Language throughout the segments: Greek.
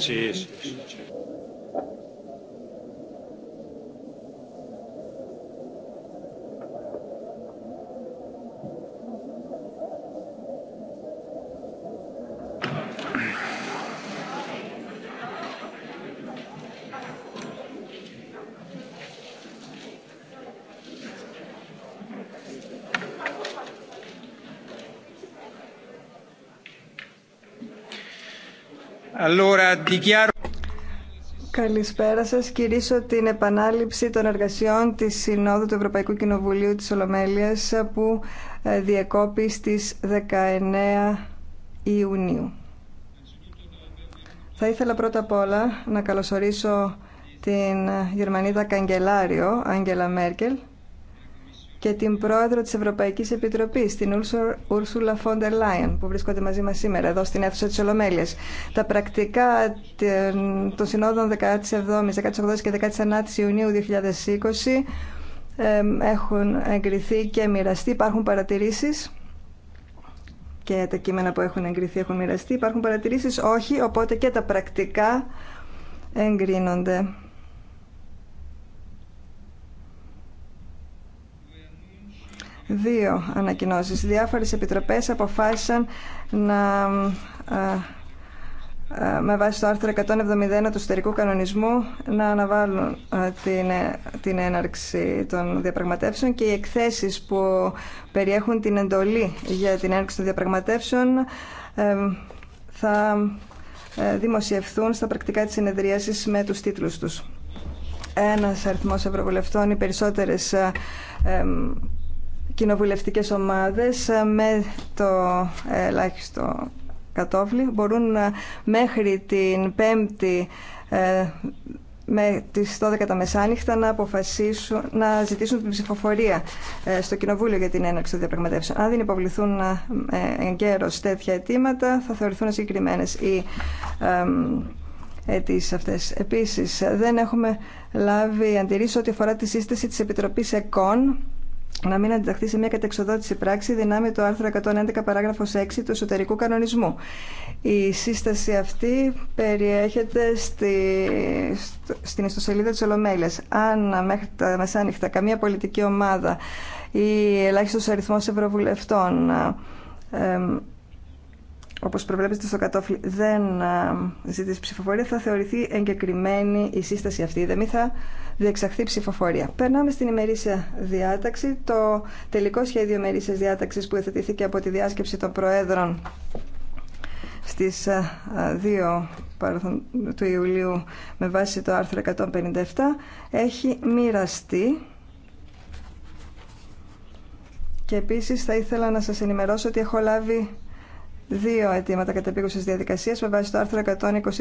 Σί, Καλησπέρα σα. Κυρίσω την επανάληψη των εργασιών τη Συνόδου του Ευρωπαϊκού Κοινοβουλίου τη Ολομέλεια που ε, διεκόπη στι 19 Ιουνίου. Θα ήθελα πρώτα απ' όλα να καλωσορίσω την ε, Γερμανίδα Καγκελάριο, Άγγελα Μέρκελ, και την πρόεδρο της Ευρωπαϊκής Επιτροπής, την Ούρσουλα Φόντερ Λάιον, που βρίσκονται μαζί μας σήμερα εδώ στην αίθουσα της Ολομέλειας. Τα πρακτικά των συνόδων 17ης, 18ης και 19 η Ιουνίου 2020 έχουν εγκριθεί και μοιραστεί. Υπάρχουν παρατηρήσεις και τα κείμενα που έχουν εγκριθεί έχουν μοιραστεί. Υπάρχουν παρατηρήσεις, όχι, οπότε και τα πρακτικά εγκρίνονται. Δύο ανακοινώσεις. Διάφορες επιτροπές αποφάσισαν να ε, ε, με βάση το άρθρο 171 του στερικού κανονισμού να αναβάλουν ε, την, την έναρξη των διαπραγματεύσεων και οι εκθέσεις που περιέχουν την εντολή για την έναρξη των διαπραγματεύσεων θα δημοσιευθούν στα πρακτικά της συνεδρίασης με τους τίτλους τους. Ένας αριθμός ευρωβουλευτών ή περισσότερες κοινοβουλευτικές ομάδες ε, με το ελάχιστο κατόφλι μπορούν ε, μέχρι την πέμπτη ε, με τις 12 τα μεσάνυχτα να αποφασίσουν, να ζητήσουν την ψηφοφορία στο Κοινοβούλιο για την έναρξη των διαπραγματεύσεων. Αν δεν υποβληθούν εγκαίρως τέτοια αιτήματα θα θεωρηθούν συγκεκριμένε οι αιτήσει αυτές. Επίσης δεν έχουμε λάβει αντιρρήσει ό,τι αφορά τη σύσταση τη επιτροπή ΕΚΟΝ να μην αντιταχθεί σε μια κατεξοδότηση πράξη δυνάμει το άρθρο 111 παράγραφος 6 του εσωτερικού κανονισμού. Η σύσταση αυτή περιέχεται στη, στην ιστοσελίδα της Ολομέλειας. Αν μέχρι τα μεσάνυχτα καμία πολιτική ομάδα ή ελάχιστος αριθμός ευρωβουλευτών ε, ε όπως προβλέπετε στο κατόφλι δεν ε, ψηφοφορία θα θεωρηθεί εγκεκριμένη η σύσταση αυτή. Δεν θα διεξαχθεί ψηφοφορία. Περνάμε στην ημερήσια διάταξη. Το τελικό σχέδιο ημερήσια διάταξη που εθετήθηκε από τη διάσκεψη των Προέδρων στι 2 ε, του Ιουλίου με βάση το άρθρο 157 έχει μοιραστεί. Και επίσης θα ήθελα να σας ενημερώσω ότι έχω λάβει δύο αιτήματα κατεπίγουσας διαδικασίας με βάση το άρθρο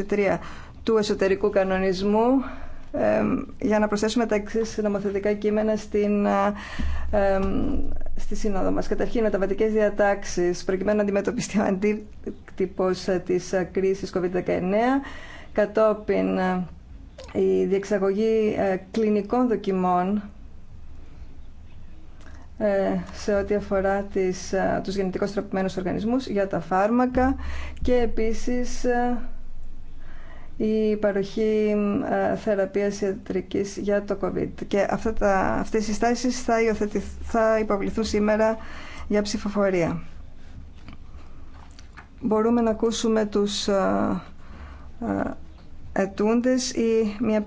123 του εσωτερικού κανονισμού για να προσθέσουμε τα εξή νομοθετικά κείμενα στην, στη Σύνοδο μας. Καταρχήν, μεταβατικές διατάξεις προκειμένου να αντιμετωπιστεί ο αντίκτυπος ε, της ε, κρίσης COVID-19 κατόπιν ε, η διεξαγωγή κλινικών δοκιμών σε ό,τι αφορά τις, τους γενετικώς τροπημένους οργανισμούς για τα φάρμακα και επίσης η παροχή ε, θεραπείας ιατρικής για το COVID. Και αυτά τα, αυτές οι συστάσεις θα, θα υποβληθούν σήμερα για ψηφοφορία. Μπορούμε να ακούσουμε τους ε, ε, ετούντες ή μια,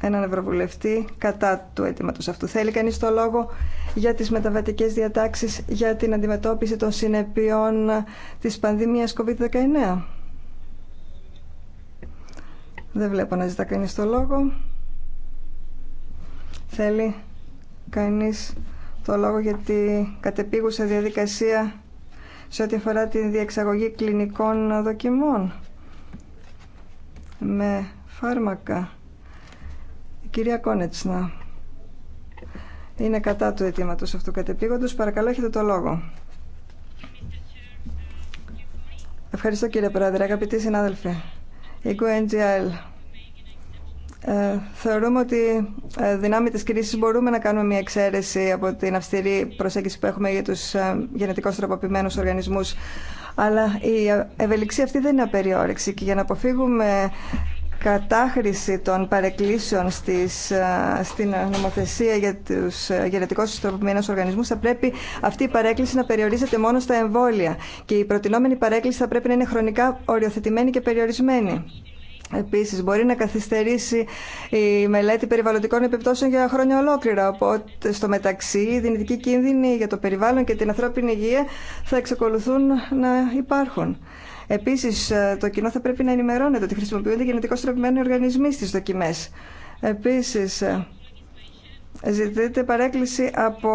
έναν ευρωβουλευτή κατά του αιτήματο αυτού. Θέλει κανείς το λόγο για τις μεταβατικές διατάξεις για την αντιμετώπιση των συνεπειών της πανδημίας COVID-19. Δεν βλέπω να ζητά κανείς το λόγο. Θέλει κανείς το λόγο για την κατεπήγουσα διαδικασία σε ό,τι αφορά τη διεξαγωγή κλινικών δοκιμών με φάρμακα. Η κυρία Κόνετσνα είναι κατά του αιτήματο αυτού κατεπήγοντος. Παρακαλώ, έχετε το λόγο. Ευχαριστώ κύριε Πρόεδρε, αγαπητοί συνάδελφοι. Η QNGL. Ε, θεωρούμε ότι ε, δυνάμει της κρίσης μπορούμε να κάνουμε μια εξαίρεση από την αυστηρή προσέγγιση που έχουμε για τους ε, γενετικώς τροποποιημένους οργανισμούς. Αλλά η ε, ευελιξία αυτή δεν είναι απεριόρεξη και για να αποφύγουμε κατάχρηση των παρεκκλήσεων στις, στην νομοθεσία για τους γενετικώς ιστοποιημένους οργανισμούς θα πρέπει αυτή η παρέκκληση να περιορίζεται μόνο στα εμβόλια και η προτινόμενη παρέκκληση θα πρέπει να είναι χρονικά οριοθετημένη και περιορισμένη. Επίσης, μπορεί να καθυστερήσει η μελέτη περιβαλλοντικών επιπτώσεων για χρόνια ολόκληρα. Οπότε, στο μεταξύ, οι δυνητικοί κίνδυνοι για το περιβάλλον και την ανθρώπινη υγεία θα εξακολουθούν να υπάρχουν. Επίση, ε, το κοινό θα πρέπει να ενημερώνεται ότι χρησιμοποιούνται γενετικώ τροπημένοι οργανισμοί στι δοκιμέ. Επίση, ε, Ζητείται παρέκκληση από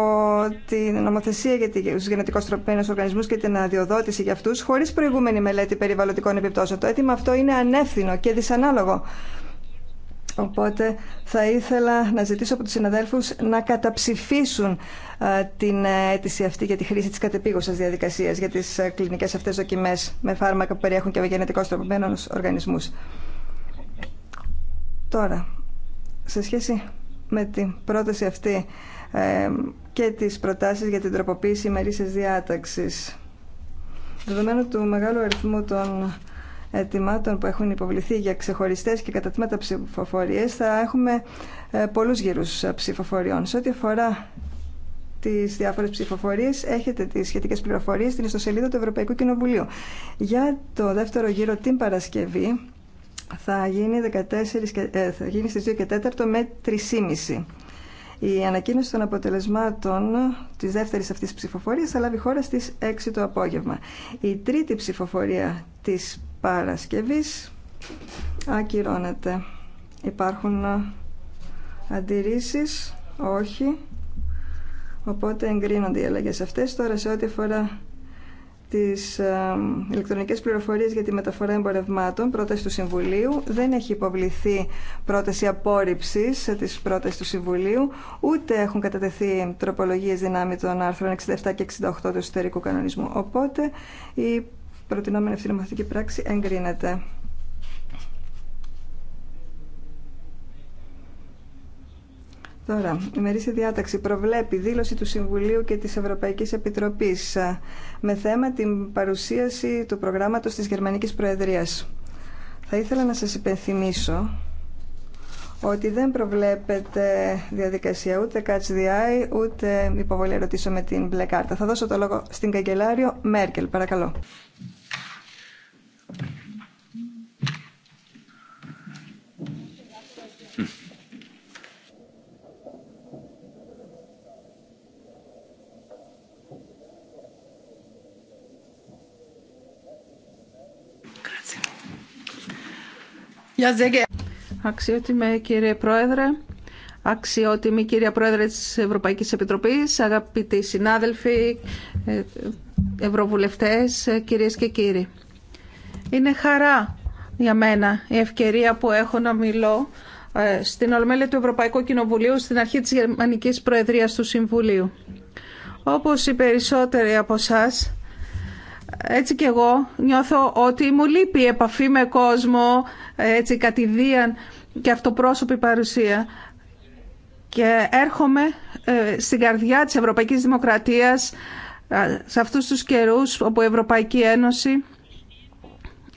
την νομοθεσία για του γενετικώ τροπημένου οργανισμού και την αδειοδότηση για αυτού, χωρί προηγούμενη μελέτη περιβαλλοντικών επιπτώσεων. Το αίτημα αυτό είναι ανεύθυνο και δυσανάλογο. Οπότε θα ήθελα να ζητήσω από τους συναδέλφους να καταψηφίσουν ε, την αίτηση αυτή για τη χρήση της κατεπίγουσας διαδικασίας για τις ε, κλινικές αυτές δοκιμές με φάρμακα που περιέχουν και γενετικώς τροποποιημένους οργανισμούς. Τώρα, σε σχέση με την πρόταση αυτή ε, και τις προτάσεις για την τροποποίηση ημερήσεις διάταξης, δεδομένου του μεγάλου αριθμού των που έχουν υποβληθεί για ξεχωριστές και κατατμήματα ψηφοφορίες θα έχουμε ε, πολλούς γύρους ε, ψηφοφοριών. Σε ό,τι αφορά τι διάφορε ψηφοφορίε, έχετε τι σχετικέ πληροφορίε στην ιστοσελίδα του Ευρωπαϊκού Κοινοβουλίου. Για το δεύτερο γύρο την Παρασκευή θα γίνει, 14, ε, γίνει στις 2 και 4 με 3,5. Η ανακοίνωση των αποτελεσμάτων της δεύτερης αυτής ψηφοφορίας θα λάβει χώρα στις 6 το απόγευμα. Η τρίτη ψηφοφορία της Παρασκευής ακυρώνεται. Υπάρχουν αντιρρήσεις, όχι. Οπότε εγκρίνονται οι αλλαγές αυτές. Τώρα σε ό,τι αφορά τις ε, ηλεκτρονικές πληροφορίες για τη μεταφορά εμπορευμάτων, πρόταση του Συμβουλίου. Δεν έχει υποβληθεί πρόταση απόρριψης της πρότασης του Συμβουλίου, ούτε έχουν κατατεθεί τροπολογίες δυνάμει των άρθρων 67 και 68 του εσωτερικού κανονισμού. Οπότε η προτινόμενη αυτή πράξη εγκρίνεται. Τώρα, η μερίσια διάταξη προβλέπει δήλωση του Συμβουλίου και της Ευρωπαϊκής Επιτροπής ε, με θέμα την παρουσίαση του προγράμματος της Γερμανικής Προεδρίας. Θα ήθελα να σας υπενθυμίσω ότι δεν προβλέπεται διαδικασία ούτε catch the eye, ούτε υποβολή ερωτήσεων με την μπλε κάρτα. Θα δώσω το λόγο στην καγκελάριο Μέρκελ, παρακαλώ. Αξιότιμη κύριε Πρόεδρε, αξιότιμη κυρία Πρόεδρε της Ευρωπαϊκής Επιτροπής, αγαπητοί συνάδελφοι, ε, ευρωβουλευτές, ε, κυρίες και κύριοι. Είναι χαρά για μένα η ευκαιρία που έχω να μιλώ ε, στην Ολομέλεια του Ευρωπαϊκού Κοινοβουλίου στην αρχή της Γερμανικής Προεδρίας του Συμβουλίου. Όπως οι περισσότεροι από εσά, έτσι και εγώ νιώθω ότι μου λείπει η επαφή με κόσμο, έτσι κατηδίαν και αυτοπρόσωπη παρουσία. Και έρχομαι ε, στην καρδιά της Ευρωπαϊκής Δημοκρατίας ε, σε αυτούς τους καιρούς όπου η Ευρωπαϊκή Ένωση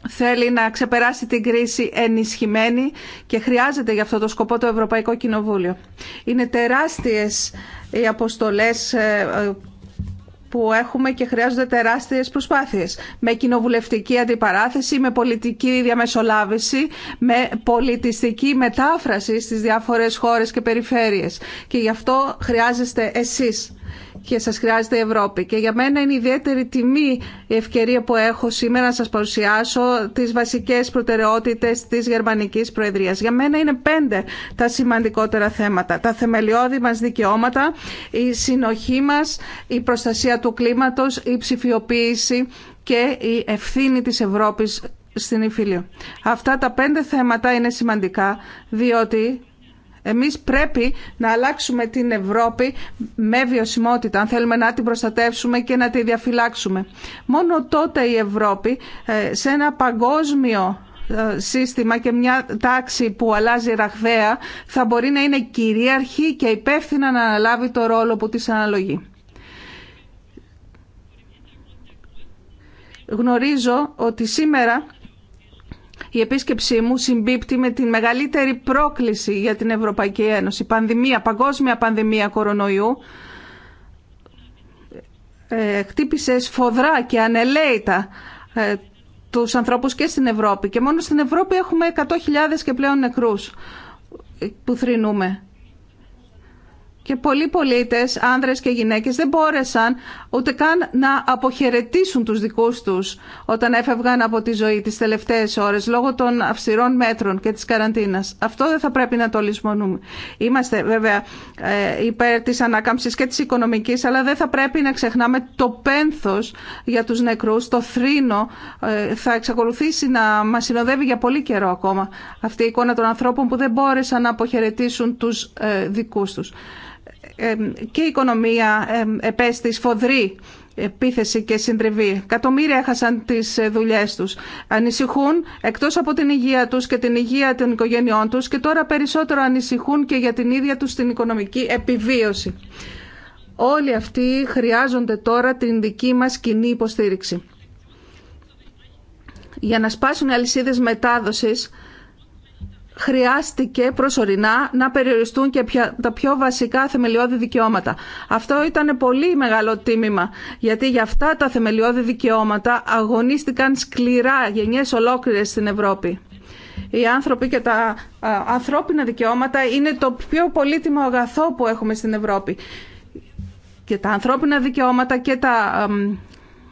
θέλει να ξεπεράσει την κρίση ενισχυμένη και χρειάζεται για αυτό το σκοπό το Ευρωπαϊκό Κοινοβούλιο. Είναι τεράστιες οι αποστολές ε, που έχουμε και χρειάζονται τεράστιες προσπάθειες. Με κοινοβουλευτική αντιπαράθεση, με πολιτική διαμεσολάβηση, με πολιτιστική μετάφραση στις διάφορες χώρες και περιφέρειες. Και γι' αυτό χρειάζεστε εσείς και σας χρειάζεται η Ευρώπη. Και για μένα είναι ιδιαίτερη τιμή η ευκαιρία που έχω σήμερα να σας παρουσιάσω τις βασικές προτεραιότητες της Γερμανικής Προεδρίας. Για μένα είναι πέντε τα σημαντικότερα θέματα. Τα θεμελιώδη μας δικαιώματα, η συνοχή μας, η προστασία του κλίματος, η ψηφιοποίηση και η ευθύνη της Ευρώπης στην Ιφίλιο. Αυτά τα πέντε θέματα είναι σημαντικά διότι εμείς πρέπει να αλλάξουμε την Ευρώπη με βιωσιμότητα, αν θέλουμε να την προστατεύσουμε και να τη διαφυλάξουμε. Μόνο τότε η Ευρώπη ε, σε ένα παγκόσμιο ε, σύστημα και μια τάξη που αλλάζει ραχδαία θα μπορεί να είναι κυρίαρχη και υπεύθυνα να αναλάβει το ρόλο που της αναλογεί. Γνωρίζω ότι σήμερα η επίσκεψή μου συμπίπτει με την μεγαλύτερη πρόκληση για την Ευρωπαϊκή Ένωση. Πανδημία, παγκόσμια πανδημία κορονοϊού ε, χτύπησε σφοδρά και ανελαίητα ε, τους ανθρώπους και στην Ευρώπη. Και μόνο στην Ευρώπη έχουμε 100.000 και πλέον νεκρούς που θρυνούμε και πολλοί πολίτες, άνδρες και γυναίκες, δεν μπόρεσαν ούτε καν να αποχαιρετήσουν τους δικούς τους όταν έφευγαν από τη ζωή τις τελευταίες ώρες λόγω των αυστηρών μέτρων και της καραντίνας. Αυτό δεν θα πρέπει να το λησμονούμε. Είμαστε βέβαια ε, υπέρ της ανάκαμψης και της οικονομικής, αλλά δεν θα πρέπει να ξεχνάμε το πένθος για τους νεκρούς, το θρήνο ε, θα εξακολουθήσει να μας συνοδεύει για πολύ καιρό ακόμα αυτή η εικόνα των ανθρώπων που δεν μπόρεσαν να αποχαιρετήσουν τους ε, δικούς τους και η οικονομία επέστη σφοδρή επίθεση και συντριβή. Κατομμύρια έχασαν τις ε, δουλειές τους. Ανησυχούν εκτός από την υγεία τους και την υγεία των οικογένειών τους και τώρα περισσότερο ανησυχούν και για την ίδια τους την οικονομική επιβίωση. Όλοι αυτοί χρειάζονται τώρα την δική μας κοινή υποστήριξη. Για να σπάσουν οι αλυσίδες μετάδοσης χρειάστηκε προσωρινά να περιοριστούν και τα πιο βασικά θεμελιώδη δικαιώματα. Αυτό ήταν πολύ μεγάλο τίμημα, γιατί για αυτά τα θεμελιώδη δικαιώματα αγωνίστηκαν σκληρά γενιές ολόκληρες στην Ευρώπη. Οι άνθρωποι και τα ανθρώπινα δικαιώματα είναι το πιο πολύτιμο αγαθό που έχουμε στην Ευρώπη. Και τα ανθρώπινα δικαιώματα και τα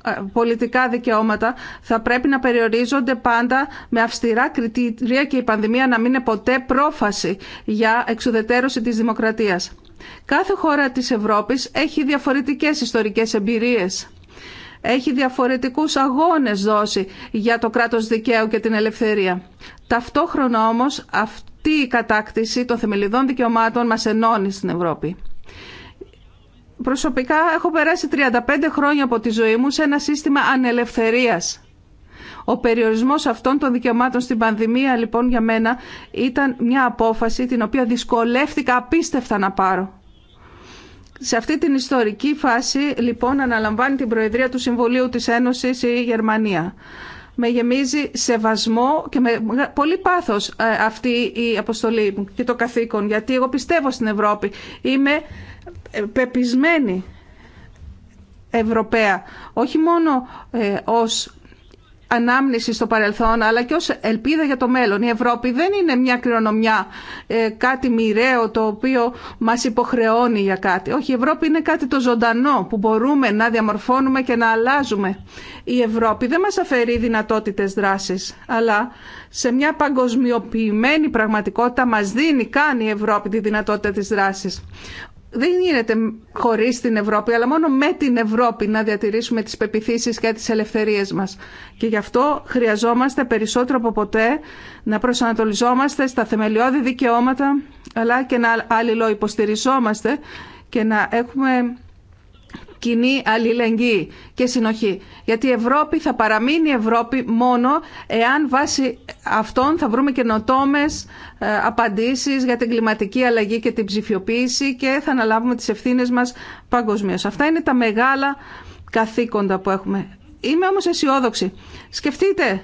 ε, πολιτικά δικαιώματα θα πρέπει να περιορίζονται πάντα με αυστηρά κριτήρια και η πανδημία να μην είναι ποτέ πρόφαση για εξουδετερώση της δημοκρατίας. Κάθε χώρα της Ευρώπης έχει διαφορετικές ιστορικές εμπειρίες. Έχει διαφορετικούς αγώνες δώσει για το κράτος δικαίου και την ελευθερία. Ταυτόχρονα όμως αυτή η κατάκτηση των θεμελιδών δικαιωμάτων μας ενώνει στην Ευρώπη. Προσωπικά έχω περάσει 35 χρόνια από τη ζωή μου σε ένα σύστημα ανελευθερίας. Ο περιορισμός αυτών των δικαιωμάτων στην πανδημία λοιπόν για μένα ήταν μια απόφαση την οποία δυσκολεύτηκα απίστευτα να πάρω. Σε αυτή την ιστορική φάση λοιπόν αναλαμβάνει την Προεδρία του Συμβουλίου της Ένωσης η Γερμανία με γεμίζει σεβασμό και με πολύ πάθος ε, αυτή η αποστολή μου και το καθήκον, γιατί εγώ πιστεύω στην Ευρώπη. Είμαι ε, πεπισμένη Ευρωπαία, όχι μόνο ε, ως ανάμνηση στο παρελθόν αλλά και ως ελπίδα για το μέλλον. Η Ευρώπη δεν είναι μια κληρονομιά, ε, κάτι μοιραίο το οποίο μας υποχρεώνει για κάτι. Όχι, η Ευρώπη είναι κάτι το ζωντανό που μπορούμε να διαμορφώνουμε και να αλλάζουμε. Η Ευρώπη δεν μας αφαιρεί δυνατότητες δράσης, αλλά σε μια παγκοσμιοποιημένη πραγματικότητα μας δίνει, κάνει η Ευρώπη τη δυνατότητα της δράσης δεν γίνεται χωρίς την Ευρώπη, αλλά μόνο με την Ευρώπη να διατηρήσουμε τις πεπιθήσεις και τις ελευθερίες μας. Και γι' αυτό χρειαζόμαστε περισσότερο από ποτέ να προσανατολιζόμαστε στα θεμελιώδη δικαιώματα, αλλά και να υποστηριζόμαστε και να έχουμε κοινή αλληλεγγύη και συνοχή. Γιατί η Ευρώπη θα παραμείνει Ευρώπη μόνο εάν βάσει αυτών θα βρούμε καινοτόμε ε, απαντήσεις για την κλιματική αλλαγή και την ψηφιοποίηση και θα αναλάβουμε τις ευθύνες μας παγκοσμίω. Αυτά είναι τα μεγάλα καθήκοντα που έχουμε. Είμαι όμως αισιόδοξη. Σκεφτείτε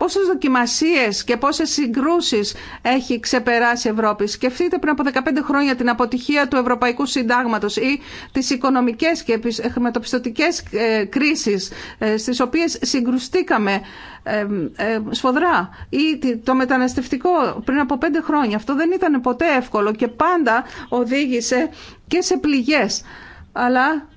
πόσες δοκιμασίες και πόσες συγκρούσεις έχει ξεπεράσει η Ευρώπη. Σκεφτείτε πριν από 15 χρόνια την αποτυχία του Ευρωπαϊκού Συντάγματος ή τις οικονομικές και χρηματοπιστωτικές ε, κρίσεις ε, στις οποίες συγκρουστήκαμε ε, σφοδρά ή το μεταναστευτικό πριν από 5 χρόνια. Αυτό δεν ήταν ποτέ εύκολο και πάντα οδήγησε και σε πληγές. Αλλά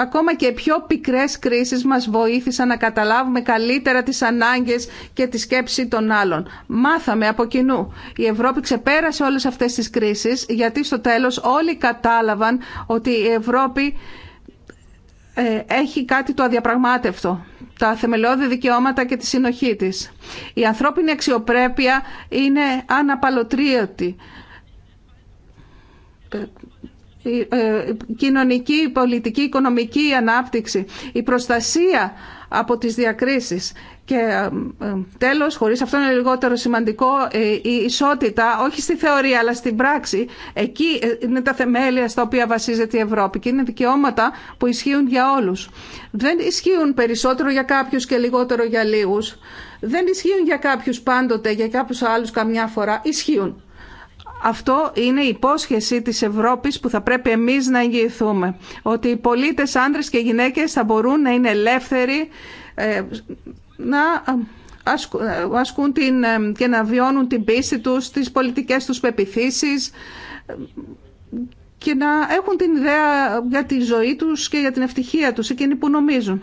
Ακόμα και πιο πικρές κρίσεις μας βοήθησαν να καταλάβουμε καλύτερα τις ανάγκες και τη σκέψη των άλλων. Μάθαμε από κοινού. Η Ευρώπη ξεπέρασε όλες αυτές τις κρίσεις γιατί στο τέλος όλοι κατάλαβαν ότι η Ευρώπη ε, έχει κάτι το αδιαπραγμάτευτο. Τα θεμελιώδη δικαιώματα και τη συνοχή της. Η ανθρώπινη αξιοπρέπεια είναι αναπαλωτρίωτη ε, κοινωνική, πολιτική, οικονομική ανάπτυξη, η προστασία από τις διακρίσεις και ε, ε, τέλος, χωρίς αυτό είναι λιγότερο σημαντικό, η ισότητα, όχι στη θεωρία αλλά στην πράξη, εκεί είναι τα θεμέλια στα οποία βασίζεται η Ευρώπη και είναι δικαιώματα που ισχύουν για όλους. Δεν ισχύουν περισσότερο για κάποιους και λιγότερο για λίγους. Δεν ισχύουν για κάποιους πάντοτε, για κάποιους άλλους καμιά φορά. Ισχύουν. Αυτό είναι η υπόσχεση της Ευρώπης που θα πρέπει εμείς να εγγυηθούμε. Ότι οι πολίτες, άντρες και γυναίκες θα μπορούν να είναι ελεύθεροι, ε, να ε, ε, ασκούν την, και να βιώνουν την πίστη τους, τις πολιτικές τους πεπιθήσεις και να έχουν την ιδέα για τη ζωή τους και για την ευτυχία τους, εκείνοι που νομίζουν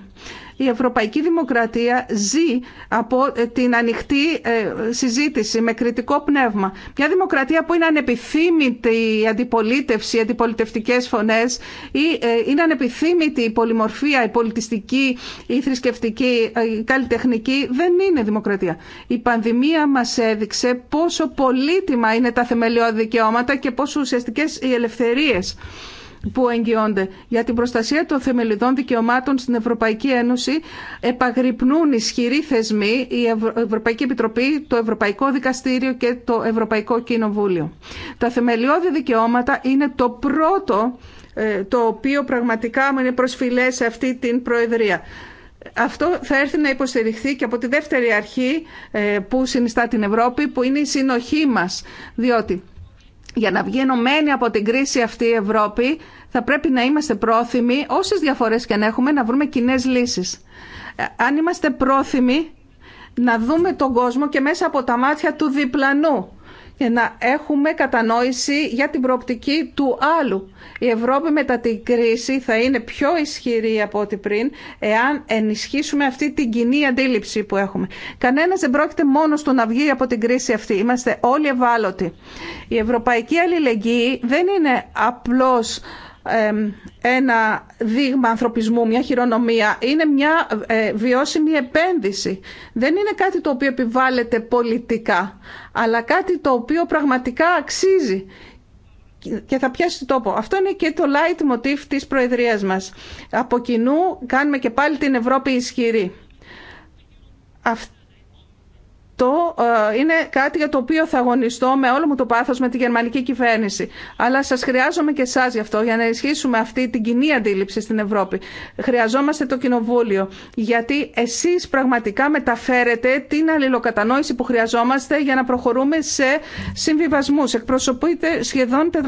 η Ευρωπαϊκή Δημοκρατία ζει από ε, την ανοιχτή ε, συζήτηση με κριτικό πνεύμα. Μια δημοκρατία που είναι ανεπιθύμητη η αντιπολίτευση, οι αντιπολιτευτικές φωνές ή ε, είναι ανεπιθύμητη η πολυμορφία, η πολιτιστική, η θρησκευτική, η καλλιτεχνική δεν είναι δημοκρατία. Η πανδημία μας έδειξε πόσο πολύτιμα είναι τα θεμελιώδη δικαιώματα και πόσο ουσιαστικές οι ελευθερίες που εγγυώνται για την προστασία των θεμελιδών δικαιωμάτων στην Ευρωπαϊκή Ένωση επαγρυπνούν ισχυροί θεσμοί η Ευρωπαϊκή Επιτροπή, το Ευρωπαϊκό Δικαστήριο και το Ευρωπαϊκό Κοινοβούλιο. Τα θεμελιώδη δικαιώματα είναι το πρώτο ε, το οποίο πραγματικά μου είναι προσφυλέ σε αυτή την Προεδρία. Αυτό θα έρθει να υποστηριχθεί και από τη δεύτερη αρχή ε, που συνιστά την Ευρώπη, που είναι η συνοχή μας, διότι για να βγει ενωμένη από την κρίση αυτή η Ευρώπη θα πρέπει να είμαστε πρόθυμοι, όσες διαφορές και αν έχουμε, να βρούμε κοινέ λύσεις. Αν είμαστε πρόθυμοι να δούμε τον κόσμο και μέσα από τα μάτια του διπλανού για να έχουμε κατανόηση για την προοπτική του άλλου. Η Ευρώπη μετά την κρίση θα είναι πιο ισχυρή από ό,τι πριν εάν ενισχύσουμε αυτή την κοινή αντίληψη που έχουμε. Κανένας δεν πρόκειται μόνος του να βγει από την κρίση αυτή. Είμαστε όλοι ευάλωτοι. Η ευρωπαϊκή αλληλεγγύη δεν είναι απλώς ένα δείγμα ανθρωπισμού, μια χειρονομία. Είναι μια ε, βιώσιμη επένδυση. Δεν είναι κάτι το οποίο επιβάλλεται πολιτικά, αλλά κάτι το οποίο πραγματικά αξίζει και θα πιάσει τόπο. Αυτό είναι και το light motif της Προεδρίας μας. Από κοινού κάνουμε και πάλι την Ευρώπη ισχυρή αυτό ε, είναι κάτι για το οποίο θα αγωνιστώ με όλο μου το πάθος με τη γερμανική κυβέρνηση. Αλλά σας χρειάζομαι και εσά γι' αυτό για να ισχύσουμε αυτή την κοινή αντίληψη στην Ευρώπη. Χρειαζόμαστε το Κοινοβούλιο γιατί εσείς πραγματικά μεταφέρετε την αλληλοκατανόηση που χρειαζόμαστε για να προχωρούμε σε συμβιβασμούς. Εκπροσωπείτε σχεδόν 450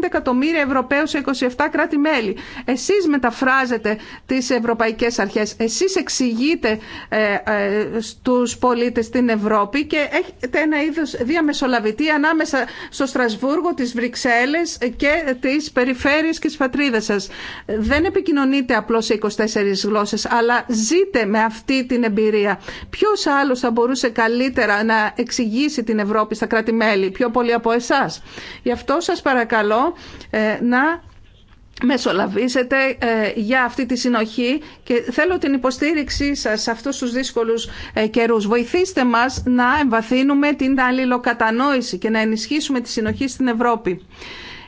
εκατομμύρια Ευρωπαίους σε 27 κράτη-μέλη. Εσείς μεταφράζετε τις ευρωπαϊκές αρχές. Εσείς εξηγείτε ε, ε, στους πολίτες την Ευρώπη Ευρώπη και έχετε ένα είδος διαμεσολαβητή ανάμεσα στο Στρασβούργο, τις Βρυξέλλε και τι περιφέρειες και τι πατρίδε σας. Δεν επικοινωνείτε απλώς σε 24 γλώσσες, αλλά ζείτε με αυτή την εμπειρία. Ποιο άλλο θα μπορούσε καλύτερα να εξηγήσει την Ευρώπη στα κράτη-μέλη, πιο πολύ από εσά. Γι' αυτό σα παρακαλώ ε, να μεσολαβήσετε ε, για αυτή τη συνοχή και θέλω την υποστήριξή σας σε αυτούς τους δύσκολους ε, καιρούς. Βοηθήστε μας να εμβαθύνουμε την αλληλοκατανόηση και να ενισχύσουμε τη συνοχή στην Ευρώπη.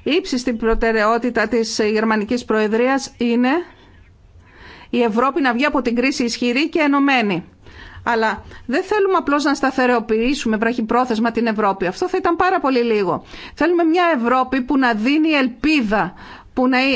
Η ύψιστη προτεραιότητα της Γερμανικής Προεδρίας είναι η Ευρώπη να βγει από την κρίση ισχυρή και ενωμένη. Αλλά δεν θέλουμε απλώ να σταθεροποιήσουμε βραχυπρόθεσμα την Ευρώπη. Αυτό θα ήταν πάρα πολύ λίγο. Θέλουμε μια Ευρώπη που να δίνει ελπίδα, που να ε,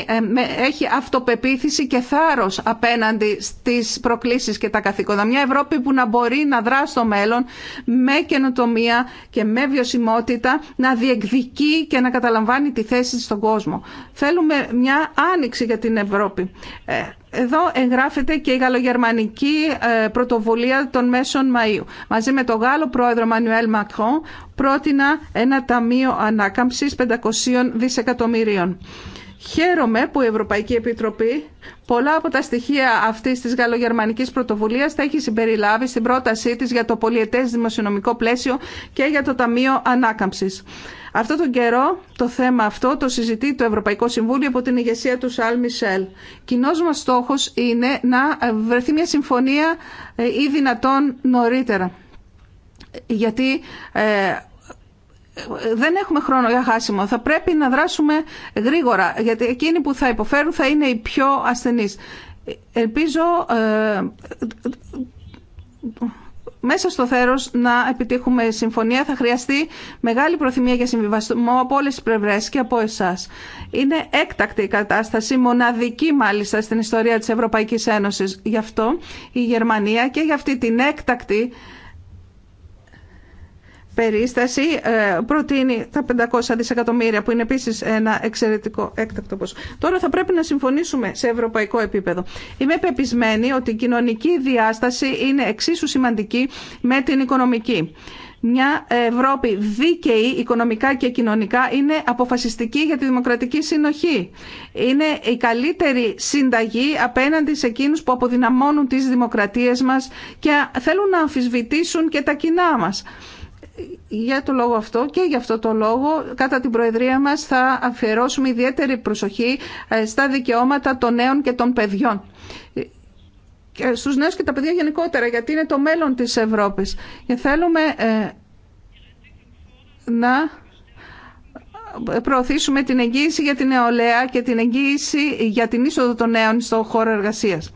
έχει αυτοπεποίθηση και θάρρος απέναντι στις προκλήσεις και τα καθήκοντα. Μια Ευρώπη που να μπορεί να δράσει στο μέλλον με καινοτομία και με βιωσιμότητα, να διεκδικεί και να καταλαμβάνει τη θέση της στον κόσμο. Θέλουμε μια άνοιξη για την Ευρώπη. Ε, εδώ εγγράφεται και η γαλλογερμανική ε, πρωτοβουλία των μέσων Μαΐου. Μαζί με τον Γάλλο πρόεδρο Μανουέλ Μακρόν πρότεινα ένα ταμείο ανάκαμψης 500 δισεκατομμυρίων. Χαίρομαι που η Ευρωπαϊκή Επιτροπή πολλά από τα στοιχεία αυτή τη γαλλογερμανική πρωτοβουλία θα έχει συμπεριλάβει στην πρότασή τη για το πολιετέ δημοσιονομικό πλαίσιο και για το Ταμείο Ανάκαμψη. Αυτό τον καιρό το θέμα αυτό το συζητεί το Ευρωπαϊκό Συμβούλιο από την ηγεσία του Σαλ Μισελ. Κοινό μα στόχο είναι να βρεθεί μια συμφωνία ε, ή δυνατόν νωρίτερα. Γιατί ε, δεν έχουμε χρόνο για χάσιμο. Θα πρέπει να δράσουμε γρήγορα, γιατί εκείνοι που θα υποφέρουν θα είναι οι πιο ασθενείς. Ελπίζω ε, μέσα στο θέρος να επιτύχουμε συμφωνία. Θα χρειαστεί μεγάλη προθυμία για συμβιβασμό από όλες τις πλευρές και από εσάς. Είναι έκτακτη η κατάσταση, μοναδική μάλιστα στην ιστορία της Ευρωπαϊκής Ένωσης. Γι' αυτό η Γερμανία και για αυτή την έκτακτη περίσταση ε, προτείνει τα 500 δισεκατομμύρια που είναι επίσης ένα εξαιρετικό έκτακτο ποσό. Τώρα θα πρέπει να συμφωνήσουμε σε ευρωπαϊκό επίπεδο. Είμαι πεπισμένη ότι η κοινωνική διάσταση είναι εξίσου σημαντική με την οικονομική. Μια Ευρώπη δίκαιη οικονομικά και κοινωνικά είναι αποφασιστική για τη δημοκρατική συνοχή. Είναι η καλύτερη συνταγή απέναντι σε εκείνους που αποδυναμώνουν τις δημοκρατίες μας και θέλουν να αμφισβητήσουν και τα κοινά μας για το λόγο αυτό και για αυτό το λόγο κατά την Προεδρία μας θα αφιερώσουμε ιδιαίτερη προσοχή ε, στα δικαιώματα των νέων και των παιδιών ε, στους νέους και τα παιδιά γενικότερα γιατί είναι το μέλλον της Ευρώπης και θέλουμε ε, να προωθήσουμε την εγγύηση για την νεολαία και την εγγύηση για την είσοδο των νέων στον χώρο εργασίας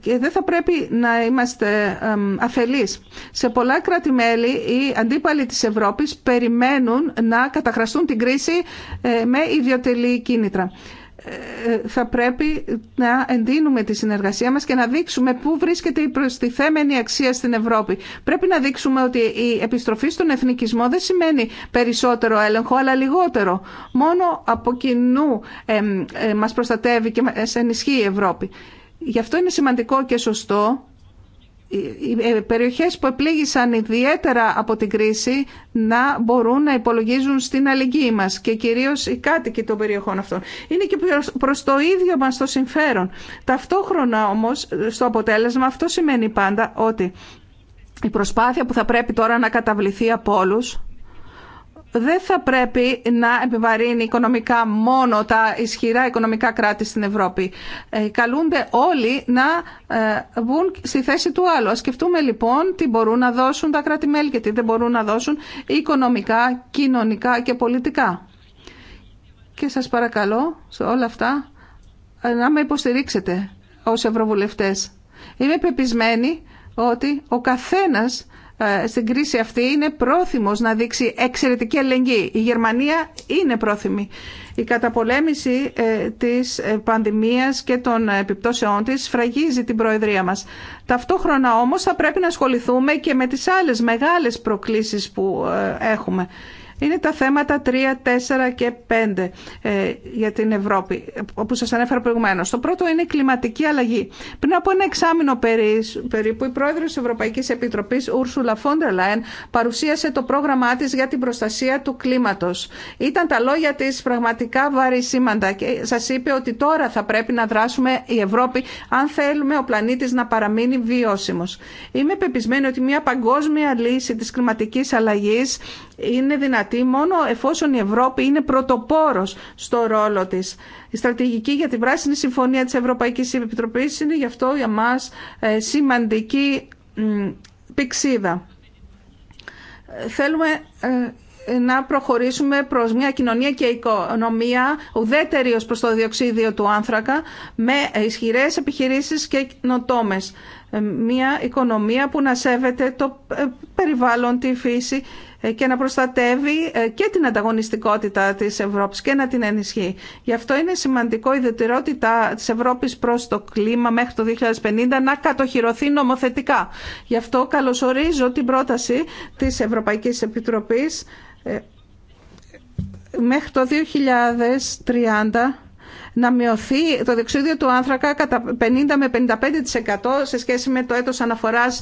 και δεν θα πρέπει να είμαστε αφελείς. Σε πολλά κράτη-μέλη οι αντίπαλοι της Ευρώπης περιμένουν να καταχραστούν την κρίση ε, με ιδιωτελή κίνητρα. Ε, ε, θα πρέπει να εντείνουμε τη συνεργασία μας και να δείξουμε πού βρίσκεται η προστιθέμενη αξία στην Ευρώπη. Πρέπει να δείξουμε ότι η επιστροφή στον εθνικισμό δεν σημαίνει περισσότερο έλεγχο, αλλά λιγότερο. Μόνο από κοινού μας προστατεύει και μας ενισχύει η Ευρώπη. Γι' αυτό είναι σημαντικό και σωστό οι ε, περιοχές που επλήγησαν ιδιαίτερα από την κρίση να μπορούν να υπολογίζουν στην αλληλεγγύη μας και κυρίως οι κάτοικοι των περιοχών αυτών. Είναι και προς το ίδιο μας το συμφέρον. Ταυτόχρονα όμως στο αποτέλεσμα αυτό σημαίνει πάντα ότι η προσπάθεια που θα πρέπει τώρα να καταβληθεί από όλους δεν θα πρέπει να επιβαρύνει οικονομικά μόνο τα ισχυρά οικονομικά κράτη στην Ευρώπη. Ε, καλούνται όλοι να ε, βγουν στη θέση του άλλου. Ας σκεφτούμε λοιπόν τι μπορούν να δώσουν τα κράτη-μέλη και τι δεν μπορούν να δώσουν οικονομικά, κοινωνικά και πολιτικά. Και σας παρακαλώ σε όλα αυτά ε, να με υποστηρίξετε ως Ευρωβουλευτές. Είμαι πεπισμένη ότι ο καθένας ε, στην κρίση αυτή είναι πρόθυμος να δείξει εξαιρετική ελεγγύη. Η Γερμανία είναι πρόθυμη. Η καταπολέμηση ε, της ε, πανδημίας και των επιπτώσεών της φραγίζει την Προεδρία μας. Ταυτόχρονα όμως θα πρέπει να ασχοληθούμε και με τις άλλες μεγάλες προκλήσεις που έχουμε είναι τα θέματα 3, 4 και 5 ε, για την Ευρώπη, όπου σας ανέφερα προηγουμένω. Το πρώτο είναι η κλιματική αλλαγή. Πριν από ένα εξάμεινο περίπου, η πρόεδρος τη Ευρωπαϊκής Επιτροπής, Ούρσουλα Φόντερ Λάιν, παρουσίασε το πρόγραμμά της για την προστασία του κλίματος. Ήταν τα λόγια της πραγματικά σήμαντα και σας είπε ότι τώρα θα πρέπει να δράσουμε η Ευρώπη αν θέλουμε ο πλανήτης να παραμείνει βιώσιμος. Είμαι πεπισμένη ότι μια παγκόσμια λύση τη κλιματική αλλαγή είναι δυνατή μόνο εφόσον η Ευρώπη είναι πρωτοπόρος στο ρόλο της. Η στρατηγική για την Πράσινη Συμφωνία της Ευρωπαϊκής Επιτροπής είναι γι' αυτό για μας ε, σημαντική πηξίδα. Θέλουμε ε, να προχωρήσουμε προς μια κοινωνία και οικονομία ουδέτερη ως προς το διοξίδιο του άνθρακα με ισχυρές επιχειρήσεις και νοτόμες. Ε, μια οικονομία που να σέβεται το περιβάλλον, τη φύση ε, και να προστατεύει ε, και την ανταγωνιστικότητα της Ευρώπης και να την ενισχύει. Γι' αυτό είναι σημαντικό η ιδιαιτερότητα της Ευρώπης προς το κλίμα μέχρι το 2050 να κατοχυρωθεί νομοθετικά. Γι' αυτό καλωσορίζω την πρόταση της Ευρωπαϊκής Επιτροπής ε, μέχρι το 2030 να μειωθεί το διοξείδιο του άνθρακα κατά 50 με 55% σε σχέση με το έτος αναφοράς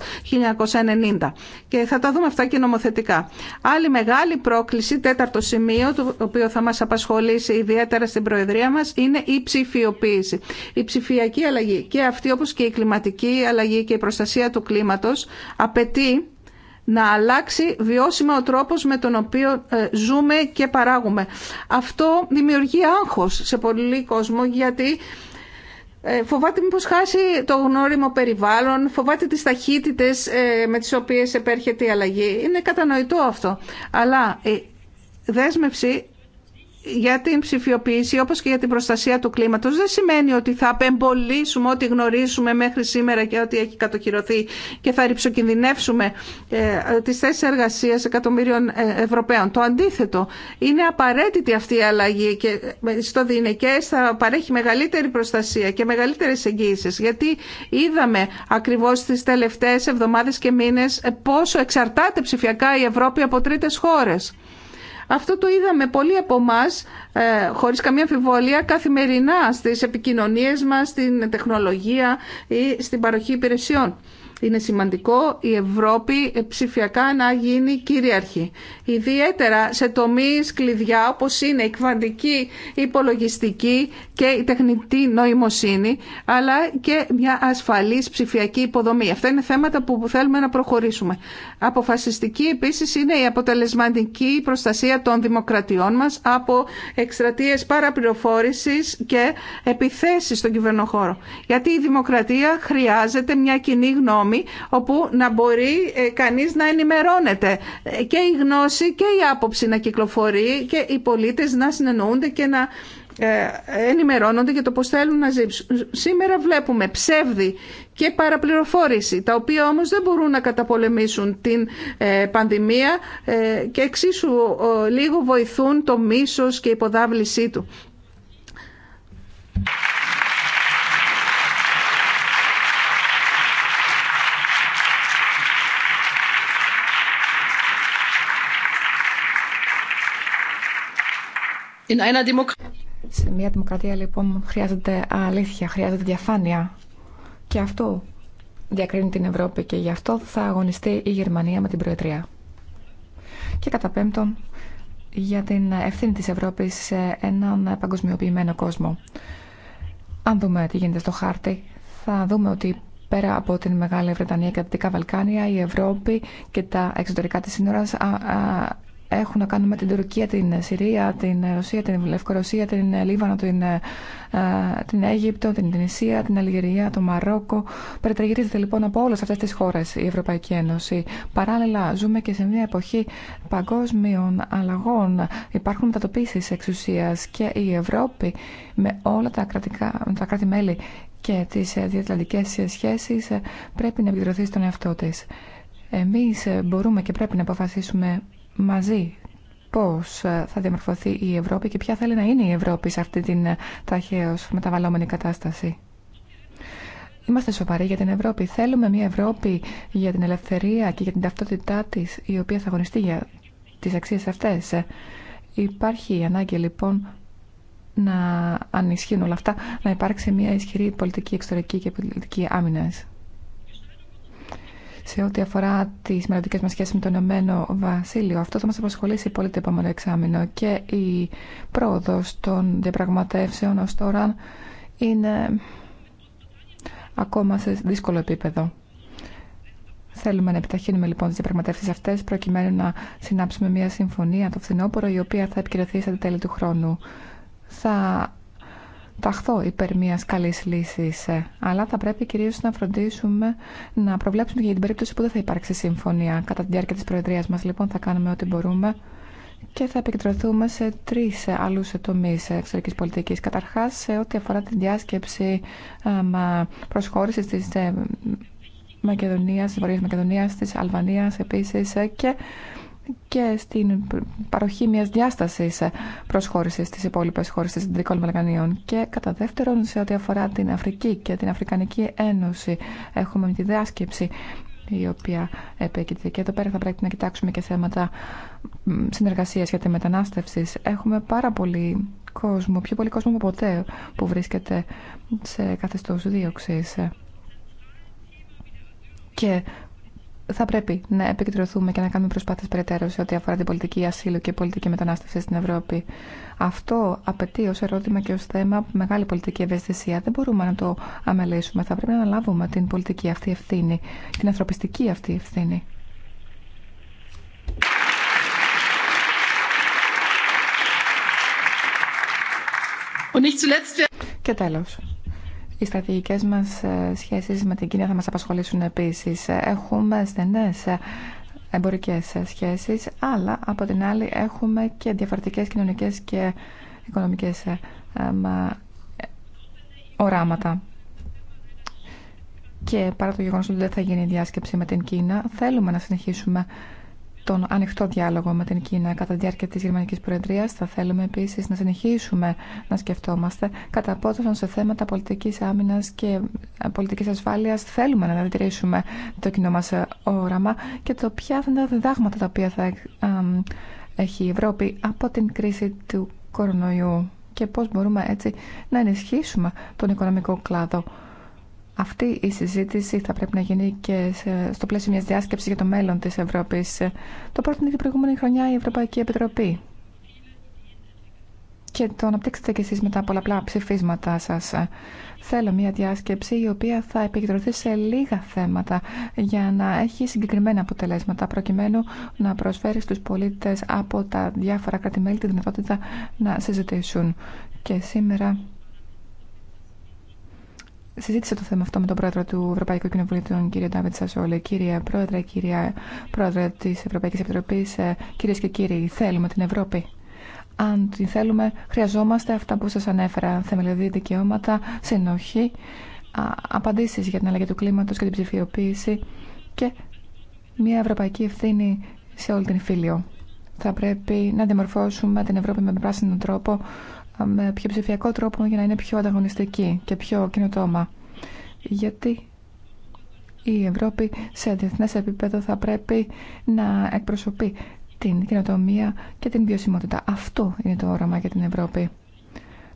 1990. Και θα τα δούμε αυτά και νομοθετικά. Άλλη μεγάλη πρόκληση, τέταρτο σημείο, το οποίο θα μας απασχολήσει ιδιαίτερα στην Προεδρία μας, είναι η ψηφιοποίηση. Η ψηφιακή αλλαγή και αυτή όπως και η κλιματική αλλαγή και η προστασία του κλίματος απαιτεί να αλλάξει βιώσιμα ο τρόπος με τον οποίο ε, ζούμε και παράγουμε. Αυτό δημιουργεί άγχος σε πολύ κόσμο γιατί ε, φοβάται μήπως χάσει το γνώριμο περιβάλλον, φοβάται τις ταχύτητες ε, με τις οποίες επέρχεται η αλλαγή. Είναι κατανοητό αυτό. Αλλά η δέσμευση για την ψηφιοποίηση όπως και για την προστασία του κλίματος δεν σημαίνει ότι θα απεμπολίσουμε ό,τι γνωρίζουμε μέχρι σήμερα και ό,τι έχει κατοχυρωθεί και θα ρηψοκινδυνεύσουμε ε, τις θέσεις εργασίας εκατομμύριων ε, Ευρωπαίων. Το αντίθετο, είναι απαραίτητη αυτή η αλλαγή και ε, στο Δινεκές θα παρέχει μεγαλύτερη προστασία και μεγαλύτερες εγγύησεις γιατί είδαμε ακριβώς τις τελευταίες εβδομάδες και μήνες πόσο εξαρτάται ψηφιακά η Ευρώπη από τρίτες χώρες. Αυτό το είδαμε πολλοί από εμά, ε, χωρίς καμία αμφιβολία, καθημερινά στις επικοινωνίες μας, στην τεχνολογία ή στην παροχή υπηρεσιών. Είναι σημαντικό η Ευρώπη ψηφιακά να γίνει κυρίαρχη. Ιδιαίτερα σε τομείς κλειδιά όπως είναι η κβαντική υπολογιστική και η τεχνητή νοημοσύνη αλλά και μια ασφαλής ψηφιακή υποδομή. Αυτά είναι θέματα που θέλουμε να προχωρήσουμε. Αποφασιστική επίσης είναι η αποτελεσματική προστασία των δημοκρατιών μας από εκστρατείες παραπληροφόρησης και επιθέσεις στον κυβερνοχώρο. Γιατί η δημοκρατία χρειάζεται μια κοινή όπου να μπορεί ε, κανείς να ενημερώνεται ε, και η γνώση και η άποψη να κυκλοφορεί και οι πολίτες να συνεννοούνται και να ε, ενημερώνονται για το πώς θέλουν να ζήσουν. Σήμερα βλέπουμε ψεύδι και παραπληροφόρηση, τα οποία όμως δεν μπορούν να καταπολεμήσουν την πανδημία και εξίσου λίγο βοηθούν το μίσος και η υποδάβλησή του. Σε μια δημοκρατία λοιπόν χρειάζεται αλήθεια, χρειάζεται διαφάνεια. Και αυτό διακρίνει την Ευρώπη και γι' αυτό θα αγωνιστεί η Γερμανία με την Προεδρία. Και κατά πέμπτον, για την ευθύνη της Ευρώπης σε έναν παγκοσμιοποιημένο κόσμο. Αν δούμε τι γίνεται στο χάρτη, θα δούμε ότι πέρα από την Μεγάλη Βρετανία και τα Δυτικά Βαλκάνια, η Ευρώπη και τα εξωτερικά της σύνορας έχουν να κάνουν με την Τουρκία, την Συρία, την Ρωσία, την Λευκορωσία, την Λίβανο, την, ε, την Αίγυπτο, την Τινησία, την Αλγερία, το Μαρόκο. Περιτριγυρίζεται λοιπόν από όλε αυτέ τι χώρε η Ευρωπαϊκή Ένωση. Παράλληλα, ζούμε και σε μια εποχή παγκόσμιων αλλαγών. Υπάρχουν μετατοπίσει εξουσία και η Ευρώπη με όλα τα, κρατικά, τα κράτη-μέλη και τι διατλαντικέ σχέσει, πρέπει να επιδροθεί στον εαυτό τη. Εμείς μπορούμε και πρέπει να αποφασίσουμε μαζί πώς ε, θα διαμορφωθεί η Ευρώπη και ποια θέλει να είναι η Ευρώπη σε αυτή την ε, ταχαίως μεταβαλλόμενη κατάσταση. Είμαστε σοβαροί για την Ευρώπη. Θέλουμε μια Ευρώπη για την ελευθερία και για την ταυτότητά της, η οποία θα αγωνιστεί για τις αξίες αυτές. Υπάρχει η ανάγκη λοιπόν να ανισχύουν όλα αυτά, να υπάρξει μια ισχυρή πολιτική εξωτερική και πολιτική άμυνας σε ό,τι αφορά τι μελλοντικέ μα σχέσει με τον Ηνωμένο Βασίλειο. Αυτό θα μα απασχολήσει πολύ το επόμενο εξάμεινο και η πρόοδο των διαπραγματεύσεων ω τώρα είναι ακόμα σε δύσκολο επίπεδο. Θέλουμε να επιταχύνουμε λοιπόν τι διαπραγματεύσει αυτέ προκειμένου να συνάψουμε μια συμφωνία το φθινόπωρο η οποία θα επικυρωθεί στα τέλη του χρόνου. Θα ταχθώ υπέρ μια καλή λύση, ε, αλλά θα πρέπει κυρίως να φροντίσουμε να προβλέψουμε για την περίπτωση που δεν θα υπάρξει συμφωνία. Κατά τη διάρκεια της Προεδρίας μας λοιπόν θα κάνουμε ό,τι μπορούμε και θα επικεντρωθούμε σε τρει ε, άλλου ε, τομεί εξωτερική πολιτική. Καταρχά, σε ό,τι αφορά την διάσκεψη προσχώρησης τη Μακεδονία, τη Βορείας Μακεδονίας, της Αλβανίας επίσης και και στην παροχή μια διάσταση προσχώρηση στι υπόλοιπε χώρε της Δυτικών Βαλκανίων και κατά δεύτερον σε ό,τι αφορά την Αφρική και την Αφρικανική Ένωση έχουμε τη διάσκεψη η οποία επέκειται. Και εδώ πέρα θα πρέπει να κοιτάξουμε και θέματα συνεργασίας για τη μετανάστευση. Έχουμε πάρα πολύ κόσμο, πιο πολύ κόσμο από ποτέ που βρίσκεται σε καθεστώς δίωξης. Και θα πρέπει να επικεντρωθούμε και να κάνουμε προσπάθειες περαιτέρω σε ό,τι αφορά την πολιτική ασύλου και πολιτική μετανάστευση στην Ευρώπη. Αυτό απαιτεί ω ερώτημα και ω θέμα μεγάλη πολιτική ευαισθησία. Δεν μπορούμε να το αμελήσουμε. Θα πρέπει να αναλάβουμε την πολιτική αυτή ευθύνη, την ανθρωπιστική αυτή ευθύνη. Και τέλος. Οι στρατηγικέ μας ε, σχέσεις με την Κίνα θα μας απασχολήσουν επίσης. Έχουμε στενέ ε, εμπορικές ε, σχέσεις, αλλά από την άλλη έχουμε και διαφορετικές κοινωνικές και οικονομικές οράματα. Και παρά το γεγονός ότι δεν θα γίνει διάσκεψη με την Κίνα, θέλουμε να συνεχίσουμε τον ανοιχτό διάλογο με την Κίνα κατά τη διάρκεια της Γερμανικής Προεδρίας. Θα θέλουμε επίσης να συνεχίσουμε να σκεφτόμαστε κατά πόσο σε θέματα πολιτικής άμυνας και πολιτικής ασφάλειας θέλουμε να διατηρήσουμε το κοινό μας όραμα και το ποια θα είναι τα διδάγματα τα οποία θα έχει η Ευρώπη από την κρίση του κορονοϊού και πώς μπορούμε έτσι να ενισχύσουμε τον οικονομικό κλάδο αυτή η συζήτηση θα πρέπει να γίνει και στο πλαίσιο μια διάσκεψης για το μέλλον τη Ευρώπη, Το είναι την προηγούμενη χρονιά η Ευρωπαϊκή Επιτροπή. Και το αναπτύξετε κι εσεί με τα πολλαπλά ψηφίσματά σα. Θέλω μια διάσκεψη η οποία θα επικεντρωθεί σε λίγα θέματα για να έχει συγκεκριμένα αποτελέσματα προκειμένου να προσφέρει στους πολίτε από τα διάφορα κράτη-μέλη τη δυνατότητα να συζητήσουν. Και σήμερα συζήτησε το θέμα αυτό με τον πρόεδρο του Ευρωπαϊκού Κοινοβουλίου, τον κύριο Ντάβιτ Σασόλη. Κύριε Πρόεδρε, κυρία Πρόεδρε τη Ευρωπαϊκή Επιτροπή, ε, κυρίε και κύριοι, θέλουμε την Ευρώπη. Αν την θέλουμε, χρειαζόμαστε αυτά που σα ανέφερα. Θεμελιωδή δικαιώματα, συνοχή, απαντήσει για την αλλαγή του κλίματο και την ψηφιοποίηση και μια ευρωπαϊκή ευθύνη σε όλη την φίλιο. Θα πρέπει να διαμορφώσουμε την Ευρώπη με πράσινο τρόπο με πιο ψηφιακό τρόπο για να είναι πιο ανταγωνιστική και πιο κοινοτόμα. Γιατί η Ευρώπη σε διεθνές επίπεδο θα πρέπει να εκπροσωπεί την κοινοτομία και την βιωσιμότητα. Αυτό είναι το όραμα για την Ευρώπη.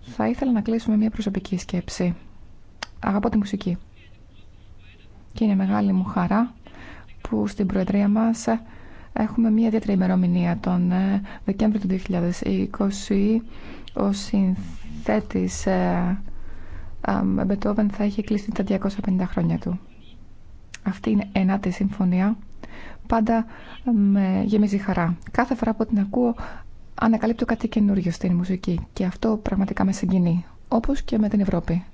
Θα ήθελα να κλείσουμε μια προσωπική σκέψη. Αγαπώ τη μουσική. Και είναι μεγάλη μου χαρά που στην Προεδρία μας έχουμε μια ιδιαίτερη ημερομηνία τον ε, Δεκέμβριο του 2020 ο συνθέτης ε, Μπετόβεν θα έχει κλείσει τα 250 χρόνια του. Αυτή είναι ενάτη συμφωνία. Πάντα ε, με γεμίζει χαρά. Κάθε φορά που την ακούω ανακαλύπτω κάτι καινούριο στην μουσική και αυτό πραγματικά με συγκινεί. Όπως και με την Ευρώπη.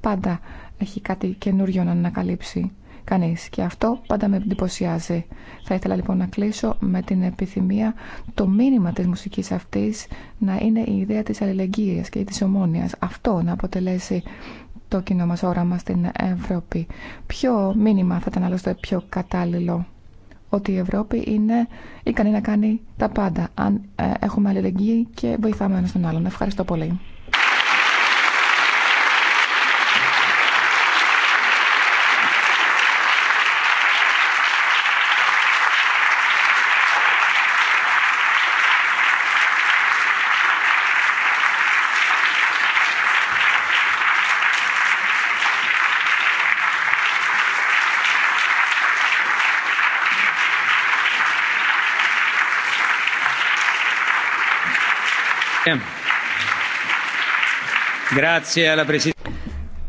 Πάντα έχει κάτι καινούριο να ανακαλύψει κανείς. Και αυτό πάντα με εντυπωσιάζει. Θα ήθελα λοιπόν να κλείσω με την επιθυμία το μήνυμα της μουσικής αυτής να είναι η ιδέα της αλληλεγγύης και της ομόνοιας. Αυτό να αποτελέσει το κοινό μας όραμα στην Ευρώπη. Ποιο μήνυμα θα ήταν άλλωστε πιο κατάλληλο ότι η Ευρώπη είναι ικανή να κάνει τα πάντα αν ε, έχουμε αλληλεγγύη και βοηθάμε ένα τον άλλον. Ευχαριστώ πολύ.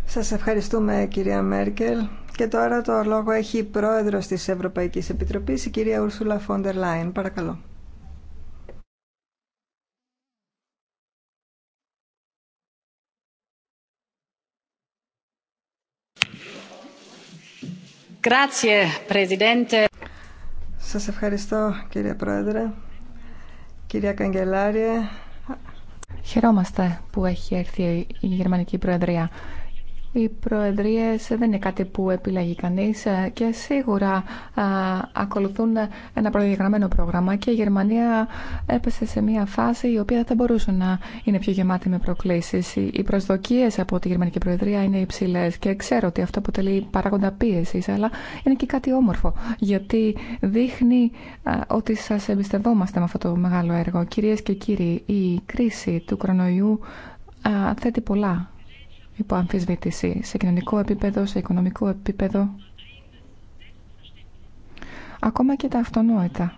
Σας ευχαριστούμε κυρία Μέρκελ. Και τώρα το λόγο έχει η πρόεδρος της Ευρωπαϊκής Επιτροπής, η κυρία Ούρσουλα Φόντερ Λάιν. Παρακαλώ. Σας ευχαριστώ κύριε Πρόεδρε, κυρία Καγκελάριε. Χαιρόμαστε που έχει έρθει η Γερμανική Προεδρία οι προεδρίες δεν είναι κάτι που επιλέγει κανείς ε, και σίγουρα ε, ακολουθούν ένα προδιαγραμμένο πρόγραμμα και η Γερμανία έπεσε σε μια φάση η οποία θα μπορούσε να είναι πιο γεμάτη με προκλήσεις. Οι προσδοκίες από τη Γερμανική Προεδρία είναι υψηλέ και ξέρω ότι αυτό αποτελεί παράγοντα πίεση, αλλά είναι και κάτι όμορφο γιατί δείχνει ε, ότι σας εμπιστευόμαστε με αυτό το μεγάλο έργο. Κυρίες και κύριοι, η κρίση του κρονοϊού θέτει πολλά υπό αμφισβήτηση σε κοινωνικό επίπεδο, σε οικονομικό επίπεδο. Ακόμα και τα αυτονόητα.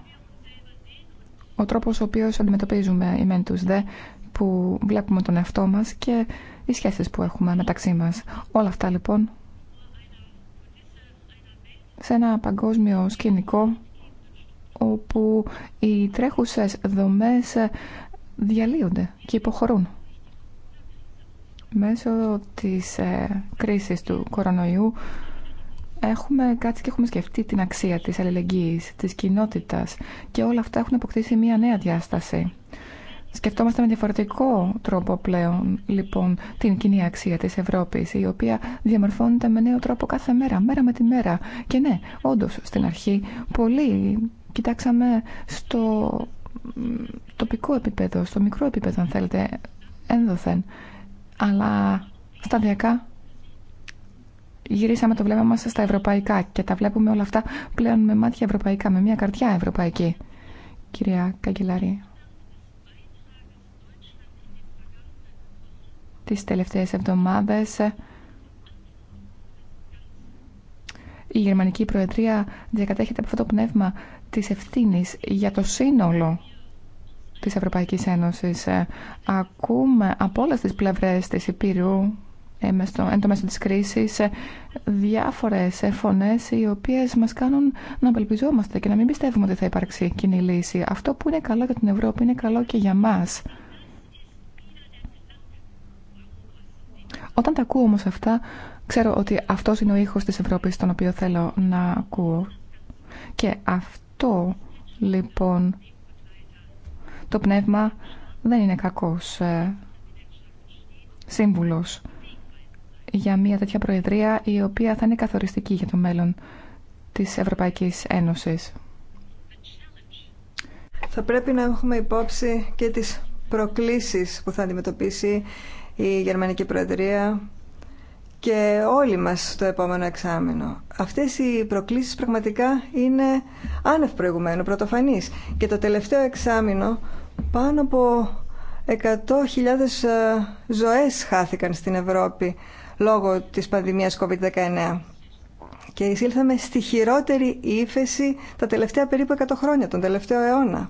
Ο τρόπος ο οποίος αντιμετωπίζουμε οι τους δε που βλέπουμε τον εαυτό μας και οι σχέσεις που έχουμε μεταξύ μας. Όλα αυτά λοιπόν σε ένα παγκόσμιο σκηνικό όπου οι τρέχουσες δομές διαλύονται και υποχωρούν. Μέσω της ε, κρίσης του κορονοϊού έχουμε κάτι και έχουμε σκεφτεί την αξία της αλληλεγγύης, της κοινότητας και όλα αυτά έχουν αποκτήσει μια νέα διάσταση. Σκεφτόμαστε με διαφορετικό τρόπο πλέον λοιπόν την κοινή αξία της Ευρώπης η οποία διαμορφώνεται με νέο τρόπο κάθε μέρα, μέρα με τη μέρα. Και ναι, όντως στην αρχή πολύ κοιτάξαμε στο τοπικό επίπεδο, στο μικρό επίπεδο αν θέλετε, ένδοθεν αλλά σταδιακά γυρίσαμε το βλέμμα μας στα ευρωπαϊκά και τα βλέπουμε όλα αυτά πλέον με μάτια ευρωπαϊκά, με μια καρδιά ευρωπαϊκή. Κυρία Καγκελάρη. Τις τελευταίες εβδομάδες η Γερμανική Προεδρία διακατέχεται από αυτό το πνεύμα της ευθύνης για το σύνολο της Ευρωπαϊκής Ένωσης. Ε, ακούμε από όλες τις πλευρές της Υπήρου ε, εν το μέσο της κρίσης ε, διάφορες φωνές οι οποίες μας κάνουν να απελπιζόμαστε και να μην πιστεύουμε ότι θα υπάρξει κοινή λύση. Αυτό που είναι καλό για την Ευρώπη είναι καλό και για μας. Όταν τα ακούω όμως αυτά, ξέρω ότι αυτός είναι ο ήχος της Ευρώπης τον οποίο θέλω να ακούω. Και αυτό λοιπόν το πνεύμα δεν είναι κακός ε, σύμβουλος για μια τέτοια προεδρία η οποία θα είναι καθοριστική για το μέλλον της Ευρωπαϊκής Ένωσης. Θα πρέπει να έχουμε υπόψη και τις προκλήσεις που θα αντιμετωπίσει η Γερμανική Προεδρία και όλοι μας το επόμενο εξάμεινο. Αυτές οι προκλήσεις πραγματικά είναι άνευ προηγουμένου, πρωτοφανείς. Και το τελευταίο εξάμεινο πάνω από 100.000 ε, ζωές χάθηκαν στην Ευρώπη λόγω της πανδημίας COVID-19 και εισήλθαμε στη χειρότερη ύφεση τα τελευταία περίπου 100 χρόνια, τον τελευταίο αιώνα.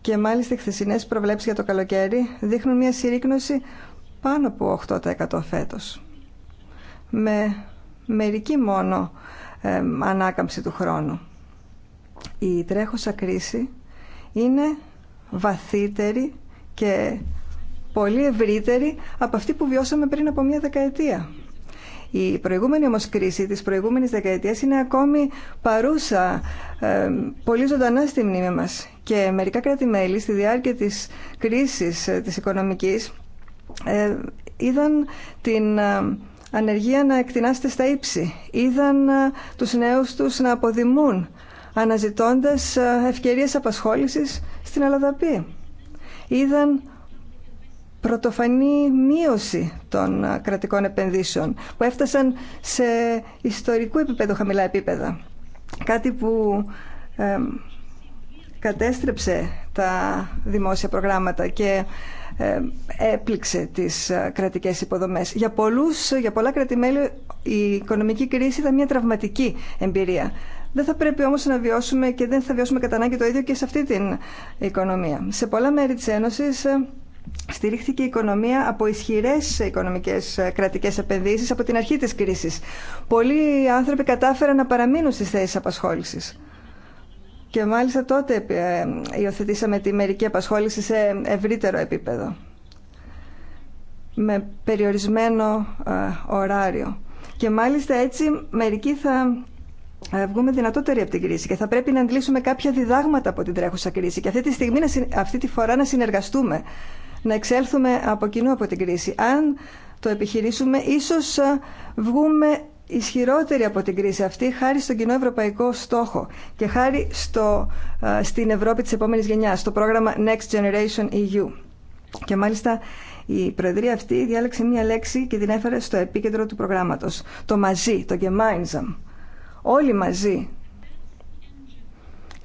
Και μάλιστα οι χθεσινέ προβλέψει για το καλοκαίρι δείχνουν μια συρρήκνωση πάνω από 8% φέτος με μερική μόνο ανάκαμψη του χρόνου. Η τρέχουσα κρίση είναι βαθύτερη και πολύ ευρύτερη από αυτή που βιώσαμε πριν από μια δεκαετία. Η προηγούμενη όμως κρίση της προηγούμενης δεκαετίας είναι ακόμη παρούσα, πολύ ζωντανά στη μνήμη μας. Και μερικά κράτη-μέλη στη διάρκεια της κρίσης ε, της οικονομικής ε, είδαν την ε, ανεργία να εκτινάσεται στα ύψη. Είδαν ε, τους νέους τους να αποδημούν, αναζητώντας ε, ευκαιρίες απασχόλησης στην Αλαδαπή. Είδαν πρωτοφανή μείωση των ε, κρατικών επενδύσεων που έφτασαν σε ιστορικού επίπεδο χαμηλά επίπεδα. Κάτι που κατέστρεψε τα δημόσια προγράμματα και ε, έπληξε τις ε, κρατικές υποδομές. Για, πολλούς, για πολλά κρατημέλη η οικονομική κρίση ήταν μια τραυματική εμπειρία. Δεν θα πρέπει όμως να βιώσουμε και δεν θα βιώσουμε κατά ανάγκη το ίδιο και σε αυτή την οικονομία. Σε πολλά μέρη της Ένωσης ε, στηρίχθηκε η οικονομία από ισχυρές οικονομικές κρατικές επενδύσεις από την αρχή της κρίσης. Πολλοί άνθρωποι κατάφεραν να παραμείνουν στις θέσεις απασχόλησης. Και μάλιστα τότε ε, υιοθετήσαμε τη μερική απασχόληση σε ευρύτερο επίπεδο με περιορισμένο ε, ωράριο. Και μάλιστα έτσι μερικοί θα ε, βγούμε δυνατότεροι από την κρίση και θα πρέπει να αντλήσουμε κάποια διδάγματα από την τρέχουσα κρίση και αυτή τη, στιγμή, αυτή τη φορά να συνεργαστούμε, να εξέλθουμε από κοινού από την κρίση. Αν το επιχειρήσουμε, ίσως βγούμε ισχυρότερη από την κρίση αυτή χάρη στον κοινό ευρωπαϊκό στόχο και χάρη στο, στην Ευρώπη της επόμενης γενιάς, στο πρόγραμμα Next Generation EU. Και μάλιστα η Προεδρία αυτή διάλεξε μία λέξη και την έφερε στο επίκεντρο του προγράμματος. Το μαζί, το gemeinsam. Όλοι μαζί.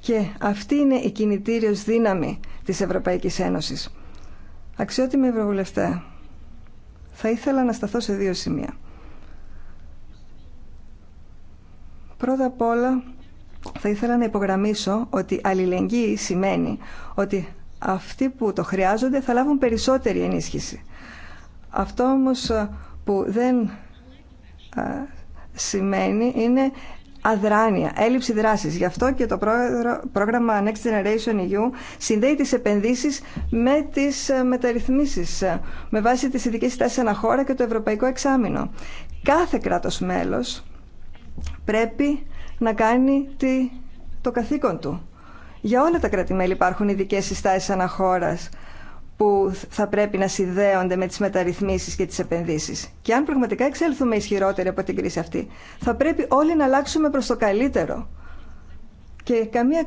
Και αυτή είναι η κινητήριος δύναμη της Ευρωπαϊκής Ένωσης. Αξιότιμη Ευρωβουλευτέ, θα ήθελα να σταθώ σε δύο σημεία. Πρώτα απ' όλα θα ήθελα να υπογραμμίσω ότι αλληλεγγύη σημαίνει ότι αυτοί που το χρειάζονται θα λάβουν περισσότερη ενίσχυση. Αυτό όμως ε, που δεν ε, σημαίνει είναι αδράνεια, έλλειψη δράσης. Γι' αυτό και το πρόγραμμα Next Generation EU συνδέει τις επενδύσεις με τις ε, μεταρρυθμίσεις με βάση τις ειδικές ένα χώρα και το ευρωπαϊκό εξάμεινο. Κάθε κράτος μέλος πρέπει να κάνει το καθήκον του. Για όλα τα κρατη υπάρχουν ειδικέ συστάσεις αναχώρας που θα πρέπει να συνδέονται με τις μεταρρυθμίσεις και τις επενδύσεις. Και αν πραγματικά εξέλθουμε ισχυρότεροι από την κρίση αυτή, θα πρέπει όλοι να αλλάξουμε προς το καλύτερο. Και καμία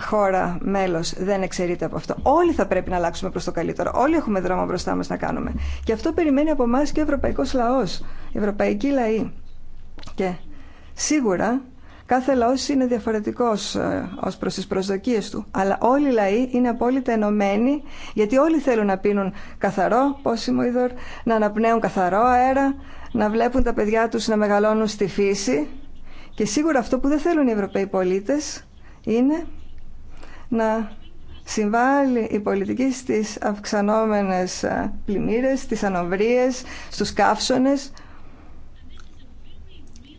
χώρα μέλο δεν εξαιρείται από αυτό. Όλοι θα πρέπει να αλλάξουμε προ το καλύτερο. Όλοι έχουμε δρόμο μπροστά μα να κάνουμε. Και αυτό περιμένει από εμά και ο ευρωπαϊκό λαό, η Ευρωπαϊκή λαοί. Και Σίγουρα κάθε λαός είναι διαφορετικός ε, ως προς τις προσδοκίες του, αλλά όλοι οι λαοί είναι απόλυτα ενωμένοι γιατί όλοι θέλουν να πίνουν καθαρό πόσιμο είδωρ, να αναπνέουν καθαρό αέρα, να βλέπουν τα παιδιά τους να μεγαλώνουν στη φύση και σίγουρα αυτό που δεν θέλουν οι Ευρωπαίοι πολίτες είναι να συμβάλλει η πολιτική στις αυξανόμενες ε, πλημμύρες, στις ανοβρίες, στους καύσονες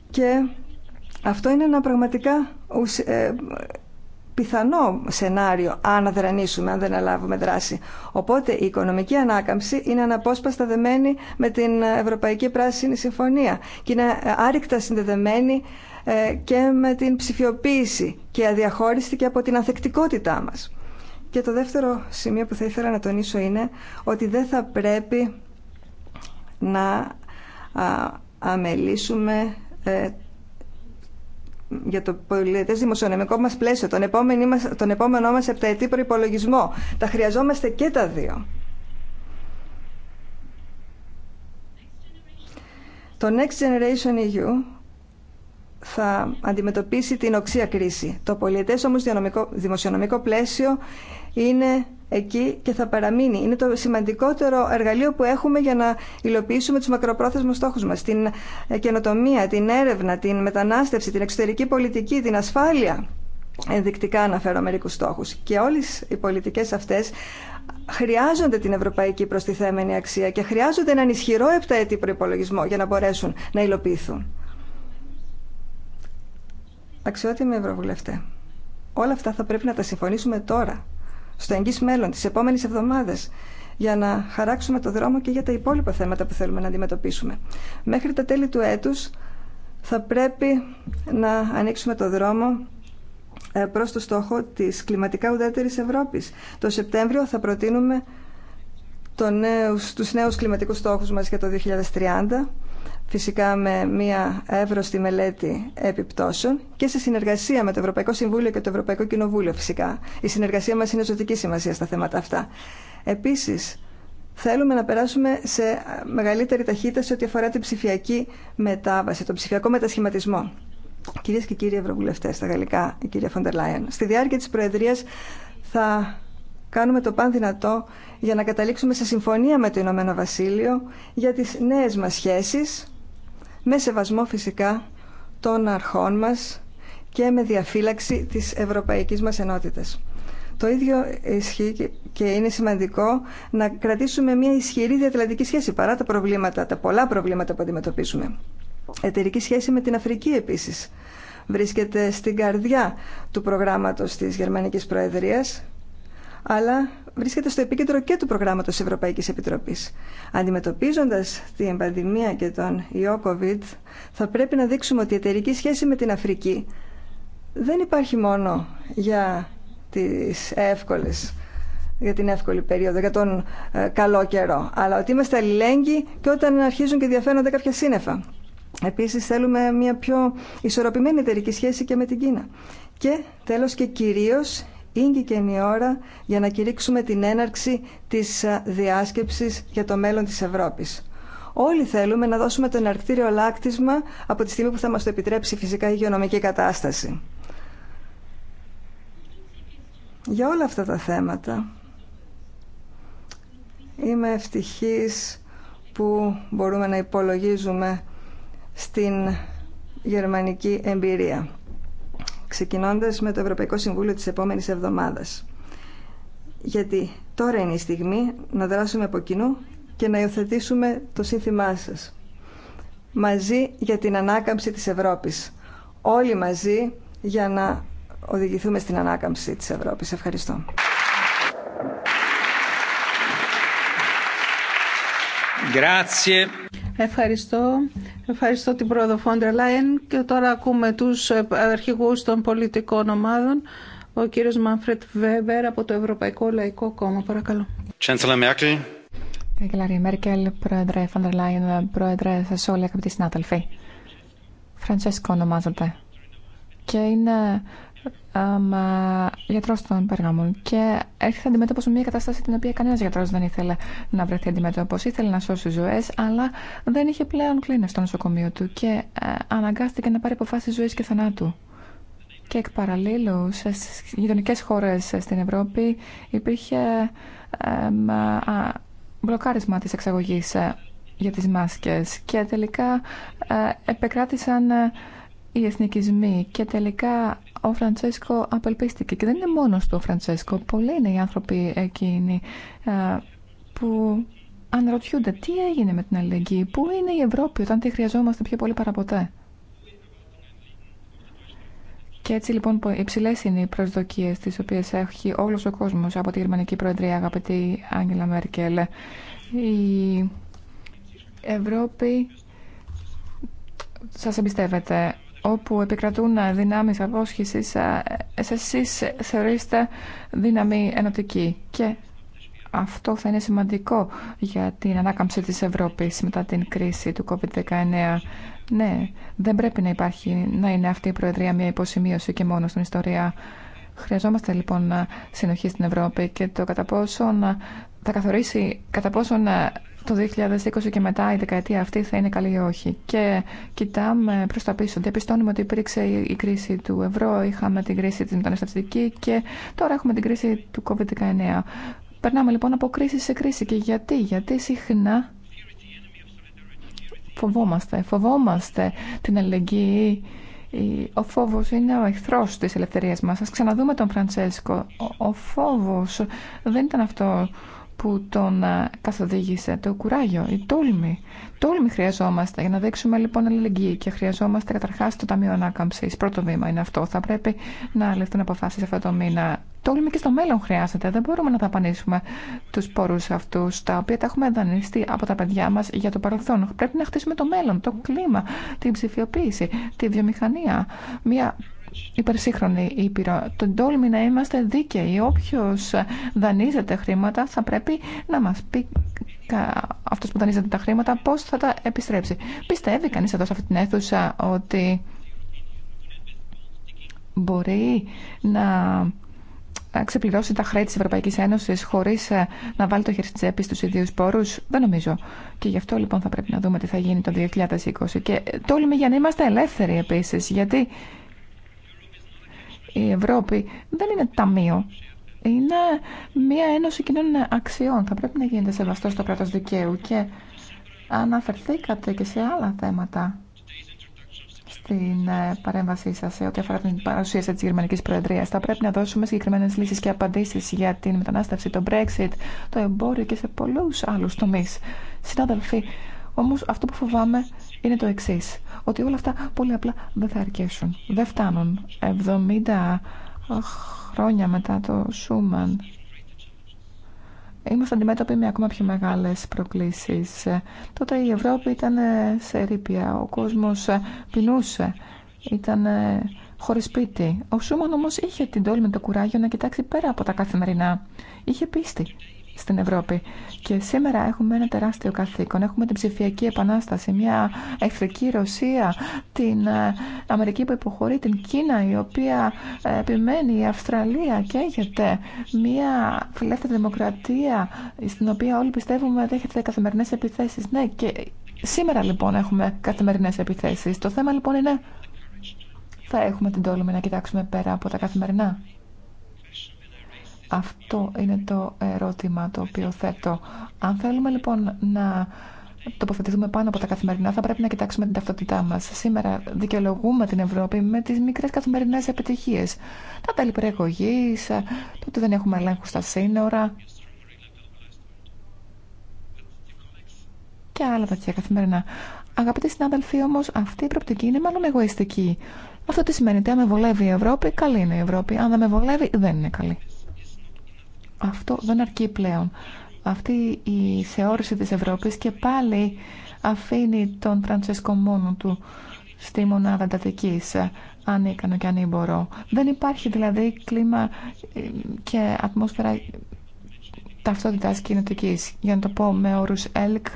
και αυτό είναι ένα πραγματικά ε, πιθανό σενάριο αν δρανήσουμε, αν δεν λάβουμε δράση. Οπότε η οικονομική ανάκαμψη είναι αναπόσπαστα δεμένη με την Ευρωπαϊκή Πράσινη Συμφωνία και είναι άρρηκτα συνδεδεμένη ε, και με την ψηφιοποίηση και αδιαχώριστη και από την ανθεκτικότητά μας. Και το δεύτερο σημείο που θα ήθελα να τονίσω είναι ότι δεν θα πρέπει να αμελήσουμε ε, για το πολιτέ δημοσιονομικό μα πλαίσιο, τον, επόμενό μας, τον επόμενό μας επταετή προπολογισμό. Τα χρειαζόμαστε και τα δύο. Το Next Generation EU θα αντιμετωπίσει την οξία κρίση. Το πολιτέ όμω δημοσιονομικό πλαίσιο είναι εκεί και θα παραμείνει. Είναι το σημαντικότερο εργαλείο που έχουμε για να υλοποιήσουμε τους μακροπρόθεσμους στόχους μας. Την ε, καινοτομία, την έρευνα, την μετανάστευση, την εξωτερική πολιτική, την ασφάλεια. Ενδεικτικά αναφέρω μερικούς στόχους. Και όλες οι πολιτικές αυτές χρειάζονται την ευρωπαϊκή προστιθέμενη αξία και χρειάζονται έναν ισχυρό επταετή προπολογισμό για να μπορέσουν να υλοποιηθούν. Αξιότιμοι Ευρωβουλευτέ, όλα αυτά θα πρέπει να τα συμφωνήσουμε τώρα στο εγγύς μέλλον, τις επόμενες εβδομάδες, για να χαράξουμε το δρόμο και για τα υπόλοιπα θέματα που θέλουμε να αντιμετωπίσουμε. Μέχρι τα τέλη του έτους θα πρέπει να ανοίξουμε το δρόμο ε, προς το στόχο της κλιματικά ουδέτερης Ευρώπης. Το Σεπτέμβριο θα προτείνουμε τους νέους κλιματικούς στόχους μας για το 2030 φυσικά με μια εύρωστη μελέτη επιπτώσεων και σε συνεργασία με το Ευρωπαϊκό Συμβούλιο και το Ευρωπαϊκό Κοινοβούλιο φυσικά. Η συνεργασία μας είναι ζωτική σημασία στα θέματα αυτά. Επίσης, θέλουμε να περάσουμε σε μεγαλύτερη ταχύτητα σε ό,τι αφορά την ψηφιακή μετάβαση, τον ψηφιακό μετασχηματισμό. Κυρίες και κύριοι Ευρωβουλευτές, στα γαλλικά, η κυρία Φοντερ Λάιεν, στη διάρκεια της Προεδρίας θα κάνουμε το παν δυνατό για να καταλήξουμε σε συμφωνία με το Ηνωμένο Βασίλειο για τις νέες μας σχέσεις με σεβασμό φυσικά των αρχών μας και με διαφύλαξη της ευρωπαϊκής μας ενότητας. Το ίδιο ισχύει και είναι σημαντικό να κρατήσουμε μια ισχυρή διατλαντική σχέση παρά τα προβλήματα, τα πολλά προβλήματα που αντιμετωπίζουμε. Εταιρική σχέση με την Αφρική επίσης βρίσκεται στην καρδιά του προγράμματος της Γερμανικής Προεδρίας αλλά βρίσκεται στο επίκεντρο και του προγράμματος Ευρωπαϊκής Επιτροπής. Αντιμετωπίζοντας την πανδημία και τον ιό COVID, θα πρέπει να δείξουμε ότι η εταιρική σχέση με την Αφρική δεν υπάρχει μόνο για τις εύκολες για την εύκολη περίοδο, για τον ε, καλό καιρό, αλλά ότι είμαστε αλληλέγγυοι και όταν αρχίζουν και διαφαίνονται κάποια σύννεφα. Επίσης θέλουμε μια πιο ισορροπημένη εταιρική σχέση και με την Κίνα. Και τέλος και κυρίως ήγηκε η ώρα για να κηρύξουμε την έναρξη της ε, διάσκεψης για το μέλλον της Ευρώπης. Όλοι θέλουμε να δώσουμε το εναρκτήριο λάκτισμα από τη στιγμή που θα μας το επιτρέψει φυσικά η υγειονομική κατάσταση. Για όλα αυτά τα θέματα είμαι ευτυχής που μπορούμε να υπολογίζουμε στην γερμανική εμπειρία ξεκινώντας με το Ευρωπαϊκό Συμβούλιο της επόμενης εβδομάδας. Γιατί τώρα είναι η στιγμή να δράσουμε από κοινού και να υιοθετήσουμε το σύνθημά σας. Μαζί για την ανάκαμψη της Ευρώπης. Όλοι μαζί για να οδηγηθούμε στην ανάκαμψη της Ευρώπης. Ευχαριστώ. Ευχαριστώ. Ευχαριστώ την πρόεδρο Φόντερ Λάιεν και τώρα ακούμε τους ε, αρχηγούς των πολιτικών ομάδων. Ο κύριος Μάνφρετ Βέμπερ από το Ευρωπαϊκό Λαϊκό Κόμμα. Παρακαλώ. Καγκελάρια Μέρκελ, πρόεδρε Φόντερ Λάιεν, πρόεδρε σα όλοι αγαπητοί συνάδελφοι. Φραντσέσκο ονομάζεται. Και είναι γιατρό των Περγαμών και έρχεται αντιμέτωπο με μια κατάσταση την οποία κανένα γιατρό δεν ήθελε να βρεθεί αντιμέτωπο. Ήθελε να σώσει ζωέ, αλλά δεν είχε πλέον κλίνε στο νοσοκομείο του και ε, αναγκάστηκε να πάρει αποφάσει ζωή και θανάτου. Και εκ παραλίλου, σε γειτονικέ χώρε στην Ευρώπη υπήρχε μπλοκάρισμα τη εξαγωγή ε, για τι μάσκε. και τελικά ε, επεκράτησαν οι εθνικισμοί και τελικά ο Φραντσέσκο απελπίστηκε και δεν είναι μόνος του ο Φραντσέσκο πολλοί είναι οι άνθρωποι εκείνοι ε, που αναρωτιούνται τι έγινε με την αλληλεγγύη πού είναι η Ευρώπη όταν τη χρειαζόμαστε πιο πολύ παραποτέ και έτσι λοιπόν υψηλέ είναι οι προσδοκίες τι οποίε έχει όλος ο κόσμος από τη Γερμανική Προεδρία, αγαπητή Άγγελα Μέρκελ. Η Ευρώπη σα εμπιστεύεται όπου επικρατούν δυνάμεις απόσχησης, ε, εσείς θεωρείστε δύναμη ενωτική και αυτό θα είναι σημαντικό για την ανάκαμψη της Ευρώπης μετά την κρίση του COVID-19. Ναι, δεν πρέπει να υπάρχει, να είναι αυτή η Προεδρία μια υποσημείωση και μόνο στην ιστορία. Χρειαζόμαστε λοιπόν συνοχή στην Ευρώπη και το κατά πόσο θα καθορίσει κατά πόσον το 2020 και μετά η δεκαετία αυτή θα είναι καλή ή όχι. Και κοιτάμε προ τα πίσω. Διαπιστώνουμε ότι υπήρξε η κρίση του ευρώ, είχαμε την κρίση τη μεταναστευτική και τώρα έχουμε την κρίση του COVID-19. Περνάμε λοιπόν από κρίση σε κρίση. Και γιατί, γιατί συχνά φοβόμαστε, φοβόμαστε την αλληλεγγύη. Ο φόβο είναι ο εχθρό τη ελευθερία μα. Α ξαναδούμε τον Φραντσέσκο. Ο φόβο δεν ήταν αυτό που τον ε, καθοδήγησε, το κουράγιο, η τόλμη. Τόλμη χρειαζόμαστε για να δείξουμε λοιπόν αλληλεγγύη και χρειαζόμαστε καταρχά το Ταμείο Ανάκαμψη. Πρώτο βήμα είναι αυτό. Θα πρέπει να λεφτούν αποφάσει αυτό το μήνα. Τόλμη και στο μέλλον χρειάζεται. Δεν μπορούμε να δαπανίσουμε του πόρου αυτού, τα οποία τα έχουμε δανειστεί από τα παιδιά μα για το παρελθόν. Πρέπει να χτίσουμε το μέλλον, το κλίμα, την ψηφιοποίηση, τη βιομηχανία. Μια υπερσύγχρονη ήπειρο. Τον τόλμη να είμαστε δίκαιοι. Όποιο δανείζεται χρήματα θα πρέπει να μα πει αυτό που δανείζεται τα χρήματα πώ θα τα επιστρέψει. Πιστεύει κανεί εδώ σε αυτή την αίθουσα ότι μπορεί να ξεπληρώσει τα χρέη της Ευρωπαϊκής Ένωσης χωρίς ε, να βάλει το χέρι στη τσέπη στους ιδίους πόρους. Δεν νομίζω. Και γι' αυτό λοιπόν θα πρέπει να δούμε τι θα γίνει το 2020. Και τόλμη για να είμαστε ελεύθεροι επίσης. Γιατί η Ευρώπη δεν είναι ταμείο. Είναι μια ένωση κοινών αξιών. Θα πρέπει να γίνεται σεβαστό στο κράτο δικαίου και αναφερθήκατε και σε άλλα θέματα στην ε, παρέμβασή σα σε ό,τι αφορά την παρουσίαση τη γερμανική Προεδρία. Θα πρέπει να δώσουμε συγκεκριμένε λύσει και απαντήσει για την μετανάστευση, το Brexit, το εμπόριο και σε πολλού άλλου τομεί. Συνάδελφοι, όμω αυτό που φοβάμαι είναι το εξή ότι όλα αυτά πολύ απλά δεν θα αρκέσουν. Δεν φτάνουν. 70 χρόνια μετά το Σούμαν είμαστε αντιμέτωποι με ακόμα πιο μεγάλες προκλήσεις. Τότε η Ευρώπη ήταν ε, σε ρήπια, ο κόσμος ε, πεινούσε, ήταν ε, χωρίς σπίτι. Ο Σούμαν όμως είχε την τόλμη το κουράγιο να κοιτάξει πέρα από τα καθημερινά. Είχε πίστη, στην Ευρώπη. Και σήμερα έχουμε ένα τεράστιο καθήκον. Έχουμε την ψηφιακή επανάσταση, μια εχθρική Ρωσία, την ε, Αμερική που υποχωρεί, την Κίνα η οποία ε, επιμένει, η Αυστραλία καίγεται. Μια φιλεύθερη δημοκρατία στην οποία όλοι πιστεύουμε δέχεται καθημερινές επιθέσεις. Ναι, και σήμερα λοιπόν έχουμε καθημερινές επιθέσεις. Το θέμα λοιπόν είναι θα έχουμε την τόλμη να κοιτάξουμε πέρα από τα καθημερινά. Αυτό είναι το ερώτημα το οποίο θέτω. Αν θέλουμε λοιπόν να τοποθετηθούμε πάνω από τα καθημερινά, θα πρέπει να κοιτάξουμε την ταυτότητά μα. Σήμερα δικαιολογούμε την Ευρώπη με τι μικρέ καθημερινέ επιτυχίε. Τα τέλη το ότι δεν έχουμε ελέγχου στα σύνορα. Και άλλα τέτοια καθημερινά. Αγαπητοί συνάδελφοι, όμω αυτή η προπτική είναι μάλλον εγωιστική. Αυτό τι σημαίνει ότι αν με βολεύει η Ευρώπη, καλή είναι η Ευρώπη. Αν δεν με βολεύει, δεν είναι καλή αυτό δεν αρκεί πλέον. Αυτή η θεώρηση της Ευρώπης και πάλι αφήνει τον Φραντσέσκο μόνο του στη μονάδα αν έκανα και ανήμπορο. Δεν υπάρχει δηλαδή κλίμα ε, και ατμόσφαιρα ταυτότητας κοινωτικής. Για να το πω με όρους ΕΛΚ,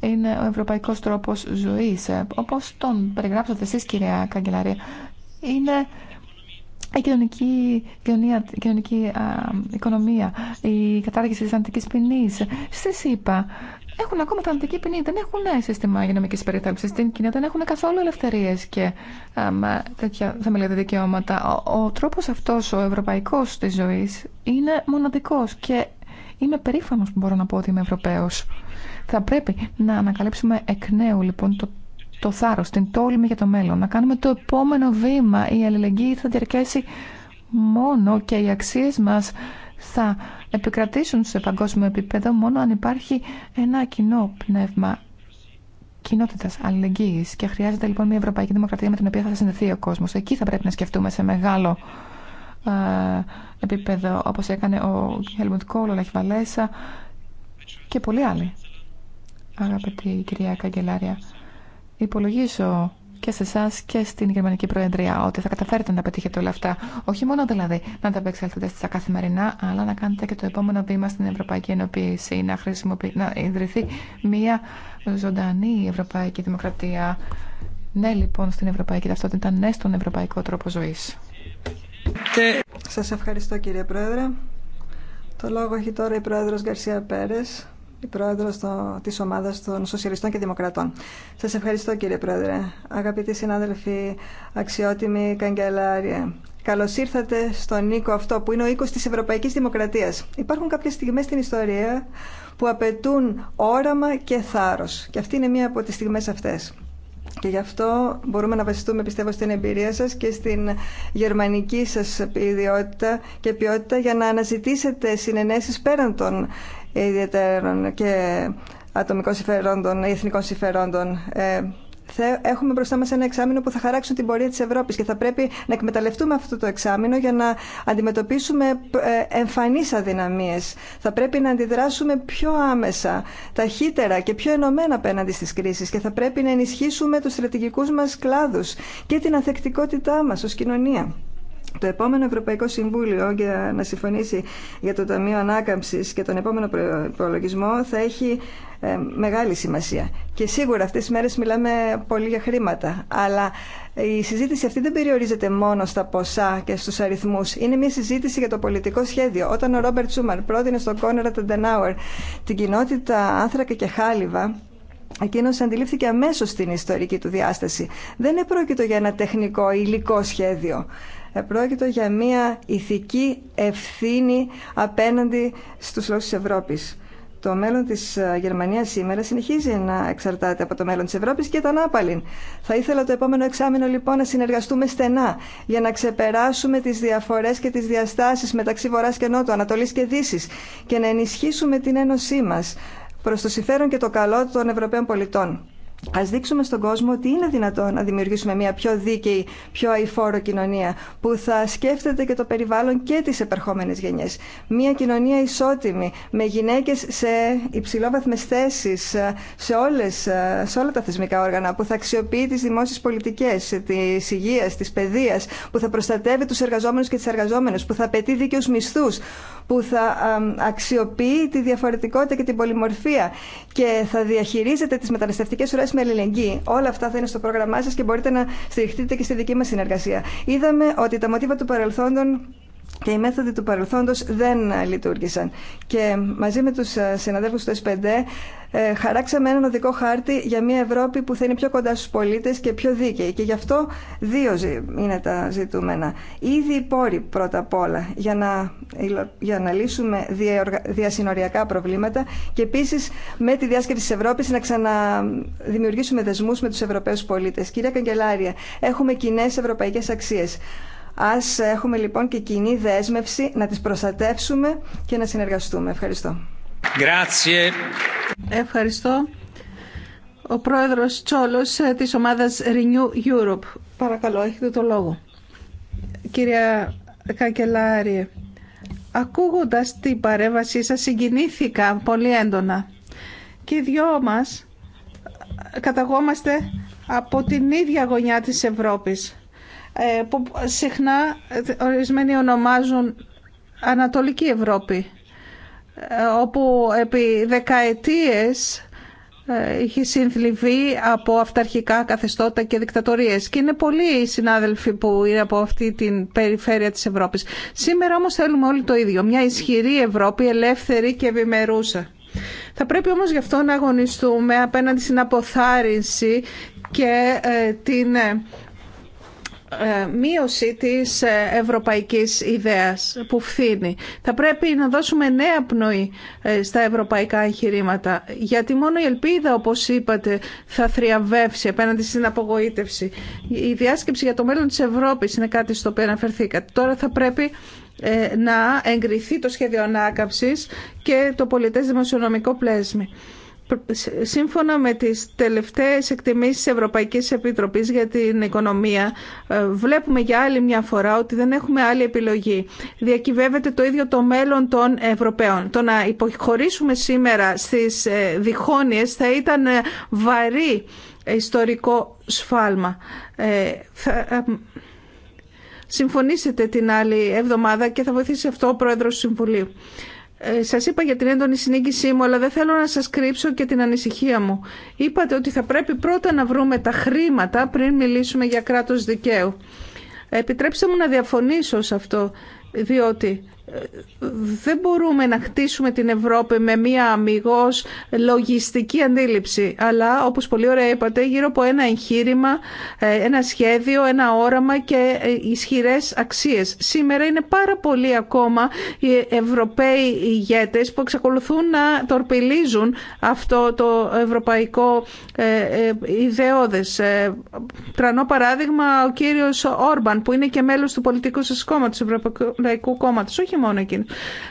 είναι ο ευρωπαϊκός τρόπος ζωής. Ε, όπως τον περιγράψατε εσείς κυρία Καγκελαρία, είναι η ε, κοινωνική, κοινωνία, κοινωνική α, οικονομία, η κατάργηση της αντικής ποινής. Στη ΣΥΠΑ έχουν ακόμα τα αντική ποινή, δεν έχουν σύστημα υγειονομική περιθάλψη στην Κίνα, δεν έχουν καθόλου ελευθερίε και α, τέτοια θεμελιώδη δικαιώματα. Ο, ο τρόπο αυτό, ο ευρωπαϊκό τη ζωή, είναι μοναδικό και είμαι περήφανο που μπορώ να πω ότι είμαι Ευρωπαίο. Θα πρέπει να ανακαλύψουμε εκ νέου λοιπόν το το θάρρο, την τόλμη για το μέλλον, να κάνουμε το επόμενο βήμα. Η αλληλεγγύη θα διαρκέσει μόνο και οι αξίε μα θα επικρατήσουν σε παγκόσμιο επίπεδο μόνο αν υπάρχει ένα κοινό πνεύμα κοινότητα αλληλεγγύη. Και χρειάζεται λοιπόν μια ευρωπαϊκή δημοκρατία με την οποία θα συνδεθεί ο κόσμο. Εκεί θα πρέπει να σκεφτούμε σε μεγάλο ε, επίπεδο, όπω έκανε ο Χέλμουντ Κόλ, ο Λαχιβαλέσα και πολλοί άλλοι. Αγαπητή κυρία Καγκελάρια, υπολογίζω και σε εσά και στην Γερμανική Προεδρία ότι θα καταφέρετε να πετύχετε όλα αυτά. Όχι μόνο δηλαδή να τα απεξέλθετε στα καθημερινά, αλλά να κάνετε και το επόμενο βήμα στην Ευρωπαϊκή Ενωποίηση, να, χρησιμοποιη... να ιδρυθεί μια ζωντανή Ευρωπαϊκή Δημοκρατία. Ναι, λοιπόν, στην Ευρωπαϊκή Ταυτότητα, ναι, στον Ευρωπαϊκό Τρόπο Ζωή. Σα ευχαριστώ, κύριε Πρόεδρε. Το λόγο έχει τώρα η Πρόεδρο Γκαρσία Πέρες η πρόεδρος τη της ομάδας των Σοσιαλιστών και Δημοκρατών. Σας ευχαριστώ κύριε πρόεδρε. Αγαπητοί συνάδελφοι, αξιότιμοι καγκελάρια. Καλώ ήρθατε στον οίκο αυτό που είναι ο οίκο τη Ευρωπαϊκή Δημοκρατία. Υπάρχουν κάποιε στιγμέ στην ιστορία που απαιτούν όραμα και θάρρο. Και αυτή είναι μία από τι στιγμέ αυτέ. Και γι' αυτό μπορούμε να βασιστούμε, πιστεύω, στην εμπειρία σας και στην γερμανική σας ιδιότητα και ποιότητα για να αναζητήσετε συνενέσεις πέραν των ιδιαίτερων και ατομικών συμφερόντων ή εθνικών συμφερόντων. Ε, έχουμε μπροστά μα ένα εξάμεινο που θα χαράξουν την πορεία τη Ευρώπη και θα πρέπει να εκμεταλλευτούμε αυτό το εξάμεινο για να αντιμετωπίσουμε ε, εμφανεί αδυναμίε. Θα πρέπει να αντιδράσουμε πιο άμεσα, ταχύτερα και πιο ενωμένα απέναντι στι κρίσει και θα πρέπει να ενισχύσουμε του στρατηγικού μα κλάδου και την ανθεκτικότητά μα ω κοινωνία. Το επόμενο Ευρωπαϊκό Συμβούλιο για να συμφωνήσει για το Ταμείο Ανάκαμψης και τον επόμενο προλογισμό θα έχει ε, μεγάλη σημασία. Και σίγουρα αυτές τις μέρες μιλάμε πολύ για χρήματα, αλλά η συζήτηση αυτή δεν περιορίζεται μόνο στα ποσά και στους αριθμούς. Είναι μια συζήτηση για το πολιτικό σχέδιο. Όταν ο Ρόμπερτ Σούμαρ πρότεινε στον Κόνερα Τεντενάουερ την κοινότητα Άνθρακα και Χάλιβα, Εκείνος αντιλήφθηκε αμέσω την ιστορική του διάσταση. Δεν επρόκειτο για ένα τεχνικό υλικό σχέδιο. Πρόκειται για μια ηθική ευθύνη απέναντι στους λαούς της Ευρώπης. Το μέλλον της ε, Γερμανίας σήμερα συνεχίζει να εξαρτάται από το μέλλον της Ευρώπης και τον άπαλιν. Θα ήθελα το επόμενο εξάμεινο λοιπόν να συνεργαστούμε στενά για να ξεπεράσουμε τις διαφορές και τις διαστάσεις μεταξύ Βορράς και Νότου, Ανατολής και Δύσης και να ενισχύσουμε την ένωσή μας προς το συμφέρον και το καλό των Ευρωπαίων πολιτών. Ας δείξουμε στον κόσμο ότι είναι δυνατό να δημιουργήσουμε μια πιο δίκαιη, πιο αηφόρο κοινωνία που θα σκέφτεται και το περιβάλλον και τις επερχόμενες γενιές. Μια κοινωνία ισότιμη, με γυναίκες σε υψηλόβαθμες θέσεις, ε, σε, όλες, ε, σε όλα τα θεσμικά όργανα, που θα αξιοποιεί τις δημόσιες πολιτικές, της υγείας, της παιδείας, που θα προστατεύει τους εργαζόμενους και τις εργαζόμενες, που θα απαιτεί δίκαιους μισθούς, που θα αξιοποιεί τη διαφορετικότητα και την πολυμορφία και θα διαχειρίζεται τις μεταναστευτικές με αλληλεγγύη. Όλα αυτά θα είναι στο πρόγραμμά σα και μπορείτε να στηριχτείτε και στη δική μα συνεργασία. Είδαμε ότι τα μοτίβα του παρελθόντων και οι μέθοδοι του παρελθόντος δεν λειτουργήσαν. Και μαζί με τους ε, συναδέλφους του S5 ε, χαράξαμε έναν οδικό χάρτη για μια Ευρώπη που θα είναι πιο κοντά στους πολίτες και πιο δίκαιη. Και γι' αυτό δύο είναι τα ζητούμενα. Ήδη οι πόροι πρώτα απ' όλα για να, για να λύσουμε διασυνοριακά προβλήματα και επίσης με τη διάσκεψη της Ευρώπης να ξαναδημιουργήσουμε δεσμούς με τους Ευρωπαίους πολίτες. Κυρία Καγκελάρια, έχουμε κοινέ ευρωπαϊκές αξίες. Ας έχουμε λοιπόν και κοινή δέσμευση να τις προστατεύσουμε και να συνεργαστούμε. Ευχαριστώ. Ευχαριστώ. Ο πρόεδρος Τσόλος ε, της ομάδας Renew Europe. Παρακαλώ, έχετε το λόγο. Κυρία Κακελάρη, ακούγοντας την παρέμβασή σας συγκινήθηκα πολύ έντονα και οι δυο μας ε, καταγόμαστε από την ίδια γωνιά της Ευρώπης ε, που συχνά ορισμένοι ονομάζουν Ανατολική Ευρώπη όπου επί δεκαετίες ε, είχε συνθλιβεί από αυταρχικά καθεστώτα και δικτατορίες και είναι πολλοί οι συνάδελφοι που είναι από αυτή την περιφέρεια της Ευρώπης. Σήμερα όμως θέλουμε όλοι το ίδιο, μια ισχυρή Ευρώπη, ελεύθερη και ευημερούσα. Θα πρέπει όμως γι' αυτό να αγωνιστούμε απέναντι στην αποθάρρυνση και ε, την ε, ε, μείωση της ε, ευρωπαϊκής ιδέας που φθήνει. Θα πρέπει να δώσουμε νέα πνοή ε, στα ευρωπαϊκά εγχειρήματα, γιατί μόνο η ελπίδα, όπως είπατε, θα θριαβεύσει απέναντι στην απογοήτευση. Η διάσκεψη για το μέλλον της Ευρώπης είναι κάτι στο οποίο αναφερθήκατε. Τώρα θα πρέπει να εγκριθεί το σχέδιο ανάκαψης και το πολιτές δημοσιονομικό πλαίσιο. Σύμφωνα με τις τελευταίες εκτιμήσεις της Ευρωπαϊκής Επιτροπής για την οικονομία, ε, βλέπουμε για άλλη μια φορά ότι δεν έχουμε άλλη επιλογή. Διακυβεύεται το ίδιο το μέλλον των Ευρωπαίων. Το να υποχωρήσουμε σήμερα στις ε, διχόνοιες θα ήταν ε, βαρύ ιστορικό σφάλμα. Συμφωνήσετε την άλλη εβδομάδα και θα βοηθήσει αυτό ο Πρόεδρος του Συμβουλίου. Ε, σας είπα για την έντονη συνήγησή μου, αλλά δεν θέλω να σας κρύψω και την ανησυχία μου. Είπατε ότι θα πρέπει πρώτα να βρούμε τα χρήματα πριν μιλήσουμε για κράτος δικαίου. Επιτρέψτε μου να διαφωνήσω σε αυτό, διότι δεν μπορούμε να χτίσουμε την Ευρώπη με μία αμυγός λογιστική αντίληψη, αλλά όπως πολύ ωραία είπατε γύρω από ένα εγχείρημα, ε, ένα σχέδιο, ένα όραμα και ε, ισχυρές αξίες. Σήμερα είναι πάρα πολλοί ακόμα οι Ευρωπαίοι ηγέτες που εξακολουθούν να τορπιλίζουν αυτό το ευρωπαϊκό ε, ιδεώδες. Τρανό παράδειγμα ο κύριος Όρμπαν που είναι και μέλος του πολιτικού σας κόμματος, Ευρωπαϊκού Κόμματος, μόνο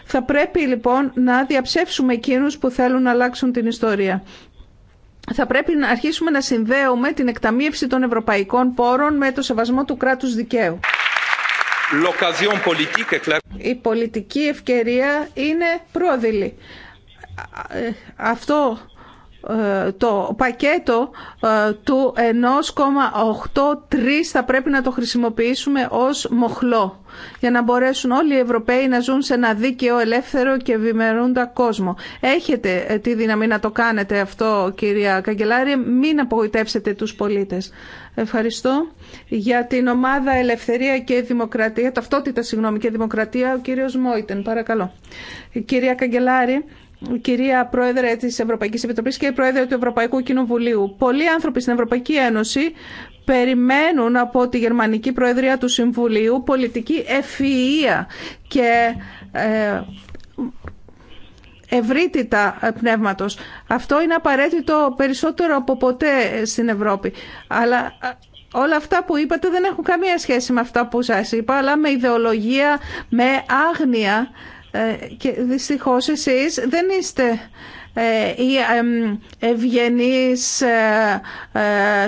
Θα πρέπει λοιπόν να διαψεύσουμε εκείνους που θέλουν να αλλάξουν την ιστορία. Θα πρέπει να αρχίσουμε να συνδέουμε την εκταμείευση των ευρωπαϊκών πόρων με το σεβασμό του κράτους δικαίου. Η πολιτική ευκαιρία είναι πρόδειλη. Αυτό ε, το πακέτο ε, του 1,83 θα πρέπει να το χρησιμοποιήσουμε ως μοχλό για να μπορέσουν όλοι οι Ευρωπαίοι να ζουν σε ένα δίκαιο, ελεύθερο και ευημερούντα κόσμο. Έχετε ε, τη δύναμη να το κάνετε αυτό κυρία Καγκελάρη, μην απογοητεύσετε τους πολίτες. Ευχαριστώ. Για την ομάδα Ελευθερία και Δημοκρατία, ταυτότητα συγγνώμη και Δημοκρατία, ο κύριος Μόιτεν, παρακαλώ. Κυρία Καγκελάρη, κυρία Πρόεδρε της Ευρωπαϊκής Επιτροπής και Πρόεδρε του Ευρωπαϊκού Κοινοβουλίου. Πολλοί άνθρωποι στην Ευρωπαϊκή Ένωση περιμένουν από τη Γερμανική Προεδρία του Συμβουλίου πολιτική ευφυΐα και ε, ευρύτητα πνεύματος. Αυτό είναι απαραίτητο περισσότερο από ποτέ στην Ευρώπη. Αλλά ε, όλα αυτά που είπατε δεν έχουν καμία σχέση με αυτά που σας είπα, αλλά με ιδεολογία, με άγνοια ε, και δυστυχώς εσείς δεν είστε ή ε, ευγενής ε,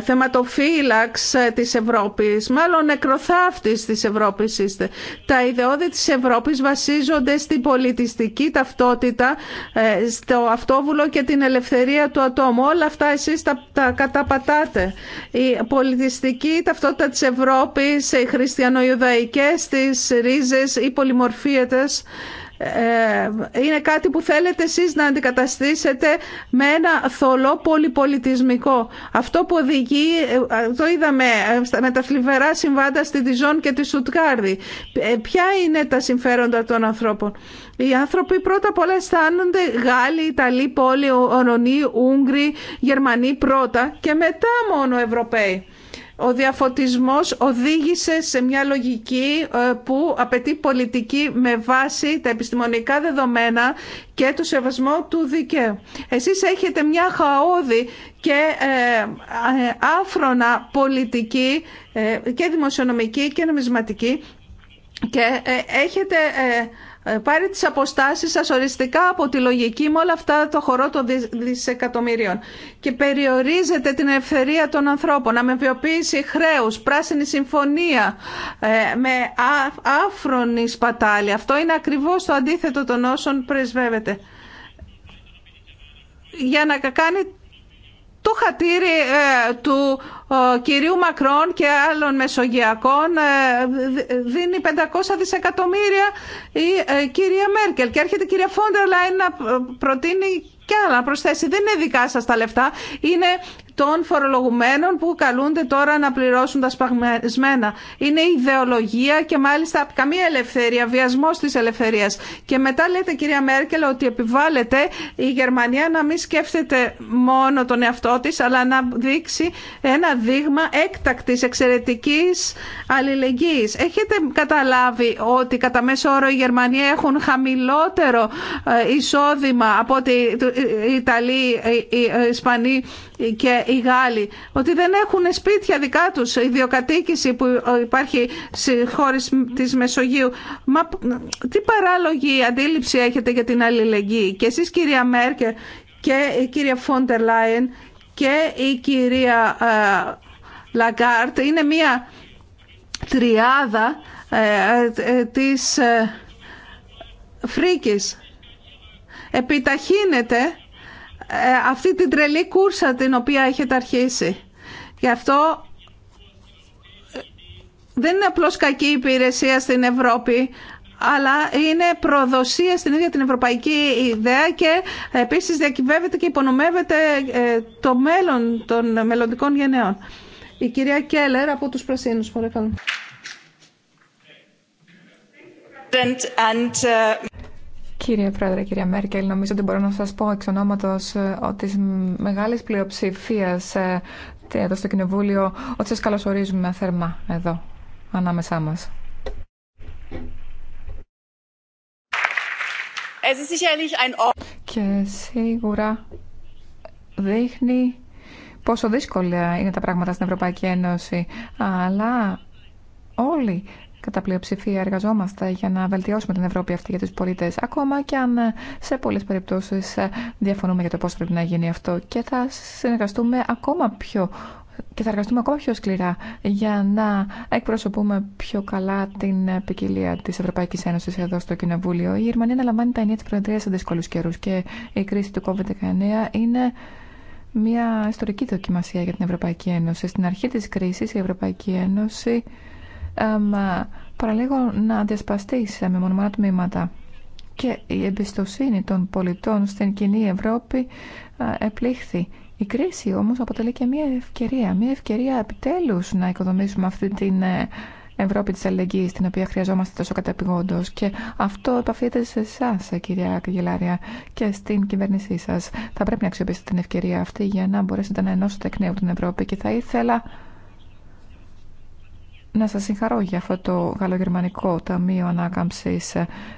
θεματοφύλαξ της Ευρώπης. Μάλλον νεκροθάφτης της Ευρώπης είστε. Τα ιδεώδη της Ευρώπης βασίζονται στην πολιτιστική ταυτότητα, στο αυτόβουλο και την ελευθερία του ατόμου. Όλα αυτά εσείς τα, καταπατάτε. Η πολιτιστική ταυτότητα της Ευρώπης, οι χριστιανοϊουδαϊκές της ρίζες, η πολυμορφία ε, ε, είναι κάτι που θέλετε εσείς να αντικαταστήσετε με ένα θολό πολυπολιτισμικό. Αυτό που οδηγεί, ε, το είδαμε με τα θλιβερά συμβάντα στη Διζόν και τη Σουτκάρδη. Ποια είναι τα συμφέροντα των ανθρώπων. Οι άνθρωποι πρώτα απ' όλα αισθάνονται Γάλλοι, Ιταλοί, Πόλοι, Ορονοί, Ούγγροι, Γερμανοί πρώτα και μετά μόνο Ευρωπαίοι ο διαφωτισμός οδήγησε σε μια λογική ε, που απαιτεί πολιτική με βάση τα επιστημονικά δεδομένα και το σεβασμό του δικαίου. Εσείς έχετε μια χαόδη και ε, ε, άφρονα πολιτική και δημοσιονομική και νομισματική και έχετε ε, πάρει τις αποστάσεις σας οριστικά από τη λογική με όλα αυτά το χορό των δισεκατομμυρίων και περιορίζεται την ελευθερία των ανθρώπων, να αμεβιοποίηση χρέους, πράσινη συμφωνία ε, με άφρονη σπατάλη. Αυτό είναι ακριβώς το αντίθετο των όσων πρεσβεύεται για να κάνει το χατήρι ε, του κυρίου Μακρόν και άλλων μεσογειακών ε, δίνει 500 δισεκατομμύρια η ε, κυρία Μέρκελ και έρχεται η κυρία Φόντερ Λάιν να προτείνει και άλλα να προσθέσει. Δεν είναι δικά σας τα λεφτά, είναι των φορολογουμένων που καλούνται τώρα να πληρώσουν τα σπαγμένα. Είναι ιδεολογία και μάλιστα καμία ελευθερία, βιασμό τη ελευθερία. Και μετά λέτε κυρία Μέρκελ ότι επιβάλλεται η Γερμανία να μην σκέφτεται μόνο τον εαυτό τη, αλλά να δείξει ένα δείγμα έκτακτη εξαιρετική αλληλεγγύη. Έχετε καταλάβει ότι κατά μέσο όρο οι Γερμανοί έχουν χαμηλότερο ε, εισόδημα από ότι οι Ιταλοί, ε, οι ε, Ισπανοί και οι Γάλλοι, ότι δεν έχουν σπίτια δικά τους, ιδιοκατοίκηση που υπάρχει σε χώρες της Μεσογείου. Μα τι παράλογη αντίληψη έχετε για την αλληλεγγύη. Και εσείς κυρία Μέρκε και η κυρία Φόντερ Λάιεν και η κυρία ε, Λαγκάρτ είναι μία τριάδα ε, ε, της φρίκης. Επιταχύνεται ε, αυτή την τρελή κούρσα την οποία έχετε αρχίσει. Γι' αυτό ε, δεν είναι απλώς κακή υπηρεσία στην Ευρώπη, αλλά είναι προδοσία στην ίδια την ευρωπαϊκή ιδέα και επίσης διακυβεύεται και υπονομεύεται ε, το μέλλον των μελλοντικών γενναιών. Η κυρία Κέλλερ από τους Πρασίνους, παρακαλώ. Uh, Κύριε Πρόεδρε, κύριε Μέρκελ, νομίζω ότι μπορώ να σας πω εξ ονόματος ε, της μεγάλης πλειοψηφίας ε, εδώ στο Κοινοβούλιο ότι σας καλωσορίζουμε θερμά εδώ, ανάμεσά μας. Και σίγουρα δείχνει πόσο δύσκολα είναι τα πράγματα στην Ευρωπαϊκή Ένωση, αλλά όλοι κατά πλειοψηφία εργαζόμαστε για να βελτιώσουμε την Ευρώπη αυτή για τους πολίτες ακόμα και αν ε, σε πολλές περιπτώσεις ε, διαφωνούμε για το πώς πρέπει να γίνει αυτό και θα συνεργαστούμε ακόμα πιο και θα εργαστούμε ακόμα πιο σκληρά για να εκπροσωπούμε πιο καλά την ε, ποικιλία τη Ευρωπαϊκή Ένωση εδώ στο Κοινοβούλιο. Η Γερμανία αναλαμβάνει τα ενία της Προεδρίας σε δύσκολου καιρού και η κρίση του COVID-19 είναι μια ιστορική δοκιμασία για την Ευρωπαϊκή Ένωση. Στην αρχή τη κρίση, η Ευρωπαϊκή Ένωση παραλίγο να διασπαστεί σε μεμονωμένα τμήματα και η εμπιστοσύνη των πολιτών στην κοινή Ευρώπη ε, επλήχθη. Η κρίση όμως αποτελεί και μια ευκαιρία, μια ευκαιρία επιτέλους να οικοδομήσουμε αυτή την ε, Ευρώπη της αλληλεγγύης την οποία χρειαζόμαστε τόσο καταπηγόντως και αυτό επαφείται σε εσά, κυρία Καγγελάρια και στην κυβέρνησή σας. Θα πρέπει να αξιοποιήσετε την ευκαιρία αυτή για να μπορέσετε να ενώσετε εκ νέου την Ευρώπη και θα ήθελα να σας συγχαρώ για αυτό το γαλλογερμανικό ταμείο ανάκαμψης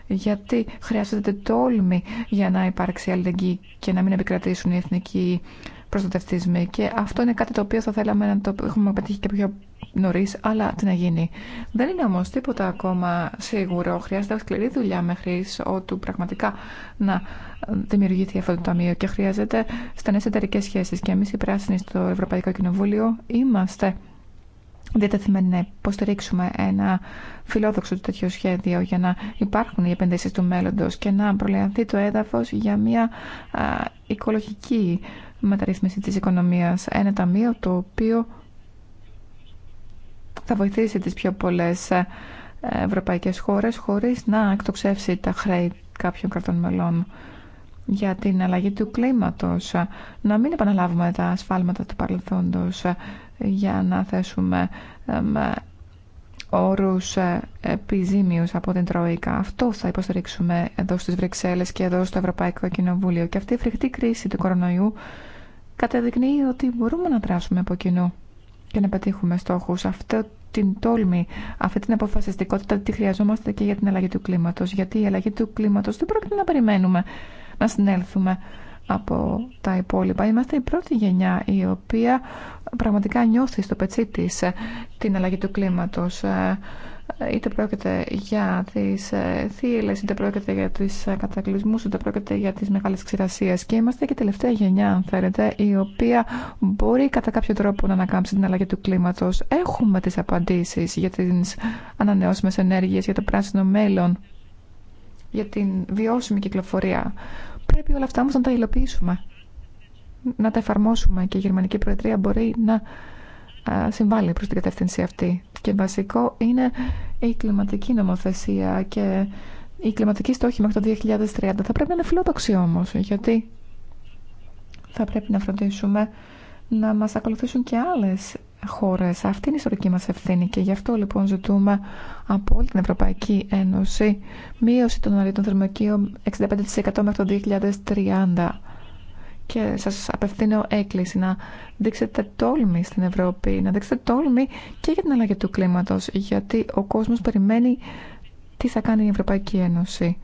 γιατί χρειάζεται τόλμη για να υπάρξει αλληλεγγύη και να μην επικρατήσουν οι εθνικοί προστατευτισμοί και αυτό είναι κάτι το οποίο θα θέλαμε να το έχουμε πετύχει και πιο νωρί, αλλά τι να γίνει. Δεν είναι όμω τίποτα ακόμα σίγουρο. Χρειάζεται σκληρή δουλειά μέχρι ότου πραγματικά να δημιουργηθεί αυτό το ταμείο και χρειάζεται στενέ εταιρικέ σχέσει. Και εμεί οι πράσινοι στο Ευρωπαϊκό Κοινοβούλιο είμαστε διατεθειμένοι να υποστηρίξουμε ένα φιλόδοξο τέτοιο σχέδιο για να υπάρχουν οι επενδύσει του μέλλοντο και να προλαμβάνει το έδαφο για μια οικολογική μεταρρύθμιση της οικονομίας. Ένα ταμείο το οποίο θα βοηθήσει τι πιο πολλέ ε, ευρωπαϊκέ χώρες χωρί να εκτοξεύσει τα χρέη κάποιων κρατών μελών για την αλλαγή του κλίματος, να μην επαναλάβουμε τα ασφάλματα του παρελθόντος, για να θέσουμε όρους ε, επιζήμιους από την Τρόικα. Αυτό θα υποστηρίξουμε εδώ στις Βρυξέλλες και εδώ στο Ευρωπαϊκό Κοινοβούλιο. Και αυτή η φρικτή κρίση του κορονοϊού καταδεικνύει ότι μπορούμε να δράσουμε από κοινού και να πετύχουμε στόχους. Αυτή την τόλμη, αυτή την αποφασιστικότητα τη χρειαζόμαστε και για την αλλαγή του κλίματος. Γιατί η αλλαγή του κλίματος δεν πρόκειται να περιμένουμε να συνέλθουμε από τα υπόλοιπα. Είμαστε η πρώτη γενιά η οποία πραγματικά νιώθει στο πετσί της ε, την αλλαγή του κλίματος. Ε, ε, είτε πρόκειται για τις θύελες, είτε πρόκειται για τις κατακλυσμούς, είτε πρόκειται για τις μεγάλες ξηρασίες. Και είμαστε και τελευταία γενιά, αν θέλετε, η οποία μπορεί κατά κάποιο τρόπο να ανακάμψει την αλλαγή του κλίματος. Έχουμε τις απαντήσεις για τις ανανεώσιμες ενέργειες, για το πράσινο μέλλον, για την βιώσιμη κυκλοφορία. Πρέπει όλα αυτά όμως να τα υλοποιήσουμε, να τα εφαρμόσουμε και η Γερμανική Προεδρία μπορεί να συμβάλλει προς την κατεύθυνση αυτή. Και βασικό είναι η κλιματική νομοθεσία και η κλιματική στόχη μέχρι το 2030. Θα πρέπει να είναι φιλόδοξη όμως, γιατί θα πρέπει να φροντίσουμε να μας ακολουθήσουν και άλλες αυτή είναι η ιστορική μας ευθύνη και γι' αυτό λοιπόν ζητούμε από όλη την Ευρωπαϊκή Ένωση μείωση των αριθμών θερμοκίων 65% μέχρι το 2030. Και σας απευθύνω έκκληση να δείξετε τόλμη στην Ευρώπη, να δείξετε τόλμη και για την αλλαγή του κλίματος, γιατί ο κόσμος περιμένει τι θα κάνει η Ευρωπαϊκή Ένωση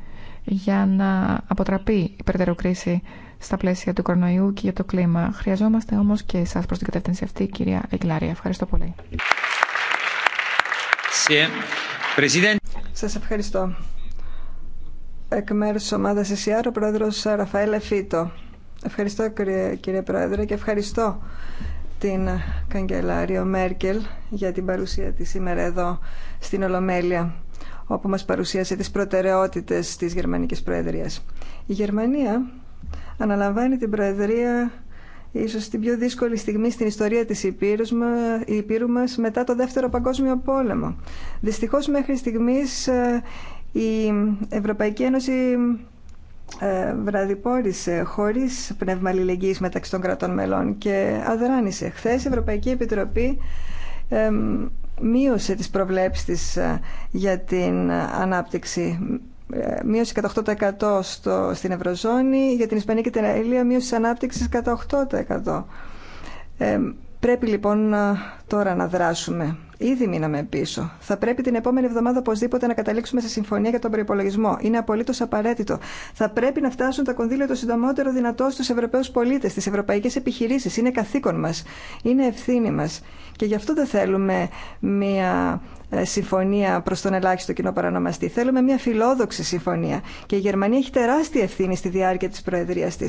για να αποτραπεί η περαιτέρω κρίση στα πλαίσια του κορονοϊού και για το κλίμα. Χρειαζόμαστε όμω και εσά προ την κατεύθυνση αυτή, κυρία Εγκλάρια. Ευχαριστώ πολύ. Σα ευχαριστώ. Εκ μέρου τη ομάδα ΕΣΥΑΡ, ο πρόεδρος Ραφαέλ Εφίτο. Ευχαριστώ κύριε, κύριε Πρόεδρε και ευχαριστώ την καγκελάριο Μέρκελ για την παρουσία της σήμερα εδώ στην Ολομέλεια όπου μας παρουσίασε τις προτεραιότητες της γερμανική προέδρια. Η Γερμανία αναλαμβάνει την Προεδρία ίσως την πιο δύσκολη στιγμή στην ιστορία της Υπήρους Υπήρου μετά το Δεύτερο Παγκόσμιο Πόλεμο. Δυστυχώς μέχρι στιγμής ε, η Ευρωπαϊκή Ένωση ε, βραδιπόρησε χωρίς πνεύμα αλληλεγγύης μεταξύ των κρατών μελών και αδράνησε. Χθε η Ευρωπαϊκή Επιτροπή μείωσε τις προβλέψεις της ε, για την ανάπτυξη ε, μείωση κατά 8% στο, στην Ευρωζώνη, για την Ισπανία και την Αιλία μείωση ανάπτυξη κατά 8%. Πρέπει λοιπόν τώρα να δράσουμε. Ήδη μείναμε πίσω. Θα πρέπει την επόμενη εβδομάδα οπωσδήποτε να καταλήξουμε σε συμφωνία για τον προπολογισμό. Είναι απολύτω απαραίτητο. Θα πρέπει να φτάσουν τα κονδύλια το συντομότερο δυνατό στου Ευρωπαίου πολίτε, στι ευρωπαϊκέ επιχειρήσει. Είναι καθήκον μα. Είναι ευθύνη μα. Και γι' αυτό δεν θέλουμε μία ε, συμφωνία προ τον ελάχιστο κοινό παρανομαστή. Θέλουμε μία φιλόδοξη συμφωνία. Και η Γερμανία έχει τεράστια ευθύνη στη διάρκεια τη Προεδρία τη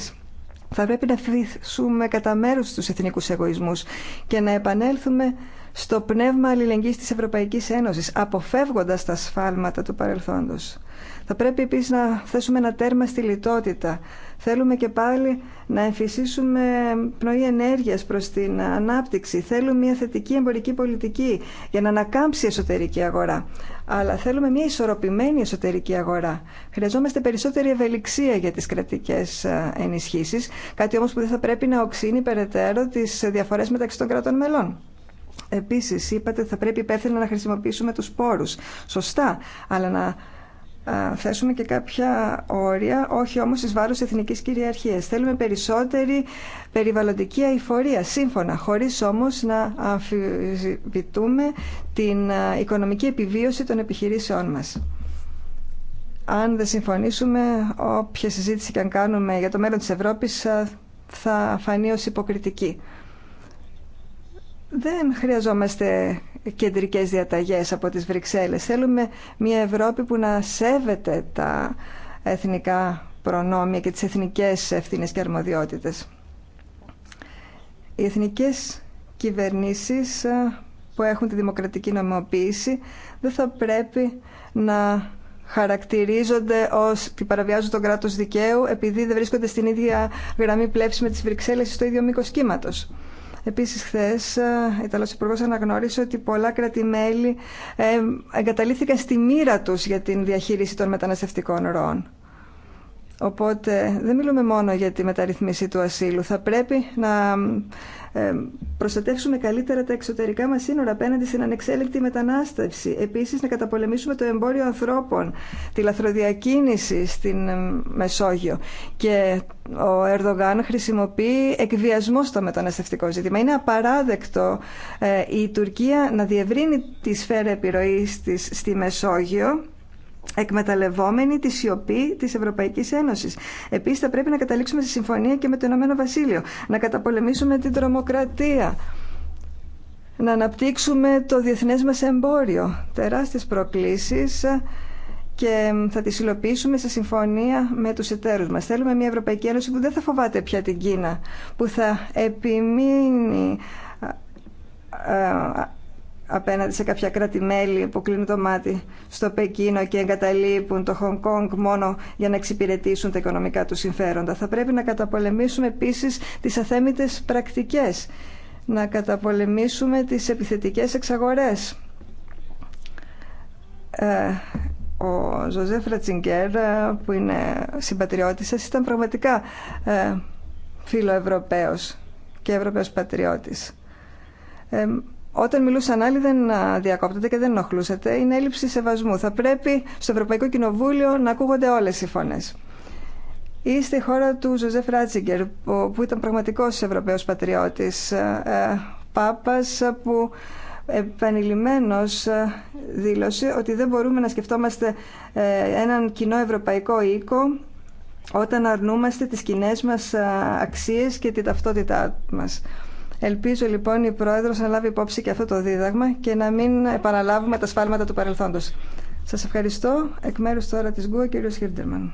θα πρέπει να αφήσουμε κατά μέρου τους εθνικούς εγωισμούς και να επανέλθουμε στο πνεύμα αλληλεγγύης τη Ευρωπαϊκής Ένωσης, αποφεύγοντας τα σφάλματα του παρελθόντος. Θα πρέπει επίσης να θέσουμε ένα τέρμα στη λιτότητα. Θέλουμε και πάλι να εμφυσίσουμε πνοή ενέργειας προς την ανάπτυξη. Θέλουμε μια θετική εμπορική πολιτική για να ανακάμψει η εσωτερική αγορά αλλά θέλουμε μια ισορροπημένη εσωτερική αγορά. Χρειαζόμαστε περισσότερη ευελιξία για τις κρατικέ ε, ενισχύσεις, κάτι όμως που δεν θα πρέπει να οξύνει περαιτέρω τις διαφορές μεταξύ των κρατών μελών. Επίση, είπατε ότι θα πρέπει υπεύθυνα να χρησιμοποιήσουμε του πόρου. Σωστά, αλλά να θέσουμε και κάποια όρια, όχι όμως εις βάρος εθνικής κυριαρχίας. Θέλουμε περισσότερη περιβαλλοντική αηφορία, σύμφωνα, χωρίς όμως να αμφισβητούμε την οικονομική επιβίωση των επιχειρήσεών μας. Αν δεν συμφωνήσουμε, όποια συζήτηση και αν κάνουμε για το μέλλον της Ευρώπης θα φανεί ω υποκριτική. Δεν χρειαζόμαστε κεντρικές διαταγές από τις Βρυξέλλες. Θέλουμε μια Ευρώπη που να σέβεται τα εθνικά προνόμια και τις εθνικές ευθύνες και αρμοδιότητες. Οι εθνικές κυβερνήσεις ε, που έχουν τη δημοκρατική νομιμοποίηση δεν θα πρέπει να χαρακτηρίζονται ως ότι παραβιάζουν τον κράτος δικαίου επειδή δεν βρίσκονται στην ίδια γραμμή πλέψη με τις Βρυξέλλες στο ίδιο μήκος κύματος. Επίσης, χθε ε, η Ιταλό Υπουργός αναγνώρισε ότι πολλά κράτη-μέλη ε, εγκαταλείφθηκαν στη μοίρα του για την διαχείριση των μεταναστευτικών ροών. Οπότε δεν μιλούμε μόνο για τη μεταρρυθμίση του ασύλου. Θα πρέπει να ε, προστατεύσουμε καλύτερα τα εξωτερικά μας σύνορα απέναντι στην ανεξέλεκτη μετανάστευση. Επίσης να καταπολεμήσουμε το εμπόριο ανθρώπων, τη λαθροδιακίνηση στην ε, Μεσόγειο. Και ο Ερδογάν χρησιμοποιεί εκβιασμό στο μεταναστευτικό ζήτημα. Είναι απαράδεκτο ε, η Τουρκία να διευρύνει τη σφαίρα επιρροής της στη Μεσόγειο εκμεταλλευόμενοι τη σιωπή τη Ευρωπαϊκή Ένωση. Επίση, θα πρέπει να καταλήξουμε στη συμφωνία και με το Ηνωμένο Βασίλειο, να καταπολεμήσουμε την τρομοκρατία, να αναπτύξουμε το διεθνέ μα εμπόριο. Τεράστιε προκλήσει και θα τις υλοποιήσουμε σε συμφωνία με τους εταίρους μας. Θέλουμε μια Ευρωπαϊκή Ένωση που δεν θα φοβάται πια την Κίνα, που θα επιμείνει απέναντι σε κάποια κράτη-μέλη που κλείνουν το μάτι στο Πεκίνο και εγκαταλείπουν το Χονγκ Κόνγκ μόνο για να εξυπηρετήσουν τα οικονομικά του συμφέροντα. Θα πρέπει να καταπολεμήσουμε επίση τι αθέμητε πρακτικέ, να καταπολεμήσουμε τι επιθετικέ εξαγορέ. Ε, ο Ζωζέ Φρατσιγκέρ, ε, που είναι συμπατριώτης σα, ήταν πραγματικά ε, φίλο Ευρωπαίος και Ευρωπαίος πατριώτης. Όταν μιλούσαν άλλοι δεν διακόπτονται και δεν ενοχλούσατε. Είναι έλλειψη σεβασμού. Θα πρέπει στο Ευρωπαϊκό Κοινοβούλιο να ακούγονται όλες οι φωνές. Ή η χώρα του Ζωζεφ Ράτσιγκερ που ήταν πραγματικός Ευρωπαίος πατριώτης. Ε, ε, πάπας που επανειλημμένος ε, δήλωσε ότι δεν μπορούμε να σκεφτόμαστε έναν κοινό ευρωπαϊκό οίκο όταν αρνούμαστε τις κοινέ μας αξίες και την ταυτότητά μας. Ελπίζω λοιπόν η Πρόεδρος να λάβει υπόψη και αυτό το δίδαγμα και να μην επαναλάβουμε τα σφάλματα του παρελθόντος. Σας ευχαριστώ. Εκ μέρους τώρα της ΓΚΟΕ, κύριος Χίρντερμαν.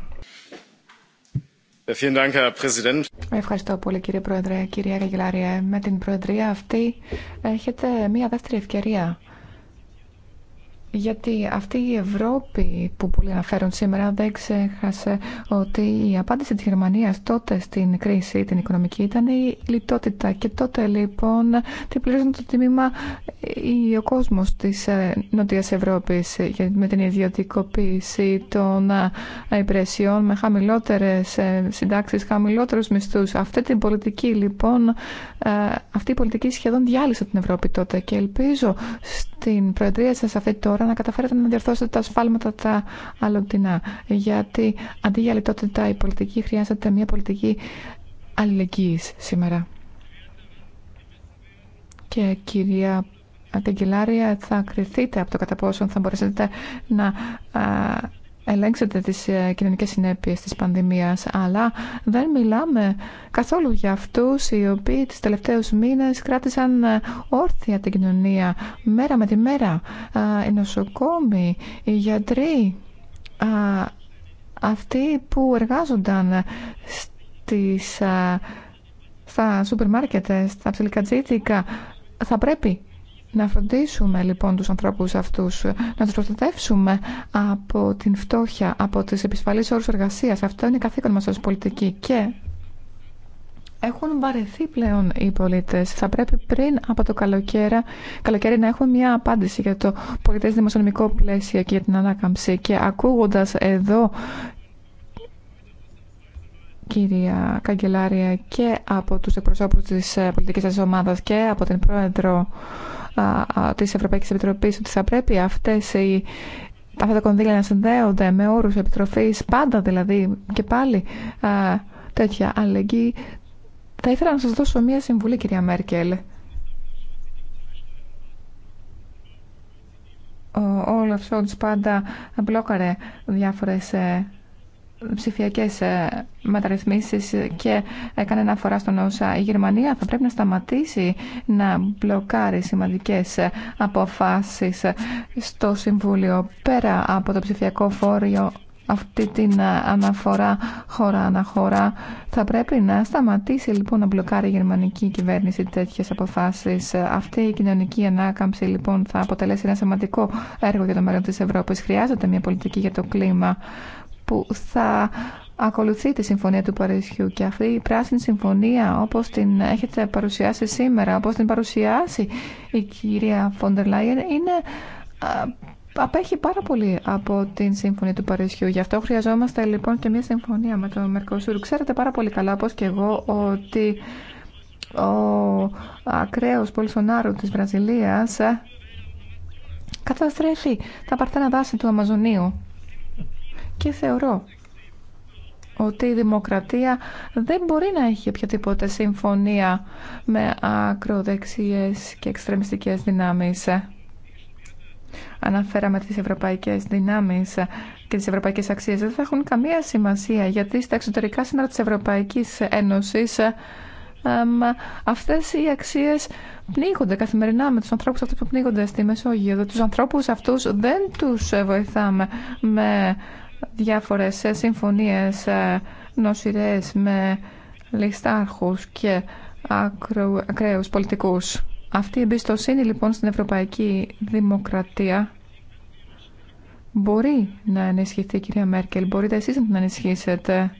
Ευχαριστώ πολύ κύριε Πρόεδρε, κυρία Καγκελάρια. Με την Προεδρία αυτή έχετε μία δεύτερη ευκαιρία γιατί αυτή η Ευρώπη που πολλοί αναφέρουν σήμερα δεν ξέχασε ότι η απάντηση της Γερμανίας τότε στην κρίση την οικονομική ήταν η λιτότητα και τότε λοιπόν την πλήρωσαν το τιμήμα ε, ο κόσμος της ε, Νοτιάς Ευρώπης ε, με την ιδιωτικοποίηση των υπηρεσιών με χαμηλότερες συντάξεις, χαμηλότερους μισθούς. Αυτή την πολιτική λοιπόν, αυτή η πολιτική σχεδόν διάλυσε την Ευρώπη τότε και ελπίζω στην Προεδρία σας αυτή τώρα να καταφέρετε να διορθώσετε τα ασφάλματα τα αλλοντινά. Γιατί αντί για λιτότητα η πολιτική χρειάζεται μια πολιτική αλληλεγγύης σήμερα. Και κυρία Καγκελάρια, θα κριθείτε από το κατά πόσο θα μπορέσετε να ελέγξετε τις ε, κοινωνικές συνέπειες της πανδημίας, αλλά δεν μιλάμε καθόλου για αυτούς οι οποίοι τις τελευταίους μήνες κράτησαν ε, όρθια την κοινωνία, μέρα με τη μέρα, οι νοσοκόμοι, οι γιατροί, αυτοί που εργάζονταν στις, στα σούπερ μάρκετ, στα ψιλικατζίτικα, θα πρέπει να φροντίσουμε λοιπόν τους ανθρώπους αυτούς, να τους προστατεύσουμε από την φτώχεια, από τις επισφαλείς όρους εργασίας. Αυτό είναι καθήκον μας ως πολιτική και έχουν βαρεθεί πλέον οι πολίτες. Θα πρέπει πριν από το καλοκαίρι, καλοκαίρι να έχουμε μια απάντηση για το πολιτές δημοσιονομικό πλαίσιο και για την ανάκαμψη. Και ακούγοντας εδώ κυρία Καγκελάρια και από τους εκπροσώπους της ε, πολιτικής σας ομάδας και από την Πρόεδρο Τη Ευρωπαϊκή Επιτροπή ότι θα πρέπει αυτές οι, αυτά τα κονδύλια να συνδέονται με όρου επιτροφής πάντα δηλαδή και πάλι τέτοια αλληλεγγύη. Θα ήθελα να σα δώσω μία συμβουλή κυρία Μέρκελ. Ο Όλαφ Σόλτ πάντα μπλόκαρε διάφορε. Ε, ψηφιακέ ε, μεταρρυθμίσει και έκανε αναφορά στον ΩΣΑ. Η Γερμανία θα πρέπει να σταματήσει να μπλοκάρει σημαντικέ ε, αποφάσει στο Συμβούλιο πέρα από το ψηφιακό φόριο αυτή την ε, αναφορά χώρα αναχώρα. Θα πρέπει να σταματήσει λοιπόν να μπλοκάρει η γερμανική κυβέρνηση τέτοιες αποφάσεις. Αυτή η κοινωνική ανάκαμψη λοιπόν θα αποτελέσει ένα σημαντικό έργο για το μέλλον τη Ευρώπη. Χρειάζεται μια πολιτική για το κλίμα που θα ακολουθεί τη Συμφωνία του Παρισιού και αυτή η Πράσινη Συμφωνία όπως την έχετε παρουσιάσει σήμερα, όπως την παρουσιάσει η κυρία Φόντερ Λάιεν είναι απέχει πάρα πολύ από την Συμφωνία του Παρισιού. Γι' αυτό χρειαζόμαστε λοιπόν και μια συμφωνία με τον Μερκοσούρ. Ξέρετε πάρα πολύ καλά, όπως και εγώ, ότι ο ακραίος Πολσονάρου της Βραζιλίας ε, καταστρέφει τα παρθένα δάση του Αμαζονίου και θεωρώ ότι η δημοκρατία δεν μπορεί να έχει οποιαδήποτε συμφωνία με ακροδεξιές και εξτρεμιστικές δυνάμεις. Αναφέραμε τις ευρωπαϊκές δυνάμεις και τις ευρωπαϊκές αξίες. Δεν θα έχουν καμία σημασία γιατί στα εξωτερικά σύνορα της Ευρωπαϊκής Ένωσης αυτές οι αξίες πνίγονται καθημερινά με τους ανθρώπους αυτούς που πνίγονται στη Μεσόγειο. Τους ανθρώπους αυτούς δεν τους βοηθάμε με διάφορες ε, συμφωνίες ε, νοσηρές με ληστάρχους και ακραίους πολιτικούς. Αυτή η εμπιστοσύνη λοιπόν στην ευρωπαϊκή δημοκρατία μπορεί να ενισχυθεί κυρία Μέρκελ, μπορείτε εσείς να την ενισχύσετε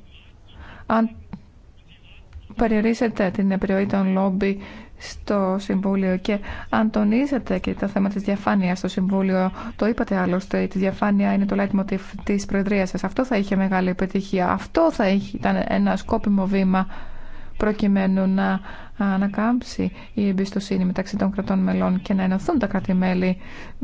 αν περιορίσετε την επιρροή των λόμπι στο Συμβούλιο και αν τονίζετε και το θέμα της διαφάνειας στο Συμβούλιο, το είπατε άλλωστε, η διαφάνεια είναι το leitmotiv της Προεδρίας σας. Αυτό θα είχε μεγάλη επιτυχία. Αυτό θα είχε, ήταν ένα σκόπιμο βήμα προκειμένου να ανακάμψει η εμπιστοσύνη μεταξύ των κρατών μελών και να ενωθούν τα κράτη-μέλη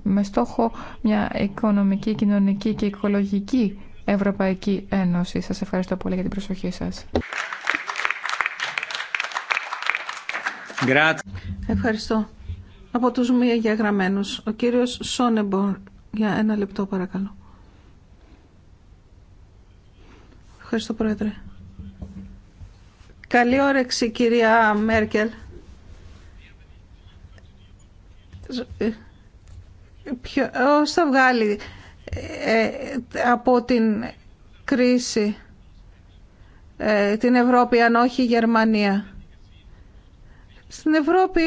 με στόχο μια οικονομική, κοινωνική και οικολογική Ευρωπαϊκή Ένωση. Σας ευχαριστώ πολύ για την προσοχή σας. Ευχαριστώ. Από τους για εγγεγραμμένους, ο κύριος Σόνεμπορ, για ένα λεπτό παρακαλώ. Ευχαριστώ Πρόεδρε. Καλή όρεξη κυρία Μέρκελ. Ποιος θα βγάλει ε, από την κρίση ε, την Ευρώπη αν όχι η Γερμανία στην Ευρώπη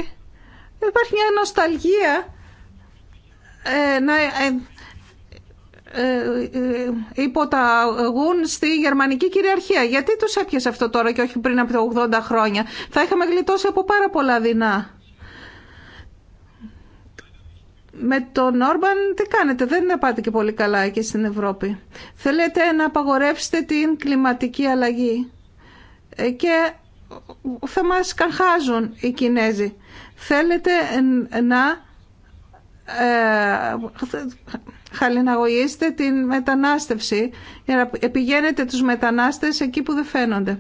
υπάρχει μια νοσταλγία ε, να ε, ε, υποταγούν στη γερμανική κυριαρχία. Γιατί τους έπιασε αυτό τώρα και όχι πριν από τα 80 χρόνια. Θα είχαμε γλιτώσει από πάρα πολλά δεινά. Με τον Όρμπαν τι κάνετε, δεν πάτε και πολύ καλά και στην Ευρώπη. Θέλετε να απαγορεύσετε την κλιματική αλλαγή και θα μας καρχάζουν οι Κινέζοι. Θέλετε να ε, χαλιναγωγήσετε την μετανάστευση για να επηγαίνετε τους μετανάστες εκεί που δεν φαίνονται.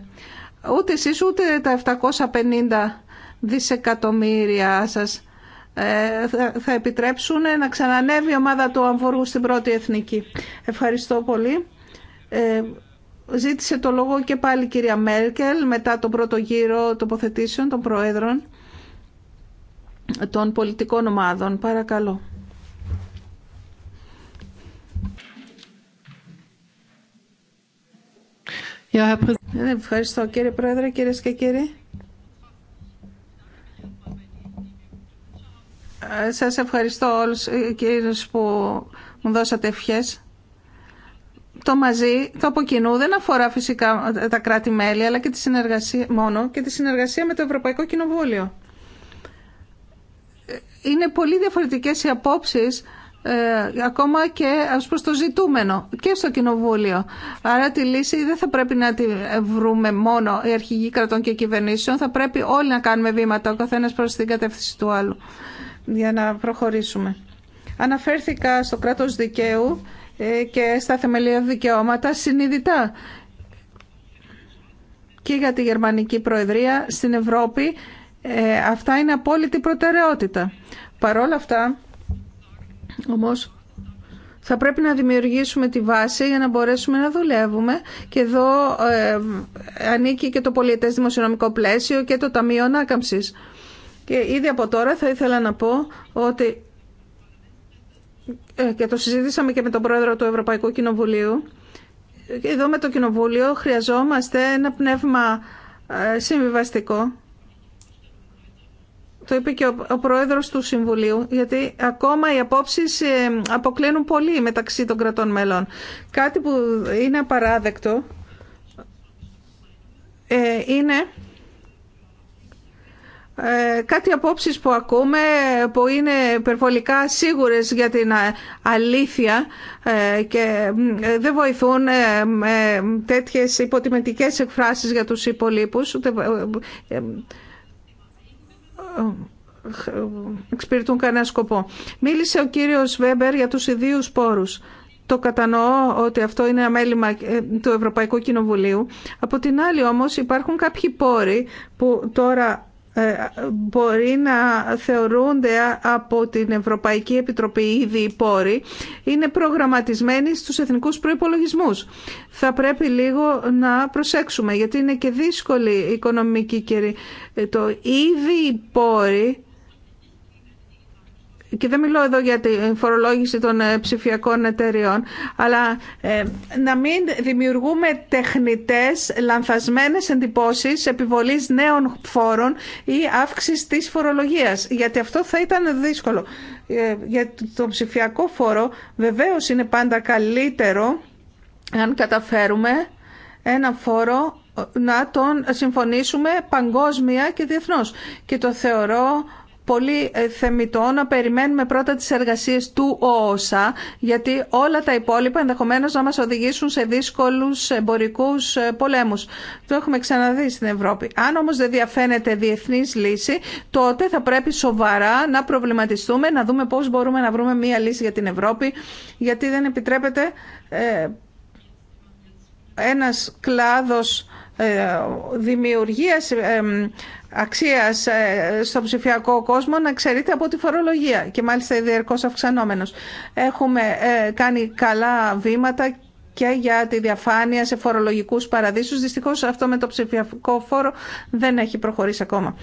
Ούτε εσείς ούτε τα 750 δισεκατομμύρια σας ε, θα επιτρέψουν να ξανανεύει η ομάδα του Αμβούργου στην πρώτη εθνική. Ευχαριστώ πολύ. Ε, ζήτησε το λόγο και πάλι η κυρία Μέρκελ μετά τον πρώτο γύρο τοποθετήσεων των προέδρων των πολιτικών ομάδων. Παρακαλώ. Ευχαριστώ κύριε Πρόεδρε, κυρίες και κύριοι. Σας ευχαριστώ όλους ε, κύριους που μου δώσατε ευχές το μαζί, το από κοινού, δεν αφορά φυσικά τα κράτη-μέλη, αλλά και τη συνεργασία μόνο και τη συνεργασία με το Ευρωπαϊκό Κοινοβούλιο. Είναι πολύ διαφορετικές οι απόψεις ε, ακόμα και ας προς το ζητούμενο και στο Κοινοβούλιο. Άρα τη λύση δεν θα πρέπει να τη βρούμε μόνο οι αρχηγοί κρατών και κυβερνήσεων, θα πρέπει όλοι να κάνουμε βήματα, ο καθένας προς την κατεύθυνση του άλλου, για να προχωρήσουμε. Αναφέρθηκα στο κράτος δικαίου ε, και στα θεμελία δικαιώματα συνειδητά και για τη Γερμανική Προεδρία στην Ευρώπη. Ε, αυτά είναι απόλυτη προτεραιότητα. Παρόλα αυτά, όμως, θα πρέπει να δημιουργήσουμε τη βάση για να μπορέσουμε να δουλεύουμε και εδώ ε, ανήκει και το πολιετές δημοσιονομικό πλαίσιο και το Ταμείο Ανάκαμψης. Και ήδη από τώρα θα ήθελα να πω ότι ε, και το συζήτησαμε και με τον Πρόεδρο του Ευρωπαϊκού Κοινοβουλίου, εδώ με το Κοινοβούλιο χρειαζόμαστε ένα πνεύμα ε, συμβιβαστικό. Το είπε και ο Πρόεδρος του Συμβουλίου, γιατί ακόμα οι απόψεις ε, αποκλίνουν πολύ μεταξύ των κρατών μελών. Κάτι που είναι απαράδεκτο είναι ε, κάτι απόψεις που ακούμε που είναι υπερβολικά σίγουρες για την αλήθεια ε, και ε, δεν βοηθούν τέτοιες υποτιμητικές εκφράσεις για τους υπολείπους ούτε εξυπηρετούν κανένα σκοπό. Μίλησε ο κύριος Βέμπερ για τους ιδίους πόρους. Το κατανοώ ότι αυτό είναι αμέλημα του Ευρωπαϊκού Κοινοβουλίου. Από την άλλη όμως υπάρχουν κάποιοι πόροι που τώρα ε, μπορεί να θεωρούνται από την Ευρωπαϊκή Επιτροπή ήδη οι πόροι είναι προγραμματισμένοι στους εθνικούς προϋπολογισμούς. Θα πρέπει λίγο να προσέξουμε γιατί είναι και δύσκολη η οικονομική καιρή. Ε, το ήδη οι και δεν μιλώ εδώ για τη φορολόγηση των ε, ψηφιακών εταιριών, αλλά ε, να μην δημιουργούμε τεχνητές λανθασμένες εντυπώσεις επιβολής νέων φόρων ή αύξησης της φορολογίας, γιατί αυτό θα ήταν δύσκολο. Ε, για το ψηφιακό φόρο βεβαίως είναι πάντα καλύτερο αν καταφέρουμε ένα φόρο να τον συμφωνήσουμε παγκόσμια και διεθνώς. Και το θεωρώ πολύ ε, θεμητό να περιμένουμε πρώτα τις εργασίες του ΟΟΣΑ, γιατί όλα τα υπόλοιπα ενδεχομένως να μας οδηγήσουν σε δύσκολους εμπορικούς ε, πολέμους. Το έχουμε ξαναδεί στην Ευρώπη. Αν όμως δεν διαφαίνεται διεθνής λύση, τότε θα πρέπει σοβαρά να προβληματιστούμε, να δούμε πώς μπορούμε να βρούμε μία λύση για την Ευρώπη, γιατί δεν επιτρέπεται ε, ένας κλάδος ε, δημιουργίας ε, αξίας ε, στο ψηφιακό κόσμο να ξέρετε από τη φορολογία και μάλιστα διαρκώς αυξανόμενος. Έχουμε κάνει καλά βήματα και για τη διαφάνεια σε φορολογικούς παραδείσους. Δυστυχώς αυτό με το ψηφιακό φόρο δεν έχει προχωρήσει ακόμα.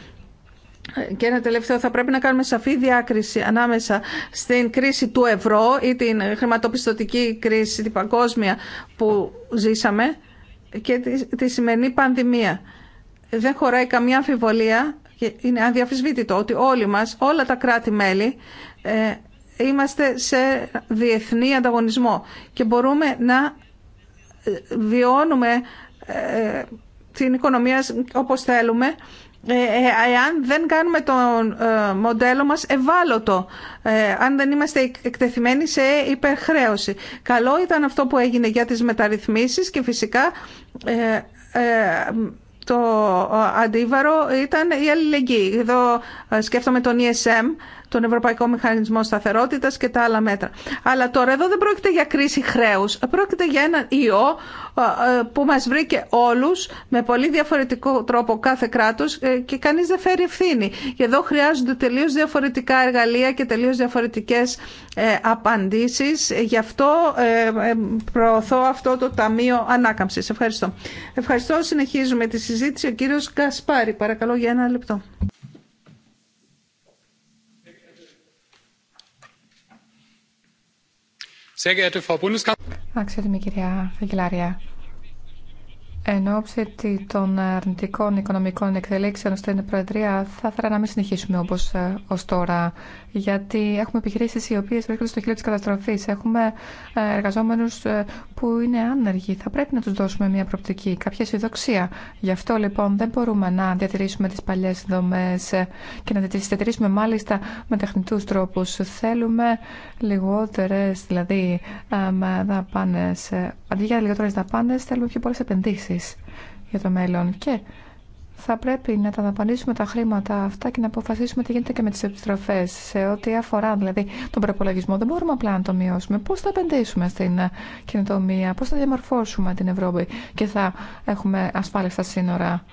Και ένα τελευταίο, θα πρέπει να κάνουμε σαφή διάκριση ανάμεσα στην κρίση του ευρώ ή την χρηματοπιστωτική κρίση, την παγκόσμια που ζήσαμε, και τη, τη σημερινή πανδημία. Δεν χωράει καμία αμφιβολία και είναι αδιαφυσβήτητο ότι όλοι μας, όλα τα κράτη-μέλη, ε, είμαστε σε διεθνή ανταγωνισμό και μπορούμε να ε, βιώνουμε ε, την οικονομία όπως θέλουμε αν ε, ε, δεν κάνουμε το ε, μοντέλο μας ευάλωτο, αν δεν είμαστε εκτεθειμένοι σε υπερχρέωση. Καλό ήταν αυτό που έγινε για τις μεταρρυθμίσεις και φυσικά το αντίβαρο ήταν η αλληλεγγύη. Εδώ σκέφτομαι τον ESM τον Ευρωπαϊκό Μηχανισμό σταθερότητα και τα άλλα μέτρα. Αλλά τώρα εδώ δεν πρόκειται για κρίση χρέους, πρόκειται για ένα ιό ε, ε, που μας βρήκε όλους με πολύ διαφορετικό τρόπο κάθε κράτος ε, και κανείς δεν φέρει ευθύνη. Και εδώ χρειάζονται τελείως διαφορετικά εργαλεία και τελείως διαφορετικές απαντήσεις. Γι' αυτό προωθώ αυτό το Ταμείο Ανάκαμψης. Ευχαριστώ. Ευχαριστώ. Συνεχίζουμε τη συζήτηση. Ο κύριος Κασπάρη, παρακαλώ για ένα λεπτό. Αξιότιμη κυρία Εν ώψη των αρνητικών οικονομικών εξελίξεων στην Προεδρία, θα ήθελα να μην συνεχίσουμε όπω ε, ω τώρα. Γιατί έχουμε επιχειρήσει οι οποίε βρίσκονται στο χείλο τη καταστροφή. Έχουμε ε, εργαζόμενου ε, που είναι άνεργοι. Θα πρέπει να του δώσουμε μια προοπτική, κάποια αισιοδοξία. Γι' αυτό λοιπόν δεν μπορούμε να διατηρήσουμε τι παλιέ δομέ και να τι διατηρήσουμε μάλιστα με τεχνητού τρόπου. Θέλουμε λιγότερε δηλαδή δαπάνε. Αντί για λιγότερε δαπάνε, θέλουμε πιο πολλέ επενδύσει για το μέλλον και θα πρέπει να τα δαπανίσουμε τα χρήματα αυτά και να αποφασίσουμε τι γίνεται και με τις επιστροφές σε ό,τι αφορά δηλαδή τον προπολογισμό. Δεν μπορούμε απλά να το μειώσουμε. Πώς θα επενδύσουμε στην κοινοτομία, πώς θα διαμορφώσουμε την Ευρώπη και θα έχουμε ασφάλιστα σύνορα.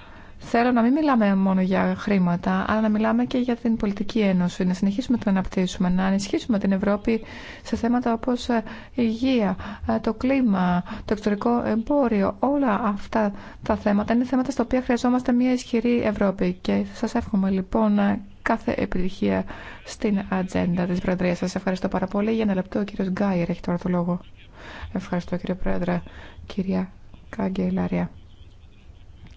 Θέλω να μην μιλάμε μόνο για χρήματα, αλλά να μιλάμε και για την πολιτική ένωση, να συνεχίσουμε να την αναπτύσσουμε, να ενισχύσουμε την Ευρώπη σε θέματα όπως ε, η υγεία, ε, το κλίμα, το εξωτερικό εμπόριο. Όλα αυτά τα θέματα είναι θέματα στα οποία χρειαζόμαστε μια ισχυρή Ευρώπη. Και σας εύχομαι λοιπόν ε, κάθε επιτυχία στην ατζέντα της Προεδρίας. Σας ευχαριστώ πάρα πολύ. Για ένα λεπτό ο κύριος Γκάιερ έχει τώρα το λόγο. Ευχαριστώ κύριε Πρόεδρε, κυρία Καγκελάρια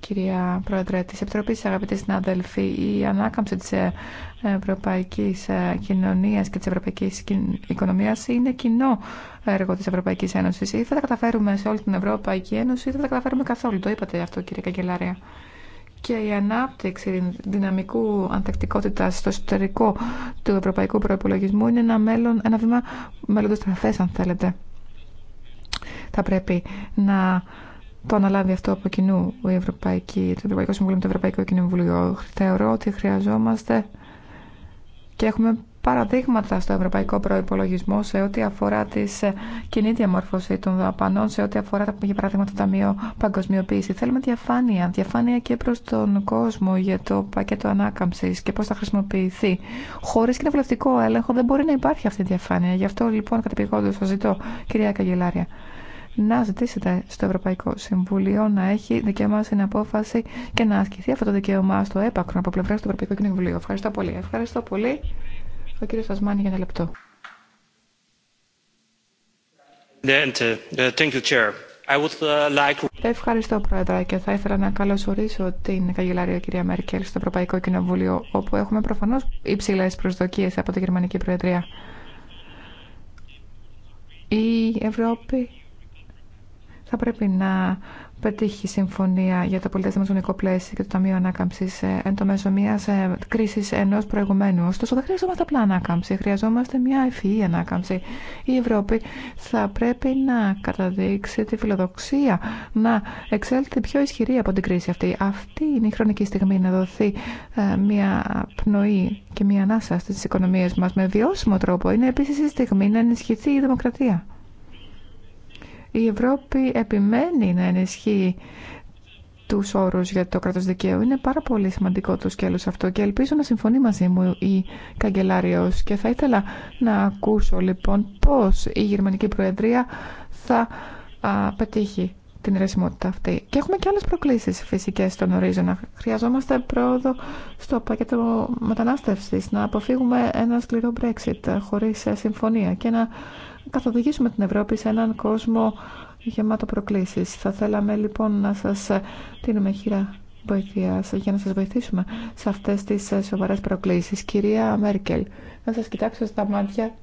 κυρία Πρόεδρε της Επιτροπής, αγαπητοί συνάδελφοι. Η ανάκαμψη της ε, ευρωπαϊκής ε, κοινωνίας και της ευρωπαϊκής οικονομίας είναι κοινό έργο της Ευρωπαϊκής Ένωσης. Ή θα τα καταφέρουμε σε όλη την Ευρωπαϊκή Ένωση ή θα τα καταφέρουμε καθόλου. Το είπατε αυτό κύριε Καγκελάρια και η ανάπτυξη δυναμικού ανθεκτικότητα στο εσωτερικό του ευρωπαϊκού προπολογισμού είναι ένα, μέλλον, ένα βήμα μελλοντοστραφέ, αν θέλετε. Θα πρέπει να το αναλάβει αυτό από κοινού το Ευρωπαϊκό Συμβούλιο με το Ευρωπαϊκό Κοινοβούλιο. Θεωρώ ότι χρειαζόμαστε και έχουμε παραδείγματα στο ευρωπαϊκό Προπολογισμό, σε ό,τι αφορά τη ε, κοινή διαμόρφωση των δαπανών, σε ό,τι αφορά για παράδειγμα το Ταμείο Παγκοσμιοποίηση. Θέλουμε διαφάνεια, διαφάνεια και προ τον κόσμο για το πακέτο ανάκαμψη και πώ θα χρησιμοποιηθεί. Χωρίς κοινοβουλευτικό έλεγχο δεν μπορεί να υπάρχει αυτή η διαφάνεια. Γι' αυτό λοιπόν κατεπηγόντω το ζητώ, κυρία Καγκελάρια, να ζητήσετε στο Ευρωπαϊκό Συμβούλιο να έχει δικαίωμα στην απόφαση και να ασκηθεί αυτό το δικαίωμα στο έπακρο από πλευρά του Ευρωπαϊκού Κοινοβουλίου. Ευχαριστώ πολύ. Ευχαριστώ πολύ. Ο κύριο Σασμάνη για ένα λεπτό. Uh, Ευχαριστώ, Πρόεδρε, και θα ήθελα να καλωσορίσω την καγκελάρια κυρία Μέρκελ στο Ευρωπαϊκό Κοινοβούλιο, όπου έχουμε προφανώ υψηλέ προσδοκίε από τη Γερμανική Προεδρία. Η Ευρώπη θα πρέπει να πετύχει συμφωνία για το του ζωνικό πλαίσιο και το Ταμείο Ανάκαμψη ε, εν το μέσο μια ε, κρίση ενό προηγουμένου. Ωστόσο, δεν χρειαζόμαστε απλά ανάκαμψη, χρειαζόμαστε μια ευφυή ανάκαμψη. Η Ευρώπη θα πρέπει να καταδείξει τη φιλοδοξία να εξέλθει πιο ισχυρή από την κρίση αυτή. Αυτή είναι η χρονική στιγμή να δοθεί ε, μια πνοή και μια ανάσα στι οικονομίε μα με βιώσιμο τρόπο. Είναι επίση η στιγμή να ενισχυθεί η δημοκρατία η Ευρώπη επιμένει να ενισχύει τους όρους για το κράτος δικαίου. Είναι πάρα πολύ σημαντικό το σκέλος αυτό και ελπίζω να συμφωνεί μαζί μου η Καγκελάριος και θα ήθελα να ακούσω λοιπόν πώς η Γερμανική Προεδρία θα α, πετύχει την ρεσιμότητα αυτή. Και έχουμε και άλλες προκλήσεις φυσικές στον ορίζοντα Χρειαζόμαστε πρόοδο στο πακέτο μετανάστευσης, να αποφύγουμε ένα σκληρό Brexit χωρίς ε, συμφωνία και να καθοδηγήσουμε την Ευρώπη σε έναν κόσμο γεμάτο προκλήσεις. Θα θέλαμε λοιπόν να σας τίνουμε χειρά βοηθεία για να σας βοηθήσουμε σε αυτές τις σοβαρές προκλήσεις. Κυρία Μέρκελ, να σας κοιτάξω στα μάτια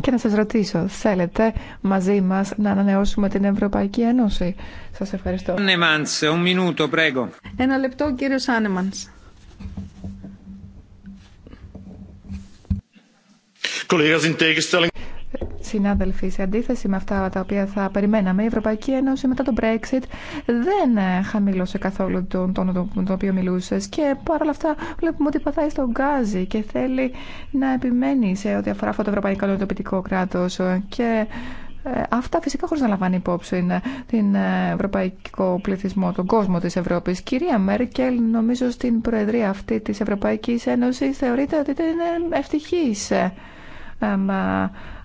και να σας ρωτήσω, θέλετε μαζί μας να ανανεώσουμε την Ευρωπαϊκή Ένωση. Σας ευχαριστώ. Ένα λεπτό, κύριο Άνεμανς. Συνάδελφοι, σε αντίθεση με αυτά τα οποία θα περιμέναμε, η Ευρωπαϊκή Ένωση μετά το Brexit δεν χαμήλωσε καθόλου τον τόνο τον οποίο μιλούσε και όλα αυτά βλέπουμε ότι παθάει στον γκάζι και θέλει να επιμένει σε ό,τι αφορά αυτό το ευρωπαϊκό νοητοποιητικό κράτο. Και ε, αυτά φυσικά χωρίς να λαμβάνει υπόψη την ε, ευρωπαϊκό πληθυσμό, τον κόσμο της Ευρώπης. Κυρία Μέρκελ, νομίζω στην Προεδρία αυτή τη Ευρωπαϊκή Ένωση θεωρείται ότι είναι ευτυχής ε,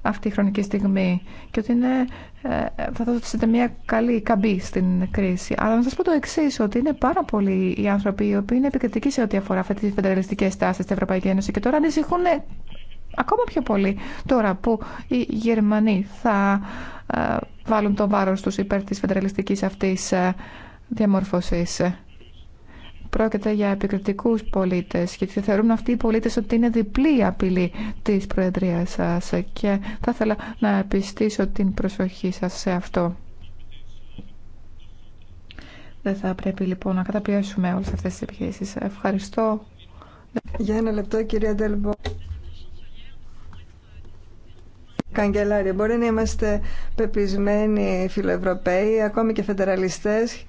αυτή η χρονική στιγμή και ότι είναι, ε, θα δώσετε μια καλή καμπή στην κρίση. Αλλά να σα πω το εξή ότι είναι πάρα πολλοί οι άνθρωποι οι οποίοι είναι επικριτικοί σε ό,τι αφορά αυτέ τι φεντεραλιστικέ τάσει στην Ευρωπαϊκή Ένωση και τώρα ανησυχούν ε, ακόμα πιο πολύ τώρα που οι Γερμανοί θα ε, βάλουν το βάρος τους υπέρ της φεντεραλιστικής αυτής διαμόρφωσης. Πρόκειται για επικριτικού πολίτε, γιατί θεωρούν αυτοί οι πολίτε ότι είναι διπλή απειλή τη Προεδρία σα. Και θα ήθελα να επιστήσω την προσοχή σα σε αυτό. Δεν θα πρέπει λοιπόν να καταπιέσουμε όλε αυτέ τι επιχειρήσει. Ευχαριστώ. Για ένα λεπτό, κυρία Ντελβό. Καγκελάρια, μπορεί να είμαστε πεπισμένοι φιλοευρωπαίοι, ακόμη και φεντεραλιστές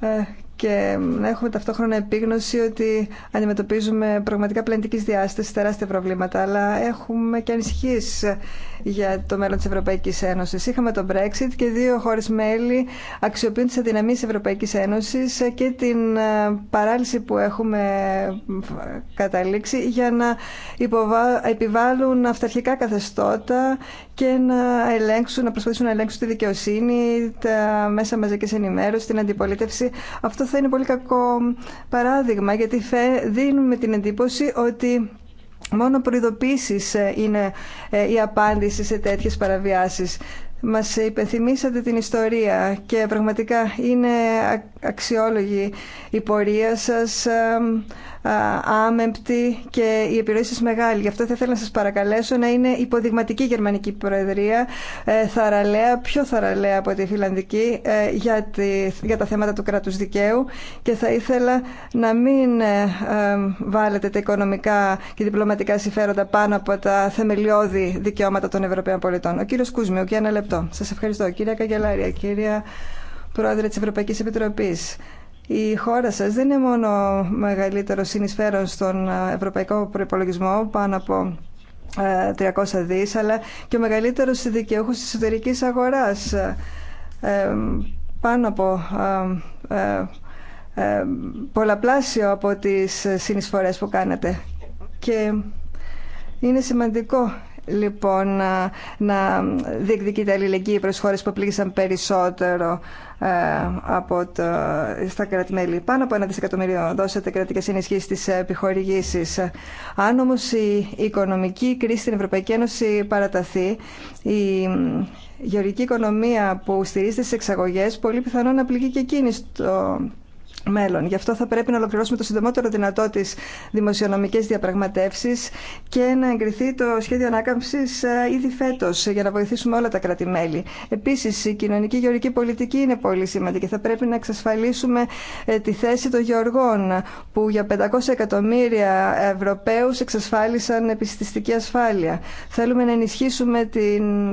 ε, και να έχουμε ταυτόχρονα επίγνωση ότι αντιμετωπίζουμε πραγματικά πλανητικής διάσταση, τεράστια προβλήματα, αλλά έχουμε και ανησυχίες για το μέλλον της Ευρωπαϊκής Ένωσης. Είχαμε το Brexit και δύο χώρε μέλη αξιοποιούν τι αδυναμίε της Ευρωπαϊκής Ένωσης και την ε, παράλυση που έχουμε καταλήξει για να υποβα... επιβάλλουν αυταρχικά καθεστώτα και να ελέγξουν, να προσπαθήσουν να ελέγξουν τη δικαιοσύνη, τα μέσα μαζική ενημέρωση, την αντιπολίτευση. Αυτό θα είναι πολύ κακό παράδειγμα γιατί δίνουμε την εντύπωση ότι Μόνο προειδοποίησει ε, είναι ε, η απάντηση σε τέτοιες παραβιάσεις. Μα υπενθυμίσατε την ιστορία και πραγματικά είναι αξιόλογη η πορεία σας ε, άμεμπτη και η επιρροή σας μεγάλη. Γι' αυτό θα ήθελα να σας παρακαλέσω να είναι υποδειγματική γερμανική προεδρία, ε, θαραλέα, πιο θαραλέα από τη φιλανδική ε, για, τα θέματα του κράτους δικαίου και θα ήθελα να μην ε, βάλετε τα οικονομικά και διπλωματικά συμφέροντα πάνω από τα θεμελιώδη δικαιώματα των Ευρωπαίων πολιτών. Ο κύριος Κούσμιου, και ένα λεπτό. Σας ευχαριστώ. Κύριε Καγκελάρια, κύριε Πρόεδρε τη Ευρωπαϊκής Επιτροπής. Η χώρα σας δεν είναι μόνο μεγαλύτερο συνεισφέρον στον ε, ευρωπαϊκό προϋπολογισμό πάνω από 300 ε, δις, αλλά και ο μεγαλύτερος δικαιούχος της εσωτερικής αγοράς ε, πάνω από πολλαπλάσιο από τις συνεισφορές που κάνετε. Και είναι σημαντικό λοιπόν να, να διεκδικείται αλληλεγγύη προς χώρες που πλήγησαν περισσότερο ε, από το, στα Πάνω από ένα δισεκατομμύριο δώσατε κρατικέ ενισχύσει στι επιχορηγήσει. Αν όμω η οικονομική κρίση στην Ευρωπαϊκή Ένωση παραταθεί, η γεωργική οικονομία που στηρίζεται στι εξαγωγέ πολύ πιθανόν να πληγεί και εκείνη στο μέλλον. Γι' αυτό θα πρέπει να ολοκληρώσουμε το συντομότερο δυνατό τι δημοσιονομικέ διαπραγματεύσει και να εγκριθεί το σχέδιο ανάκαμψη ε, ήδη φέτο για να βοηθήσουμε όλα τα κράτη-μέλη. Επίση, η κοινωνική γεωργική πολιτική είναι πολύ σημαντική. Θα πρέπει να εξασφαλίσουμε ε, τη θέση των γεωργών που για 500 εκατομμύρια Ευρωπαίου εξασφάλισαν επιστηστική ασφάλεια. Θέλουμε να ενισχύσουμε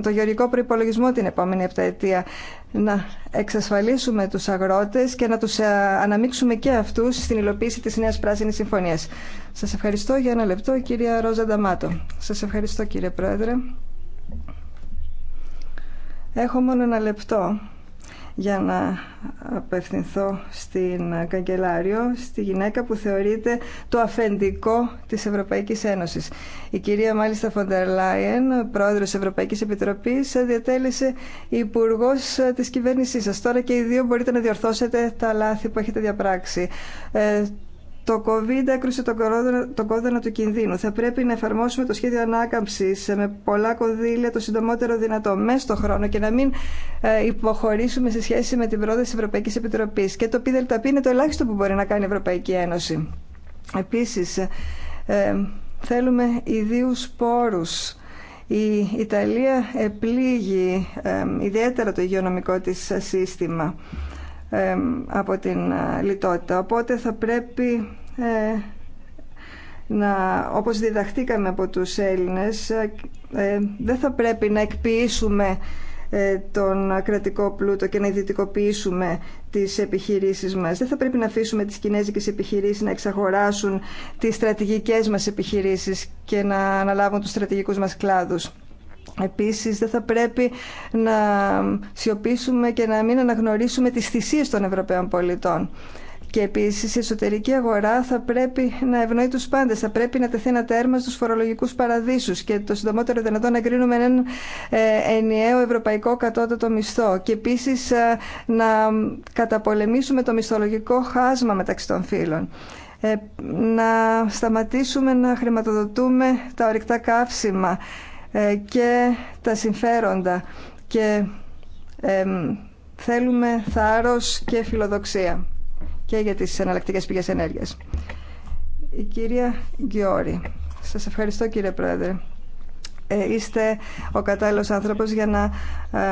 το γεωργικό προπολογισμό την επόμενη επταετία να εξασφαλίσουμε τους αγρότες και να τους ε, αναμίξουμε και αυτούς στην υλοποίηση της Νέας Πράσινης Συμφωνίας. Σας ευχαριστώ για ένα λεπτό, κυρία Ρόζα Νταμάτο. Σας ευχαριστώ, κύριε Πρόεδρε. Έχω μόνο ένα λεπτό για να απευθυνθώ στην Καγκελάριο, στη γυναίκα που θεωρείται το αφεντικό της Ευρωπαϊκής Ένωσης. Η κυρία μάλιστα Φοντερ Λάιεν, πρόεδρος της Ευρωπαϊκής Επιτροπής, διατέλεσε υπουργό της κυβέρνησής σας. Τώρα και οι δύο μπορείτε να διορθώσετε τα λάθη που έχετε διαπράξει. Ε, το COVID έκρουσε τον κόδωνα, τον κόδωνα του κινδύνου. Θα πρέπει να εφαρμόσουμε το σχέδιο ανάκαμψη ε, με πολλά κονδύλια το συντομότερο δυνατό, μέσα στο χρόνο και να μην ε, υποχωρήσουμε σε σχέση με την πρόταση τη Ευρωπαϊκή Επιτροπή. Και το ΠΔΕΛΤΑΠΗ είναι το ελάχιστο που μπορεί να κάνει η Ευρωπαϊκή Ένωση. Επίση, ε, θέλουμε ιδίου πόρου. Η Ιταλία επλήγει ε, ιδιαίτερα το υγειονομικό τη σύστημα ε, από την λιτότητα. Οπότε θα πρέπει ε, να, όπως διδαχτήκαμε από τους Έλληνες, ε, δεν θα πρέπει να εκποιήσουμε ε, τον κρατικό πλούτο και να ιδιωτικοποιήσουμε τις επιχειρήσεις μας. Δεν θα πρέπει να αφήσουμε τις κινέζικες επιχειρήσεις να εξαγοράσουν τις στρατηγικές μας επιχειρήσεις και να αναλάβουν τους στρατηγικούς μας κλάδους. Επίσης δεν θα πρέπει να σιωπήσουμε και να μην αναγνωρίσουμε τις θυσίες των Ευρωπαίων πολιτών. Και επίση, η εσωτερική αγορά θα πρέπει να ευνοεί τους πάντες, θα πρέπει να τεθεί ένα τέρμα στους φορολογικούς παραδείσους και το συντομότερο δυνατό να κρίνουμε έναν ε, ενιαίο ευρωπαϊκό κατώτατο μισθό και επίσης ε, να καταπολεμήσουμε το μισθολογικό χάσμα μεταξύ των φύλων ε, να σταματήσουμε να χρηματοδοτούμε τα ορυκτά καύσιμα και τα συμφέροντα και θέλουμε θάρρος και φιλοδοξία και για τις εναλλακτικές πηγές ενέργειας. Η κυρία Γκιόρη. Σας ευχαριστώ κύριε Πρόεδρε. Ε, είστε ο κατάλληλος άνθρωπος για να ε,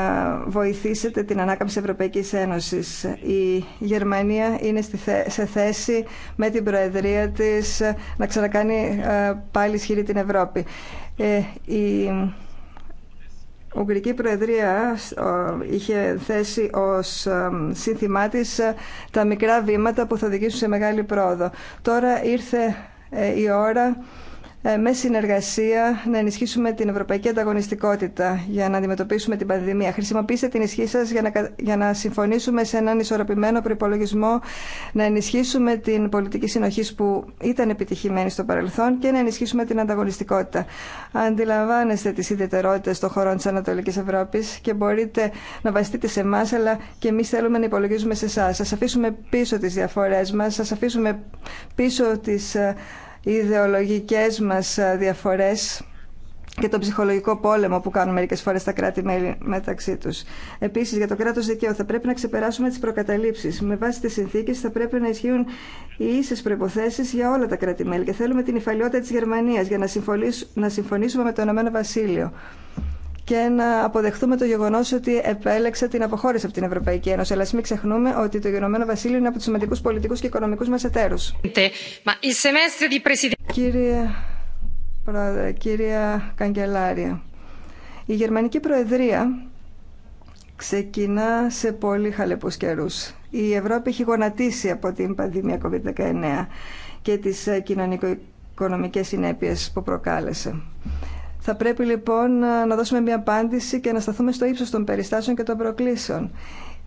βοηθήσετε την ανάκαμψη Ευρωπαϊκής Ένωσης. Η Γερμανία είναι σε θέση με την Προεδρία της να ξανακάνει ε, πάλι ισχυρή την Ευρώπη. Ουγγρική Προεδρία ε, είχε θέσει ως ε, σύνθημά της ε, τα μικρά βήματα που θα οδηγήσουν σε μεγάλη πρόοδο. Τώρα ήρθε η ώρα ε, με συνεργασία να ενισχύσουμε την ευρωπαϊκή ανταγωνιστικότητα για να αντιμετωπίσουμε την πανδημία. Χρησιμοποιήστε την ισχύ σα για, να, για να συμφωνήσουμε σε έναν ισορροπημένο προπολογισμό, να ενισχύσουμε την πολιτική συνοχή που ήταν επιτυχημένη στο παρελθόν και να ενισχύσουμε την ανταγωνιστικότητα. Αντιλαμβάνεστε τι ιδιαιτερότητε των χωρών τη Ανατολική Ευρώπη και μπορείτε να βασιστείτε σε εμά, αλλά και εμεί θέλουμε να υπολογίζουμε σε εσά. Σα αφήσουμε πίσω τι διαφορέ μα, σα αφήσουμε πίσω τι ε, οι ιδεολογικές μας ε, διαφορές και τον ψυχολογικό πόλεμο που κάνουν μερικέ φορές τα κράτη-μέλη μεταξύ τους. Επίσης, για το κράτος δικαίου θα πρέπει να ξεπεράσουμε τις προκαταλήψεις. Με βάση τις συνθήκες θα πρέπει να ισχύουν οι ίσες προϋποθέσεις για όλα τα κράτη-μέλη και θέλουμε την υφαλιότητα της Γερμανίας για να συμφωνήσουμε με το Ηνωμένο Βασίλειο και να αποδεχθούμε το γεγονό ότι επέλεξε την αποχώρηση από την Ευρωπαϊκή Ένωση. Αλλά μην ξεχνούμε ότι το Ηνωμένο Βασίλειο είναι από του σημαντικού πολιτικού και οικονομικού μα εταίρου. Κύριε Πρόεδρε, κύριε Καγκελάρια, η Γερμανική Προεδρία ξεκινά σε πολύ χαλεπούς καιρούς. Η Ευρώπη έχει γονατίσει από την πανδημία COVID-19 και τις ε, κοινωνικο-οικονομικές συνέπειες που προκάλεσε. Θα πρέπει λοιπόν να δώσουμε μια απάντηση και να σταθούμε στο ύψος των περιστάσεων και των προκλήσεων.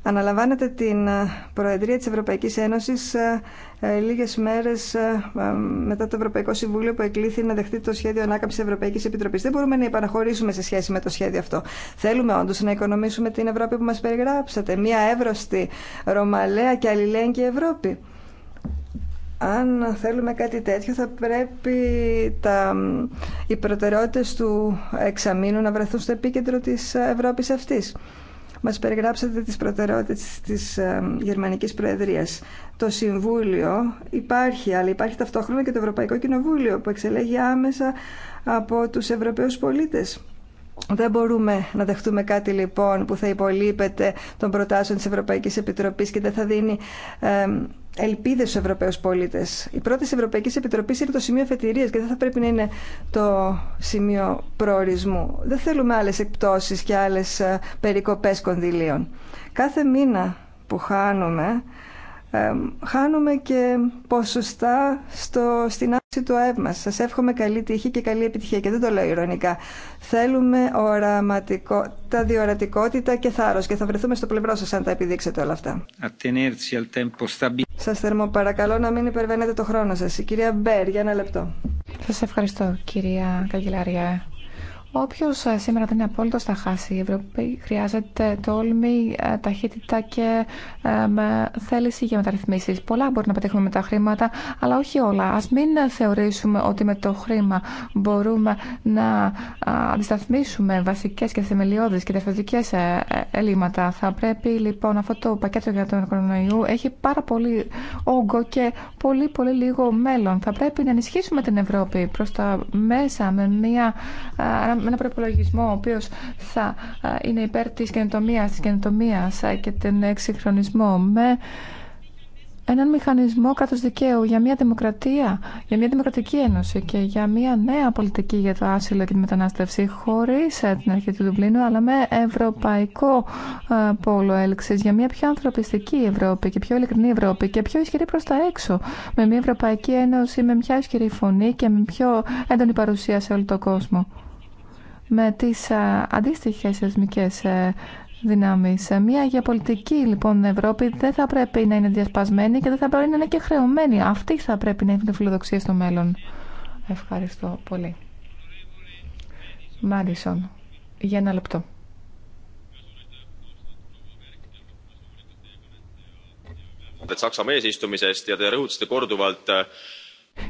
Αναλαμβάνετε την ε, Προεδρία της Ευρωπαϊκής Ένωσης ε, ε, λίγες μέρες μετά το Ευρωπαϊκό Συμβούλιο που εκλήθη να δεχτεί το σχέδιο ανάκαμψης της Ευρωπαϊκής Επιτροπής. Δεν μπορούμε να υπαναχωρήσουμε σε σχέση με το σχέδιο αυτό. Θέλουμε όντως να οικονομήσουμε την Ευρώπη που μας περιγράψατε. Μια εύρωστη, ρωμαλαία και αλληλέγγυη Ευρώπη αν θέλουμε κάτι τέτοιο θα πρέπει τα, οι προτεραιότητες του εξαμήνου να βρεθούν στο επίκεντρο της Ευρώπης αυτής. Μας περιγράψατε τις προτεραιότητες της ε, Γερμανικής Προεδρίας. Το Συμβούλιο υπάρχει, αλλά υπάρχει ταυτόχρονα και το Ευρωπαϊκό Κοινοβούλιο που εξελέγει άμεσα από τους Ευρωπαίους πολίτες. Δεν μπορούμε να δεχτούμε κάτι λοιπόν που θα υπολείπεται των προτάσεων της Ευρωπαϊκής Επιτροπής και δεν θα δίνει ε, ελπίδες στου Ευρωπαίου πολίτες. Η πρώτη Ευρωπαϊκή Επιτροπή είναι το σημείο φετηρία και δεν θα πρέπει να είναι το σημείο προορισμού. Δεν θέλουμε άλλες εκπτώσεις και άλλες ε, περικοπές κονδυλίων. Κάθε μήνα που χάνουμε χάνουμε και ποσοστά στο, στην άψη του ΑΕΠ μας. Σας εύχομαι καλή τύχη και καλή επιτυχία και δεν το λέω ηρωνικά. Θέλουμε τα διορατικότητα και θάρρος και θα βρεθούμε στο πλευρό σας αν τα επιδείξετε όλα αυτά. Σας θερμό παρακαλώ να μην υπερβαίνετε το χρόνο σας. Η κυρία Μπέρ για ένα λεπτό. Σας ευχαριστώ κυρία Καγκελάρια. Όποιος ε, σήμερα δεν είναι απόλυτο θα χάσει. Η Ευρώπη χρειάζεται τόλμη, ε, ταχύτητα και ε, θέληση για μεταρρυθμίσεις. Πολλά μπορεί να πετύχουμε με τα χρήματα, αλλά όχι όλα. Ας μην θεωρήσουμε ότι με το χρήμα μπορούμε να αντισταθμίσουμε βασικές και θεμελιώδεις και διαφορετικέ ελλείμματα. Θα πρέπει λοιπόν αυτό το πακέτο για τον κορονοϊού έχει πάρα πολύ όγκο και πολύ πολύ λίγο μέλλον. Θα πρέπει να ενισχύσουμε την Ευρώπη προς τα μέσα με μια με ένα προπολογισμό ο οποίο θα είναι υπέρ τη καινοτομία, τη καινοτομία και τον εξυγχρονισμό με έναν μηχανισμό κράτου δικαίου για μια δημοκρατία, για μια δημοκρατική ένωση και για μια νέα πολιτική για το άσυλο και τη μετανάστευση χωρί την αρχή του Δουβλίνου αλλά με ευρωπαϊκό πόλο έλξη, για μια πιο ανθρωπιστική Ευρώπη και πιο ειλικρινή Ευρώπη και πιο ισχυρή προ τα έξω με μια Ευρωπαϊκή Ένωση με μια ισχυρή φωνή και με πιο έντονη παρουσία σε όλο τον κόσμο με τις αντίστοιχες θεσμικές ε, δυνάμεις. Ε, μια πολιτική, λοιπόν Ευρώπη δεν θα πρέπει να είναι διασπασμένη και δεν θα πρέπει να είναι και χρεωμένη. Αυτή θα πρέπει να είναι η φιλοδοξία στο μέλλον. Ευχαριστώ πολύ. Μάντισον, για ένα λεπτό. Äh,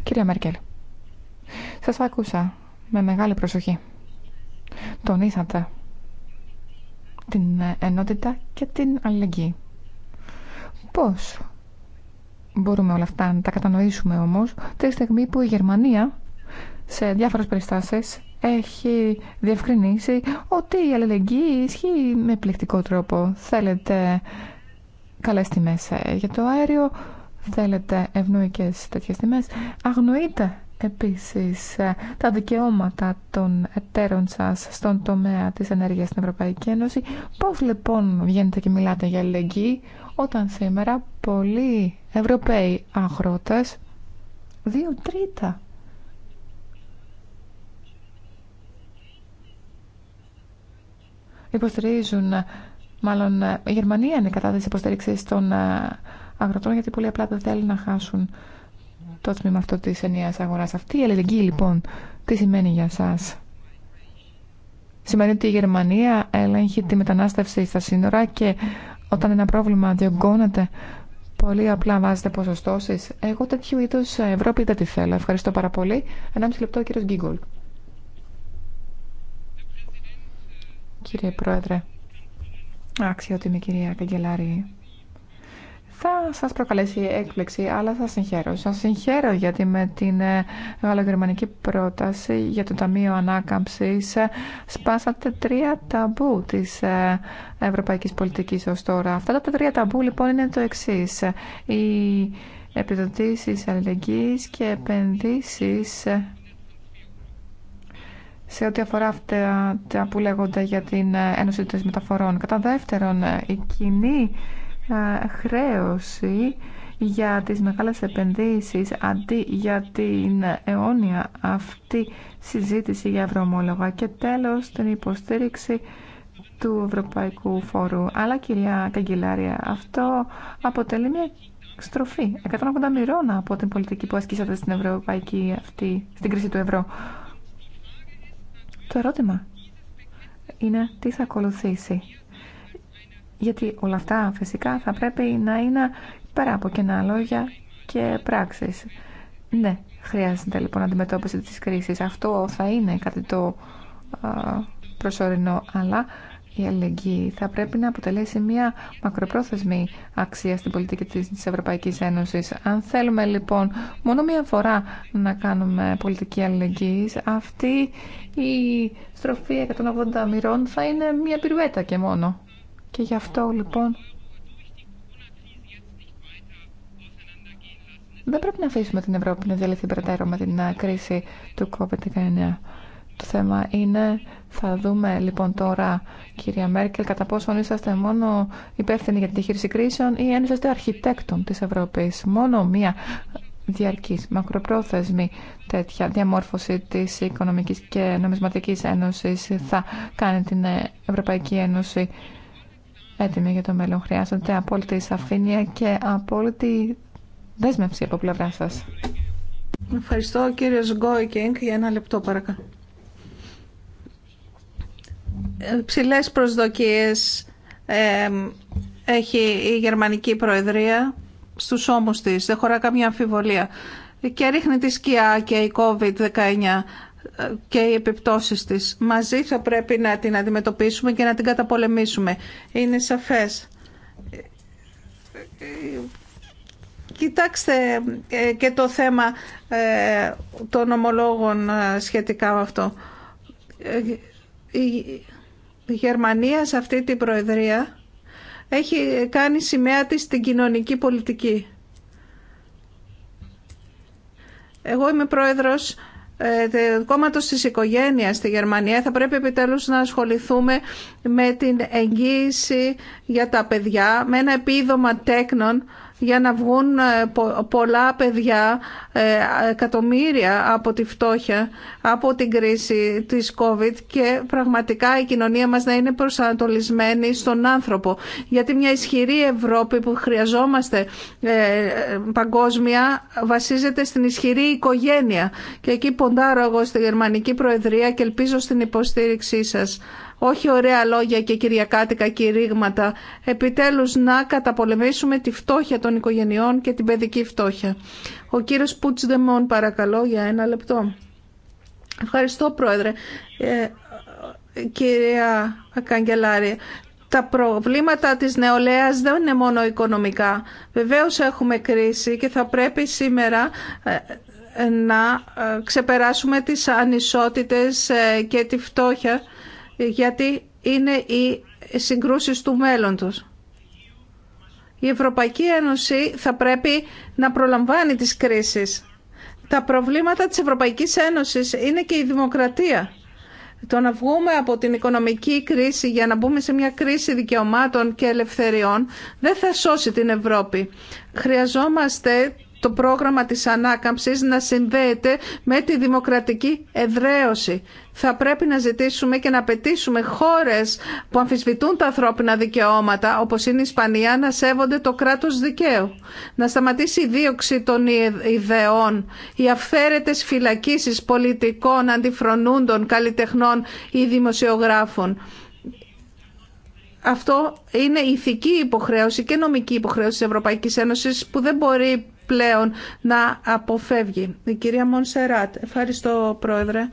Κύριε Μέρκελ, σας άκουσα με μεγάλη προσοχή τονίσατε την ενότητα και την αλληλεγγύη. Πώς μπορούμε όλα αυτά να τα κατανοήσουμε όμως τη στιγμή που η Γερμανία σε διάφορες περιστάσεις έχει διευκρινίσει ότι η αλληλεγγύη ισχύει με πληκτικό τρόπο. Θέλετε καλές τιμές για το αέριο, θέλετε ευνοϊκές τέτοιες τιμές. Αγνοείτε Επίσης, ε, τα δικαιώματα των εταίρων σας στον τομέα της ενέργειας στην Ευρωπαϊκή Ένωση. Πώς λοιπόν βγαίνετε και μιλάτε για αλληλεγγύη όταν σήμερα πολλοί Ευρωπαίοι αγρότες, δύο τρίτα υποστηρίζουν, ε, μάλλον ε, η Γερμανία είναι κατά της υποστήριξης των αγροτών γιατί πολύ απλά δεν θέλουν να χάσουν το τμήμα αυτό της ενιαίας αγοράς. Αυτή η αλληλεγγύη λοιπόν τι σημαίνει για σας. Σημαίνει ότι η Γερμανία ελέγχει τη μετανάστευση στα σύνορα και όταν ένα πρόβλημα διωγγώνεται πολύ απλά βάζετε ποσοστώσεις. Εγώ τέτοιου είδου Ευρώπη δεν τη θέλω. Ευχαριστώ πάρα πολύ. μισή λεπτό ο κύριο Γκίγκολ. Κύριε Πρόεδρε, αξιότιμη κυρία Καγκελάρη, θα σας προκαλέσει έκπληξη, αλλά σας συγχαίρω. Σας συγχαίρω γιατί με την ε, γαλλογερμανική πρόταση για το Ταμείο Ανάκαμψης ε, σπάσατε τρία ταμπού της ε, ευρωπαϊκής πολιτικής ως τώρα. Αυτά τα τρία ταμπού λοιπόν είναι το εξή. Οι επιδοτήσεις αλληλεγγύης και επενδύσεις σε ό,τι αφορά αυτά που λέγονται για την Ένωση των Μεταφορών. Κατά δεύτερον, η κοινή χρέωση για τις μεγάλες επενδύσεις αντί για την αιώνια αυτή συζήτηση για ευρωομόλογα και τέλος την υποστήριξη του Ευρωπαϊκού Φόρου. Αλλά κυρία Καγκελάρια, αυτό αποτελεί μια στροφή 180 μοιρών από την πολιτική που ασκήσατε στην ευρωπαϊκή αυτή, στην κρίση του ευρώ. Το ερώτημα είναι τι θα ακολουθήσει γιατί όλα αυτά φυσικά θα πρέπει να είναι πέρα από κενά λόγια και πράξεις. Ναι, χρειάζεται λοιπόν αντιμετώπιση της κρίσης. Αυτό θα είναι κάτι το προσωρινό, αλλά η αλληλεγγύη θα πρέπει να αποτελέσει μια μακροπρόθεσμη αξία στην πολιτική της Ευρωπαϊκής Ένωσης. Αν θέλουμε λοιπόν μόνο μια φορά να κάνουμε πολιτική αλληλεγγύη, αυτή η στροφή 180 μοιρών θα είναι μια πυρουέτα και μόνο. Και γι' αυτό λοιπόν δεν πρέπει να αφήσουμε την Ευρώπη να διαλυθεί περαιτέρω με την ε, κρίση του COVID-19. Το θέμα είναι, θα δούμε λοιπόν τώρα, κυρία Μέρκελ, κατά πόσο είσαστε μόνο υπεύθυνοι για τη διαχείριση κρίσεων ή αν είσαστε αρχιτέκτον της Ευρώπης. Μόνο μία διαρκής, μακροπρόθεσμη τέτοια διαμόρφωση της Οικονομικής και Νομισματικής Ένωσης θα κάνει την ε, Ευρωπαϊκή Ένωση έτοιμοι για το μέλλον. Χρειάζεται απόλυτη σαφήνεια και απόλυτη δέσμευση από πλευρά σα. Ευχαριστώ κύριος Γκόικινγκ για ένα λεπτό παρακαλώ. Ε, Ψηλέ προσδοκίες ε, έχει η Γερμανική Προεδρία στους ώμους της, δεν χωρά καμία αμφιβολία. Και ρίχνει τη σκιά και η COVID-19 και οι επιπτώσεις της. Μαζί θα πρέπει να την αντιμετωπίσουμε και να την καταπολεμήσουμε. Είναι σαφές. Κοιτάξτε ε, και το θέμα ε, των ομολόγων ε, σχετικά με αυτό. Η Γερμανία σε αυτή την Προεδρία έχει κάνει σημαία της στην κοινωνική πολιτική. Εγώ είμαι πρόεδρος ε, κόμματο της οικογένειας στη Γερμανία θα πρέπει επιτέλους να ασχοληθούμε με την εγγύηση για τα παιδιά με ένα επίδομα τέκνων για να βγουν ε, πολλά παιδιά, ε, εκατομμύρια από τη φτώχεια, από την κρίση της COVID και πραγματικά η κοινωνία μας να είναι προσανατολισμένη στον άνθρωπο. Γιατί μια ισχυρή Ευρώπη που χρειαζόμαστε ε, παγκόσμια βασίζεται στην ισχυρή οικογένεια. Και εκεί ποντάρω εγώ στη Γερμανική Προεδρία και ελπίζω στην υποστήριξή σας όχι ωραία λόγια και κυριακάτικα κηρύγματα. Επιτέλους να καταπολεμήσουμε τη φτώχεια των οικογενειών και την παιδική φτώχεια. Ο κύριος Πούτσδεμον παρακαλώ για ένα λεπτό. Ευχαριστώ Πρόεδρε. Ε, κυρία Καγκελάρη, τα προβλήματα της νεολαίας δεν είναι μόνο οικονομικά. Βεβαίως έχουμε κρίση και θα πρέπει σήμερα ε, να ε, ξεπεράσουμε τις ανισότητες ε, και τη φτώχεια γιατί είναι οι συγκρούσεις του μέλλοντος. Η Ευρωπαϊκή Ένωση θα πρέπει να προλαμβάνει τις κρίσεις. Τα προβλήματα της Ευρωπαϊκής Ένωσης είναι και η δημοκρατία. Το να βγούμε από την οικονομική κρίση για να μπούμε σε μια κρίση δικαιωμάτων και ελευθεριών δεν θα σώσει την Ευρώπη. Χρειαζόμαστε το πρόγραμμα της ανάκαμψης να συνδέεται με τη δημοκρατική εδραίωση. Θα πρέπει να ζητήσουμε και να απαιτήσουμε χώρες που αμφισβητούν τα ανθρώπινα δικαιώματα, όπως είναι η Ισπανία, να σέβονται το κράτος δικαίου. Να σταματήσει η δίωξη των ιδεών, οι αυθαίρετες φυλακίσεις πολιτικών, αντιφρονούντων, καλλιτεχνών ή δημοσιογράφων αυτό είναι ηθική υποχρέωση και νομική υποχρέωση της Ευρωπαϊκής Ένωσης που δεν μπορεί πλέον να αποφεύγει. Η κυρία Μονσεράτ, ευχαριστώ πρόεδρε.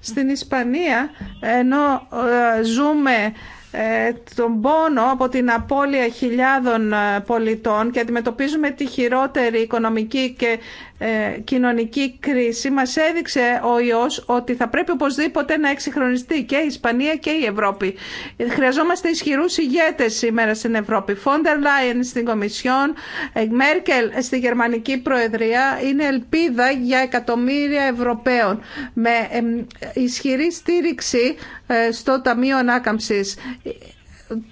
Στην Ισπανία, ενώ ε, ζούμε ε, τον πόνο από την απώλεια χιλιάδων ε, πολιτών και αντιμετωπίζουμε τη χειρότερη οικονομική και ε, κοινωνική κρίση μας έδειξε ο ιός ότι θα πρέπει οπωσδήποτε να εξυγχρονιστεί και η Ισπανία και η Ευρώπη. Χρειαζόμαστε ισχυρούς ηγέτες σήμερα στην Ευρώπη. Φόντερ Λάιεν στην Κομισιόν, ε, Μέρκελ στη Γερμανική Προεδρία είναι ελπίδα για εκατομμύρια Ευρωπαίων με ισχυρή στήριξη ε, στο Ταμείο Ανάκαμψης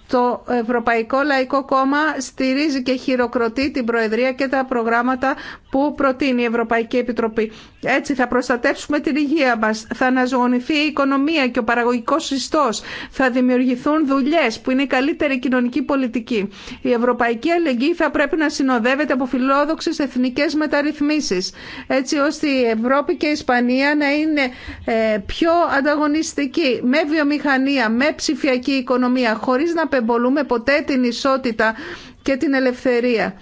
το Ευρωπαϊκό Λαϊκό Κόμμα στηρίζει και χειροκροτεί την Προεδρία και τα προγράμματα που προτείνει η Ευρωπαϊκή Επιτροπή. Έτσι θα προστατεύσουμε την υγεία μας, θα αναζωογονηθεί η οικονομία και ο παραγωγικός συστός, θα δημιουργηθούν δουλειές που είναι η καλύτερη κοινωνική πολιτική. Η ευρωπαϊκή αλληλεγγύη θα πρέπει να συνοδεύεται από φιλόδοξες εθνικές μεταρρυθμίσεις, έτσι ώστε η Ευρώπη και η Ισπανία να είναι ε, πιο ανταγωνιστική, με βιομηχανία, με ψηφιακή οικονομία, χωρίς να απεμπολούμε ποτέ την ισότητα και την ελευθερία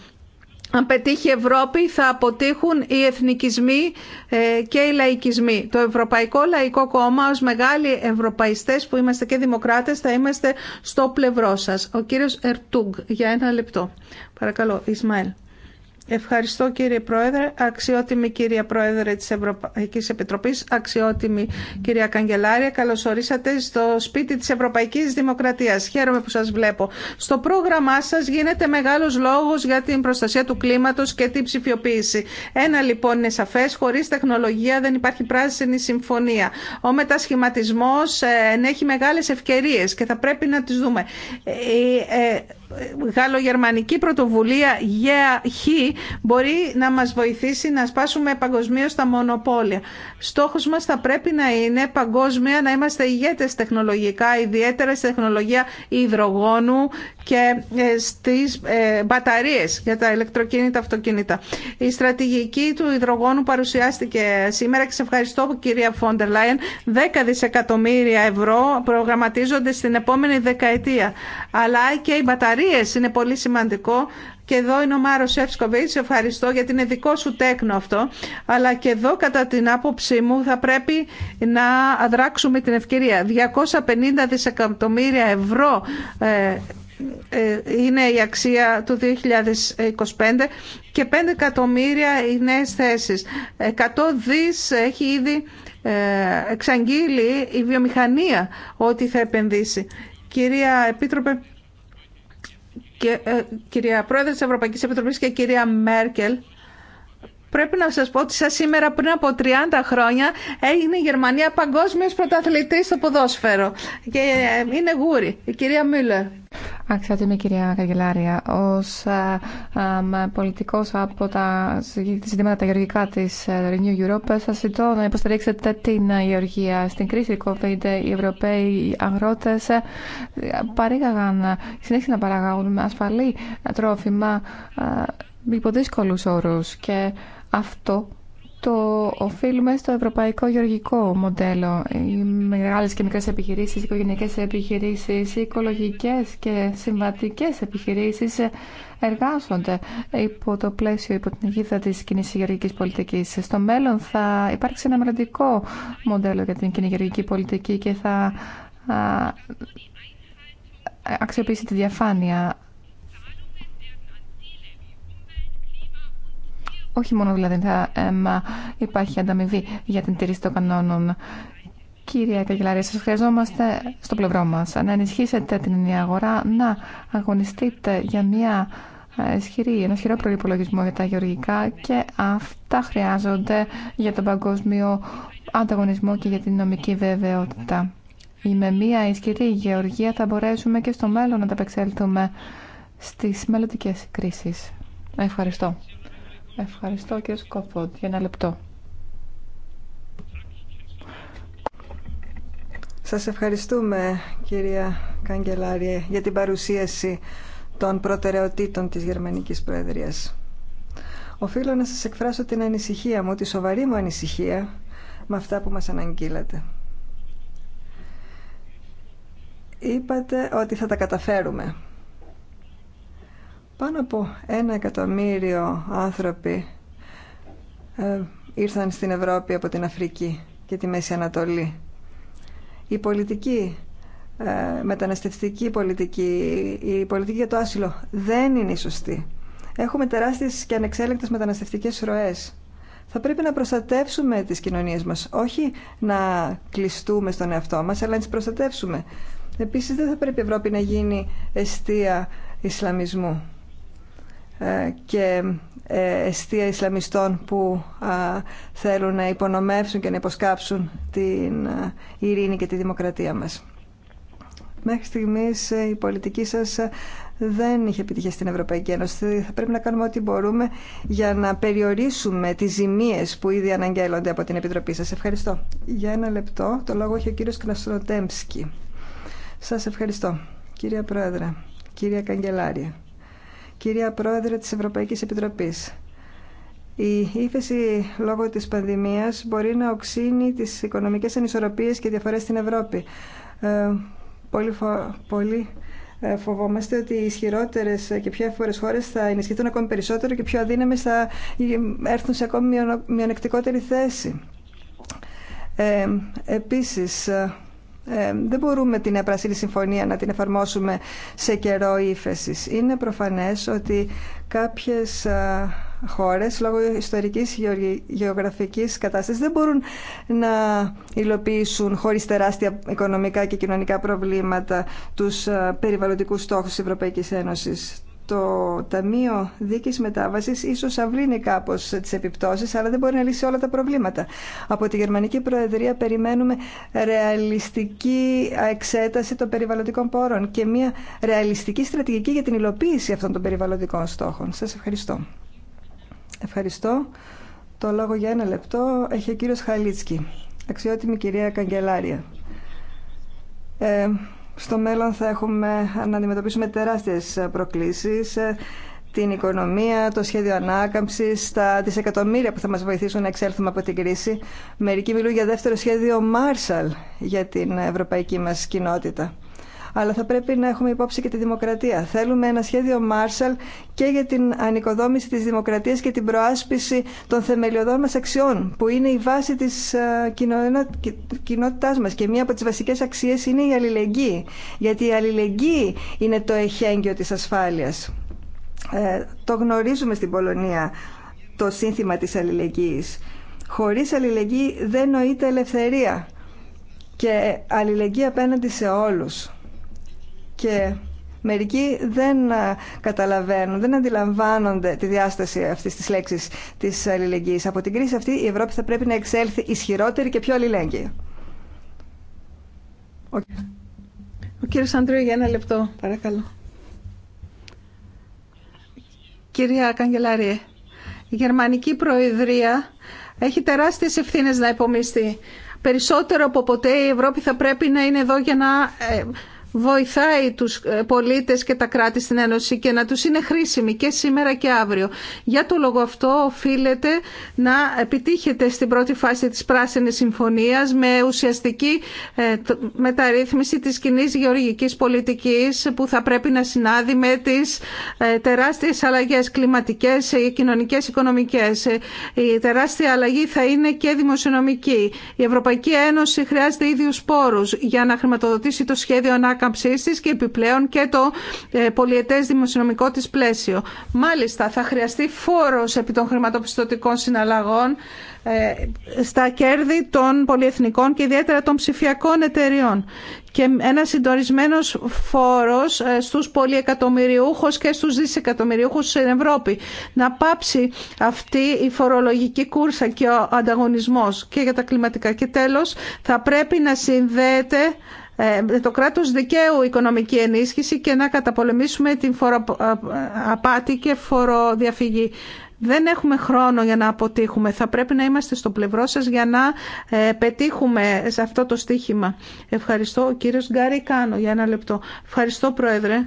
αν πετύχει η Ευρώπη θα αποτύχουν οι εθνικισμοί ε, και οι λαϊκισμοί. Το Ευρωπαϊκό Λαϊκό Κόμμα ως μεγάλοι ευρωπαϊστές που είμαστε και δημοκράτες θα είμαστε στο πλευρό σας. Ο κύριος Ερτούγκ για ένα λεπτό. Παρακαλώ Ισμαήλ. Ευχαριστώ κύριε Πρόεδρε, αξιότιμη κυρία Πρόεδρε της Ευρωπαϊκής Επιτροπής, αξιότιμη κυρία Καγκελάρια, καλώς ορίσατε στο σπίτι της Ευρωπαϊκής Δημοκρατίας. Χαίρομαι που σας βλέπω. Στο πρόγραμμά σας γίνεται μεγάλος λόγος για την προστασία του κλίματος και την ψηφιοποίηση. Ένα λοιπόν είναι σαφές, χωρίς τεχνολογία δεν υπάρχει πράσινη συμφωνία. Ο μετασχηματισμός ε, έχει μεγάλες ευκαιρίες και θα πρέπει να τις δούμε. Ε, ε, γαλλογερμανική πρωτοβουλία yeah, μπορεί να μας βοηθήσει να σπάσουμε παγκοσμίω τα μονοπόλια. Στόχος μας θα πρέπει να είναι παγκόσμια να είμαστε ηγέτες τεχνολογικά, ιδιαίτερα στη τεχνολογία υδρογόνου και ε, στις ε, μπαταρίες για τα ηλεκτροκίνητα αυτοκίνητα. Η στρατηγική του υδρογόνου παρουσιάστηκε σήμερα και σε ευχαριστώ κυρία Φόντερ Λάιεν. 10 δισεκατομμύρια ευρώ προγραμματίζονται στην επόμενη δεκαετία. Αλλά και οι μπαταρίες είναι πολύ σημαντικό και εδώ είναι ο Μάρο Σε ευχαριστώ γιατί είναι δικό σου τέκνο αυτό. Αλλά και εδώ, κατά την άποψή μου, θα πρέπει να αδράξουμε την ευκαιρία. 250 δισεκατομμύρια ευρώ ε, ε, είναι η αξία του 2025 και 5 εκατομμύρια οι νέε θέσει. 100 δι έχει ήδη ε, εξαγγείλει η βιομηχανία ότι θα επενδύσει. Κυρία Επίτροπε, ε, κυρία Πρόεδρε τη Ευρωπαϊκή Επιτροπή και κυρία Μέρκελ Πρέπει να σας πω ότι σα σήμερα πριν από 30 χρόνια έγινε η Γερμανία παγκόσμιο πρωταθλητή στο ποδόσφαιρο. Και ε, είναι γούρι, η κυρία Μίλλερ. Αξιότιμη κυρία Καγκελάρια, ως πολιτικό ε, πολιτικός από τα συντήματα τα γεωργικά της ε, Renew Europe, σας ζητώ να υποστηρίξετε την γεωργία. Στην κρίση COVID οι Ευρωπαίοι αγρότε παρήγαγαν, συνέχισαν να παραγάγουν ασφαλή τρόφιμα υπό δύσκολου όρου και αυτό το οφείλουμε στο ευρωπαϊκό γεωργικό μοντέλο. Οι μεγάλες και μικρές επιχειρήσεις, επιχειρήσει, επιχειρήσεις, οικολογικέ και συμβατικέ επιχειρήσεις εργάζονται υπό το πλαίσιο, υπό την αιγίδα τη κοινή γεωργική πολιτική. Στο μέλλον θα υπάρξει ένα μελλοντικό μοντέλο για την κοινή γεωργική πολιτική και θα αξιοποιήσει τη διαφάνεια όχι μόνο δηλαδή θα υπάρχει ανταμοιβή για την τηρήση των κανόνων. Κύριε Καγκελάρη, σας χρειαζόμαστε στο πλευρό μας να ενισχύσετε την αγορά, να αγωνιστείτε για μια ε, ισχυρή, ένα ισχυρό προπολογισμό για τα γεωργικά και αυτά χρειάζονται για τον παγκόσμιο ανταγωνισμό και για την νομική βεβαιότητα. Με μια ισχυρή γεωργία θα μπορέσουμε και στο μέλλον να τα στις μελλοντικές κρίσεις. Ευχαριστώ. Ευχαριστώ κύριε Σκοφόντ, Για ένα λεπτό. Σας ευχαριστούμε κυρία καγκελάριε, για την παρουσίαση των προτεραιοτήτων της Γερμανικής Προεδρίας. Οφείλω να σας εκφράσω την ανησυχία μου, τη σοβαρή μου ανησυχία με αυτά που μας αναγγείλατε. Είπατε ότι θα τα καταφέρουμε. Πάνω από ένα εκατομμύριο άνθρωποι ε, ήρθαν στην Ευρώπη από την Αφρική και τη Μέση Ανατολή. Η πολιτική, ε, μεταναστευτική πολιτική, η πολιτική για το άσυλο δεν είναι η σωστή. Έχουμε τεράστιες και ανεξέλεγκτες μεταναστευτικές ροές. Θα πρέπει να προστατεύσουμε τις κοινωνίες μας, όχι να κλειστούμε στον εαυτό μας, αλλά να τις προστατεύσουμε. Επίσης δεν θα πρέπει η Ευρώπη να γίνει εστία Ισλαμισμού. Ε, και εστία Ισλαμιστών που θέλουν να υπονομεύσουν και να υποσκάψουν την ειρήνη και τη δημοκρατία μας. Μέχρι στιγμής ε, η πολιτική σας ε, δεν είχε επιτυχία στην Ευρωπαϊκή Ένωση. Θα πρέπει να κάνουμε ό,τι μπορούμε για να περιορίσουμε τις ζημίες που ήδη αναγγέλλονται από την Επιτροπή σας. Ευχαριστώ. Για ένα λεπτό το λόγο έχει ο κύριος Κνασροτέμψκι. Σας ευχαριστώ. Κυρία Πρόεδρε, κυρία Καγκελάρια κυρία Πρόεδρε της Ευρωπαϊκής Επιτροπής. Η ύφεση λόγω της πανδημίας μπορεί να οξύνει τις οικονομικές ανισορροπίες και διαφορές στην Ευρώπη. Ε, πολύ, πολύ ε, φοβόμαστε ότι οι ισχυρότερε και πιο εύφορες χώρες θα ενισχυθούν ακόμη περισσότερο και πιο αδύναμες θα έρθουν σε ακόμη μειονεκτικότερη θέση. Ε, επίσης, ε, δεν μπορούμε την Επρασίνη Συμφωνία να την εφαρμόσουμε σε καιρό ύφεση. Είναι προφανές ότι κάποιες α, χώρες λόγω ιστορικής γεωγραφικής κατάστασης δεν μπορούν να υλοποιήσουν χωρίς τεράστια οικονομικά και κοινωνικά προβλήματα τους α, περιβαλλοντικούς στόχους της Ευρωπαϊκής Ένωσης το Ταμείο Δίκης Μετάβασης ίσως αυρύνει κάπως τις επιπτώσεις, αλλά δεν μπορεί να λύσει όλα τα προβλήματα. Από τη Γερμανική Προεδρία περιμένουμε ρεαλιστική εξέταση των περιβαλλοντικών πόρων και μια ρεαλιστική στρατηγική για την υλοποίηση αυτών των περιβαλλοντικών στόχων. Σας ευχαριστώ. Ευχαριστώ. Το λόγο για ένα λεπτό έχει ο κύριος Χαλίτσκι, αξιότιμη κυρία Καγκελάρια. Ε, στο μέλλον θα έχουμε να αντιμετωπίσουμε τεράστιες προκλήσεις ε, την οικονομία, το σχέδιο ανάκαμψη, τα δισεκατομμύρια που θα μα βοηθήσουν να εξέλθουμε από την κρίση. Μερικοί μιλούν για δεύτερο σχέδιο Marshall για την ευρωπαϊκή μα κοινότητα αλλά θα πρέπει να έχουμε υπόψη και τη δημοκρατία. Θέλουμε ένα σχέδιο Marshall και για την ανοικοδόμηση της δημοκρατίας και την προάσπιση των θεμελιωδών μας αξιών, που είναι η βάση της ε, κοινότητάς μας και μία από τις βασικές αξίες είναι η αλληλεγγύη, γιατί η αλληλεγγύη είναι το εχέγγυο της ασφάλειας. Ε, το γνωρίζουμε στην Πολωνία το σύνθημα της αλληλεγγύης. Χωρίς αλληλεγγύη δεν νοείται ελευθερία και αλληλεγγύη απέναντι σε όλους. Και μερικοί δεν ε, καταλαβαίνουν, δεν αντιλαμβάνονται τη διάσταση αυτή τη λέξη τη αλληλεγγύη. Από την κρίση αυτή η Ευρώπη θα πρέπει να εξέλθει ισχυρότερη και πιο αλληλέγγυη. Ο, κύριο Αντρίου για ένα λεπτό, παρακαλώ. Κυρία Καγκελάριε, η Γερμανική Προεδρία έχει τεράστιες ευθύνες να υπομειστεί. Περισσότερο από ποτέ η Ευρώπη θα πρέπει να είναι εδώ για να ε, βοηθάει τους ε, πολίτες και τα κράτη στην Ένωση και να τους είναι χρήσιμη και σήμερα και αύριο. Για το λόγο αυτό οφείλεται να επιτύχετε στην πρώτη φάση της Πράσινης Συμφωνίας με ουσιαστική ε, μεταρρύθμιση της κοινή γεωργικής πολιτικής που θα πρέπει να συνάδει με τις ε, τεράστιες αλλαγές κλιματικές, κοινωνικές, οικονομικές. Η τεράστια αλλαγή θα είναι και δημοσιονομική. Η Ευρωπαϊκή Ένωση χρειάζεται ίδιους πόρους για να χρηματοδοτήσει το σχέδιο ανάκαμψη και επιπλέον και το ε, πολιετές δημοσιονομικό της πλαίσιο. Μάλιστα, θα χρειαστεί φόρος επί των χρηματοπιστωτικών συναλλαγών ε, στα κέρδη των πολυεθνικών και ιδιαίτερα των ψηφιακών εταιριών και ένα συντορισμένο φόρος ε, στους πολυεκατομμυριούχους και στους δισεκατομμυριούχους στην Ευρώπη. Να πάψει αυτή η φορολογική κούρσα και ο ανταγωνισμός και για τα κλιματικά. Και τέλος θα πρέπει να συνδέεται ε, το κράτος δικαίου οικονομική ενίσχυση και να καταπολεμήσουμε την φοροαπάτη ε, και φοροδιαφυγή. Δεν έχουμε χρόνο για να αποτύχουμε. Θα πρέπει να είμαστε στο πλευρό σας για να ε, πετύχουμε σε αυτό το στίχημα. Ευχαριστώ. Ο κύριος Γκάρι Κάνο για ένα λεπτό. Ευχαριστώ Πρόεδρε.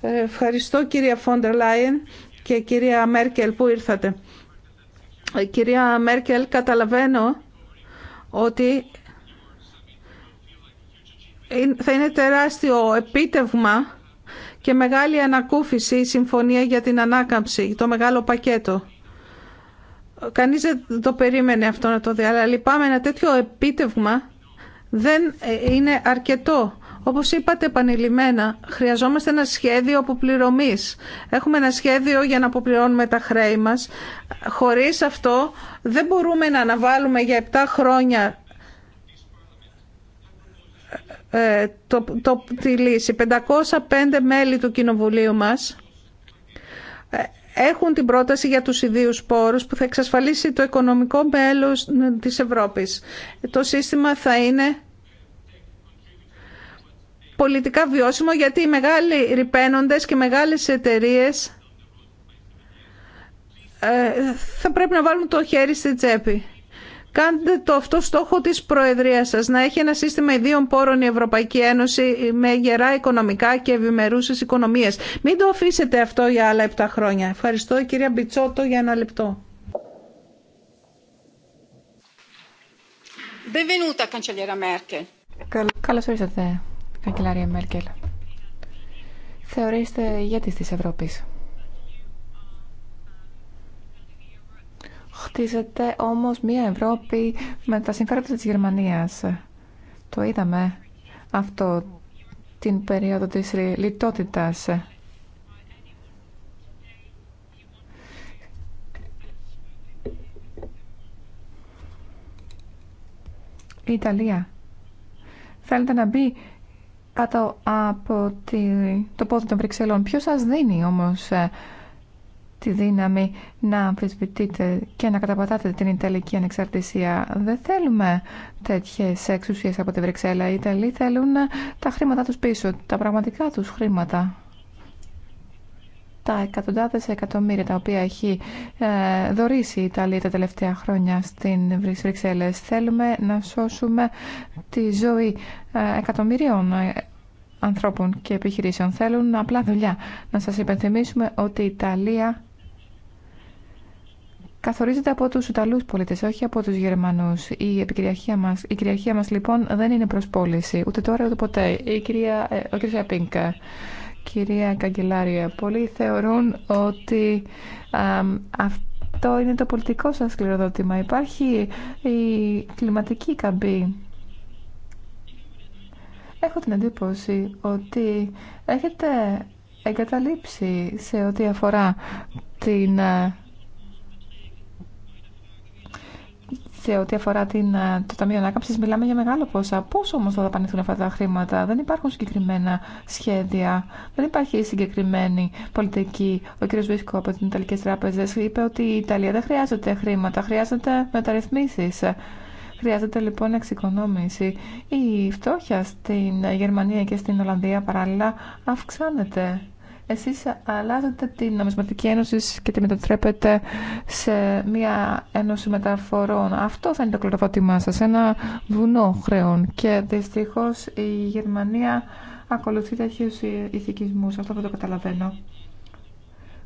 Ευχαριστώ κυρία Φόντερ Λάιεν και κυρία Μέρκελ που ήρθατε. Κυρία Μέρκελ, καταλαβαίνω ότι ε, θα είναι τεράστιο επίτευγμα και μεγάλη ανακούφιση η Συμφωνία για την Ανάκαμψη, το μεγάλο πακέτο. Κανείς δεν το περίμενε αυτό να το δει, αλλά λυπάμαι ένα τέτοιο επίτευγμα δεν ε, είναι αρκετό. Όπως είπατε επανειλημμένα, χρειαζόμαστε ένα σχέδιο αποπληρωμής. Έχουμε ένα σχέδιο για να αποπληρώνουμε τα χρέη μας. Χωρίς αυτό δεν μπορούμε να αναβάλουμε για 7 χρόνια ε, το, το, τη λύση. 505 μέλη του Κοινοβουλίου μας ε, έχουν την πρόταση για τους ιδίους πόρους που θα εξασφαλίσει το οικονομικό μέλος της Ευρώπης. Το σύστημα θα είναι πολιτικά βιώσιμο γιατί οι μεγάλοι ρηπαίνοντες και μεγάλες εταιρείες ε, θα πρέπει να βάλουν το χέρι στη τσέπη. Κάντε το αυτό στόχο της Προεδρίας σας, να έχει ένα σύστημα ιδίων πόρων η Ευρωπαϊκή Ένωση με γερά οικονομικά και ευημερούσες οικονομίες. Μην το αφήσετε αυτό για άλλα 7 χρόνια. Ευχαριστώ κυρία Μπιτσότο για ένα λεπτό. Καλώ ήρθατε, καγκελάρια Μέρκελ. Θεωρείστε ηγέτη τη Ευρώπη. χτίζεται όμως μια Ευρώπη με τα συμφέροντα της Γερμανίας. Το είδαμε αυτό την περίοδο της λιτότητας. Η Ιταλία θέλετε να μπει κάτω από τη... το πόδι των Βρυξελών. Ποιος σας δίνει όμως ε, τη δύναμη να αμφισβητείτε και να καταπατάτε την Ιταλική ανεξαρτησία. Δεν θέλουμε τέτοιες εξουσίες από τη Βρυξέλλα. Οι Ιταλοί θέλουν τα χρήματά τους πίσω, τα πραγματικά τους χρήματα τα εκατοντάδες εκατομμύρια τα οποία έχει ε, δωρήσει η Ιταλία τα τελευταία χρόνια στην Βρυξέλλες. Θέλουμε να σώσουμε τη ζωή ε, εκατομμυρίων ε, ανθρώπων και επιχειρήσεων. Θέλουν απλά δουλειά. Να σας υπενθυμίσουμε ότι η Ιταλία καθορίζεται από τους Ιταλούς πολίτες, όχι από τους Γερμανούς. Η επικυριαρχία μας, η κυριαρχία μας λοιπόν δεν είναι προς πώληση, ούτε τώρα ούτε ποτέ. Η κυρία, ε, ο κ. κυρία Καγκελάρια, πολλοί θεωρούν ότι αυτό είναι το πολιτικό σας σκληροδότημα. Υπάρχει η κλιματική καμπή. Έχω την εντύπωση ότι έχετε εγκαταλείψει σε ό,τι αφορά την ε, σε ό,τι αφορά την, ε, το Ταμείο Ανάκαμψη, μιλάμε για μεγάλο ποσά. Πώ όμω θα δαπανηθούν αυτά τα χρήματα, δεν υπάρχουν συγκεκριμένα σχέδια, δεν υπάρχει συγκεκριμένη πολιτική. Ο κ. Βίσκο από τι Ιταλικέ Τράπεζε είπε ότι η Ιταλία δεν χρειάζεται χρήματα, χρειάζεται μεταρρυθμίσει. Χρειάζεται λοιπόν εξοικονόμηση. Η φτώχεια στην Γερμανία και στην Ολλανδία παράλληλα αυξάνεται. Εσείς αλλάζετε την νομισματική ένωση και τη μετατρέπετε σε μια ένωση μεταφορών. Αυτό θα είναι το κληροδότημά σας, ένα βουνό χρεών. Και δυστυχώς η Γερμανία ακολουθεί τέτοιους ηθικισμούς. Αυτό δεν το καταλαβαίνω.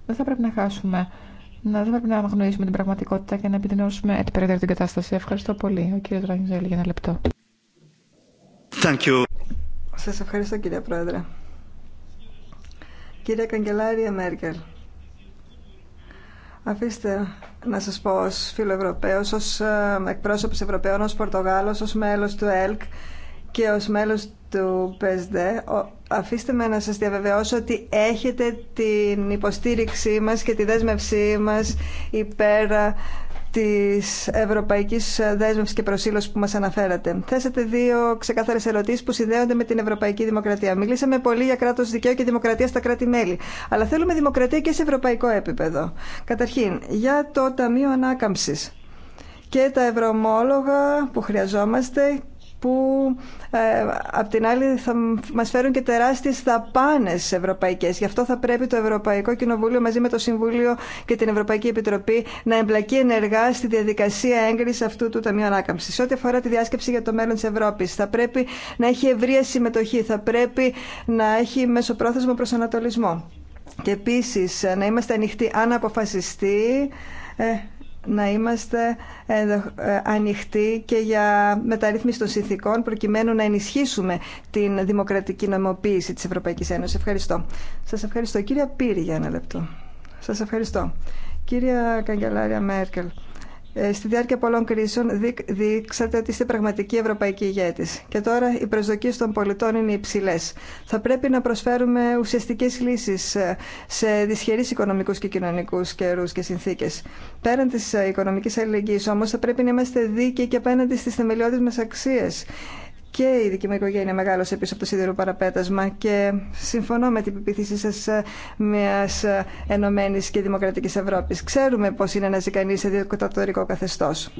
Δεν θα πρέπει να χάσουμε. Να, δεν πρέπει να αναγνωρίσουμε την πραγματικότητα και να επιδεινώσουμε την περαιτέρω την κατάσταση. Ευχαριστώ πολύ. Ο κύριος Ραγιζέλη για ένα λεπτό. Thank Σας ευχαριστώ κύριε Πρόεδρε. Κύριε Καγκελάρια Μέρκελ, αφήστε να σας πω ως Ευρωπαίος, ως ε, εκπρόσωπος Ευρωπαίων, ως Πορτογάλος, ως μέλος του ΕΛΚ και ως μέλος του ΠΕΣΔ. αφήστε με να σας διαβεβαιώσω ότι έχετε την υποστήριξή μας και τη δέσμευσή μας υπέρα της Ευρωπαϊκής Δέσμευσης και Προσήλωσης που μας αναφέρατε. Θέσατε δύο ξεκάθαρες ερωτήσεις που συνδέονται με την Ευρωπαϊκή Δημοκρατία. Μιλήσαμε πολύ για κράτος δικαίου και δημοκρατία στα κράτη-μέλη, αλλά θέλουμε δημοκρατία και σε ευρωπαϊκό επίπεδο. Καταρχήν, για το Ταμείο Ανάκαμψης και τα ευρωομόλογα που χρειαζόμαστε που ε, απ' την άλλη θα μας φέρουν και τεράστιες δαπάνες ευρωπαϊκές. Γι' αυτό θα πρέπει το Ευρωπαϊκό Κοινοβούλιο μαζί με το Συμβούλιο και την Ευρωπαϊκή Επιτροπή να εμπλακεί ενεργά στη διαδικασία έγκρισης αυτού του Ταμείου Ανάκαμψης. Σε ό,τι αφορά τη διάσκεψη για το μέλλον της Ευρώπης, θα πρέπει να έχει ευρία συμμετοχή, θα πρέπει να έχει μεσοπρόθεσμο προσανατολισμό. Και επίσης ε, να είμαστε ανοιχτοί αν αποφασιστεί ε, να είμαστε ε, ανοιχτοί και για μεταρρύθμιση των συνθήκων προκειμένου να ενισχύσουμε την δημοκρατική νομοποίηση της Ευρωπαϊκής Ένωσης. Ευχαριστώ. Σας ευχαριστώ. Κύριε Πύρη για ένα λεπτό. Σας ευχαριστώ. Κύρια Καγκελάρια Μέρκελ. Ε, στη διάρκεια πολλών κρίσεων δείξατε ότι είστε πραγματική ευρωπαϊκή ηγέτης. Και τώρα οι προσδοκίες των πολιτών είναι υψηλέ. Θα πρέπει να προσφέρουμε ουσιαστικές λύσεις ε, σε δυσχερείς οικονομικούς και κοινωνικούς καιρούς και συνθήκες. Πέραν της ε, οικονομικής αλληλεγγύης όμως θα πρέπει να είμαστε δίκαιοι και απέναντι στις θεμελιώδεις μας αξίες και η δική μου οικογένεια μεγάλωσε πίσω από το σίδερο παραπέτασμα και συμφωνώ με την πεποίθησή σας ε, μιας ε, ενωμένη και δημοκρατικής Ευρώπης. Ξέρουμε πώς είναι να ζει κανεί σε δικτατορικό καθεστώς.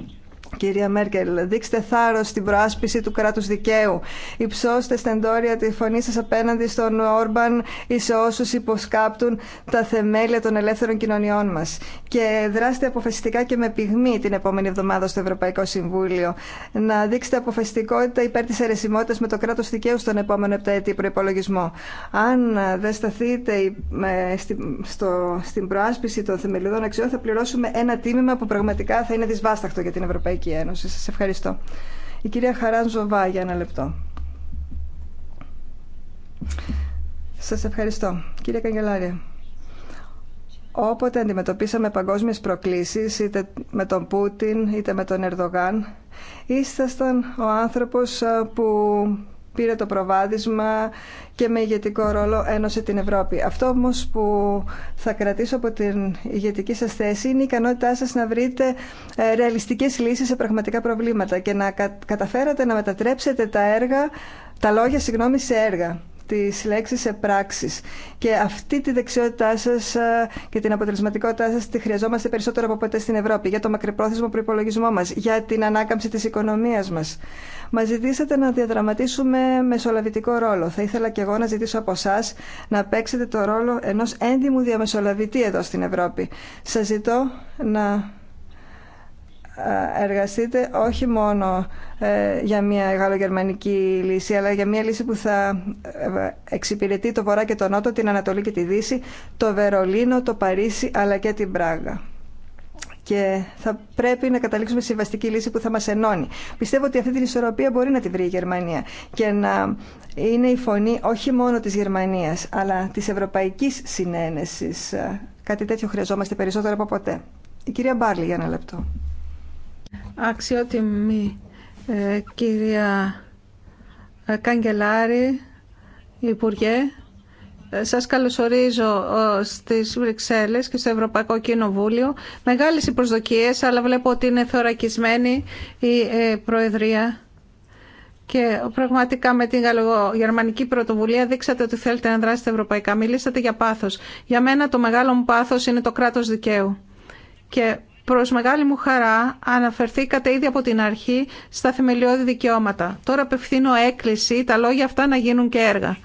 Κυρία Μέρκελ, δείξτε θάρρο στην προάσπιση του κράτου δικαίου. Υψώστε στεντόρια τη φωνή σα απέναντι στον Όρμπαν ή σε όσου υποσκάπτουν τα θεμέλια των ελεύθερων κοινωνιών μα. Και δράστε αποφασιστικά και με πυγμή την επόμενη εβδομάδα στο Ευρωπαϊκό Συμβούλιο. Να δείξετε αποφασιστικότητα υπέρ τη αιρεσιμότητα με το κράτο δικαίου στον επόμενο επταετή προπολογισμό. Αν δεν σταθείτε στην προάσπιση των θεμελιωδών αξιών, θα πληρώσουμε ένα τίμημα που πραγματικά θα είναι δυσβάσταχτο για την Ευρωπαϊκή. Ευρωπαϊκή Σας ευχαριστώ. Η κυρία Χαράντζοβα, για ένα λεπτό. Σας ευχαριστώ. Κύριε Καγκελάρια όποτε αντιμετωπίσαμε παγκόσμιες προκλήσεις είτε με τον Πούτιν είτε με τον Ερδογάν ήσασταν ο άνθρωπος που πήρε το προβάδισμα και με ηγετικό ρόλο ένωσε την Ευρώπη. Αυτό όμω που θα κρατήσω από την ηγετική σα θέση είναι η ικανότητά σα να βρείτε ε, ρεαλιστικέ λύσει σε πραγματικά προβλήματα και να καταφέρατε να μετατρέψετε τα έργα τα λόγια συγγνώμη σε έργα τις λέξεις σε πράξεις. Και αυτή τη δεξιότητά σας ε, και την αποτελεσματικότητά σας τη χρειαζόμαστε περισσότερο από ποτέ στην Ευρώπη για το μακρυπρόθεσμο προϋπολογισμό μας, για την ανάκαμψη της οικονομίας μας. Μα ζητήσατε να διαδραματίσουμε μεσολαβητικό ρόλο. Θα ήθελα και εγώ να ζητήσω από εσά να παίξετε το ρόλο ενός έντιμου διαμεσολαβητή εδώ στην Ευρώπη. Σας ζητώ να εργαστείτε όχι μόνο ε, για μια γαλλογερμανική λύση, αλλά για μια λύση που θα ε, εξυπηρετεί το Βορρά και το Νότο, την Ανατολή και τη Δύση, το Βερολίνο, το Παρίσι, αλλά και την Πράγα. Και θα πρέπει να καταλήξουμε σε συμβαστική λύση που θα μας ενώνει. Πιστεύω ότι αυτή την ισορροπία μπορεί να τη βρει η Γερμανία και να είναι η φωνή όχι μόνο της Γερμανίας, αλλά της ευρωπαϊκής συνένεσης. Κάτι τέτοιο χρειαζόμαστε περισσότερο από ποτέ. Η κυρία Μπάρλι για ένα λεπτό. Αξιότιμη ε, κυρία ε, Καγκελάρη, Υπουργέ, ε, σας καλωσορίζω στις Βρυξέλλες και στο Ευρωπαϊκό Κοινοβούλιο. Μεγάλες οι προσδοκίες, αλλά βλέπω ότι είναι θωρακισμένη η Προεδρία. Και πραγματικά με την Γερμανική πρωτοβουλία δείξατε ότι θέλετε να δράσετε ευρωπαϊκά. Μιλήσατε για πάθος. Για μένα το μεγάλο μου πάθος είναι το κράτος δικαίου. Και Προς μεγάλη μου χαρά αναφερθήκατε ήδη από την αρχή στα θεμελιώδη δικαιώματα. Τώρα απευθύνω έκκληση τα λόγια αυτά να γίνουν και έργα.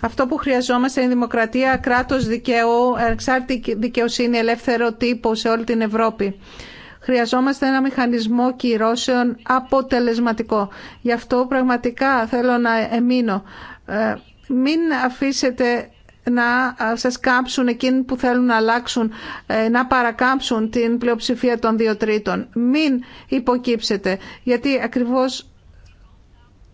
Αυτό που χρειαζόμαστε είναι δημοκρατία, κράτος δικαίου, εξάρτητη δικαιοσύνη, ελεύθερο τύπο σε όλη την Ευρώπη. Χρειαζόμαστε ένα μηχανισμό κυρώσεων αποτελεσματικό. Γι' αυτό πραγματικά θέλω να εμείνω. Ε, μην αφήσετε να σας κάψουν εκείνοι που θέλουν να αλλάξουν, ε, να παρακάψουν την πλειοψηφία των δύο τρίτων. Μην υποκύψετε, γιατί ακριβώς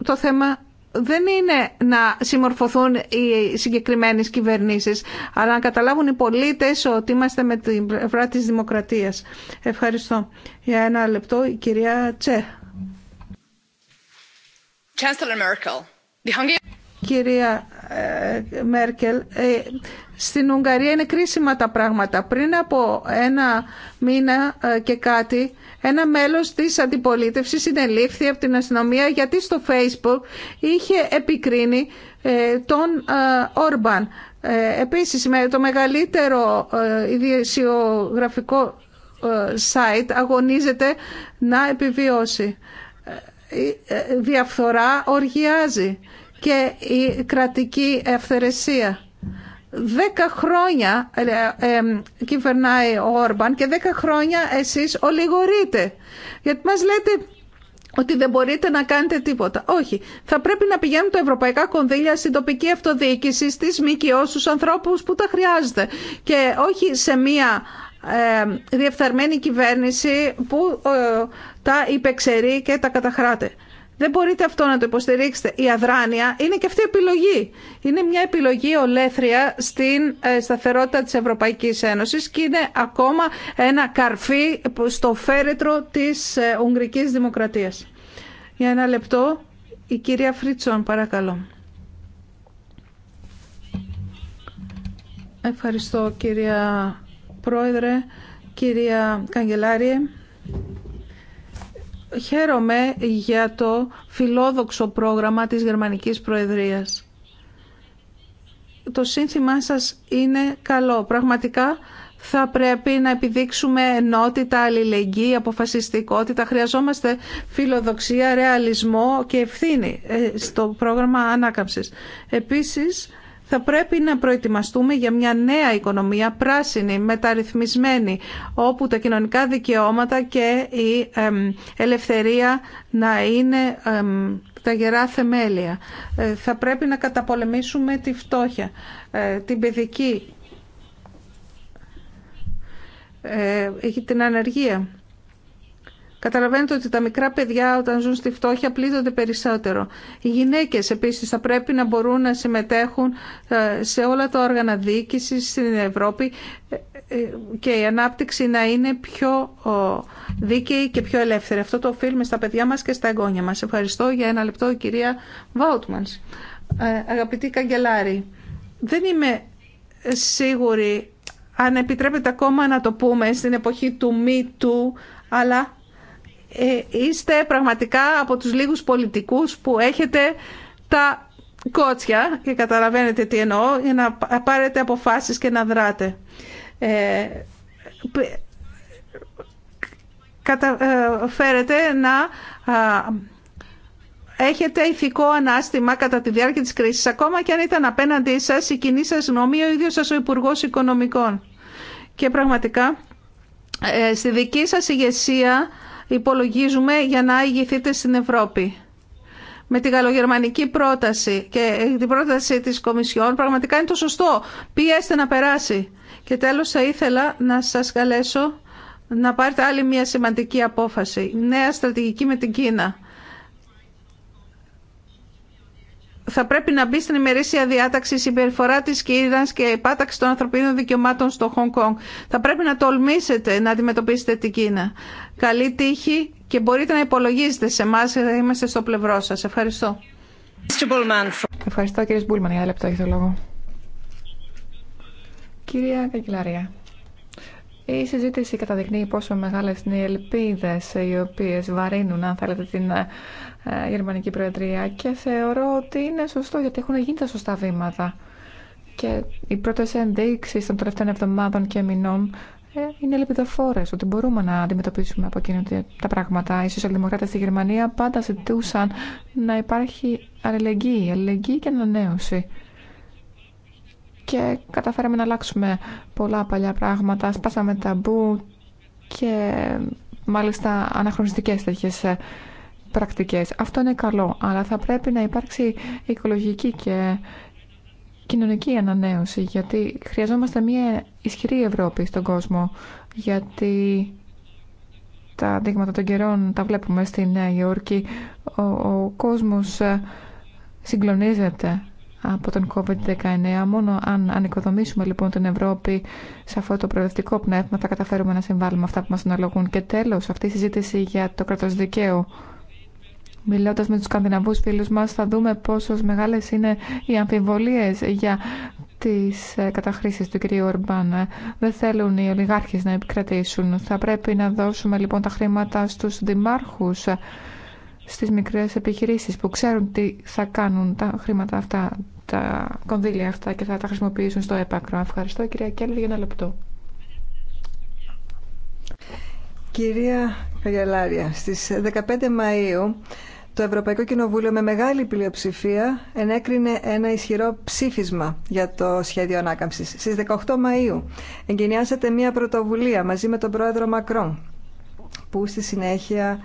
το θέμα δεν είναι να συμμορφωθούν οι συγκεκριμένες κυβερνήσεις, αλλά να καταλάβουν οι πολίτες ότι είμαστε με την πλευρά της δημοκρατίας. Ευχαριστώ. Για ένα λεπτό η κυρία Τσε κυρία ε, Μέρκελ, ε, στην Ουγγαρία είναι κρίσιμα τα πράγματα. Πριν από ένα μήνα ε, και κάτι, ένα μέλος της αντιπολίτευσης συνελήφθη από την αστυνομία γιατί στο Facebook είχε επικρίνει τον Όρμπαν. Επίσης, με το μεγαλύτερο ιδιαισιογραφικό site αγωνίζεται να επιβιώσει. διαφθορά οργιάζει και η κρατική ευθερεσία. Δέκα χρόνια ε, κυβερνάει ο Όρμπαν και δέκα χρόνια εσείς ολιγορείτε. Γιατί μας λέτε ότι δεν μπορείτε να κάνετε τίποτα. Όχι. Θα πρέπει να πηγαίνουν τα ευρωπαϊκά κονδύλια στην τοπική αυτοδιοίκηση, στις ΜΚΟ, στους ανθρώπους που τα χρειάζεται. Και όχι σε μία ε, διεφθαρμένη κυβέρνηση που ε, τα υπεξαιρεί και τα καταχράται. Δεν μπορείτε αυτό να το υποστηρίξετε. Η αδράνεια είναι και αυτή η επιλογή. Είναι μια επιλογή ολέθρια στην ε, σταθερότητα της Ευρωπαϊκής Ένωσης και είναι ακόμα ένα καρφί στο φέρετρο της ε, Ουγγρικής Δημοκρατίας. Για ένα λεπτό, η κυρία Φρίτσον, παρακαλώ. Ευχαριστώ κυρία Πρόεδρε, κυρία Καγκελάριε. Χαίρομαι για το φιλόδοξο πρόγραμμα της Γερμανικής Προεδρίας. Το σύνθημά σας είναι καλό. Πραγματικά θα πρέπει να επιδείξουμε ενότητα, αλληλεγγύη, αποφασιστικότητα. Χρειαζόμαστε φιλοδοξία, ρεαλισμό και ευθύνη ε, στο πρόγραμμα ανάκαμψης. Επίσης, θα πρέπει να προετοιμαστούμε για μια νέα οικονομία πράσινη, μεταρρυθμισμένη, όπου τα κοινωνικά δικαιώματα και η ελευθερία να είναι τα γερά θεμέλια. Ε, θα πρέπει να καταπολεμήσουμε τη φτώχεια, ε, την παιδική, ε, την ανεργία. Καταλαβαίνετε ότι τα μικρά παιδιά όταν ζουν στη φτώχεια πλήττονται περισσότερο. Οι γυναίκες επίσης θα πρέπει να μπορούν να συμμετέχουν ε, σε όλα τα όργανα διοίκησης στην Ευρώπη ε, ε, και η ανάπτυξη να είναι πιο δίκαιη και πιο ελεύθερη. Αυτό το οφείλουμε στα παιδιά μας και στα εγγόνια μας. Ευχαριστώ για ένα λεπτό η κυρία Βάουτμανς. Αγαπητή Καγκελάρη, δεν είμαι σίγουρη αν επιτρέπετε ακόμα να το πούμε στην εποχή του Me αλλά ε, είστε πραγματικά από τους λίγους πολιτικούς που έχετε τα κότσια και καταλαβαίνετε τι εννοώ για να πάρετε αποφάσεις και να δράτε. Ε, καταφέρετε ε, να έχετε ηθικό ανάστημα κατά τη διάρκεια της κρίσης, ακόμα και αν ήταν απέναντί σας η κοινή σας γνώμη ο ίδιος σας ο υπουργό Οικονομικών. Και πραγματικά, ε, στη δική σας ηγεσία υπολογίζουμε για να ηγηθείτε στην Ευρώπη. Με τη γαλλογερμανική πρόταση και την πρόταση της Κομισιόν πραγματικά είναι το σωστό. Πιέστε να περάσει. Και τέλος θα ήθελα να σας καλέσω να πάρετε άλλη μια σημαντική απόφαση. Νέα στρατηγική με την Κίνα. θα πρέπει να μπει στην ημερήσια διάταξη η συμπεριφορά τη Κίνα και η πάταξη των ανθρωπίνων δικαιωμάτων στο Χονγκ Κονγκ. Θα πρέπει να τολμήσετε να αντιμετωπίσετε την Κίνα. Καλή τύχη και μπορείτε να υπολογίζετε σε εμά, θα είμαστε στο πλευρό σα. Ευχαριστώ. Ευχαριστώ κύριε Μπούλμαν. Για λεπτό έχει το λόγο. Κυρία Καγκελαρία. Η συζήτηση καταδεικνύει πόσο μεγαλε είναι οι ελπίδε οι οποίε βαρύνουν, αν θέλετε, την ε, Γερμανική Προεδρία και θεωρώ ότι είναι σωστό γιατί έχουν γίνει τα σωστά βήματα. Και οι πρώτε ενδείξει των τελευταίων εβδομάδων και μηνών ε, είναι λεπιδοφόρε ότι μπορούμε να αντιμετωπίσουμε από εκείνο τα πράγματα. Οι σοσιαλδημοκράτε στη Γερμανία πάντα ζητούσαν να υπάρχει αλληλεγγύη, αλληλεγγύη και ανανέωση. Και καταφέραμε να αλλάξουμε πολλά παλιά πράγματα. Σπάσαμε ταμπού και μάλιστα αναχρονιστικές τέτοιες ε, πρακτικές. Αυτό είναι καλό, αλλά θα πρέπει να υπάρξει οικολογική και κοινωνική ανανέωση, γιατί χρειαζόμαστε μια ισχυρή Ευρώπη στον κόσμο, γιατί τα δείγματα των καιρών τα βλέπουμε στη Νέα Υόρκη. Ο, ο κόσμος ε, συγκλονίζεται από τον COVID-19. Μόνο αν ανοικοδομήσουμε λοιπόν την Ευρώπη σε αυτό το προοδευτικό πνεύμα θα καταφέρουμε να συμβάλλουμε αυτά που μας αναλογούν. Και τέλος, αυτή η συζήτηση για το κράτος δικαίου Μιλώντα με τους σκανδιναβούς φίλους μας, θα δούμε πόσο μεγάλε είναι οι αμφιβολίες για τις ε, καταχρήσεις του κυρίου Ορμπάν. Δεν θέλουν οι ολιγάρχες να επικρατήσουν. Θα πρέπει να δώσουμε λοιπόν τα χρήματα στους δημάρχους ε, στις μικρές επιχειρήσεις που ξέρουν τι θα κάνουν τα χρήματα αυτά, τα κονδύλια αυτά και θα τα χρησιμοποιήσουν στο έπακρο. Ευχαριστώ κυρία Κέλλη για ένα λεπτό. Κυρία Καγιαλάρια, στις 15 Μαΐου το Ευρωπαϊκό Κοινοβούλιο με μεγάλη πλειοψηφία ενέκρινε ένα ισχυρό ψήφισμα για το σχέδιο ανάκαμψης. Στις 18 Μαΐου εγκαινιάσατε μια πρωτοβουλία μαζί με τον πρόεδρο Μακρόν που στη συνέχεια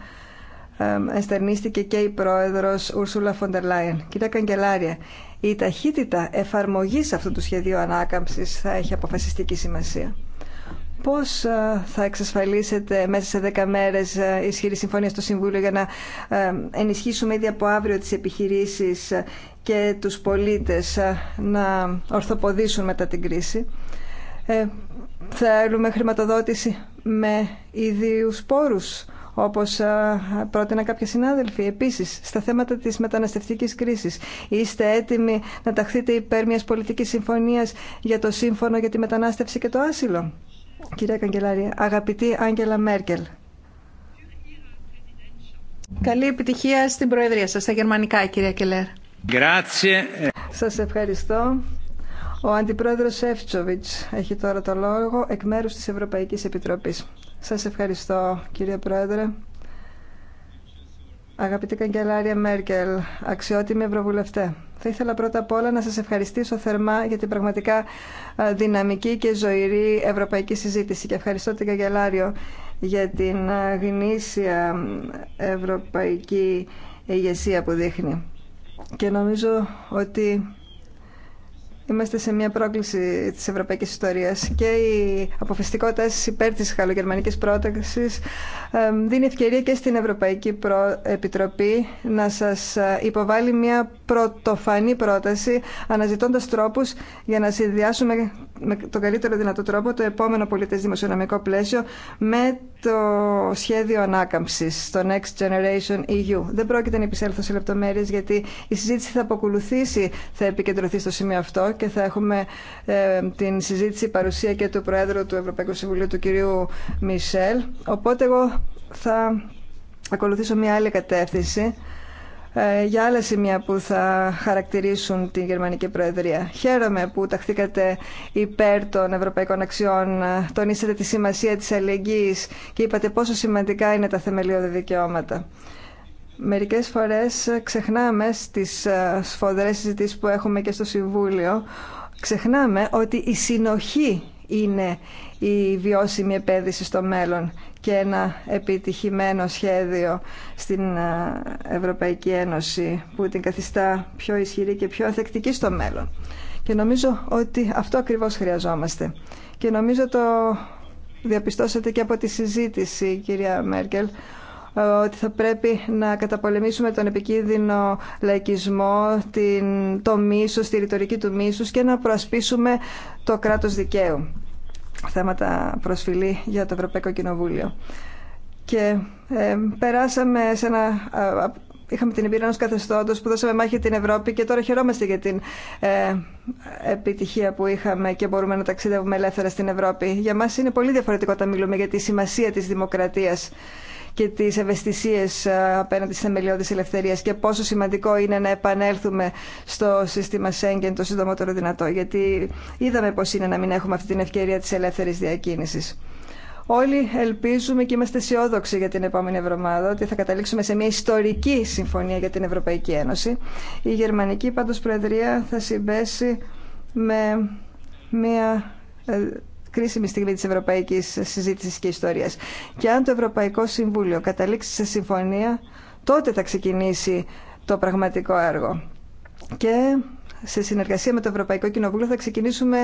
εστερνίστηκε και η πρόεδρος Ούρσουλα Φοντερ Λάιεν. Κυρία Καγκελάρια, η ταχύτητα εφαρμογή αυτού του σχεδίου ανάκαμψη θα έχει αποφασιστική σημασία. Πώς ε, θα εξασφαλίσετε μέσα σε 10 μέρες ε, ισχυρή συμφωνία στο Συμβούλιο για να ε, ενισχύσουμε ήδη από αύριο τις επιχειρήσεις και τους πολίτες να ορθοποδήσουν μετά την κρίση. Ε, θέλουμε χρηματοδότηση με ιδίους πόρους όπως πρότεινα κάποια συνάδελφοι. Επίσης, στα θέματα της μεταναστευτικής κρίσης, είστε έτοιμοι να ταχθείτε υπέρ μιας πολιτικής συμφωνίας για το σύμφωνο για τη μετανάστευση και το άσυλο. Κυρία Καγκελάρη, αγαπητή Άγγελα Μέρκελ, καλή επιτυχία στην Προεδρία σας, στα γερμανικά, κυρία Κελέρ. Σα Σας ευχαριστώ. Ο Αντιπρόεδρος Σεφτσοβιτς έχει τώρα το λόγο εκ μέρους της Ευρωπαϊκής Επιτροπής. Σας ευχαριστώ, κύριε Πρόεδρε. Αγαπητή Καγκελάρια Μέρκελ, αξιότιμη Ευρωβουλευτέ, θα ήθελα πρώτα απ' όλα να σας ευχαριστήσω θερμά για την πραγματικά δυναμική και ζωηρή ευρωπαϊκή συζήτηση και ευχαριστώ την Καγκελάριο για την γνήσια ευρωπαϊκή ηγεσία που δείχνει. Και νομίζω ότι Είμαστε σε μια πρόκληση της ευρωπαϊκής ιστορίας και η αποφασιστικότητα υπέρ τη χαλογερμανικής πρόταξης δίνει ευκαιρία και στην Ευρωπαϊκή Επιτροπή να σας ε, υποβάλει μια πρωτοφανή πρόταση αναζητώντας τρόπους για να συνδυάσουμε με τον καλύτερο δυνατό τρόπο το επόμενο πολιτέ δημοσιονομικό πλαίσιο με το σχέδιο ανάκαμψης, στο Next Generation EU. Δεν πρόκειται να επισέλθω σε λεπτομέρειες γιατί η συζήτηση θα αποκολουθήσει, θα επικεντρωθεί στο σημείο αυτό και θα έχουμε ε, την συζήτηση παρουσία και του Προέδρου του Ευρωπαϊκού Συμβουλίου, του κυρίου Μισελ. Οπότε εγώ θα ακολουθήσω μια άλλη κατεύθυνση ε, για άλλα σημεία που θα χαρακτηρίσουν την Γερμανική Προεδρία. Χαίρομαι που ταχθήκατε υπέρ των ευρωπαϊκών αξιών, τονίσατε τη σημασία της αλληλεγγύης και είπατε πόσο σημαντικά είναι τα θεμελιώδη δικαιώματα. Μερικές φορές ξεχνάμε στις ε, σφοδρές συζητήσεις που έχουμε και στο Συμβούλιο, ξεχνάμε ότι η συνοχή είναι η βιώσιμη επένδυση στο μέλλον και ένα επιτυχημένο σχέδιο στην Ευρωπαϊκή Ένωση που την καθιστά πιο ισχυρή και πιο αθεκτική στο μέλλον. Και νομίζω ότι αυτό ακριβώς χρειαζόμαστε. Και νομίζω το διαπιστώσατε και από τη συζήτηση, κυρία Μέρκελ, ότι θα πρέπει να καταπολεμήσουμε τον επικίνδυνο λαϊκισμό, την, το μίσος, τη ρητορική του μίσους και να προασπίσουμε το κράτος δικαίου θέματα προσφυλή για το Ευρωπαϊκό Κοινοβούλιο. Και ε, περάσαμε σε ένα... Είχαμε την εμπειρία ενό καθεστώτο που δώσαμε μάχη την Ευρώπη και τώρα χαιρόμαστε για την ε, επιτυχία που είχαμε και μπορούμε να ταξιδεύουμε ελεύθερα στην Ευρώπη. Για μας είναι πολύ διαφορετικό όταν μιλούμε για τη σημασία τη δημοκρατία και τι ευαισθησίε ε, απέναντι στις θεμελιώδεις ελευθερία και πόσο σημαντικό είναι να επανέλθουμε στο σύστημα Σέγγεν το σύντομότερο δυνατό γιατί είδαμε πώ είναι να μην έχουμε αυτή την ευκαιρία τη ελεύθερη διακίνηση. Όλοι ελπίζουμε και είμαστε αισιόδοξοι για την επόμενη εβδομάδα ότι θα καταλήξουμε σε μια ιστορική συμφωνία για την Ευρωπαϊκή Ένωση. Η Γερμανική πάντως Προεδρία θα συμπέσει με μια ε, κρίσιμη στιγμή της ευρωπαϊκής συζήτησης και ιστορίας. Και αν το Ευρωπαϊκό Συμβούλιο καταλήξει σε συμφωνία, τότε θα ξεκινήσει το πραγματικό έργο. Και σε συνεργασία με το Ευρωπαϊκό Κοινοβούλιο θα ξεκινήσουμε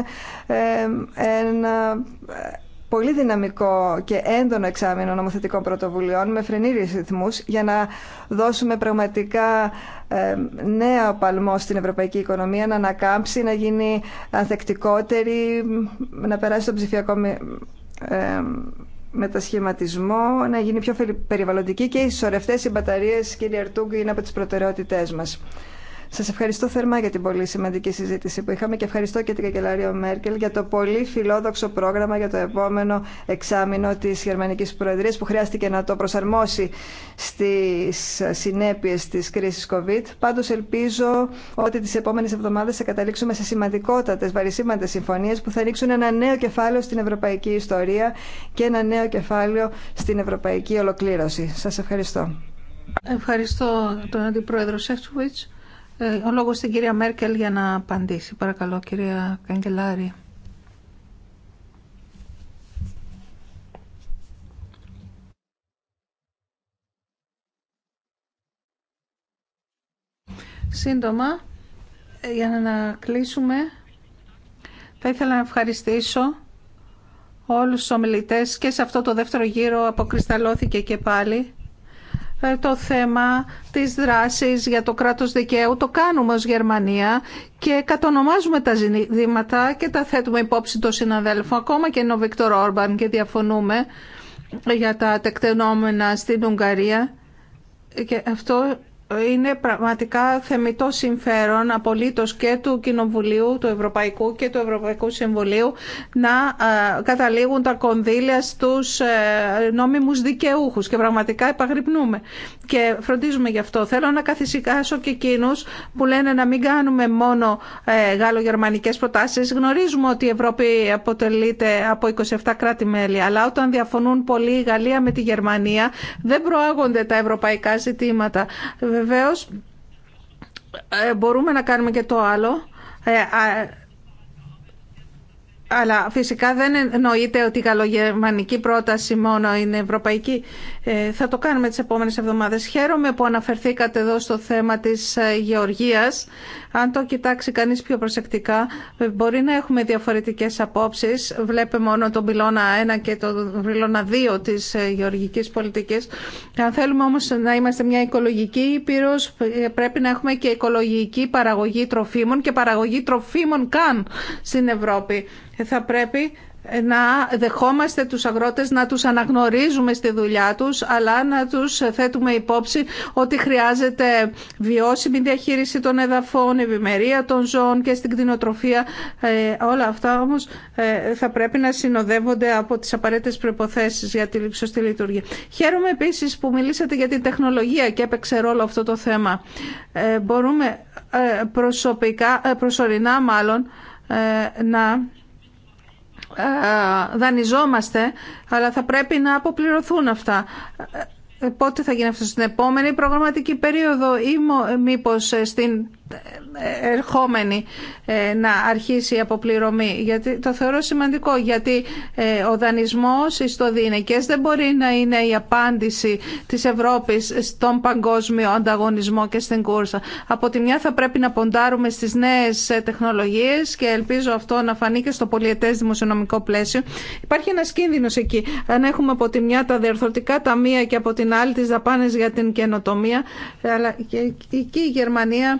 ε, ένα πολύ δυναμικό και έντονο εξάμεινο νομοθετικών πρωτοβουλειών με φρενήριες ρυθμούς για να δώσουμε πραγματικά ε, νέα παλμό στην ευρωπαϊκή οικονομία να ανακάμψει, να γίνει ανθεκτικότερη, να περάσει το ψηφιακό ε, μετασχηματισμό, να γίνει πιο περιβαλλοντική και οι σωρευτές οι μπαταρίες κύριε Ερτούγκ είναι από τις προτεραιότητές μας. Σας ευχαριστώ θερμά για την πολύ σημαντική συζήτηση που είχαμε και ευχαριστώ και την καγκελάριο Μέρκελ για το πολύ φιλόδοξο πρόγραμμα για το επόμενο εξάμεινο της Γερμανικής Προεδρίας που χρειάστηκε να το προσαρμόσει στις συνέπειες της κρίσης COVID. Πάντως ελπίζω ότι τις επόμενες εβδομάδες θα καταλήξουμε σε σημαντικότατες, βαρισίμαντες συμφωνίες που θα ανοίξουν ένα νέο κεφάλαιο στην ευρωπαϊκή ιστορία και ένα νέο κεφάλαιο στην ευρωπαϊκή ολοκλήρωση. Σας ευχαριστώ. Ευχαριστώ τον Αντιπρόεδρο ε, ο λόγος στην κυρία Μέρκελ για να απαντήσει. Παρακαλώ, κυρία Καγκελάρη. Σύντομα, για να κλείσουμε, θα ήθελα να ευχαριστήσω όλους τους ομιλητές και σε αυτό το δεύτερο γύρο αποκρισταλώθηκε και πάλι ε, το θέμα της δράσης για το κράτος δικαίου. Το κάνουμε ως Γερμανία και κατονομάζουμε τα ζητήματα και τα θέτουμε υπόψη των συναδέλφων. Ακόμα και είναι ο Βίκτορ Όρμπαν και διαφωνούμε για τα τεκτενόμενα στην Ουγγαρία. Και αυτό είναι πραγματικά θεμητό συμφέρον απολύτως και του Κοινοβουλίου, του Ευρωπαϊκού και του Ευρωπαϊκού Συμβουλίου να ε, καταλήγουν τα κονδύλια στους ε, νόμιμους δικαιούχους και πραγματικά επαγρυπνούμε και φροντίζουμε γι' αυτό. Θέλω να καθησυχάσω και εκείνου που λένε να μην κάνουμε μόνο ε, γαλλογερμανικές προτάσεις. Γνωρίζουμε ότι η Ευρώπη αποτελείται από 27 κράτη-μέλη, αλλά όταν διαφωνούν πολύ η Γαλλία με τη Γερμανία δεν προάγονται τα ευρωπαϊκά ζητήματα. Βεβαίως ε, μπορούμε να κάνουμε και το άλλο ε, αλλά φυσικά δεν εννοείται ότι η γαλλογερμανική πρόταση μόνο είναι ευρωπαϊκή. Ε, θα το κάνουμε τις επόμενες εβδομάδες. Χαίρομαι που αναφερθήκατε εδώ στο θέμα της ε, γεωργίας. Αν το κοιτάξει κανείς πιο προσεκτικά, ε, μπορεί να έχουμε διαφορετικές απόψεις. Βλέπε μόνο τον πυλώνα 1 και τον πυλώνα 2 της ε, γεωργικής πολιτικής. Αν θέλουμε όμως να είμαστε μια οικολογική ήπειρος, πρέπει να έχουμε και οικολογική παραγωγή τροφίμων και παραγωγή τροφίμων καν στην Ευρώπη ε, θα πρέπει ε, να δεχόμαστε τους αγρότες, να τους αναγνωρίζουμε στη δουλειά τους, αλλά να τους θέτουμε υπόψη ότι χρειάζεται βιώσιμη διαχείριση των εδαφών, ευημερία των ζώων και στην κτηνοτροφία. Ε, όλα αυτά όμως θα πρέπει να συνοδεύονται από τις απαραίτητες προϋποθέσεις για τη σωστή λειτουργία. Χαίρομαι επίσης που μιλήσατε για την τεχνολογία και έπαιξε ρόλο αυτό το θέμα. Ε, μπορούμε προσωπικά, προσωρινά μάλλον, να δανειζόμαστε, αλλά θα πρέπει να αποπληρωθούν αυτά. Ε, ε, πότε θα γίνει αυτό στην επόμενη προγραμματική περίοδο ή ε, μήπως στην ερχόμενη ε, να αρχίσει η αποπληρωμή. Γιατί το θεωρώ σημαντικό, γιατί ε, ο δανεισμός στο δίνεκες δεν μπορεί να είναι η απάντηση της Ευρώπης στον παγκόσμιο ανταγωνισμό και στην κούρσα. Από τη μια θα πρέπει να ποντάρουμε στις νέες ε, τεχνολογίες και ελπίζω αυτό να φανεί και στο πολιετές δημοσιονομικό πλαίσιο. Υπάρχει ένας κίνδυνος εκεί. Αν έχουμε από τη μια τα διορθωτικά ταμεία και από την άλλη τις δαπάνες για την καινοτομία, αλλά και εκεί η Γερμανία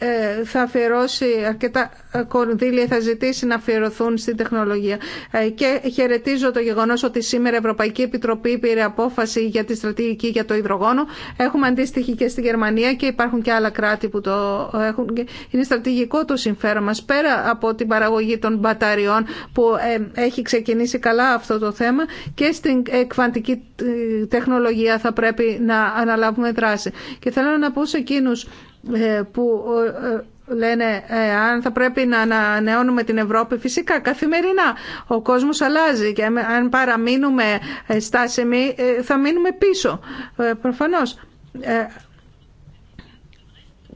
ε, θα αφιερώσει αρκετά κονδύλια, θα ζητήσει να αφιερωθούν στην τεχνολογία. Ε, και χαιρετίζω το γεγονό ότι σήμερα η Ευρωπαϊκή Επιτροπή πήρε απόφαση για τη στρατηγική για το υδρογόνο. Έχουμε αντίστοιχη και στη Γερμανία και υπάρχουν και άλλα κράτη που το έχουν. Είναι στρατηγικό το συμφέρον μα πέρα από την παραγωγή των μπαταριών που ε, έχει ξεκινήσει καλά αυτό το θέμα και στην εκβαντική τεχνολογία θα πρέπει να αναλάβουμε δράση. Και θέλω να πω σε εκείνους ε, που ε, λένε ε, αν θα πρέπει να ανανεώνουμε την Ευρώπη φυσικά καθημερινά ο κόσμος αλλάζει και αν παραμείνουμε στάσιμοι θα μείνουμε πίσω προφανώς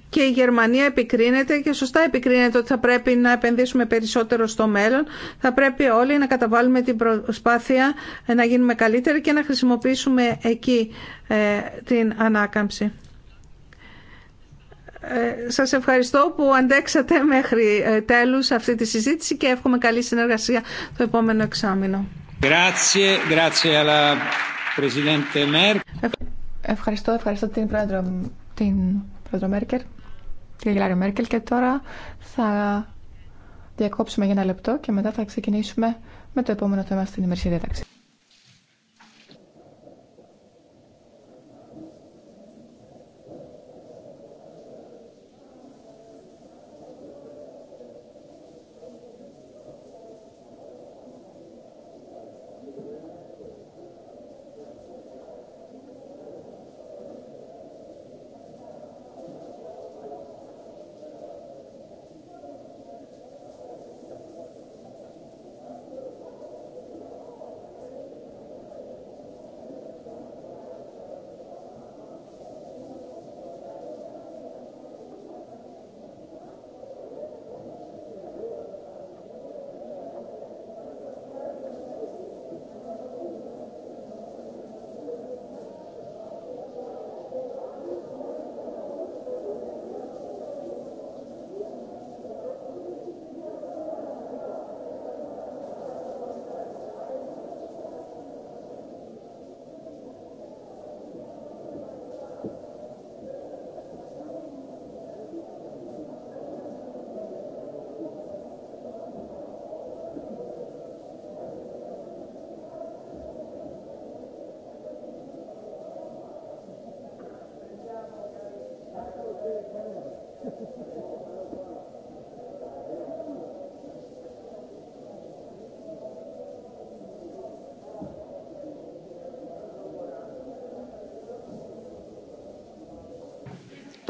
και η Γερμανία επικρίνεται και σωστά επικρίνεται ότι θα πρέπει να επενδύσουμε περισσότερο στο μέλλον. Θα πρέπει όλοι να καταβάλουμε την προσπάθεια να γίνουμε καλύτεροι και να χρησιμοποιήσουμε εκεί την ανάκαμψη. Ε, σας ευχαριστώ που αντέξατε μέχρι ε, τέλους αυτή τη συζήτηση και εύχομαι καλή συνεργασία το επόμενο εξάμεινο. Ευχαριστώ, ευχαριστώ την πρόεδρο, την πρόεδρο Μέρκελ, την Γελάριο Μέρκελ και τώρα θα διακόψουμε για ένα λεπτό και μετά θα ξεκινήσουμε με το επόμενο θέμα στην ημερησία διάταξη.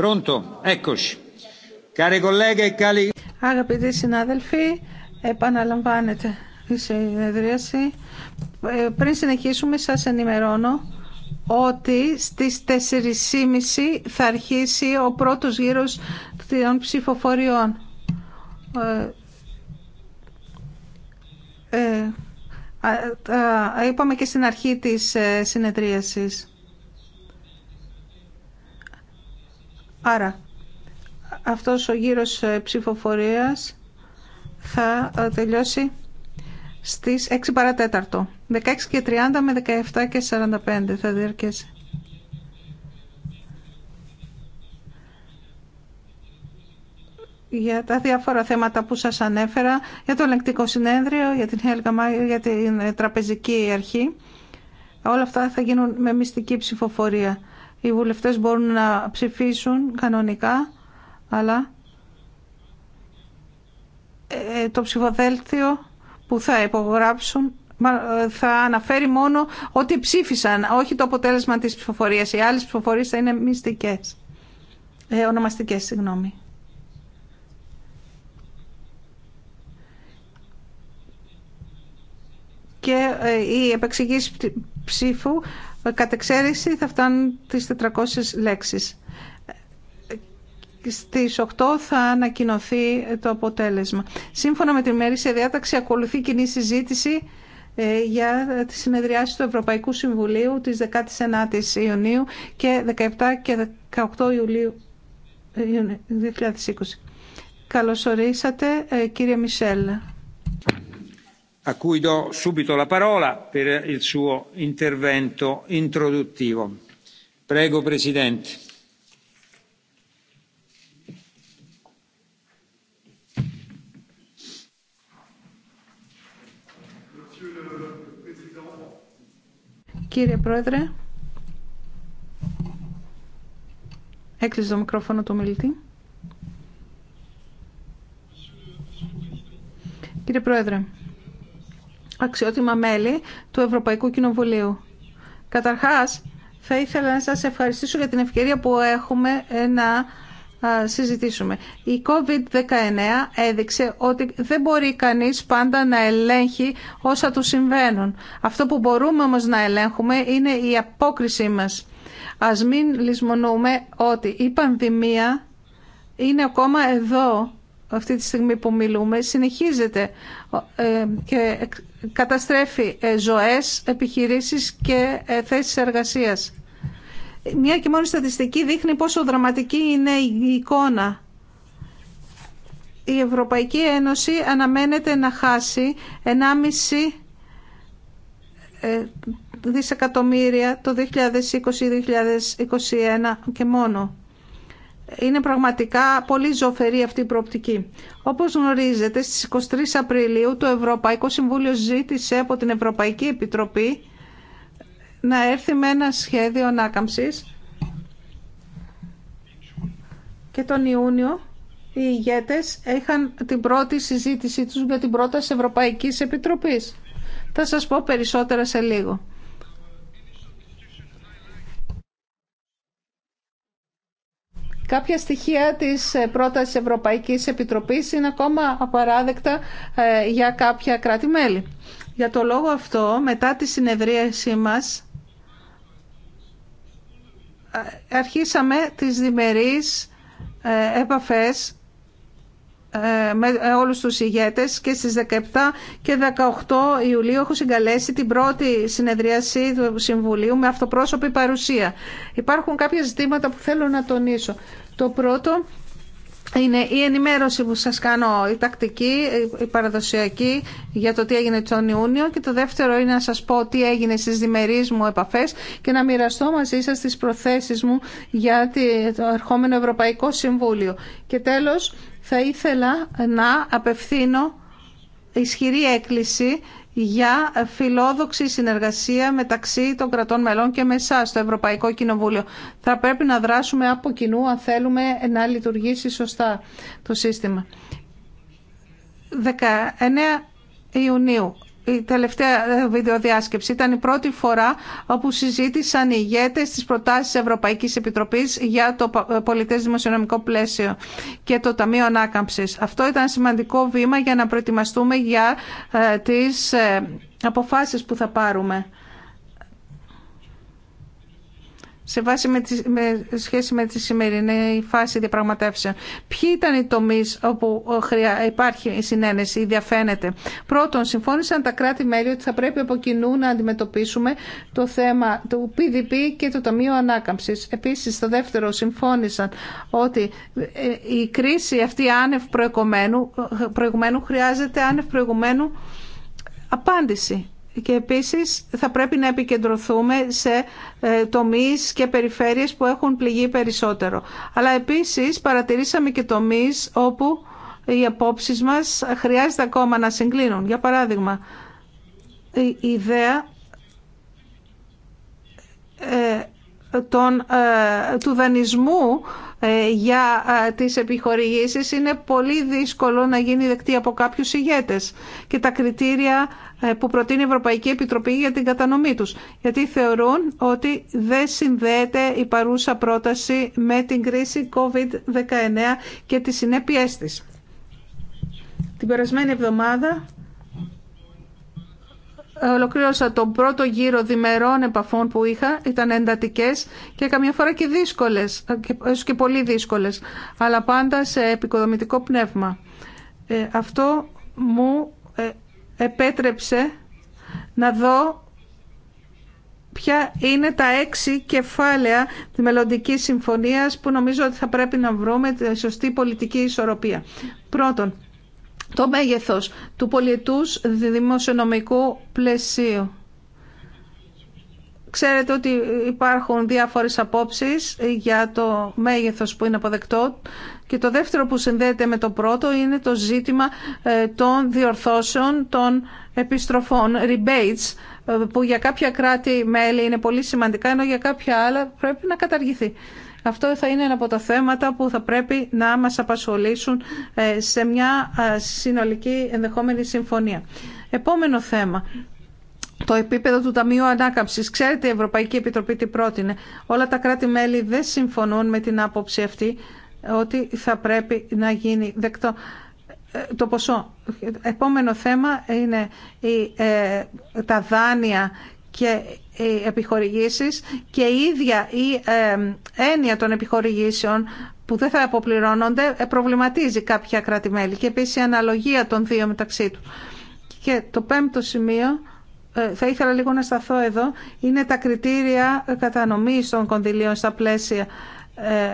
E Αγαπητοί συνάδελφοι, επαναλαμβάνεται η συνεδρίαση. Ε, πριν συνεχίσουμε, σας ενημερώνω ότι στις 4.30 θα αρχίσει ο πρώτος γύρος των ψηφοφοριών. Ε, ε, είπαμε και στην αρχή της συνεδρίασης. Άρα αυτός ο γύρος ε, ψηφοφορίας θα ε, τελειώσει στις 6 παρατέταρτο. 16 και 30 με 17 και 45 θα διαρκέσει. για τα διάφορα θέματα που σας ανέφερα, για το ελεγκτικό συνέδριο, για την Χέλγα Μάγιο για την ε, τραπεζική αρχή. Όλα αυτά θα γίνουν με μυστική ψηφοφορία οι βουλευτές μπορούν να ψηφίσουν κανονικά, αλλά ε, ε, το ψηφοδέλτιο που θα υπογράψουν ε, θα αναφέρει μόνο ότι ψήφισαν, όχι το αποτέλεσμα της ψηφοφορίας. Οι άλλες ψηφοφορίες θα είναι μυστικές, ε, ονομαστικές, συγγνώμη. Και η επεξηγήσεις ψήφου ε, κατ' εξαίρεση θα φτάνουν τις 400 λέξεις. Στις 8 θα ανακοινωθεί το αποτέλεσμα. Σύμφωνα με την μέρη σε διάταξη ακολουθεί κοινή συζήτηση ε, για τη συνεδριάση του Ευρωπαϊκού Συμβουλίου της 19 η Ιουνίου και 17 και 18 Ιουλίου 2020. Ε, Καλωσορίσατε κύριε Μισελ a cui do subito la parola per il suo intervento introduttivo. Prego, Presidente. Κύριε Πρόεδρε, έκλεισε το μικρόφωνο του μιλητή. Κύριε Πρόεδρε, αξιότιμα μέλη του Ευρωπαϊκού Κοινοβουλίου. Καταρχάς, θα ήθελα να σας ευχαριστήσω για την ευκαιρία που έχουμε ε, να συζητήσουμε. Η COVID-19 έδειξε ότι δεν μπορεί κανείς πάντα να ελέγχει όσα του συμβαίνουν. Αυτό που μπορούμε όμως να ελέγχουμε είναι η απόκρισή μας. Ας μην λησμονούμε ότι η πανδημία είναι ακόμα εδώ αυτή τη στιγμή που μιλούμε συνεχίζεται ε, και καταστρέφει ε, ζωές, επιχειρήσεις και ε, θέσεις εργασίας. Μία και μόνη στατιστική δείχνει πόσο δραματική είναι η εικόνα. Η Ευρωπαϊκή Ένωση αναμένεται να χάσει 1,5 δισεκατομμύρια το 2020-2021 και μόνο. Είναι πραγματικά πολύ ζωφερή αυτή η προοπτική. Όπως γνωρίζετε, στις 23 Απριλίου το Ευρωπαϊκό Συμβούλιο ζήτησε από την Ευρωπαϊκή Επιτροπή να έρθει με ένα σχέδιο ανάκαμψης και τον Ιούνιο οι ηγέτες είχαν την πρώτη συζήτησή τους για την πρόταση ευρωπαϊκή Επιτροπής. Θα σας πω περισσότερα σε λίγο. Κάποια στοιχεία της ε, πρότασης Ευρωπαϊκής Επιτροπής είναι ακόμα απαράδεκτα ε, για κάποια κράτη-μέλη. Για το λόγο αυτό, μετά τη συνεδρίαση μας, ε, αρχίσαμε τις διμερείς επαφές ε, με ε, όλους τους ηγέτες και στις 17 και 18 Ιουλίου έχω συγκαλέσει την πρώτη συνεδρίαση του Συμβουλίου με αυτοπρόσωπη παρουσία. Υπάρχουν κάποια ζητήματα που θέλω να τονίσω. Το πρώτο είναι η ενημέρωση που σας κάνω, η τακτική, η παραδοσιακή για το τι έγινε τον Ιούνιο και το δεύτερο είναι να σας πω τι έγινε στις διμερείς μου επαφές και να μοιραστώ μαζί σας τις προθέσεις μου για το ερχόμενο Ευρωπαϊκό Συμβούλιο. Και τέλος θα ήθελα να απευθύνω ισχυρή έκκληση για φιλόδοξη συνεργασία μεταξύ των κρατών μελών και με εσά το Ευρωπαϊκό Κοινοβούλιο. Θα πρέπει να δράσουμε από κοινού αν θέλουμε να λειτουργήσει σωστά το σύστημα. 19 Ιουνίου η τελευταία ε, βιντεοδιάσκεψη ήταν η πρώτη φορά όπου συζήτησαν οι ηγέτες τις προτάσεις Ευρωπαϊκής Επιτροπής για το ε, πολιτές δημοσιονομικό πλαίσιο και το Ταμείο Ανάκαμψης. Αυτό ήταν σημαντικό βήμα για να προετοιμαστούμε για ε, τις αποφάσεις που θα πάρουμε σε, βάση με, τη, σχέση με τη σημερινή φάση διαπραγματεύσεων. Ποιοι ήταν οι τομείς όπου ε, υπάρχει η συνένεση ή διαφαίνεται. Πρώτον, συμφώνησαν τα κράτη-μέλη ότι θα πρέπει από κοινού να αντιμετωπίσουμε το θέμα του PDP και το Ταμείου Ανάκαμψης. Επίσης, στο δεύτερο, συμφώνησαν ότι ε, η κρίση αυτή άνευ προηγουμένου, ε, προηγουμένου χρειάζεται άνευ προηγουμένου απάντηση και επίσης θα πρέπει να επικεντρωθούμε σε ε, τομείς και περιφέρειες που έχουν πληγεί περισσότερο. Αλλά επίσης παρατηρήσαμε και τομείς όπου οι απόψεις μας χρειάζεται ακόμα να συγκλίνουν. Για παράδειγμα, η ιδέα ε, ε, του δανεισμού για τις επιχορηγήσεις είναι πολύ δύσκολο να γίνει δεκτή από κάποιους ηγέτες και τα κριτήρια ε, που προτείνει η Ευρωπαϊκή Επιτροπή για την κατανομή τους. Γιατί θεωρούν ότι δεν συνδέεται η παρούσα πρόταση με την κρίση COVID-19 και τις συνέπειές της. Την περασμένη εβδομάδα ε, ολοκλήρωσα τον πρώτο γύρο διμερών επαφών που είχα. Ήταν εντατικές και καμιά φορά και δύσκολες, ίσως ε, και πολύ δύσκολες, αλλά πάντα σε επικοδομητικό πνεύμα. αυτό μου επέτρεψε να δω ποια είναι τα έξι κεφάλαια της μελλοντική συμφωνίας που νομίζω ότι θα πρέπει να βρούμε τη σωστή πολιτική ισορροπία. Πρώτον, το μέγεθος του πολιετούς δημοσιονομικού πλαισίου. Ξέρετε ότι υπάρχουν διάφορες απόψεις για το μέγεθος που είναι αποδεκτό και το δεύτερο που συνδέεται με το πρώτο είναι το ζήτημα ε, των διορθώσεων των επιστροφών, rebates, ε, που για κάποια κράτη-μέλη είναι πολύ σημαντικά, ενώ για κάποια άλλα πρέπει να καταργηθεί. Αυτό θα είναι ένα από τα θέματα που θα πρέπει να μας απασχολήσουν ε, σε μια συνολική ενδεχόμενη συμφωνία. Επόμενο θέμα, το επίπεδο του Ταμείου Ανάκαμψης. Ξέρετε η Ευρωπαϊκή Επιτροπή τι πρότεινε. Όλα τα κράτη-μέλη δεν συμφωνούν με την άποψη αυτή ότι θα πρέπει να γίνει δεκτό ε, το ποσό. Επόμενο θέμα είναι η, ε, τα δάνεια και οι επιχορηγήσεις και η ίδια η ε, έννοια των επιχορηγήσεων που δεν θα αποπληρώνονται προβληματίζει κάποια κράτη-μέλη και επίσης η αναλογία των δύο μεταξύ του. Και το πέμπτο σημείο ε, θα ήθελα λίγο να σταθώ εδώ, είναι τα κριτήρια κατανομής των κονδυλίων στα πλαίσια ε,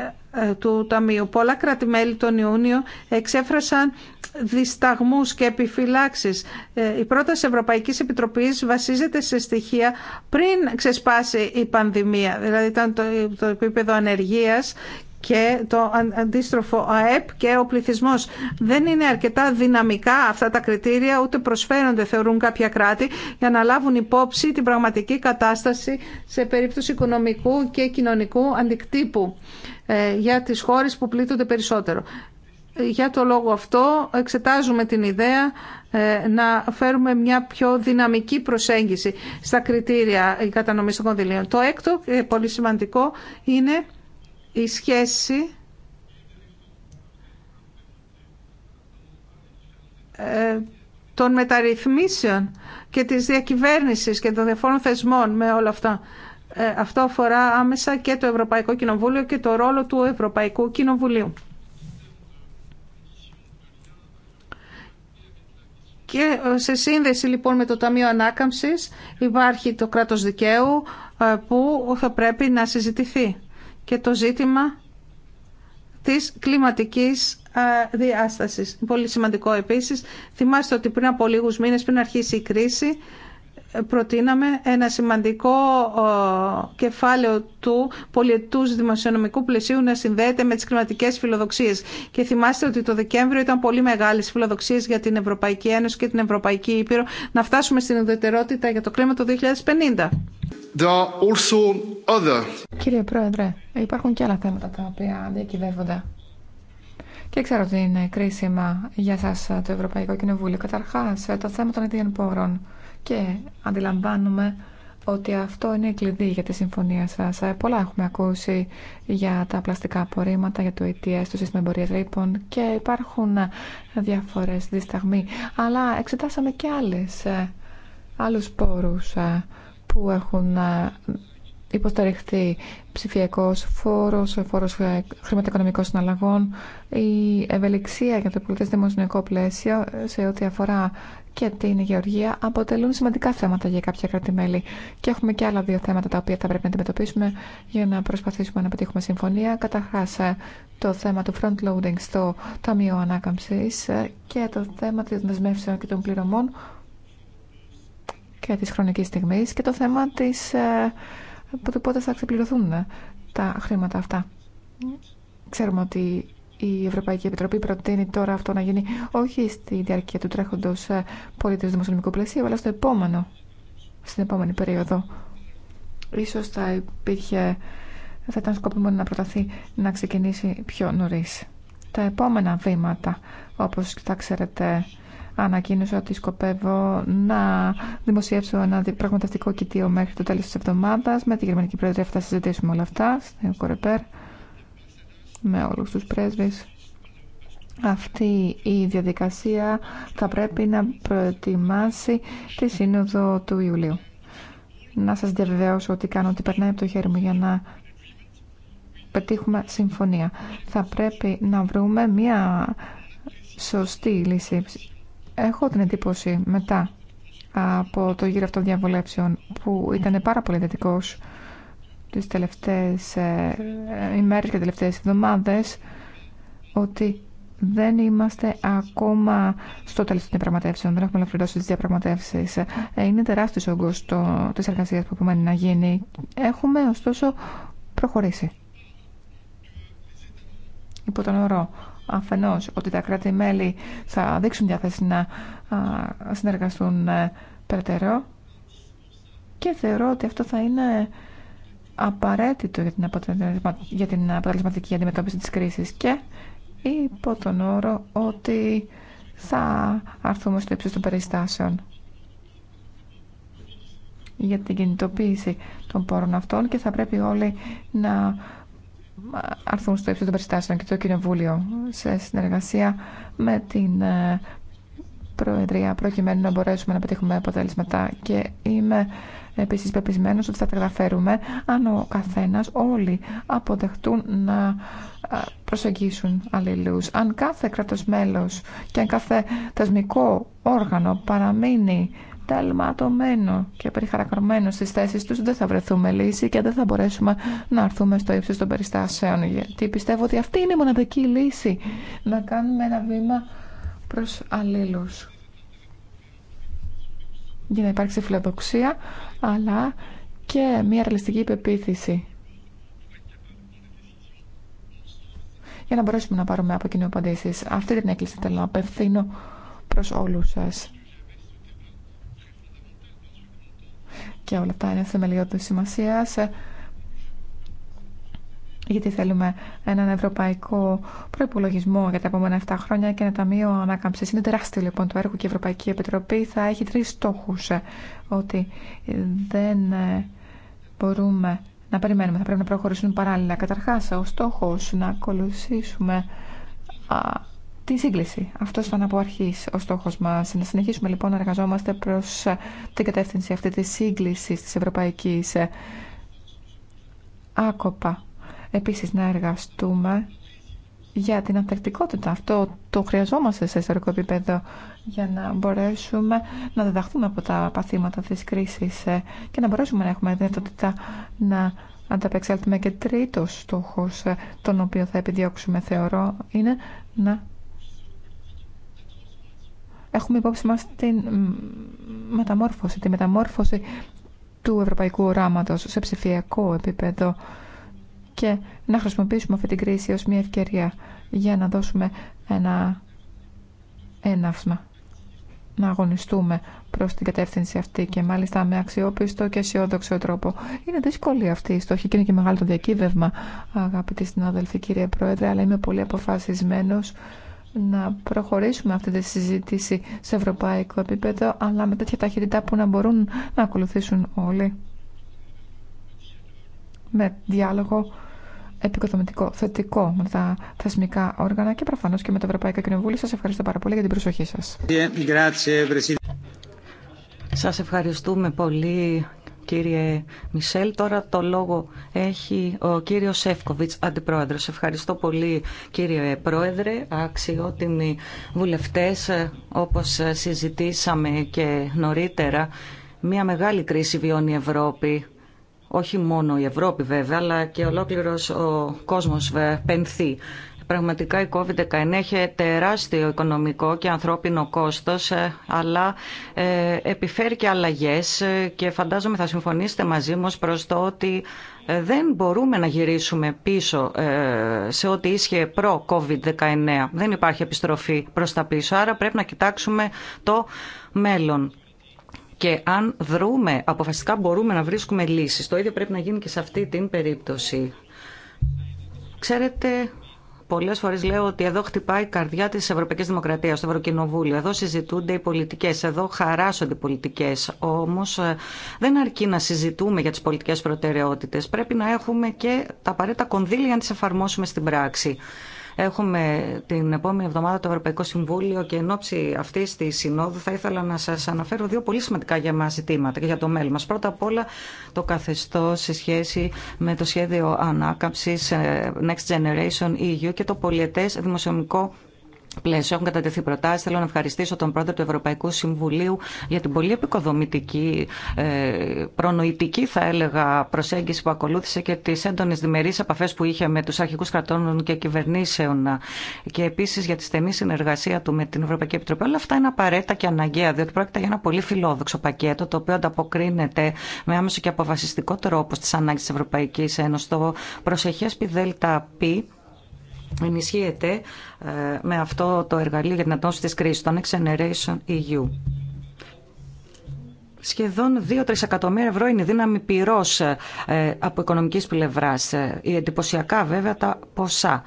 ε, του Ταμείου. Πολλά κράτη-μέλη τον Ιούνιο εξέφρασαν δισταγμούς και επιφυλάξεις. Η πρόταση Ευρωπαϊκής Επιτροπής βασίζεται σε στοιχεία πριν ξεσπάσει η πανδημία. Δηλαδή ήταν το, το επίπεδο ανεργίας και το αντίστροφο ΑΕΠ και ο πληθυσμός. Δεν είναι αρκετά δυναμικά αυτά τα κριτήρια, ούτε προσφέρονται, θεωρούν κάποια κράτη, για να λάβουν υπόψη την πραγματική κατάσταση σε περίπτωση οικονομικού και κοινωνικού αντικτύπου ε, για τις χώρες που πλήττονται περισσότερο. Για το λόγο αυτό εξετάζουμε την ιδέα ε, να φέρουμε μια πιο δυναμική προσέγγιση στα κριτήρια κατανομής των κονδυλίων. Το έκτο, πολύ σημαντικό, είναι η σχέση ε, των μεταρρυθμίσεων και της διακυβέρνησης και των διαφόρων θεσμών με όλα αυτά. Ε, αυτό αφορά άμεσα και το Ευρωπαϊκό Κοινοβούλιο και το ρόλο του Ευρωπαϊκού Κοινοβουλίου. Και ε, σε σύνδεση λοιπόν με το Ταμείο Ανάκαμψης υπάρχει το κράτος δικαίου που θα πρέπει να συζητηθεί και το ζήτημα της κλιματικής διάστασης. Πολύ σημαντικό επίσης. Θυμάστε ότι πριν από λίγους μήνες, πριν αρχίσει η κρίση, προτείναμε ένα σημαντικό κεφάλαιο του πολιετούς δημοσιονομικού πλαισίου να συνδέεται με τις κλιματικές φιλοδοξίες. Και θυμάστε ότι το Δεκέμβριο ήταν πολύ μεγάλες φιλοδοξίες για την Ευρωπαϊκή Ένωση και την Ευρωπαϊκή Ήπειρο να φτάσουμε στην ουδετερότητα για το κλίμα το 2050. also other. Κύριε Πρόεδρε, υπάρχουν και άλλα θέματα τα οποία διακυβεύονται. Και ξέρω ότι είναι κρίσιμα για σας το Ευρωπαϊκό Κοινοβούλιο. Καταρχάς, το θέμα των ιδιών πόρων και αντιλαμβάνουμε ότι αυτό είναι η κλειδί για τη συμφωνία σας. Ε, πολλά έχουμε ακούσει για τα πλαστικά απορρίμματα, για το ETS, το σύστημα εμπορία ρήπων και υπάρχουν διάφορες δισταγμοί. Αλλά εξετάσαμε και άλλες, ε, άλλους πόρους ε, που έχουν υποστηριχθεί ψηφιακός φόρος, φόρος χρηματοοικονομικών συναλλαγών, η ευελιξία για το πολιτικό δημοσιονομικό πλαίσιο σε ό,τι αφορά και την γεωργία αποτελούν σημαντικά θέματα για κάποια Και έχουμε και άλλα δύο θέματα τα οποία θα πρέπει να αντιμετωπίσουμε για να προσπαθήσουμε να πετύχουμε συμφωνία. Καταρχά, ε, το θέμα του front-loading στο Ταμείο Ανάκαμψη ε, και το θέμα των δεσμεύσεων και των πληρωμών και τη χρονική στιγμή και το θέμα της, ε, του πότε θα ξεπληρωθούν τα χρήματα αυτά. Ξέρουμε ότι η Ευρωπαϊκή Επιτροπή προτείνει τώρα αυτό να γίνει όχι στη διάρκεια του τρέχοντος ε, πολίτε δημοσιονομικού πλαισίου, αλλά στο επόμενο, στην επόμενη περίοδο. Ίσως θα υπήρχε, θα ήταν σκόπιμο να προταθεί να ξεκινήσει πιο νωρί. Τα επόμενα βήματα, όπω θα ξέρετε, ανακοίνωσα ότι σκοπεύω να δημοσιεύσω ένα πραγματευτικό κοιτίο μέχρι το τέλο τη εβδομάδα. Με τη Γερμανική Πρόεδρε θα συζητήσουμε όλα αυτά, στην Κορεπέρ με όλους τους πρέσβες. Αυτή η διαδικασία θα πρέπει να προετοιμάσει τη σύνοδο του Ιουλίου. Να σας διαβεβαιώσω ότι κάνω ότι περνάει από το χέρι μου για να πετύχουμε συμφωνία. Θα πρέπει να βρούμε μια σωστή λύση. Έχω την εντύπωση μετά από το γύρο αυτών διαβολέψεων που ήταν πάρα πολύ δετικός τις τελευταίες ε, ημέρες και τελευταίες εβδομάδες ότι δεν είμαστε ακόμα στο τέλο των διαπραγματεύσεων, δεν έχουμε ολοκληρώσει τι διαπραγματεύσει. Ε, είναι τεράστιο ογκός της εργασίας που επιμένει να γίνει. Έχουμε ωστόσο προχωρήσει. Υπό τον όρο αφενός ότι τα κράτη-μέλη θα δείξουν διάθεση να συνεργαστούν ε, περαιτέρω και θεωρώ ότι αυτό θα είναι απαραίτητο για την, αποτελεσμα... για την αποτελεσματική αντιμετώπιση της κρίσης και υπό τον όρο ότι θα αρθούμε στο ύψος των περιστάσεων για την κινητοποίηση των πόρων αυτών και θα πρέπει όλοι να αρθούν στο ύψος των περιστάσεων και το Κοινοβούλιο σε συνεργασία με την ε, Προεδρία προκειμένου να μπορέσουμε να πετύχουμε αποτελέσματα και είμαι Επίση, πεπισμένο ότι θα τα καταφέρουμε αν ο καθένα όλοι αποδεχτούν να προσεγγίσουν αλληλού. Αν κάθε κράτος και αν κάθε θεσμικό όργανο παραμείνει τελματωμένο και περιχαρακωμένο στις θέσεις τους δεν θα βρεθούμε λύση και δεν θα μπορέσουμε να έρθουμε στο ύψος των περιστάσεων γιατί πιστεύω ότι αυτή είναι η μοναδική λύση να κάνουμε ένα βήμα προς αλλήλους για να υπάρξει φιλοδοξία, αλλά και μια ρελιστική υπεποίθηση. Για να μπορέσουμε να πάρουμε από κοινού απαντήσει. Αυτή την έκκληση θέλω να απευθύνω προ όλου σα. Και όλα αυτά είναι θεμελιώδη σημασία γιατί θέλουμε έναν ευρωπαϊκό προπολογισμό για τα επόμενα 7 χρόνια και ένα ταμείο ανάκαμψη. Είναι τεράστιο λοιπόν το έργο και η Ευρωπαϊκή Επιτροπή θα έχει τρει στόχου. Ότι δεν ε, μπορούμε να περιμένουμε, θα πρέπει να προχωρήσουν παράλληλα. Καταρχά, ο στόχο να ακολουθήσουμε τη σύγκληση. Αυτό ήταν από αρχή ο στόχο μα. Να συνεχίσουμε λοιπόν να εργαζόμαστε προ ε, την κατεύθυνση αυτή τη σύγκληση τη ευρωπαϊκή. Ε, άκοπα επίσης να εργαστούμε για την ανθεκτικότητα. Αυτό το χρειαζόμαστε σε ιστορικό επίπεδο για να μπορέσουμε να διδαχθούμε από τα παθήματα της κρίσης ε, και να μπορέσουμε να έχουμε δυνατότητα να ανταπεξέλθουμε. Και τρίτος στόχος ε, τον οποίο θα επιδιώξουμε θεωρώ είναι να έχουμε υπόψη μας την μεταμόρφωση, τη μεταμόρφωση του ευρωπαϊκού οράματος σε ψηφιακό επίπεδο και να χρησιμοποιήσουμε αυτή την κρίση ως μια ευκαιρία για να δώσουμε ένα έναυσμα να αγωνιστούμε προς την κατεύθυνση αυτή και μάλιστα με αξιόπιστο και αισιόδοξο τρόπο. Είναι δύσκολη αυτή η στόχη και είναι και μεγάλο το διακύβευμα, αγαπητοί συνάδελφοι, κύριε Πρόεδρε, αλλά είμαι πολύ αποφασισμένος να προχωρήσουμε αυτή τη συζήτηση σε ευρωπαϊκό επίπεδο, αλλά με τέτοια ταχύτητα που να μπορούν να ακολουθήσουν όλοι. Με διάλογο επικοδομητικό, θετικό με τα θεσμικά όργανα και προφανώ και με το Ευρωπαϊκό Κοινοβούλιο. Σα ευχαριστώ πάρα πολύ για την προσοχή σα. Σα ευχαριστούμε πολύ, κύριε Μισελ. Τώρα το λόγο έχει ο κύριος Σεύκοβιτς, αντιπρόεδρος. Ευχαριστώ πολύ κύριε Πρόεδρε, αξιότιμοι βουλευτές, όπως συζητήσαμε και νωρίτερα. Μια μεγάλη κρίση βιώνει η Ευρώπη όχι μόνο η Ευρώπη βέβαια, αλλά και ολόκληρος ο κόσμος ε, πενθεί. Πραγματικά η COVID-19 έχει τεράστιο οικονομικό και ανθρώπινο κόστος, ε, αλλά ε, επιφέρει και αλλαγές και φαντάζομαι θα συμφωνήσετε μαζί μας προς το ότι δεν μπορούμε να γυρίσουμε πίσω σε ό,τι ίσχυε προ-COVID-19. Δεν υπάρχει επιστροφή προς τα πίσω, άρα πρέπει να κοιτάξουμε το μέλλον. Και αν δρούμε αποφασιστικά μπορούμε να βρίσκουμε λύσεις. Το ίδιο πρέπει να γίνει και σε αυτή την περίπτωση. Ξέρετε, πολλέ φορέ λέω ότι εδώ χτυπάει η καρδιά τη Ευρωπαϊκή Δημοκρατία, το Ευρωκοινοβούλιο. Εδώ συζητούνται οι πολιτικέ, εδώ χαράσσονται οι πολιτικέ. Όμω ε, δεν αρκεί να συζητούμε για τι πολιτικέ προτεραιότητε. Πρέπει να έχουμε και τα απαραίτητα κονδύλια να τι εφαρμόσουμε στην πράξη. Έχουμε την επόμενη εβδομάδα το Ευρωπαϊκό Συμβούλιο και εν ώψη αυτή τη συνόδου θα ήθελα να σα αναφέρω δύο πολύ σημαντικά για μα ζητήματα και για το μέλλον μα. Πρώτα απ' όλα το καθεστώ σε σχέση με το σχέδιο ανάκαμψη ε, Next Generation EU και το πολιετέ δημοσιονομικό πλαίσιο. Έχουν κατατεθεί προτάσει. Θέλω να ευχαριστήσω τον πρόεδρο του Ευρωπαϊκού Συμβουλίου για την πολύ επικοδομητική, ε, προνοητική θα έλεγα, προσέγγιση που ακολούθησε και τι έντονε διμερεί επαφέ που είχε με του αρχικού κρατών και κυβερνήσεων. Και επίση για τη στενή συνεργασία του με την Ευρωπαϊκή Επιτροπή. Όλα αυτά είναι απαραίτητα και αναγκαία, διότι πρόκειται για ένα πολύ φιλόδοξο πακέτο, το οποίο ανταποκρίνεται με άμεσο και αποφασιστικό τρόπο στι ανάγκε τη Ευρωπαϊκή Ένωση. Το προσεχέ π ενισχύεται ε, με αυτό το εργαλείο για την αντόση της κρίσης, το Next Generation EU. Σχεδόν 2-3 εκατομμύρια ευρώ είναι η δύναμη πυρός ε, από οικονομικής πλευράς. Η ε, εντυπωσιακά βέβαια τα ποσά.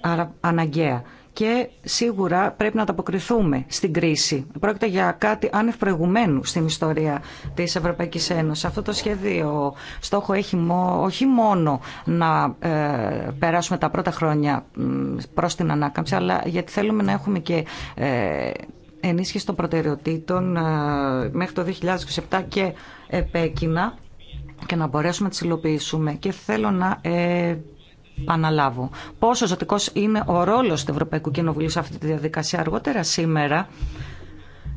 Άρα αναγκαία και σίγουρα πρέπει να ανταποκριθούμε στην κρίση. Πρόκειται για κάτι άνευ προηγουμένου στην ιστορία της Ευρωπαϊκής Ένωσης. Αυτό το σχέδιο στόχο έχει όχι μόνο να ε, περάσουμε τα πρώτα χρόνια προ την ανάκαμψη, αλλά γιατί θέλουμε να έχουμε και ε, ενίσχυση των προτεραιοτήτων ε, μέχρι το 2027 και επέκεινα και να μπορέσουμε να τις υλοποιήσουμε. Και θέλω να ε, παναλάβω. πόσο ζωτικό είναι ο ρόλος του Ευρωπαϊκού Κοινοβουλίου σε αυτή τη διαδικασία. Αργότερα σήμερα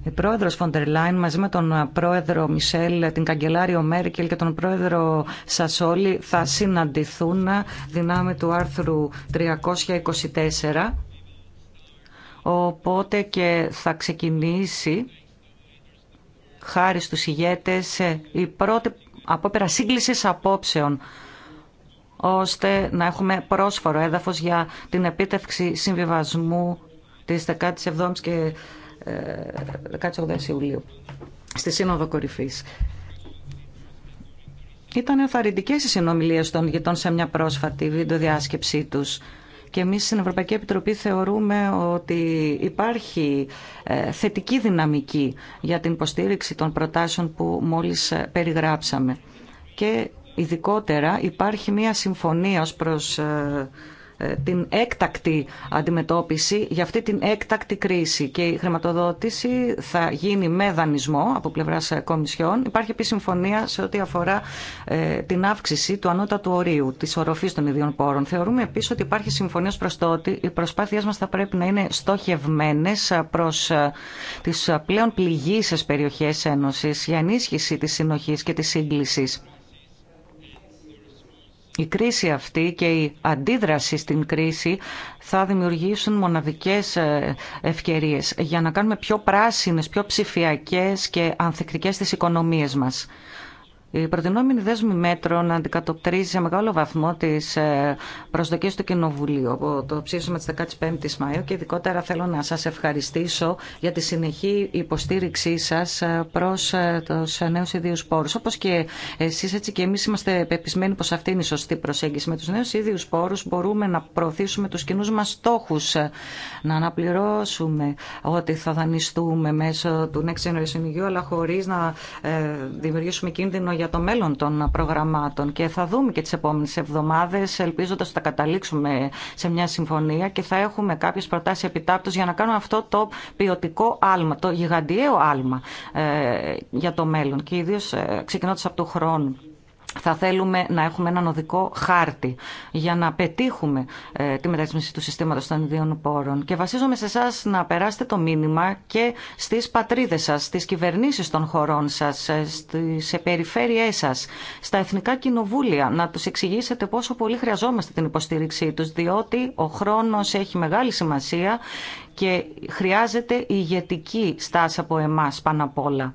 η πρόεδρο Φοντερ Λάιν μαζί με τον πρόεδρο Μισελ, την καγκελάριο Μέρκελ και τον πρόεδρο Σασόλη θα συναντηθούν δυνάμει του άρθρου 324 οπότε και θα ξεκινήσει χάρη στους ηγέτες η πρώτη απόπερα σύγκλησης απόψεων ώστε να έχουμε πρόσφορο έδαφος για την επίτευξη συμβιβασμού της 17ης και 18ης ε, Ιουλίου στη Σύνοδο Κορυφής. Ήταν ενθαρρυντικές οι συνομιλίες των γητών σε μια πρόσφατη βιντεοδιάσκεψή τους και εμείς στην Ευρωπαϊκή Επιτροπή θεωρούμε ότι υπάρχει ε, θετική δυναμική για την υποστήριξη των προτάσεων που μόλις ε, περιγράψαμε. Και Ειδικότερα υπάρχει μια συμφωνία ως προς ε, ε, την έκτακτη αντιμετώπιση για αυτή την έκτακτη κρίση και η χρηματοδότηση θα γίνει με δανεισμό από πλευράς ε, κομισιών. Υπάρχει επίσης συμφωνία σε ό,τι αφορά την αύξηση του ανώτατου ορίου, της οροφής των ιδιών πόρων. Θεωρούμε επίσης ότι υπάρχει συμφωνία προς το ότι οι προσπάθειές μας θα πρέπει να είναι στοχευμένες προς τις πλέον πληγήσεις περιοχές Ένωσης για ενίσχυση της συνοχής και της σύγκλησης η κρίση αυτή και η αντίδραση στην κρίση θα δημιουργήσουν μοναδικές ε, ευκαιρίες για να κάνουμε πιο πράσινες, πιο ψηφιακές και ανθεκτικές τις οικονομίες μας. Η προτινόμενη δέσμη μέτρων αντικατοπτρίζει σε μεγάλο βαθμό τι ε, προσδοκίε του Κοινοβουλίου από το ψήφισμα τη 15η Μαου και ειδικότερα θέλω να σα ευχαριστήσω για τη συνεχή υποστήριξή σα ε, προ ε, του νέου ιδίου πόρου. Όπω και εσεί, έτσι και εμεί είμαστε πεπισμένοι πω αυτή είναι η σωστή προσέγγιση. Με του νέου ίδιου πόρου μπορούμε να προωθήσουμε του κοινού μα στόχου, να αναπληρώσουμε ότι θα δανειστούμε μέσω του Next Generation EU, αλλά χωρί να δημιουργήσουμε κίνδυνο για το μέλλον των προγραμμάτων και θα δούμε και τις επόμενες εβδομάδες ελπίζοντας ότι θα καταλήξουμε σε μια συμφωνία και θα έχουμε κάποιες προτάσεις επιτάπτως για να κάνουμε αυτό το ποιοτικό άλμα, το γιγαντιαίο άλμα ε, για το μέλλον και ιδίως ε, ξεκινώντας από τον χρόνο θα θέλουμε να έχουμε έναν οδικό χάρτη για να πετύχουμε ε, τη μεταρρύθμιση του συστήματος των ιδίων πόρων. Και βασίζομαι σε εσά να περάσετε το μήνυμα και στις πατρίδες σας, στις κυβερνήσεις των χωρών σας, ε, στις περιφέρειές σας, στα εθνικά κοινοβούλια, να τους εξηγήσετε πόσο πολύ χρειαζόμαστε την υποστήριξή τους, διότι ο χρόνος έχει μεγάλη σημασία και χρειάζεται ηγετική στάση από εμάς πάνω απ' όλα.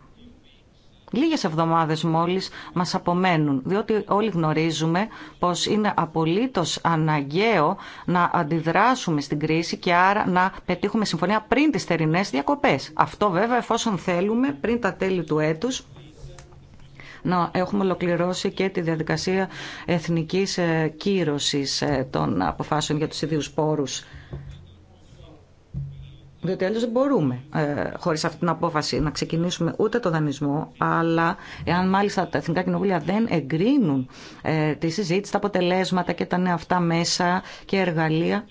Λίγες εβδομάδες μόλις μας απομένουν, διότι όλοι γνωρίζουμε πως είναι απολύτως αναγκαίο να αντιδράσουμε στην κρίση και άρα να πετύχουμε συμφωνία πριν τις θερινές διακοπές. Αυτό βέβαια εφόσον θέλουμε πριν τα τέλη του έτους να έχουμε ολοκληρώσει και τη διαδικασία εθνικής ε, κύρωσης ε, των αποφάσεων για τους ιδίους πόρους διότι αλλιώ δεν μπορούμε ε, χωρί αυτή την απόφαση να ξεκινήσουμε ούτε το δανεισμό, αλλά εάν μάλιστα τα εθνικά κοινοβούλια δεν εγκρίνουν ε, τη συζήτηση, τα αποτελέσματα και τα νέα αυτά μέσα και εργαλεία,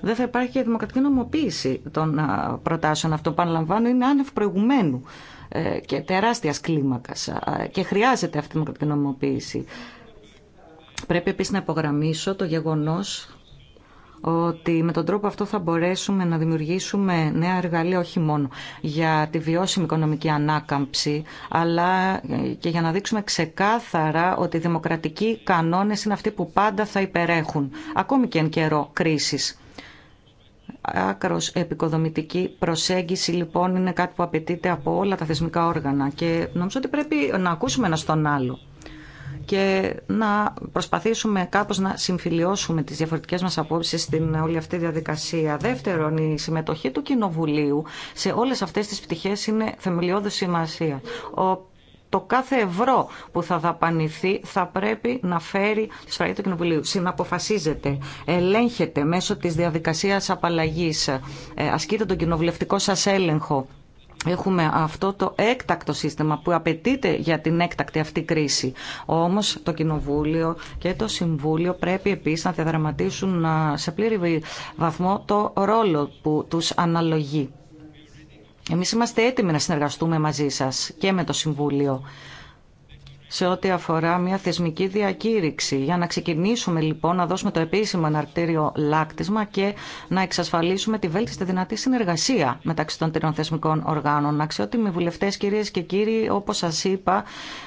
δεν θα υπάρχει και δημοκρατική νομοποίηση των ε, προτάσεων αυτών. Παναλαμβάνω, είναι άνευ προηγουμένου ε, και τεράστια κλίμακα ε, και χρειάζεται αυτή η δημοκρατική νομοποίηση. Πρέπει επίση να υπογραμμίσω το γεγονό ότι με τον τρόπο αυτό θα μπορέσουμε να δημιουργήσουμε νέα εργαλεία όχι μόνο για τη βιώσιμη οικονομική ανάκαμψη, αλλά και για να δείξουμε ξεκάθαρα ότι οι δημοκρατικοί κανόνες είναι αυτοί που πάντα θα υπερέχουν, ακόμη και εν καιρό κρίσης. Άκρος επικοδομητική προσέγγιση λοιπόν είναι κάτι που απαιτείται από όλα τα θεσμικά όργανα και νομίζω ότι πρέπει να ακούσουμε ένα τον άλλο και να προσπαθήσουμε κάπως να συμφιλιώσουμε τις διαφορετικές μας απόψεις στην όλη αυτή διαδικασία. Δεύτερον, η συμμετοχή του Κοινοβουλίου σε όλες αυτές τις πτυχές είναι θεμελιώδης σημασία. Ο το κάθε ευρώ που θα δαπανηθεί θα πρέπει να φέρει τη σφραγή του Κοινοβουλίου. Συναποφασίζεται, ελέγχεται μέσω της διαδικασίας απαλλαγής, ε, ασκείτε τον κοινοβουλευτικό σας έλεγχο Έχουμε αυτό το έκτακτο σύστημα που απαιτείται για την έκτακτη αυτή κρίση. Όμως το Κοινοβούλιο και το Συμβούλιο πρέπει επίσης να διαδραματίσουν σε πλήρη βαθμό το ρόλο που τους αναλογεί. Εμείς είμαστε έτοιμοι να συνεργαστούμε μαζί σας και με το Συμβούλιο σε ό,τι αφορά μια θεσμική διακήρυξη. Για να ξεκινήσουμε λοιπόν να δώσουμε το επίσημο αναρτήριο λάκτισμα και να εξασφαλίσουμε τη βέλτιστη δυνατή συνεργασία μεταξύ των τριών θεσμικών οργάνων. Αξιότιμοι βουλευτέ, κυρίε και κύριοι, όπω σα είπα,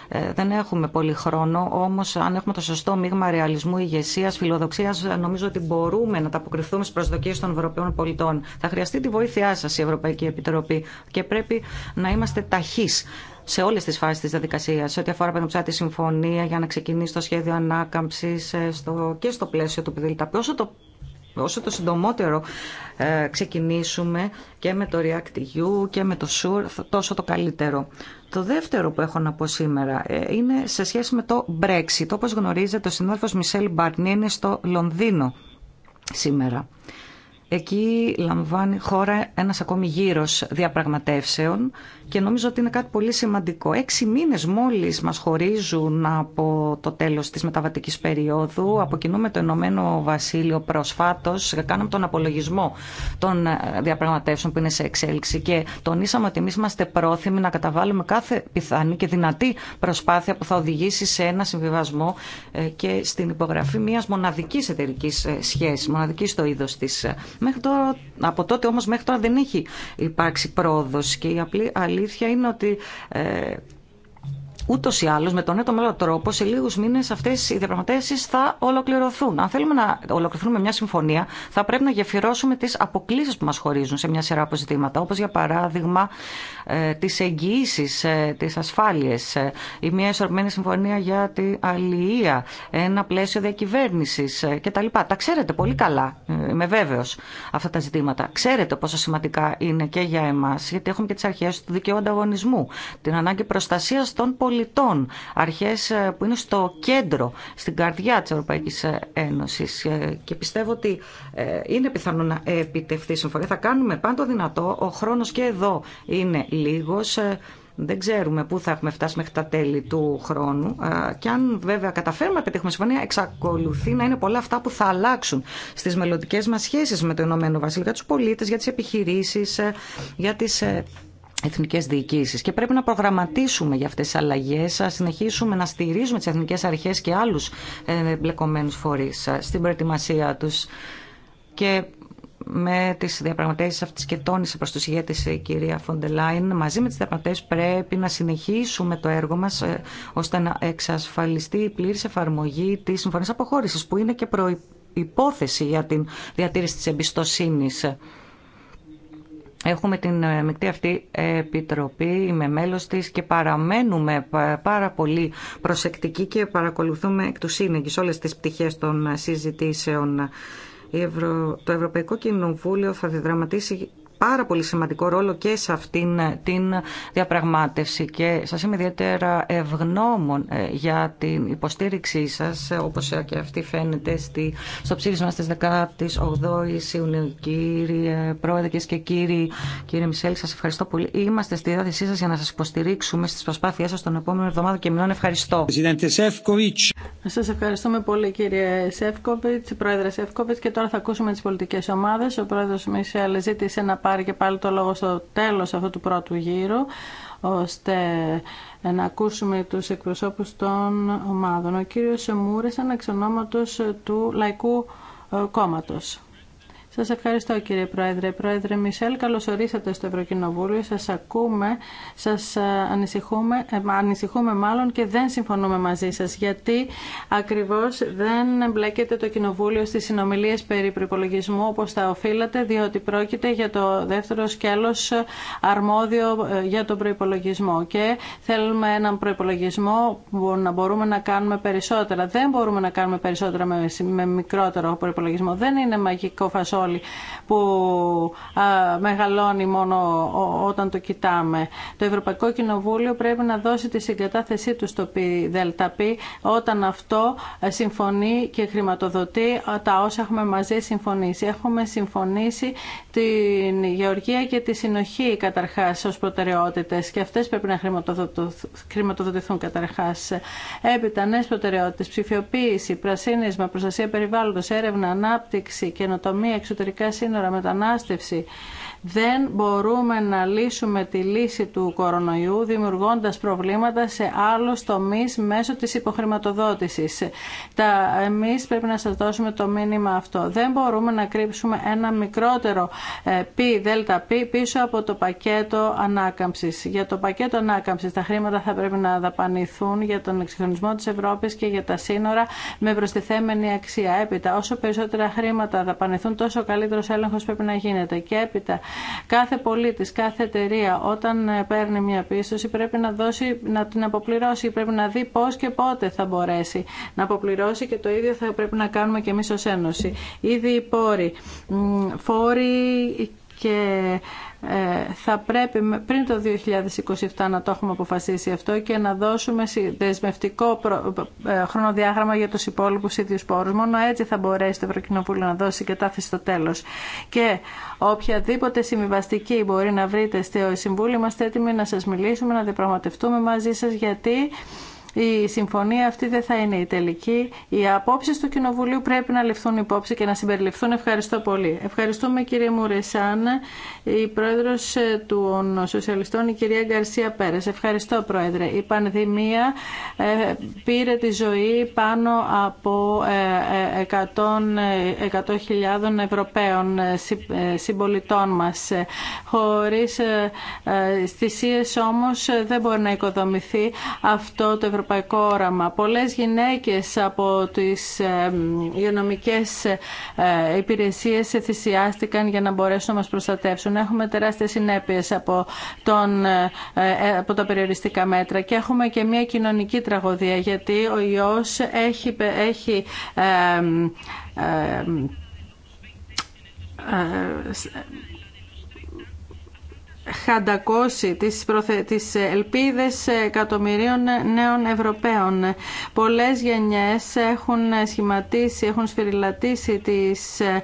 ε, δεν έχουμε πολύ χρόνο, όμω αν έχουμε το σωστό μείγμα ρεαλισμού, ηγεσία, φιλοδοξία, νομίζω ότι μπορούμε να τα αποκριθούμε στι προσδοκίε των Ευρωπαίων πολιτών. Θα χρειαστεί τη βοήθειά σα η Ευρωπαϊκή Επιτροπή και πρέπει να είμαστε ταχεί σε όλε τι φάσει τη διαδικασία, σε ό,τι αφορά παραδείγματο τη συμφωνία για να ξεκινήσει το σχέδιο ανάκαμψη ε, στο, και στο πλαίσιο του ΠΔΕΛΤΑΠ. Όσο το όσο το συντομότερο ε, ξεκινήσουμε και με το ReactEU και με το SURE, τόσο το καλύτερο. Το δεύτερο που έχω να πω σήμερα ε, είναι σε σχέση με το Brexit. Όπως γνωρίζετε, ο συνάδελφος Μισελ Μπαρνί είναι στο Λονδίνο σήμερα. Εκεί λαμβάνει χώρα ένας ακόμη γύρος διαπραγματεύσεων και νομίζω ότι είναι κάτι πολύ σημαντικό. Έξι μήνε μόλι μα χωρίζουν από το τέλο τη μεταβατική περίοδου. Αποκινούμε το Ενωμένο Βασίλειο προσφάτω. Κάναμε τον απολογισμό των ε, διαπραγματεύσεων που είναι σε εξέλιξη και τονίσαμε ότι εμεί είμαστε πρόθυμοι να καταβάλουμε κάθε πιθανή και δυνατή προσπάθεια που θα οδηγήσει σε ένα συμβιβασμό ε, και στην υπογραφή μια μοναδική εταιρική ε, σχέση, μοναδική στο είδο τη. από τότε όμω μέχρι τώρα δεν έχει υπάρξει πρόοδο και η απλή αλήθεια είναι ότι ε, Ούτω ή άλλω, με τον έτομο τρόπο, σε λίγου μήνε αυτέ οι διαπραγματεύσει θα ολοκληρωθούν. Αν θέλουμε να ολοκληρωθούμε μια συμφωνία, θα πρέπει να γεφυρώσουμε τι αποκλήσει που μα χωρίζουν σε μια σειρά από ζητήματα, όπω για παράδειγμα ε, τι εγγυήσει, ε, τι ασφάλειε, ε, η μια ισορροπημένη συμφωνία για την αλληλεία, ένα πλαίσιο διακυβέρνηση ε, κτλ. Τα ξέρετε πολύ καλά, ε, είμαι βέβαιο, αυτά τα ζητήματα. Ξέρετε πόσο σημαντικά είναι και για εμά, γιατί έχουμε και τι αρχέ του δικαίου ανταγωνισμού, την ανάγκη προστασία των πολιτών πολιτών. Αρχές ε, που είναι στο κέντρο, στην καρδιά της Ευρωπαϊκής ε, Ένωσης. Ε, και πιστεύω ότι είναι πιθανό να επιτευχθεί συμφωνία. Θα κάνουμε πάντο δυνατό. Ο χρόνος και εδώ είναι λίγος. Δεν ξέρουμε πού θα έχουμε φτάσει μέχρι τα τέλη του χρόνου. Και αν βέβαια καταφέρουμε να πετύχουμε συμφωνία, εξακολουθεί να είναι πολλά αυτά που θα αλλάξουν στις μελλοντικέ μας σχέσεις με το Ηνωμένο Βασίλειο, για του πολίτε, για τις επιχειρήσεις, για τι εθνικέ διοικήσει. Και πρέπει να προγραμματίσουμε για αυτέ τι αλλαγέ, να συνεχίσουμε να στηρίζουμε τι εθνικέ αρχέ και άλλου ε, εμπλεκομένου φορεί ε, στην προετοιμασία του. Και με τι διαπραγματεύσει αυτή και τόνισε προ του ηγέτε η κυρία Φοντελάιν, μαζί με τι διαπραγματεύσει πρέπει να συνεχίσουμε το έργο μα ε, ώστε να εξασφαλιστεί η πλήρη εφαρμογή τη συμφωνία αποχώρηση, που είναι και προϋπόθεση για την διατήρηση τη εμπιστοσύνη Έχουμε την ε, μεικτή αυτή επιτροπή, είμαι μέλος της και παραμένουμε πάρα πολύ προσεκτικοί και παρακολουθούμε εκ του σύνεγγις όλες τις πτυχές των συζητήσεων. Το Ευρωπαϊκό Κοινοβούλιο θα διδραματίσει πάρα πολύ σημαντικό ρόλο και σε αυτήν ε, την διαπραγμάτευση και σας είμαι ιδιαίτερα ευγνώμων ε, για την υποστήριξή σας ε, όπως και αυτή φαίνεται στη, στο ψήφισμα στις 18 Ιουνίου. Κύριε Πρόεδρε και κύριοι, κύριε Μισελ, σας ευχαριστώ πολύ. Είμαστε στη διάθεσή σας για να σας υποστηρίξουμε στις προσπάθειές σας τον επόμενο εβδομάδα και μηνών ευχαριστώ. Σας ευχαριστούμε πολύ κύριε Σεύκοβιτς, Πρόεδρε Σεύκοβιτς και τώρα θα ακούσουμε τις πολιτικές ομάδες. Ο Πρόεδρος Μισελ ζήτησε να πάρει πάρει και πάλι το λόγο στο τέλος αυτού του πρώτου γύρου ώστε να ακούσουμε τους εκπροσώπους των ομάδων. Ο κύριος Μούρης, αναξενόματος του Λαϊκού ε, Κόμματος. Σα ευχαριστώ κύριε Πρόεδρε. Πρόεδρε Μισελ, καλώς ορίσατε στο Ευρωκοινοβούλιο. Σα ακούμε, σα ε, ανησυχούμε, ε, ανησυχούμε μάλλον και δεν συμφωνούμε μαζί σα γιατί ακριβώ δεν εμπλέκεται το Κοινοβούλιο στι συνομιλίε περί προπολογισμού όπως τα οφείλατε διότι πρόκειται για το δεύτερο σκέλος ε, αρμόδιο για τον προπολογισμό και θέλουμε έναν προπολογισμό που να μπορούμε να κάνουμε περισσότερα. Δεν μπορούμε να κάνουμε περισσότερα με, με μικρότερο προπολογισμό. Δεν είναι μαγικό φασό που μεγαλώνει μόνο όταν το κοιτάμε. Το Ευρωπαϊκό Κοινοβούλιο πρέπει να δώσει τη συγκατάθεσή του στο ΔΕΛΤΑΠ όταν αυτό συμφωνεί και χρηματοδοτεί τα όσα έχουμε μαζί συμφωνήσει. Έχουμε συμφωνήσει την γεωργία και τη συνοχή καταρχάς ως προτεραιότητες και αυτές πρέπει να χρηματοδοτηθούν καταρχάς. Έπειτα νέες προτεραιότητες, ψηφιοποίηση, πρασίνισμα, προστασία περιβάλλοντος, έρευνα, ανάπτυξη, καινοτομία, εξωτερικά σύνορα, μετανάστευση, δεν μπορούμε να λύσουμε τη λύση του κορονοϊού δημιουργώντας προβλήματα σε άλλους τομείς μέσω της υποχρηματοδότησης. Τα, εμείς πρέπει να σας δώσουμε το μήνυμα αυτό. Δεν μπορούμε να κρύψουμε ένα μικρότερο ε, πι δέλτα πι πίσω από το πακέτο ανάκαμψης. Για το πακέτο ανάκαμψης τα χρήματα θα πρέπει να δαπανηθούν για τον εξυγχρονισμό της Ευρώπης και για τα σύνορα με προστιθέμενη αξία. Έπειτα, όσο περισσότερα χρήματα δαπανηθούν, τόσο καλύτερο έλεγχος πρέπει να γίνεται. Και έπειτα, Κάθε πολίτης, κάθε εταιρεία όταν παίρνει μια πίστοση πρέπει να, δώσει, να την αποπληρώσει, πρέπει να δει πώς και πότε θα μπορέσει να αποπληρώσει και το ίδιο θα πρέπει να κάνουμε και εμείς ως Ένωση. Ήδη οι πόροι, και ε, θα πρέπει πριν το 2027 να το έχουμε αποφασίσει αυτό και να δώσουμε δεσμευτικό ε, χρονοδιάγραμμα για τους υπόλοιπους ίδιους πόρους. Μόνο έτσι θα μπορέσει το Ευρωκοινοβούλιο να δώσει κατάθεση στο τέλος. Και οποιαδήποτε συμβιβαστική μπορεί να βρείτε στο Συμβούλιο, είμαστε έτοιμοι να σας μιλήσουμε, να διαπραγματευτούμε μαζί σας γιατί η συμφωνία αυτή δεν θα είναι η τελική. Οι απόψεις του Κοινοβουλίου πρέπει να ληφθούν υπόψη και να συμπεριληφθούν. Ευχαριστώ πολύ. Ευχαριστούμε κύριε Μουρεσάν, η πρόεδρος των Σοσιαλιστών, η κυρία Γκαρσία Πέρε. Ευχαριστώ πρόεδρε. Η πανδημία ε, πήρε τη ζωή πάνω από 100.000 ε, ε, Ευρωπαίων συμπολιτών μας. Χωρίς θυσίες όμως δεν μπορεί να οικοδομηθεί αυτό το Ευρωπαϊκό ευρωπαϊκό όραμα. Πολλές γυναίκες από τις ε, υγειονομικές ε, υπηρεσίες θυσιάστηκαν για να μπορέσουν να μας προστατεύσουν. Έχουμε τεράστιες συνέπειες από, ε, από τα περιοριστικά μέτρα και έχουμε και μια κοινωνική τραγωδία γιατί ο ιός έχει, έχει χαντακώσει τις, προθε... τις ελπίδες εκατομμυρίων νέων Ευρωπαίων. Πολλές γενιές έχουν σχηματίσει, έχουν σφυριλατήσει τις... Ε,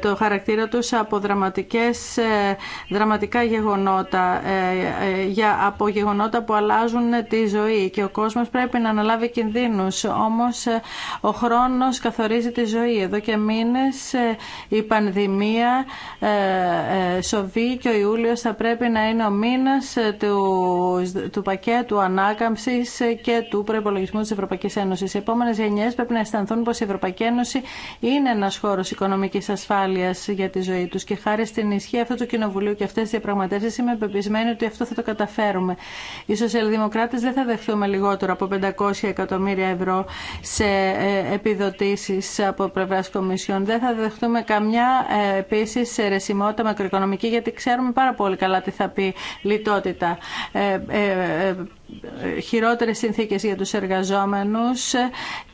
το χαρακτήρα τους από δραματικές, ε, δραματικά γεγονότα, ε, για... από γεγονότα που αλλάζουν τη ζωή και ο κόσμος πρέπει να αναλάβει κινδύνους. Όμως ο χρόνος καθορίζει τη ζωή. Εδώ και μήνες η πανδημία σοβεί και ο Ιούλιος θα πρέπει να είναι ο μήνα του, του πακέτου ανάκαμψη και του προπολογισμού τη Ευρωπαϊκή Ένωση. Οι επόμενε γενιέ πρέπει να αισθανθούν πω η Ευρωπαϊκή Ένωση είναι ένα χώρο οικονομική ασφάλεια για τη ζωή του. Και χάρη στην ισχύ αυτού του Κοινοβουλίου και αυτέ τι διαπραγματεύσει, είμαι πεπισμένη ότι αυτό θα το καταφέρουμε. Οι σοσιαλδημοκράτε δεν θα δεχθούμε λιγότερο από 500 εκατομμύρια ευρώ σε ε, επιδοτήσει από πλευρά Κομισιόν. Δεν θα δεχτούμε καμιά ε, επίση ρεσιμότητα μακροοικονομική, γιατί ξέρουμε πάρα πολύ καλά καλά τι θα πει λιτότητα. Ε, ε, ε, χειρότερες συνθήκες για τους εργαζόμενους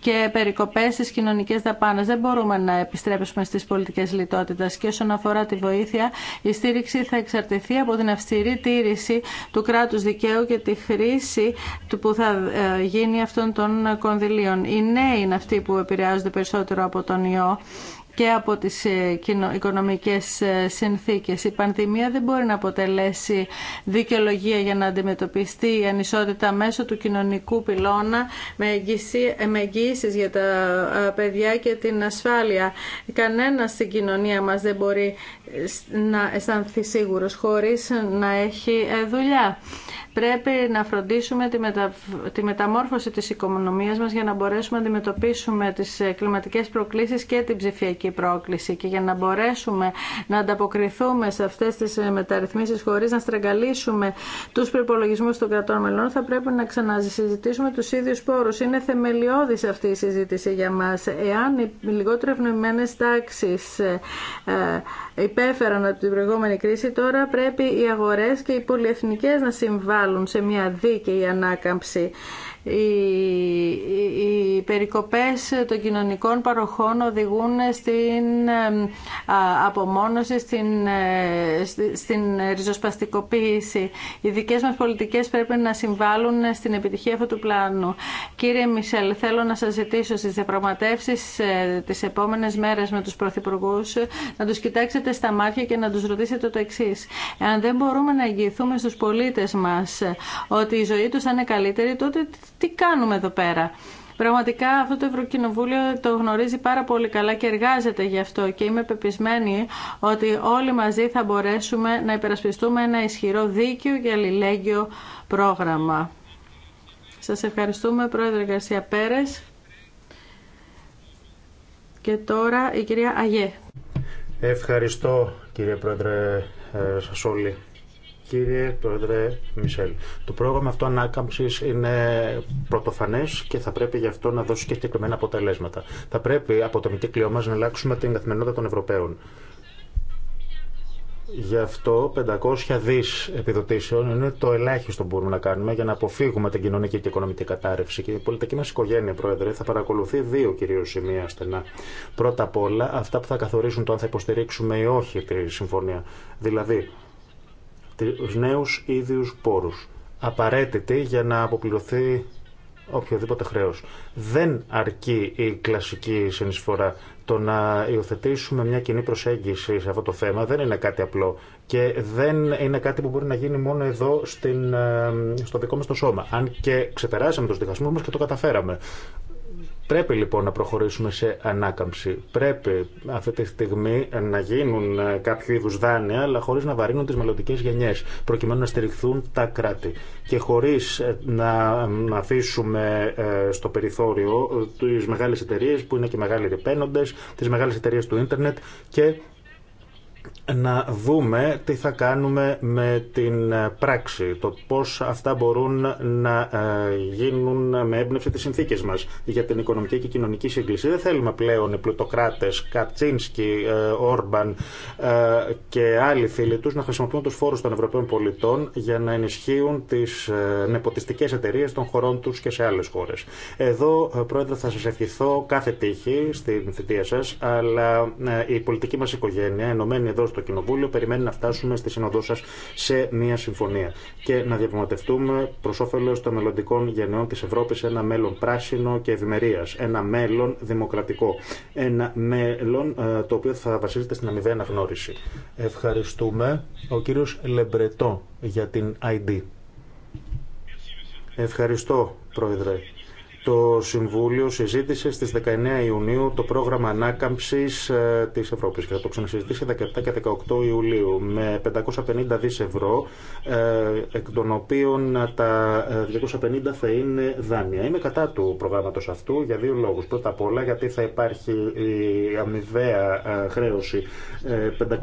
και περικοπές στις κοινωνικές δαπάνες. Δεν μπορούμε να επιστρέψουμε στις πολιτικές λιτότητας και όσον αφορά τη βοήθεια η στήριξη θα εξαρτηθεί από την αυστηρή τήρηση του κράτους δικαίου και τη χρήση που θα ε, γίνει αυτών των κονδυλίων. Οι νέοι είναι αυτοί που επηρεάζονται περισσότερο από τον ιό και από τις ε, οικονομικές ε, συνθήκες. Η πανδημία δεν μπορεί να αποτελέσει δικαιολογία για να αντιμετωπιστεί η ανισότητα μέσω του κοινωνικού πυλώνα με εγγύησεις για τα ε, παιδιά και την ασφάλεια. Κανένα στην κοινωνία μας δεν μπορεί να αισθανθεί σίγουρος χωρίς να έχει δουλειά πρέπει να φροντίσουμε τη, μετα... τη μεταμόρφωση της οικονομίας μας για να μπορέσουμε να αντιμετωπίσουμε τις ε, κλιματικές προκλήσεις και την ψηφιακή πρόκληση και για να μπορέσουμε να ανταποκριθούμε σε αυτές τις ε, μεταρρυθμίσεις χωρίς να στραγγαλίσουμε τους προπολογισμού των κρατών μελών θα πρέπει να ξανασυζητήσουμε τους ίδιους πόρους. Είναι θεμελιώδης αυτή η συζήτηση για μας. Εάν οι λιγότερο ευνοημένες τάξεις ε, υπέφεραν από την προηγούμενη κρίση, τώρα πρέπει οι αγορές και οι πολυεθνικές να συμβάλλουν σε μια δίκαιη ανάκαμψη οι περικοπές των κοινωνικών παροχών οδηγούν στην απομόνωση, ε, στην, ριζοσπαστικοποίηση. Οι δικές μας πολιτικές πρέπει να συμβάλλουν στην επιτυχία αυτού του πλάνου. Κύριε Μισελ, θέλω να σας ζητήσω στις διαπραγματεύσει ε, τις επόμενες μέρες με τους πρωθυπουργούς να τους κοιτάξετε στα μάτια και να τους ρωτήσετε το εξή. Αν δεν μπορούμε να εγγυηθούμε στους πολίτες μας ότι η ζωή τους θα είναι καλύτερη, τότε τι κάνουμε εδώ πέρα. Πραγματικά αυτό το Ευρωκοινοβούλιο το γνωρίζει πάρα πολύ καλά και εργάζεται γι' αυτό και είμαι πεπισμένη ότι όλοι μαζί θα μπορέσουμε να υπερασπιστούμε ένα ισχυρό δίκαιο και αλληλέγγυο πρόγραμμα. Σας ευχαριστούμε Πρόεδρε Γκαρσία Πέρες και τώρα η κυρία Αγέ. Ευχαριστώ κύριε Πρόεδρε ε, Σασόλη. Κύριε Πρόεδρε Μισελ, το πρόγραμμα αυτό ανάκαμψη είναι πρωτοφανέ και θα πρέπει γι' αυτό να δώσει και συγκεκριμένα αποτελέσματα. Θα πρέπει από το κύκλιο μα να αλλάξουμε την καθημερινότητα των Ευρωπαίων. Γι' αυτό 500 δι επιδοτήσεων είναι το ελάχιστο που μπορούμε να κάνουμε για να αποφύγουμε την κοινωνική και οικονομική κατάρρευση. Και η πολιτική μα οικογένεια, Πρόεδρε, θα παρακολουθεί δύο κυρίω σημεία στενά. Πρώτα απ' όλα, αυτά που θα καθορίσουν το αν θα υποστηρίξουμε ή όχι τη συμφωνία. Δηλαδή, τους νέους ίδιους πόρους. Απαραίτητη για να αποπληρωθεί οποιοδήποτε χρέος. Δεν αρκεί η κλασική συνεισφορά. Το να υιοθετήσουμε μια κοινή προσέγγιση σε αυτό το θέμα δεν είναι κάτι απλό και δεν είναι κάτι που μπορεί να γίνει μόνο εδώ ε, στο δικό μας το σώμα. Αν και ξεπεράσαμε τους διχασμούς μας και το καταφέραμε. Πρέπει λοιπόν να προχωρήσουμε σε ανάκαμψη. Πρέπει αυτή τη στιγμή να γίνουν ε, κάποιο είδου δάνεια, αλλά χωρί να βαρύνουν τι μελλοντικέ γενιέ, προκειμένου να στηριχθούν τα κράτη. Και χωρί ε, να αφήσουμε ε, στο περιθώριο τι μεγάλε εταιρείε, που είναι και μεγάλοι ρηπαίνοντε, τι μεγάλε εταιρείε του ίντερνετ και να δούμε τι θα κάνουμε με την ε, πράξη, το πώς αυτά μπορούν να ε, γίνουν με έμπνευση τις συνθήκες μας για την οικονομική και κοινωνική σύγκληση. Δεν θέλουμε πλέον οι πλουτοκράτες, Κατσίνσκι, ε, Όρμπαν και άλλοι φίλοι τους να χρησιμοποιούν τους φόρους των Ευρωπαίων πολιτών για να ενισχύουν τις νεποτιστικές εταιρείε των χωρών τους και σε άλλες χώρες. Εδώ, Πρόεδρε, θα σας ευχηθώ κάθε τύχη στην θητεία σας, αλλά η πολιτική μας οικογένεια, ενωμένη εδώ το Κοινοβούλιο περιμένει να φτάσουμε στη συνοδό σα σε μια συμφωνία και να διαπραγματευτούμε προ όφελο των μελλοντικών γενεών τη Ευρώπη ένα μέλλον πράσινο και ευημερία. Ένα μέλλον δημοκρατικό. Ένα μέλλον ε, το οποίο θα βασίζεται στην αμοιβαία αναγνώριση. Ευχαριστούμε. Ο κύριο Λεμπρετό για την ID. Ευχαριστώ, Πρόεδρε. Το Συμβούλιο συζήτησε στις 19 Ιουνίου το πρόγραμμα ανάκαμψης ε, της Ευρώπης και θα το ξανασυζητήσει 17 και 18 Ιουλίου με 550 δις ευρώ, ε, εκ των οποίων ε, τα 250 θα είναι δάνεια. Είμαι κατά του προγράμματος αυτού για δύο λόγους. Πρώτα απ' όλα γιατί θα υπάρχει η αμοιβαία χρέωση 500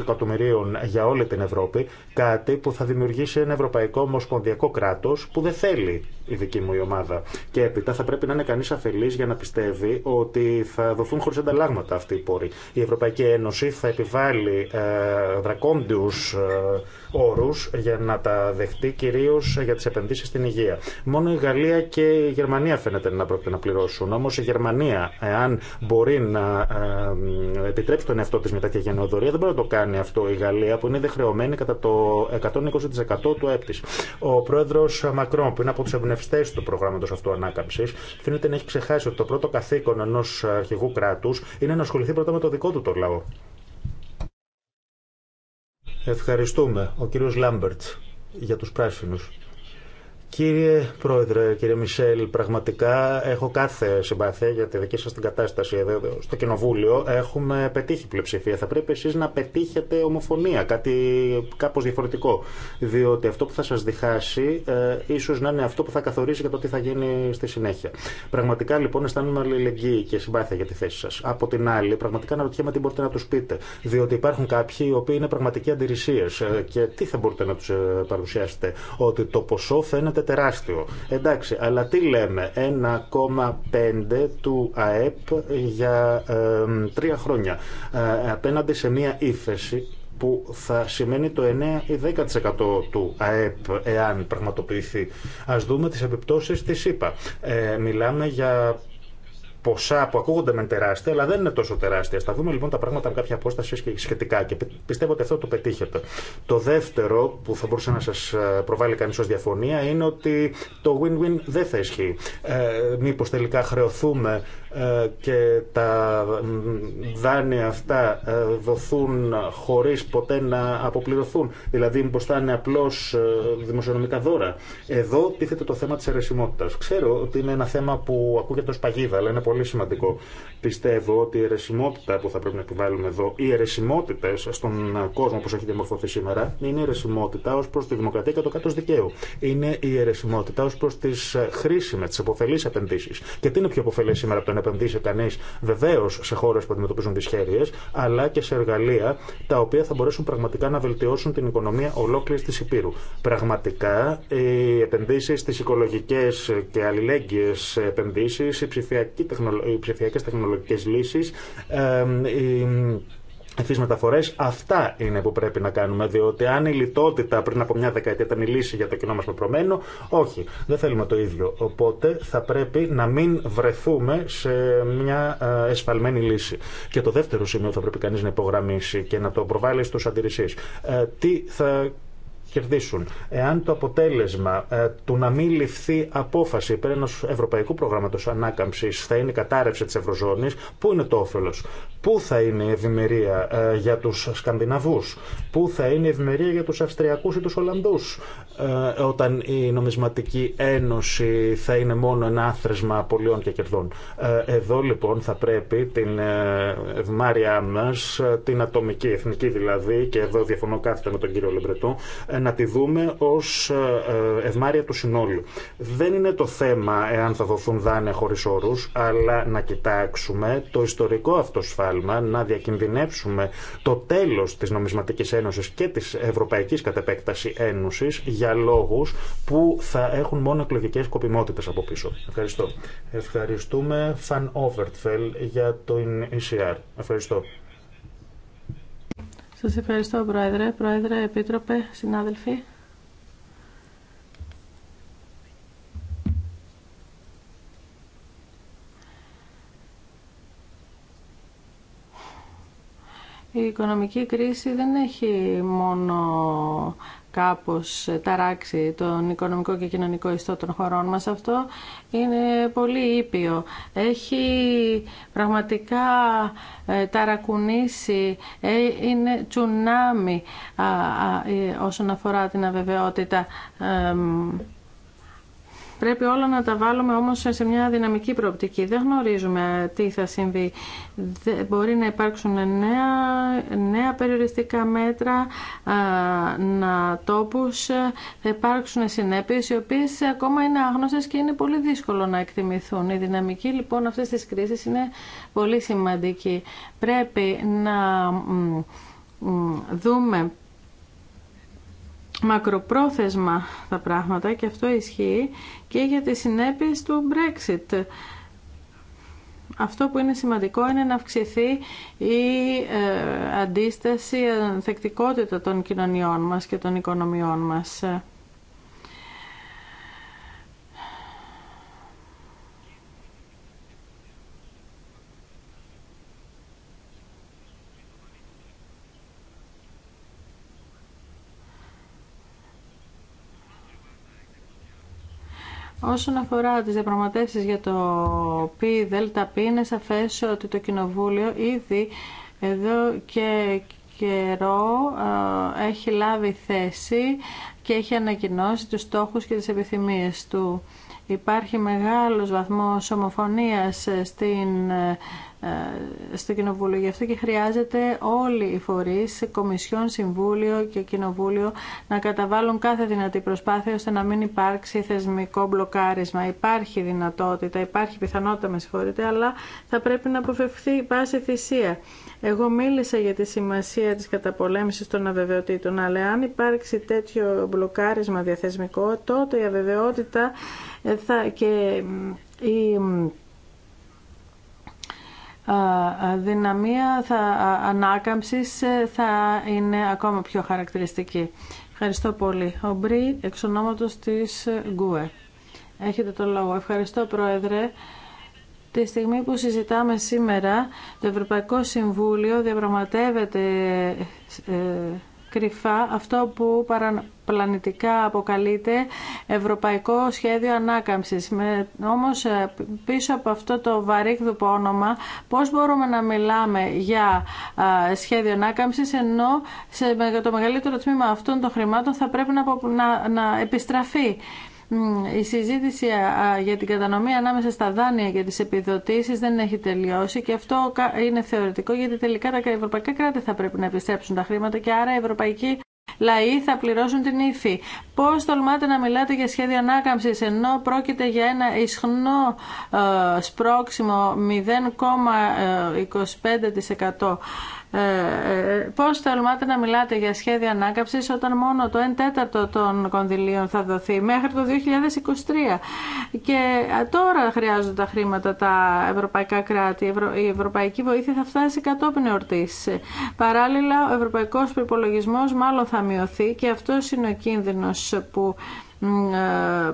εκατομμυρίων για όλη την Ευρώπη, κάτι που θα δημιουργήσει ένα ευρωπαϊκό ομοσπονδιακό κράτος που δεν θέλει η δική μου η ομάδα. Και θα πρέπει να είναι κανεί αφελή για να πιστεύει ότι θα δοθούν χωρί ανταλλάγματα αυτοί οι πόροι. Η Ευρωπαϊκή Ένωση θα επιβάλλει ε, δρακόντιου ε, όρου για να τα δεχτεί κυρίω για τι επενδύσει στην υγεία. Μόνο η Γαλλία και η Γερμανία φαίνεται να πρόκειται να πληρώσουν. Όμω η Γερμανία, εάν μπορεί να ε, επιτρέψει τον εαυτό τη μετά τη γενναιοδορία δεν μπορεί να το κάνει αυτό η Γαλλία που είναι δεχρεωμένη κατά το 120% του ΕΠ Ο πρόεδρο Μακρόν, που είναι από του εμπνευστέ του προγράμματο αυτού ανάκαμψη, άποψη, φαίνεται να έχει ξεχάσει ότι το πρώτο καθήκον ενό αρχηγού κράτου είναι να ασχοληθεί πρώτα με το δικό του το λαό. Ευχαριστούμε. Ο κύριος Λάμπερτ για τους πράσινους. Κύριε Πρόεδρε, κύριε Μισελ, πραγματικά έχω κάθε συμπάθεια για τη δική σας την κατάσταση εδώ στο Κοινοβούλιο. Έχουμε πετύχει πλειοψηφία. Θα πρέπει εσείς να πετύχετε ομοφωνία, κάτι κάπως διαφορετικό. Διότι αυτό που θα σας διχάσει ε, ίσως να είναι αυτό που θα καθορίσει για το τι θα γίνει στη συνέχεια. Πραγματικά λοιπόν αισθάνομαι αλληλεγγύη και συμπάθεια για τη θέση σας. Από την άλλη, πραγματικά αναρωτιέμαι τι μπορείτε να τους πείτε. Διότι υπάρχουν κάποιοι οι οποίοι είναι πραγματικοί αντιρρησίες. Ε, και τι θα μπορείτε να ε, παρουσιάσετε. Ότι το ποσό φαίνεται τεράστιο. Εντάξει, αλλά τι λέμε, 1,5 του ΑΕΠ για τρία χρόνια. Ε, απέναντι σε μια ύφεση που θα σημαίνει το 9 ή 10% του ΑΕΠ εάν πραγματοποιηθεί. Ας δούμε τις επιπτώσεις της ΕΠΑ. Ε, μιλάμε για ποσά που ακούγονται μεν τεράστια, αλλά δεν είναι τόσο τεράστια. Θα δούμε λοιπόν τα πράγματα με κάποια απόσταση και σχετικά και πιστεύω ότι αυτό το πετύχετε. Το δεύτερο που θα μπορούσε να σα ε, προβάλλει κανεί ω διαφωνία είναι ότι το win-win δεν θα ισχύει. Ε, Μήπω τελικά χρεωθούμε ε, και τα δάνεια αυτά ε, δοθούν χωρίς ποτέ να αποπληρωθούν. Δηλαδή, μήπως θα είναι απλώς ε, δημοσιονομικά δώρα. Εδώ τίθεται το θέμα της αιρεσιμότητας. Ξέρω ότι είναι ένα θέμα που ακούγεται ως παγίδα, αλλά είναι πολύ σημαντικό. Πιστεύω ότι η αιρεσιμότητα που θα πρέπει να επιβάλλουμε εδώ, οι αιρεσιμότητε στον κόσμο όπως έχει διαμορφωθεί σήμερα, είναι η αιρεσιμότητα ως προς τη δημοκρατία και το κάτω δικαίου. Είναι η αιρεσιμότητα ως προς τις χρήσιμε, τι επωφελείς επενδύσεις. Και τι είναι πιο επωφελές σήμερα από τον επενδύσει κανεί βεβαίω σε χώρε που αντιμετωπίζουν δυσχέρειε, αλλά και σε εργαλεία τα οποία θα μπορέσουν πραγματικά να βελτιώσουν την οικονομία ολόκληρη τη Υπήρου. Πραγματικά οι επενδύσει στι οικολογικέ και αλληλέγγυε επενδύσει, οι ψηφιακέ τεχνολογικέ λύσει, ευθύ μεταφορέ. Αυτά είναι που πρέπει να κάνουμε. Διότι αν η λιτότητα πριν από μια δεκαετία ήταν η λύση για το κοινό μα προμένο, όχι, δεν θέλουμε το ίδιο. Οπότε θα πρέπει να μην βρεθούμε σε μια ε, εσφαλμένη λύση. Και το δεύτερο σημείο θα πρέπει κανεί να υπογραμμίσει και να το προβάλλει στου αντιρρησίε. Ε, τι θα κερδίσουν. Εάν το αποτέλεσμα ε, του να μην ληφθεί απόφαση υπέρ ενό ευρωπαϊκού προγράμματο ανάκαμψη θα είναι η κατάρρευση τη Ευρωζώνη, πού είναι το όφελο, ε, πού θα είναι η ευημερία για του Σκανδιναβού, πού θα είναι η ευημερία για του Αυστριακού ή του Ολλανδού, ε, όταν η νομισματική ένωση θα είναι μόνο ένα άθροισμα απολειών και κερδών. Ε, εδώ λοιπόν θα πρέπει την ευμάρειά μας, ε, την ατομική, εθνική δηλαδή, και εδώ διαφωνώ κάθετα με τον κύριο Λεμπρετό, να τη δούμε ως ευμάρεια του συνόλου. Δεν είναι το θέμα εάν θα δοθούν δάνεια χωρίς όρους, αλλά να κοιτάξουμε το ιστορικό αυτό σφάλμα, να διακινδυνεύσουμε το τέλος της νομισματικής ένωσης και της Ευρωπαϊκής κατ' επέκταση ένωσης για λόγους που θα έχουν μόνο εκλογικέ σκοπιμότητες από πίσω. Ευχαριστώ. Ευχαριστούμε Φαν Όβερτφελ για το ECR. Ευχαριστώ. Σας ευχαριστώ Πρόεδρε, Πρόεδρε, Επίτροπε, συνάδελφοι. Η οικονομική κρίση δεν έχει μόνο κάπως ταράξει τον οικονομικό και κοινωνικό ιστό των χωρών μας αυτό είναι πολύ ήπιο. Έχει πραγματικά ε, ταρακουνήσει, ε, είναι τσουνάμι ε, όσον αφορά την αβεβαιότητα Πρέπει όλα να τα βάλουμε όμως σε μια δυναμική προοπτική. Δεν γνωρίζουμε τι θα συμβεί. μπορεί να υπάρξουν νέα, νέα περιοριστικά μέτρα, να τόπους, θα υπάρξουν συνέπειες οι οποίες ακόμα είναι άγνωστες και είναι πολύ δύσκολο να εκτιμηθούν. Η δυναμική λοιπόν αυτής της κρίσης είναι πολύ σημαντική. Πρέπει να δούμε μακροπρόθεσμα τα πράγματα και αυτό ισχύει και για τις συνέπειες του Brexit. Αυτό που είναι σημαντικό είναι να αυξηθεί η ε, αντίσταση, η ανθεκτικότητα των κοινωνιών μας και των οικονομιών μας. Όσον αφορά τις διαπραγματεύσεις για το πι είναι σαφές ότι το Κοινοβούλιο ήδη εδώ και καιρό ε, έχει λάβει θέση και έχει ανακοινώσει τους στόχους και τις επιθυμίες του. Υπάρχει μεγάλος βαθμός ομοφωνίας στην ε, ε, στο Κοινοβούλιο. Γι' αυτό και χρειάζεται όλοι οι φορεί Κομισιόν, Συμβούλιο και Κοινοβούλιο να καταβάλουν κάθε δυνατή προσπάθεια ώστε να μην υπάρξει θεσμικό μπλοκάρισμα. Υπάρχει δυνατότητα, υπάρχει πιθανότητα, με συγχωρείτε, αλλά θα πρέπει να αποφευχθεί πάση θυσία. Εγώ μίλησα για τη σημασία της καταπολέμησης των αβεβαιοτήτων, αλλά αν υπάρξει τέτοιο μπλοκάρισμα διαθεσμικό, τότε η αβεβαιότητα ε, και η δυναμία θα, ανάκαμψης ε, θα είναι ακόμα πιο χαρακτηριστική. Ευχαριστώ πολύ. Ο Μπρι, εξ ονόματος της ε, Γκουε. Έχετε το λόγο. Ευχαριστώ, Πρόεδρε. Τη στιγμή που συζητάμε σήμερα, το Ευρωπαϊκό Συμβούλιο διαπραγματεύεται ε, κρυφά αυτό που παρα πλανητικά αποκαλείται Ευρωπαϊκό Σχέδιο Ανάκαμψης. Με, όμως ε, πίσω από αυτό το βαρύκδουπο όνομα πώς μπορούμε να μιλάμε για σχέδιο ανάκαμψης ενώ σε το μεγαλύτερο τμήμα αυτών των χρημάτων θα πρέπει να, να, να επιστραφεί. Η συζήτηση για την κατανομή ανάμεσα στα δάνεια και τις επιδοτήσεις δεν έχει τελειώσει και αυτό είναι θεωρητικό γιατί τελικά τα ευρωπαϊκά κράτη θα πρέπει να επιστρέψουν τα χρήματα και άρα η ευρωπαϊκή λαοί θα πληρώσουν την ύφη. Πώς τολμάτε να μιλάτε για σχέδια ανάκαμψη, ενώ πρόκειται για ένα ισχνό ε, σπρόξιμο 0,25%. Ε, ε, πώς τολμάτε να μιλάτε για σχέδια ανάκαψης όταν μόνο το 1 τέταρτο των κονδυλίων θα δοθεί μέχρι το 2023 και ε, τώρα χρειάζονται τα χρήματα τα ευρωπαϊκά κράτη η ευρωπαϊκή βοήθεια θα φτάσει κατόπιν εορτής παράλληλα ο ευρωπαϊκός προπολογισμός μάλλον θα μειωθεί και αυτό είναι ο κίνδυνος που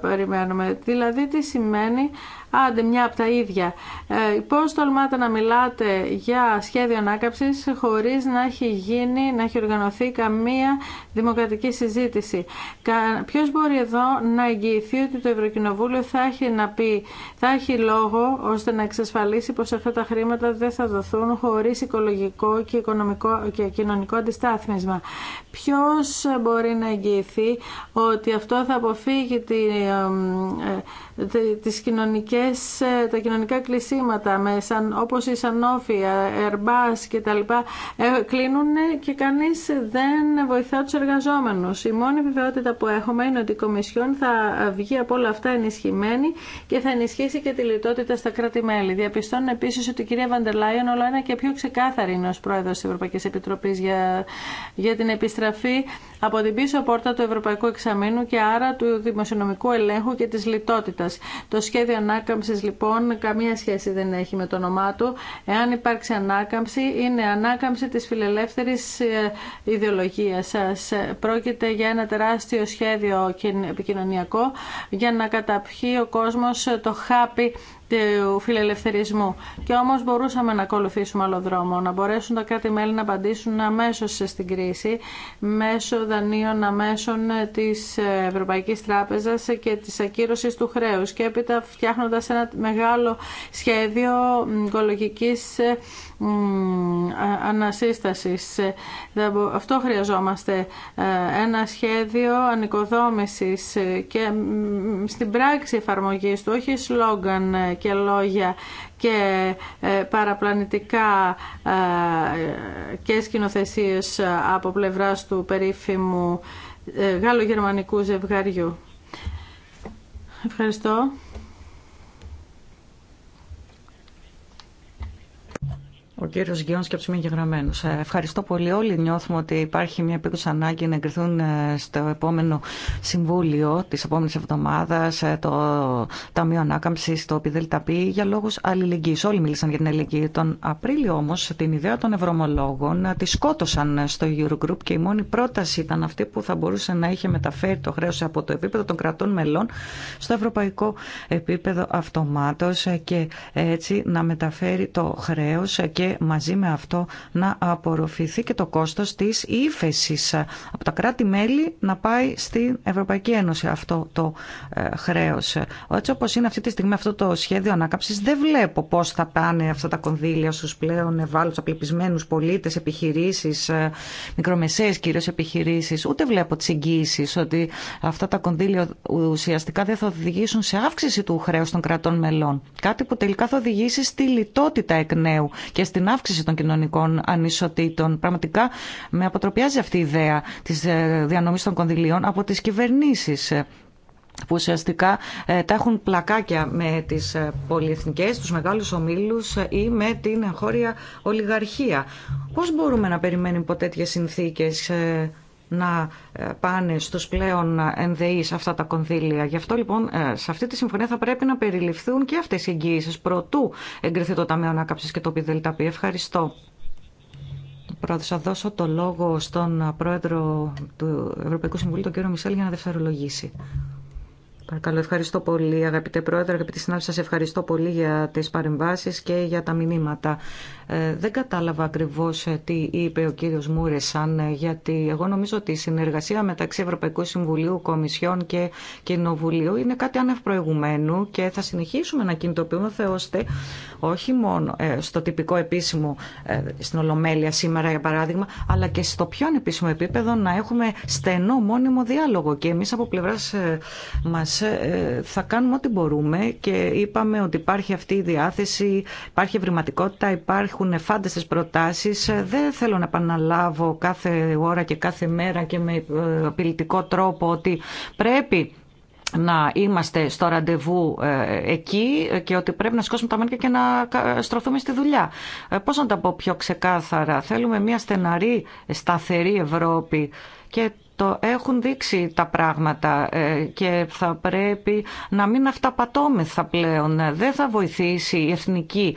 περιμένουμε. Δηλαδή τι σημαίνει άντε μια από τα ίδια. Ε, πώς τολμάτε να μιλάτε για σχέδιο ανάκαψης χωρίς να έχει γίνει, να έχει οργανωθεί καμία δημοκρατική συζήτηση. Κα, ποιος μπορεί εδώ να εγγυηθεί ότι το Ευρωκοινοβούλιο θα έχει, να πει, θα έχει λόγο ώστε να εξασφαλίσει πως αυτά τα χρήματα δεν θα δοθούν χωρίς οικολογικό και, οικονομικό και κοινωνικό αντιστάθμισμα. Ποιος μπορεί να εγγυηθεί ότι αυτό θα αποφύγει τη, ε, ε, τις κοινωνικές, ε, τα κοινωνικά κλεισίματα με σαν, όπως η Σανόφια, Ερμπάς και τα λοιπά ε, κλείνουν και κανείς δεν βοηθά τους εργαζόμενους. Η μόνη βεβαιότητα που έχουμε είναι ότι η Κομισιόν θα βγει από όλα αυτά ενισχυμένη και θα ενισχύσει και τη λιτότητα στα κράτη-μέλη. Διαπιστώνω επίσης ότι η κυρία Βαντελάιον όλο ένα και πιο ξεκάθαρη είναι ως πρόεδρος της Ευρωπαϊκής Επιτροπής για, για την επιστραφή από την πίσω πόρτα του Ευρωπαϊκού Εξαμήνου και άρα του δημοσιονομικού ελέγχου και της λιτότητας. Το σχέδιο ανάκαμψης λοιπόν καμία σχέση δεν έχει με το όνομά του. Εάν υπάρξει ανάκαμψη είναι ανάκαμψη της φιλελεύθερης ε, ιδεολογίας σας. Πρόκειται για ένα τεράστιο σχέδιο επικοινωνιακό για να καταπιεί ο κόσμος το χάπι του φιλελευθερισμού. Και όμως μπορούσαμε να ακολουθήσουμε άλλο δρόμο, να μπορέσουν τα κράτη-μέλη να απαντήσουν αμέσω στην κρίση, μέσω δανείων αμέσων ε, της ε, Ευρωπαϊκή Τράπεζα ε, και τη ακύρωσης του χρέους και έπειτα φτιάχνοντας ένα μεγάλο σχέδιο οικολογική ανασύστασης. Αυτό χρειαζόμαστε. Ένα σχέδιο ανοικοδόμησης ε, και στην πράξη εφαρμογής του, όχι σλόγγαν ε, και λόγια και ε, παραπλανητικά και σκηνοθεσίες από πλευράς του περίφημου γάλλο-γερμανικού ζευγαριού. Ευχαριστώ. Ο κύριο Γκιόν και από του εγγεγραμμένου. Ε, ευχαριστώ πολύ. Όλοι νιώθουμε ότι υπάρχει μια επίκουσα ανάγκη να εγκριθούν ε, στο επόμενο συμβούλιο τη επόμενη εβδομάδα ε, το Ταμείο Ανάκαμψη, το οποίο δεν τα πει για λόγου αλληλεγγύη. Όλοι μίλησαν για την αλληλεγγύη. Τον Απρίλιο όμω την ιδέα των ευρωμολόγων τη σκότωσαν στο Eurogroup και η μόνη πρόταση ήταν αυτή που θα μπορούσε να είχε μεταφέρει το χρέο από το επίπεδο των κρατών μελών στο ευρωπαϊκό επίπεδο αυτομάτω και έτσι να μεταφέρει το χρέο και και μαζί με αυτό να απορροφηθεί και το κόστος της ύφεση από τα κράτη-μέλη να πάει στην Ευρωπαϊκή Ένωση αυτό το ε, χρέος. Έτσι όπως είναι αυτή τη στιγμή αυτό το σχέδιο ανάκαψης δεν βλέπω πώς θα πάνε αυτά τα κονδύλια στους πλέον ευάλωτους απελπισμένους πολίτες, επιχειρήσεις, ε, μικρομεσαίες κυρίως επιχειρήσεις. Ούτε βλέπω τις εγγύησεις ότι αυτά τα κονδύλια ουσιαστικά δεν θα οδηγήσουν σε αύξηση του χρέους των κρατών μελών. Κάτι που τελικά θα οδηγήσει στη λιτότητα εκ νέου και στη την αύξηση των κοινωνικών ανισοτήτων. Πραγματικά με αποτροπιάζει αυτή η ιδέα της ε, διανομής των κονδυλίων από τις κυβερνήσεις ε, που ουσιαστικά ε, τα έχουν πλακάκια με τις πολυεθνικές, τους μεγάλους ομίλους ή με την εγχώρια ολιγαρχία. Πώς μπορούμε να περιμένουμε ποτέ τέτοιες συνθήκες να ε, πάνε στους πλέον ενδεείς αυτά τα κονδύλια. Γι' αυτό λοιπόν ε, σε αυτή τη συμφωνία θα πρέπει να περιληφθούν και αυτές οι εγγύησεις προτού εγκριθεί το Ταμείο Ανάκαψης και το ΠΔΕΛΤΑΠΗ. Ευχαριστώ. Πρώτα θα δώσω το λόγο στον πρόεδρο του Ευρωπαϊκού Συμβουλίου, τον κύριο Μισελ, για να δευτερολογήσει. Παρακαλώ, ευχαριστώ πολύ αγαπητέ Πρόεδρε, αγαπητοί συνάδελφοι, σα ευχαριστώ πολύ για τι παρεμβάσει και για τα μηνύματα. Ε, δεν κατάλαβα ακριβώς ε, τι είπε ο κύριος Μούρεσαν, ε, γιατί εγώ νομίζω ότι η συνεργασία μεταξύ Ευρωπαϊκού Συμβουλίου, Κομισιών και Κοινοβουλίου είναι κάτι ανευπροηγουμένου και θα συνεχίσουμε να κινητοποιούμε ώστε όχι μόνο στο τυπικό επίσημο στην Ολομέλεια σήμερα για παράδειγμα, αλλά και στο πιο ανεπίσημο επίπεδο να έχουμε στενό μόνιμο διάλογο και εμείς από πλευράς μας θα κάνουμε ό,τι μπορούμε και είπαμε ότι υπάρχει αυτή η διάθεση, υπάρχει ευρηματικότητα, υπάρχει. Υπάρχουν φάνταστες προτάσεις. Δεν θέλω να επαναλάβω κάθε ώρα και κάθε μέρα και με ε, απειλητικό τρόπο ότι πρέπει να είμαστε στο ραντεβού ε, εκεί και ότι πρέπει να σηκώσουμε τα μάτια και να στρωθούμε στη δουλειά. Ε, πώς να τα πω πιο ξεκάθαρα. Θέλουμε μια στεναρή, σταθερή Ευρώπη και το έχουν δείξει τα πράγματα ε, και θα πρέπει να μην αυταπατώμεθα πλέον. Δεν θα βοηθήσει η εθνική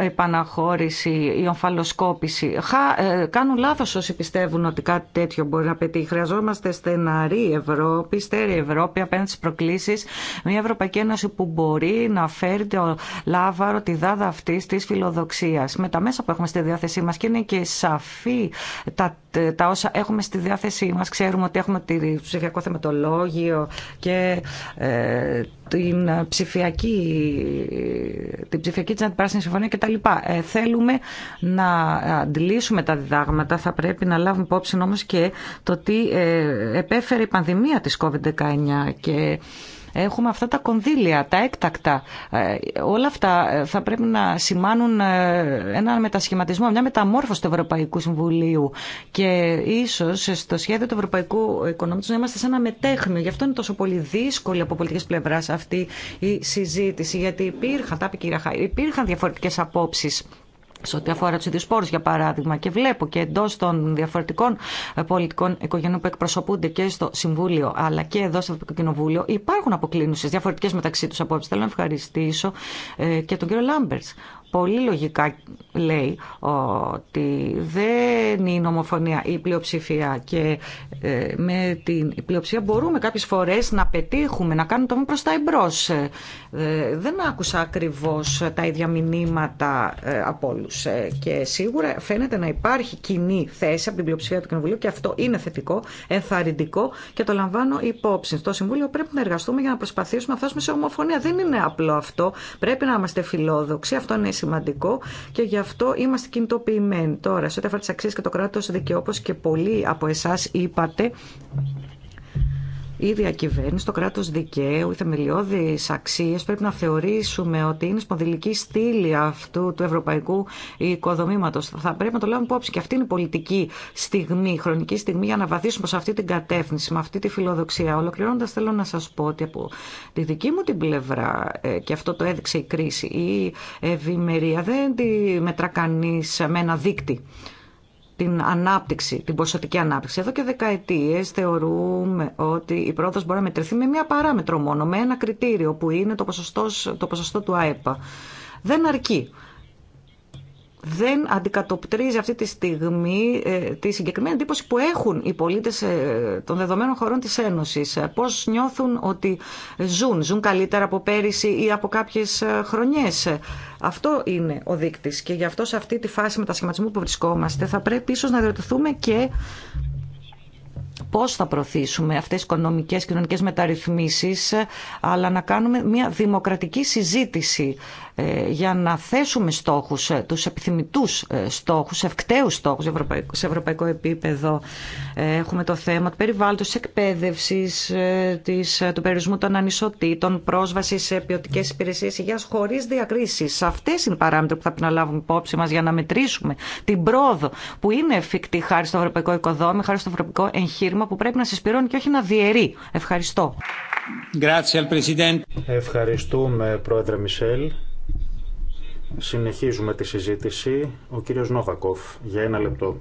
επαναχώρηση, η ομφαλοσκόπηση. Ε, κάνουν λάθος όσοι πιστεύουν ότι κάτι τέτοιο μπορεί να πετύχει. Χρειαζόμαστε στεναρή Ευρώπη, στέρη Ευρώπη απέναντι στις προκλήσεις. Μια Ευρωπαϊκή Ένωση που μπορεί να φέρει το λάβαρο τη δάδα αυτή τη φιλοδοξία. Με τα μέσα που έχουμε στη διάθεσή μας και είναι και σαφή τα, τα όσα έχουμε στη διάθεσή μας. Ξέρουμε ότι έχουμε το ψηφιακό θεματολόγιο και ε, την ψηφιακή, την ψηφιακή της αντιπράσινη συμφωνία κτλ. Ε, θέλουμε να αντιλήσουμε τα διδάγματα, θα πρέπει να λάβουμε υπόψη όμως και το τι ε, επέφερε η πανδημία της COVID-19 και Έχουμε αυτά τα κονδύλια, τα έκτακτα. Ε, όλα αυτά ε, θα πρέπει να σημάνουν ε, ένα μετασχηματισμό, μια μεταμόρφωση του Ευρωπαϊκού Συμβουλίου και ίσω στο σχέδιο του Ευρωπαϊκού Οικονομικού να είμαστε σε ένα μετέχνιο. Γι' αυτό είναι τόσο πολύ δύσκολη από πολιτική πλευρά αυτή η συζήτηση, γιατί υπήρχαν, τα είπε κυρία υπήρχαν διαφορετικέ απόψει σε ό,τι αφορά του ίδιου πόρου, για παράδειγμα. Και βλέπω και εντό των διαφορετικών ε, πολιτικών οικογενειών που εκπροσωπούνται και στο Συμβούλιο, αλλά και εδώ στο Ευρωπαϊκό Κοινοβούλιο, υπάρχουν αποκλίνουσε διαφορετικέ μεταξύ του απόψει. Θέλω να ευχαριστήσω ε, και τον κύριο Λάμπερτ, πολύ λογικά λέει ότι δεν είναι ομοφωνία η πλειοψηφία και ε, με την πλειοψηφία μπορούμε κάποιες φορές να πετύχουμε, να κάνουμε το βήμα προς τα εμπρός. Ε, δεν άκουσα ακριβώς τα ίδια μηνύματα ε, από όλου. Και σίγουρα φαίνεται να υπάρχει κοινή θέση από την πλειοψηφία του Κοινοβουλίου και αυτό είναι θετικό, ενθαρρυντικό και το λαμβάνω υπόψη. Στο Συμβούλιο πρέπει να εργαστούμε για να προσπαθήσουμε να φτάσουμε σε ομοφωνία. Δεν είναι απλό αυτό. Πρέπει να είμαστε φιλόδοξοι. Αυτό είναι σημαντικό και γι' αυτό είμαστε κινητοποιημένοι. Τώρα, σε ό,τι αφορά τι αξίε και το κράτο δικαίου, όπω και πολλοί από εσά είπατε, η διακυβέρνηση, το κράτος δικαίου, οι θεμελιώδει αξίες πρέπει να θεωρήσουμε ότι είναι σπονδυλική στήλη αυτού του ευρωπαϊκού οικοδομήματος. Θα πρέπει να το λέμε υπόψη και αυτή είναι η πολιτική στιγμή, η χρονική στιγμή για να βαθίσουμε σε αυτή την κατεύθυνση, με αυτή τη φιλοδοξία. ολοκληρώνοντα θέλω να σα πω ότι από τη δική μου την πλευρά ε, και αυτό το έδειξε η κρίση, η ευημερία δεν τη κανεί με ένα δίκτυ την ανάπτυξη, την ποσοτική ανάπτυξη. Εδώ και δεκαετίες θεωρούμε ότι η πρόοδο μπορεί να μετρηθεί με μία παράμετρο μόνο, με ένα κριτήριο που είναι το, το ποσοστό του ΑΕΠΑ. Δεν αρκεί δεν αντικατοπτρίζει αυτή τη στιγμή ε, τη συγκεκριμένη εντύπωση που έχουν οι πολίτες ε, των δεδομένων χωρών της Ένωσης. Ε, πώς νιώθουν ότι ζουν, ζουν καλύτερα από πέρυσι ή από κάποιες χρονιές. Αυτό είναι ο δείκτη. και γι' αυτό σε αυτή τη φάση μετασχηματισμού που βρισκόμαστε θα πρέπει ίσω να διορθωθούμε και πώς θα προωθήσουμε αυτές τις οικονομικές και κοινωνικές μεταρρυθμίσεις, αλλά να κάνουμε μια δημοκρατική συζήτηση ε, για να θέσουμε στόχους, ε, τους επιθυμητούς ε, στόχους, ευκταίους στόχους σε ευρωπαϊκό επίπεδο. Έχουμε το θέμα του περιβάλλοντος, της εκπαίδευσης, της, του περιορισμού των ανισοτήτων, πρόσβαση σε ποιοτικέ υπηρεσίες υγείας χωρίς διακρίσεις. Αυτές είναι οι παράμετροι που θα πρέπει να λάβουμε υπόψη μας για να μετρήσουμε την πρόοδο που είναι εφικτή χάρη στο ευρωπαϊκό οικοδόμημα, χάρη στο ευρωπαϊκό εγχείρημα που πρέπει να συσπηρώνει και όχι να διαιρεί. Ευχαριστώ. Ευχαριστούμε, Πρόεδρε Μισελ. Συνεχίζουμε τη συζήτηση. Ο κύριος Νόβακοφ, για ένα λεπτό.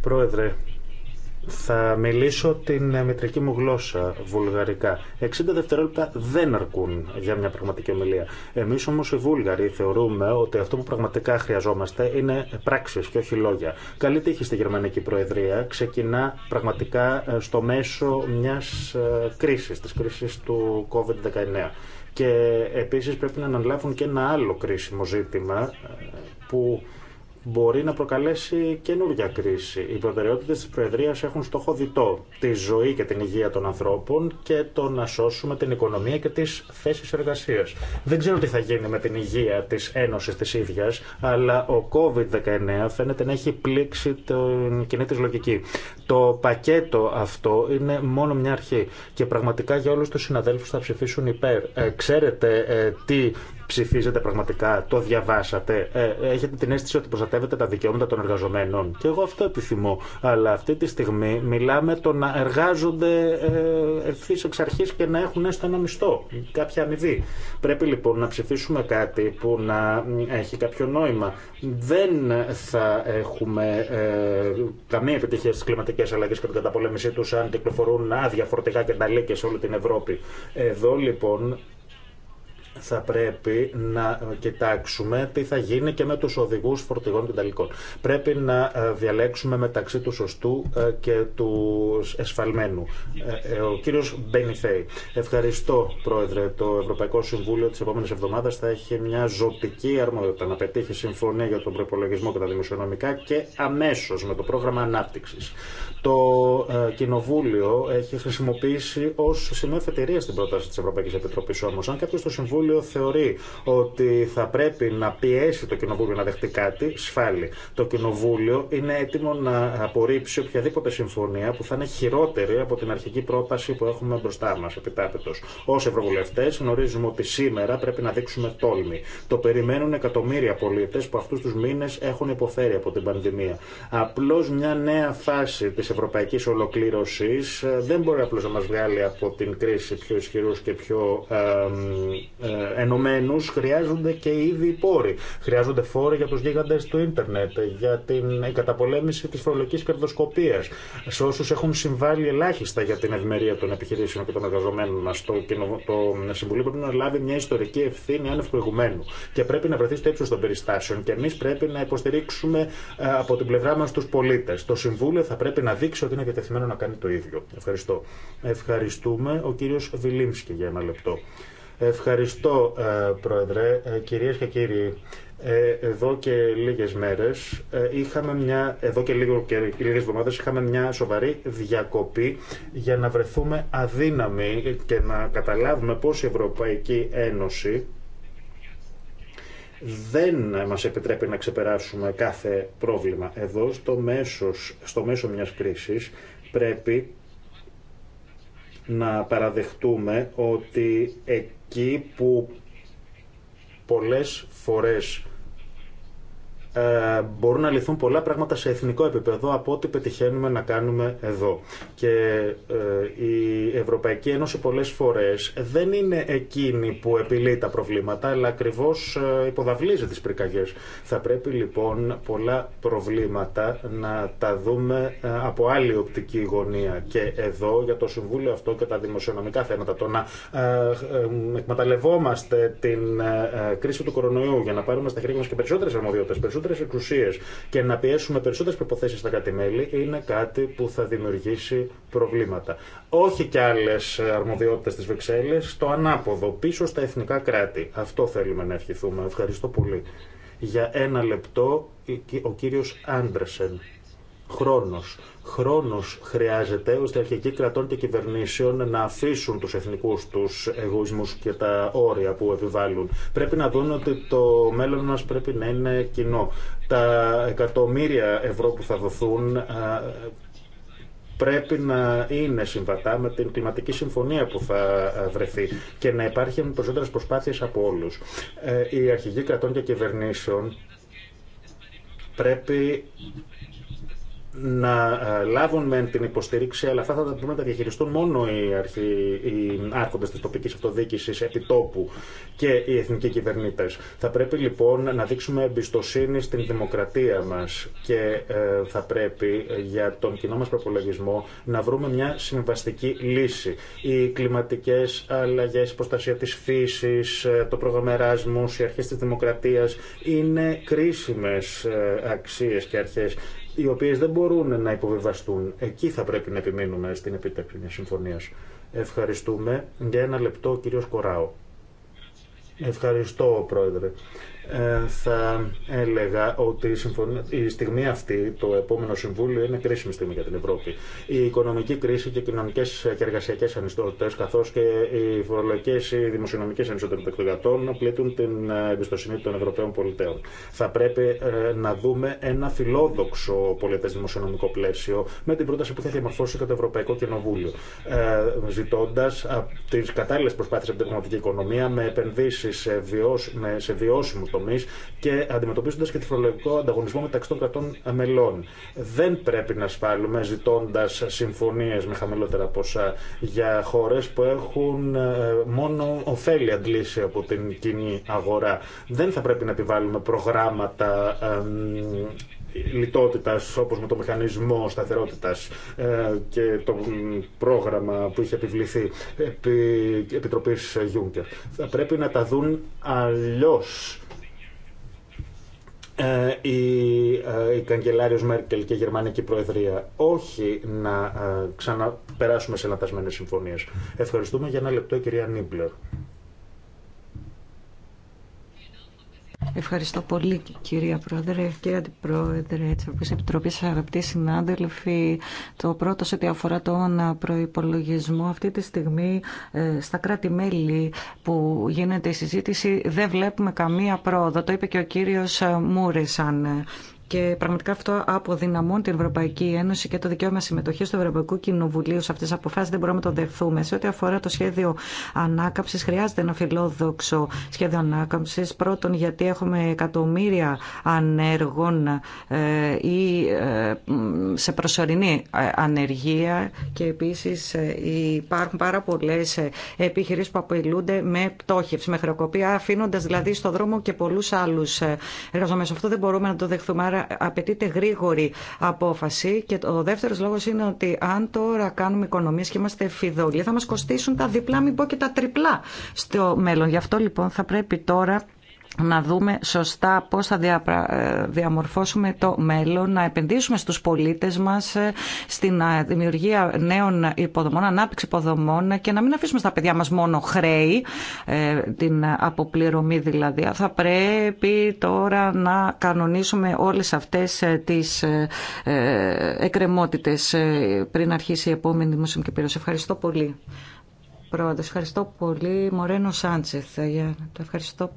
Πρόεδρε, θα μιλήσω την ε, μετρική μου γλώσσα, βουλγαρικά. 60 δευτερόλεπτα δεν αρκούν για μια πραγματική ομιλία. Εμεί όμω οι Βούλγαροι θεωρούμε ότι αυτό που πραγματικά χρειαζόμαστε είναι πράξεις και όχι λόγια. Καλή τύχη στη Γερμανική Προεδρία. Ξεκινά πραγματικά ε, στο μέσο μια ε, κρίση, τη κρίση του COVID-19. Και επίση πρέπει να αναλάβουν και ένα άλλο κρίσιμο ζήτημα που μπορεί να προκαλέσει καινούργια κρίση. Οι προτεραιότητε τη Προεδρία έχουν στόχο διτό τη ζωή και την υγεία των ανθρώπων και το να σώσουμε την οικονομία και τι θέσει εργασία. Δεν ξέρω τι θα γίνει με την υγεία τη Ένωση τη ίδια, αλλά ο COVID-19 φαίνεται να έχει πλήξει την κοινή τη λογική. Το πακέτο αυτό είναι μόνο μια αρχή και πραγματικά για όλους τους συναδέλφους θα ψηφίσουν υπέρ. Ε, ξέρετε ε, τι ψηφίζετε πραγματικά, το διαβάσατε, ε, έχετε την αίσθηση ότι προστατεύετε τα δικαιώματα των εργαζομένων. Και εγώ αυτό επιθυμώ. Αλλά αυτή τη στιγμή μιλάμε το να εργάζονται ευθύ εξ αρχή και να έχουν έστω ένα μισθό, κάποια αμοιβή. Πρέπει λοιπόν να ψηφίσουμε κάτι που να έχει κάποιο νόημα. Δεν θα έχουμε καμία επιτυχία κλιματικέ αλλαγέ και την καταπολέμησή του, αν κυκλοφορούν άδεια φορτηγά και τα σε όλη την Ευρώπη. Εδώ λοιπόν θα πρέπει να κοιτάξουμε τι θα γίνει και με τους οδηγούς φορτηγών και ταλικών. Πρέπει να ε, διαλέξουμε μεταξύ του σωστού ε, και του εσφαλμένου. Ε, ο κύριος Μπενιθέη. Ευχαριστώ, Πρόεδρε. Το Ευρωπαϊκό Συμβούλιο της επόμενης εβδομάδας θα έχει μια ζωτική αρμοδιότητα να πετύχει συμφωνία για τον προπολογισμό και τα δημοσιονομικά και αμέσως με το πρόγραμμα ανάπτυξης το ε, Κοινοβούλιο έχει χρησιμοποιήσει ω σημείο εφετηρία την πρόταση τη Ευρωπαϊκή Επιτροπή. Όμω, αν κάποιο στο Συμβούλιο θεωρεί ότι θα πρέπει να πιέσει το Κοινοβούλιο να δεχτεί κάτι, σφάλει. Το Κοινοβούλιο είναι έτοιμο να απορρίψει οποιαδήποτε συμφωνία που θα είναι χειρότερη από την αρχική πρόταση που έχουμε μπροστά μα, επιτάπητο. Ω Ευρωβουλευτέ, γνωρίζουμε ότι σήμερα πρέπει να δείξουμε τόλμη. Το περιμένουν εκατομμύρια πολίτε που αυτού του μήνε έχουν υποφέρει από την πανδημία. Απλώ μια νέα φάση τη ευρωπαϊκής ολοκλήρωσης ε, δεν μπορεί απλώς να μας βγάλει από την κρίση πιο ισχυρούς και πιο ε, ε, ενωμένους. Χρειάζονται και ήδη πόροι. Χρειάζονται φόροι για τους γίγαντες του ίντερνετ, για την καταπολέμηση της φορολογικής κερδοσκοπίας, σε όσους έχουν συμβάλει ελάχιστα για την ευημερία των επιχειρήσεων και των εργαζομένων μας. Το, το Συμβουλίο πρέπει να λάβει μια ιστορική ευθύνη άνευ προηγουμένου και πρέπει να βρεθεί στο των περιστάσεων και εμεί πρέπει να υποστηρίξουμε ε, από την πλευρά μας τους πολίτες. Το Συμβούλιο θα πρέπει να δείξει ότι είναι διατεθειμένο να κάνει το ίδιο. Ευχαριστώ. Ευχαριστούμε. Ο κύριος Βιλίμσκι για ένα λεπτό. Ευχαριστώ, ε, Πρόεδρε. Ε, κυρίες και κύριοι, ε, εδώ και λίγες μέρες είχαμε μια, εδώ και, λίγο, και λίγες είχαμε μια σοβαρή διακοπή για να βρεθούμε αδύναμοι και να καταλάβουμε πώς η Ευρωπαϊκή Ένωση δεν μας επιτρέπει να ξεπεράσουμε κάθε πρόβλημα. Εδώ στο, μέσος, στο μέσο μιας κρίσης πρέπει να παραδεχτούμε ότι εκεί που πολλές φορές ε, μπορούν να λυθούν πολλά πράγματα σε εθνικό επίπεδο από ό,τι πετυχαίνουμε να κάνουμε εδώ. Και ε, η Ευρωπαϊκή Ένωση πολλές φορές δεν είναι εκείνη που επιλύει τα προβλήματα, αλλά ακριβώς ε, υποδαβλίζει τις πρικαγιές. Θα πρέπει λοιπόν πολλά προβλήματα να τα δούμε ε, από άλλη οπτική γωνία. Και εδώ για το Συμβούλιο αυτό και τα δημοσιονομικά θέματα, το να ε, εκμεταλλευόμαστε την κρίση του κορονοϊού για να πάρουμε στα χέρια μας και περισσότερες αρμοδιότητες, περισσότερε εξουσίε και να πιέσουμε περισσότερε προποθέσει στα κράτη-μέλη είναι κάτι που θα δημιουργήσει προβλήματα. Όχι και άλλε αρμοδιότητε τη Βεξέλη, το ανάποδο, πίσω στα εθνικά κράτη. Αυτό θέλουμε να ευχηθούμε. Ευχαριστώ πολύ. Για ένα λεπτό ο κύριο Άντρεσεν. χρόνο χρόνο χρειάζεται ώστε οι αρχικοί κρατών και κυβερνήσεων να αφήσουν του εθνικού του εγωισμούς και τα όρια που επιβάλλουν. Πρέπει να δουν ότι το μέλλον μα πρέπει να είναι κοινό. Τα εκατομμύρια ευρώ που θα δοθούν πρέπει να είναι συμβατά με την κλιματική συμφωνία που θα βρεθεί και να υπάρχουν περισσότερε προσπάθειε από όλου. Ε, οι αρχηγοί κρατών και κυβερνήσεων πρέπει να ε, λάβουν μεν την υποστήριξη, αλλά αυτά θα τα μπορούν να τα διαχειριστούν μόνο οι, αρχι... οι άρχοντε τη τοπική αυτοδιοίκηση επιτόπου και οι εθνικοί κυβερνήτε. Θα πρέπει λοιπόν να δείξουμε εμπιστοσύνη στην δημοκρατία μα και ε, θα πρέπει για τον κοινό μα προπολογισμό να βρούμε μια συμβαστική λύση. Οι κλιματικέ αλλαγέ, η προστασία τη φύση, ε, το πρόγραμμα Εράσμου, οι αρχέ τη δημοκρατία είναι κρίσιμε αξίε και αρχέ οι οποίε δεν μπορούν να υποβιβαστούν. Εκεί θα πρέπει να επιμείνουμε στην επίτευξη μια συμφωνίας. Ευχαριστούμε. Για ένα λεπτό, ο κύριος Κοράου. Ευχαριστώ, Πρόεδρε. Ε, θα έλεγα ότι η στιγμή αυτή, το επόμενο Συμβούλιο, είναι κρίσιμη στιγμή για την Ευρώπη. Η οικονομική κρίση και οι κοινωνικέ και εργασιακέ ανισότητε, καθώ και οι φορολογικέ ή δημοσιονομικέ ανισότητε των εκδοτών, πλήττουν την ε, εμπιστοσύνη των Ευρωπαίων πολιτέων. Θα πρέπει ε, να δούμε ένα φιλόδοξο πολιτέ δημοσιονομικό πλαίσιο με την πρόταση που θα διαμορφώσει και το Ευρωπαϊκό Κοινοβούλιο. Ζητώντα τι κατάλληλε προσπάθειε από την οικονομία με επενδύσει σε βιώσιμου και αντιμετωπίζοντα και τη φορολογικό ανταγωνισμό μεταξύ των κρατών μελών. Δεν πρέπει να ασφάλουμε ζητώντα συμφωνίε με χαμηλότερα ποσά για χώρε που έχουν ε, μόνο ωφέλη αντλήσει από την κοινή αγορά. Δεν θα πρέπει να επιβάλλουμε προγράμματα λιτότητα, όπω με το μηχανισμό σταθερότητα ε, και το πρόγραμμα που είχε επιβληθεί επί Επιτροπή Juncker. Θα πρέπει να τα δουν αλλιώ ε, η, ε, η καγκελάριος Μέρκελ και η Γερμανική Προεδρία όχι να ε, ξαναπεράσουμε σε λατασμένες συμφωνίες. Ευχαριστούμε για ένα λεπτό κυρία Νίμπλερ. Ευχαριστώ πολύ κυρία Πρόεδρε, κύριε Αντιπρόεδρε της Ευρωπαϊκής Επιτροπής, αγαπητοί συνάδελφοι. Το πρώτο σε ό,τι αφορά τον προϋπολογισμό αυτή τη στιγμή ε, στα κράτη-μέλη που γίνεται η συζήτηση δεν βλέπουμε καμία πρόοδο. Το είπε και ο κύριος Μούρεσαν και πραγματικά αυτό αποδυναμώνει την Ευρωπαϊκή Ένωση και το δικαίωμα συμμετοχή του Ευρωπαϊκού Κοινοβουλίου σε αυτέ τι αποφάσει. Δεν μπορούμε να το δεχθούμε. Σε ό,τι αφορά το σχέδιο ανάκαμψη, χρειάζεται ένα φιλόδοξο σχέδιο ανάκαμψη. Πρώτον, γιατί έχουμε εκατομμύρια ανέργων ε, ή ε, σε προσωρινή ε, ανεργία και επίση υπάρχουν πάρα πολλέ επιχειρήσει που απειλούνται με πτώχευση, με χρεοκοπία, αφήνοντα δηλαδή στο δρόμο και πολλού άλλου εργαζομένου. Αυτό δεν μπορούμε να το δεχθούμε. Άρα απαιτείται γρήγορη απόφαση. Και ο δεύτερο λόγο είναι ότι αν τώρα κάνουμε οικονομίε και είμαστε φιδωλοί, θα μα κοστίσουν τα διπλά, μην πω και τα τριπλά στο μέλλον. Γι' αυτό λοιπόν θα πρέπει τώρα να δούμε σωστά πώς θα ε, διαμορφώσουμε το μέλλον, να επενδύσουμε στους πολίτες μας ε, στην ε, δημιουργία νέων υποδομών, ανάπτυξη υποδομών και να μην αφήσουμε στα παιδιά μας μόνο χρέη, την αποπληρωμή δηλαδή. Θα πρέπει τώρα να κανονίσουμε όλες αυτές τις εκκρεμότητες πριν αρχίσει η επόμενη και περίοδος. Ευχαριστώ πολύ. ευχαριστώ πολύ. Μορένο Σάντσεθ, ευχαριστώ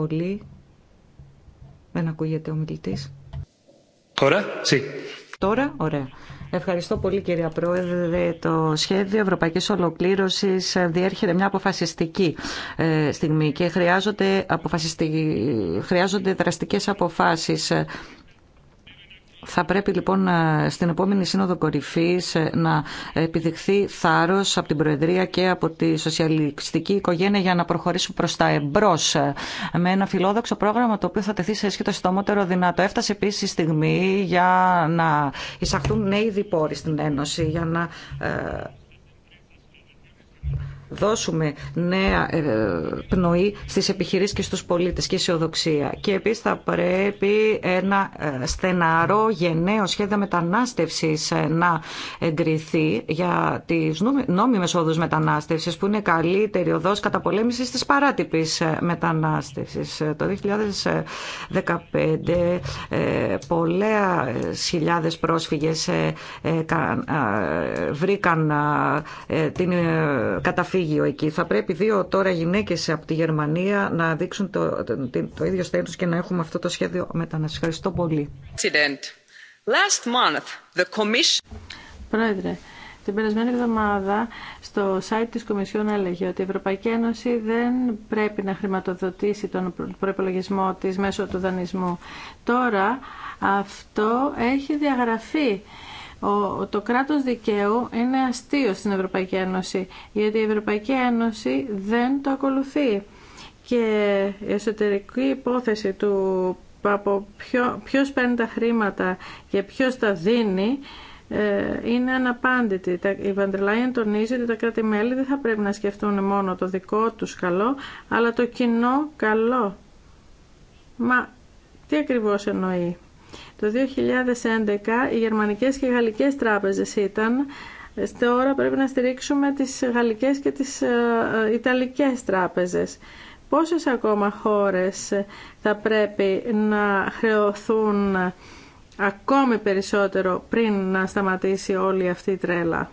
πολύ. Δεν ακούγεται ο μιλητή. Τώρα, sí. Τώρα, ωραία. Ευχαριστώ πολύ κυρία Πρόεδρε. Το σχέδιο ευρωπαϊκής ολοκλήρωσης διέρχεται μια αποφασιστική ε, στιγμή και χρειάζονται, δραστικέ χρειάζονται δραστικές αποφάσεις θα πρέπει λοιπόν ε, στην επόμενη σύνοδο κορυφής ε, να επιδειχθεί θάρρος από την Προεδρία και από τη σοσιαλιστική οικογένεια για να προχωρήσουν προς τα εμπρός ε, με ένα φιλόδοξο πρόγραμμα το οποίο θα τεθεί σε ισχύ το δυνατό. Έφτασε επίση η στιγμή για να εισαχθούν νέοι διπόροι στην Ένωση, για να δώσουμε νέα ε, πνοή στις επιχειρήσεις και στους πολίτες και αισιοδοξία. Και επίσης θα πρέπει ένα ε, στεναρό γενναίο σχέδιο μετανάστευσης ε, να εγκριθεί για τις νόμιμες οδούς μετανάστευσης που είναι καλύτερη οδός καταπολέμησης της παράτυπης μετανάστευσης. Το 2015 πολλές χιλιάδες πρόσφυγες βρήκαν την καταφυγή εκεί. Θα πρέπει δύο τώρα γυναίκε από τη Γερμανία να δείξουν το, το, ίδιο στέλνο και να έχουμε αυτό το σχέδιο μεταναστευτικό. Ευχαριστώ πολύ. Last month, the commission... Πρόεδρε, την περασμένη εβδομάδα στο site της Κομισιόν έλεγε ότι η Ευρωπαϊκή Ένωση δεν πρέπει να χρηματοδοτήσει τον προπολογισμό της μέσω του δανεισμού. Τώρα αυτό έχει διαγραφεί ο το κράτος δικαίου είναι αστείο στην Ευρωπαϊκή Ένωση, γιατί η Ευρωπαϊκή Ένωση δεν το ακολουθεί. Και η εσωτερική υπόθεση του από ποιο, ποιος παίρνει τα χρήματα και ποιος τα δίνει ε, είναι αναπάντητη. Η Βαντρελάιεν τονίζει ότι τα κράτη-μέλη δεν θα πρέπει να σκεφτούν μόνο το δικό τους καλό, αλλά το κοινό καλό. Μα τι ακριβώς εννοεί. Το 2011 οι γερμανικές και γαλλικές τράπεζες ήταν. Τώρα πρέπει να στηρίξουμε τις γαλλικές και τις ε, ε, ιταλικές τράπεζες. Πόσες ακόμα χώρες θα πρέπει να χρεωθούν ακόμη περισσότερο πριν να σταματήσει όλη αυτή η τρέλα.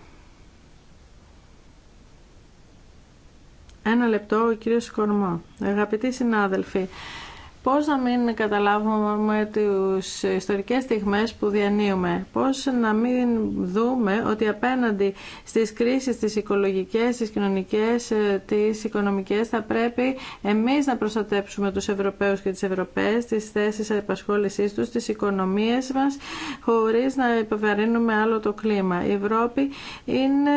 Ένα λεπτό ο κύριος Κορμό. Αγαπητοί συνάδελφοι, Πώς να μην καταλάβουμε τις ιστορικές στιγμές που διανύουμε. Πώς να μην δούμε ότι απέναντι στις κρίσεις, τις οικολογικές, τις κοινωνικές, τις οικονομικές θα πρέπει εμείς να προστατέψουμε τους Ευρωπαίους και τις Ευρωπαίες, τις θέσεις επασχόλησής τους, τις οικονομίες μας, χωρίς να υποβαρύνουμε άλλο το κλίμα. Η Ευρώπη είναι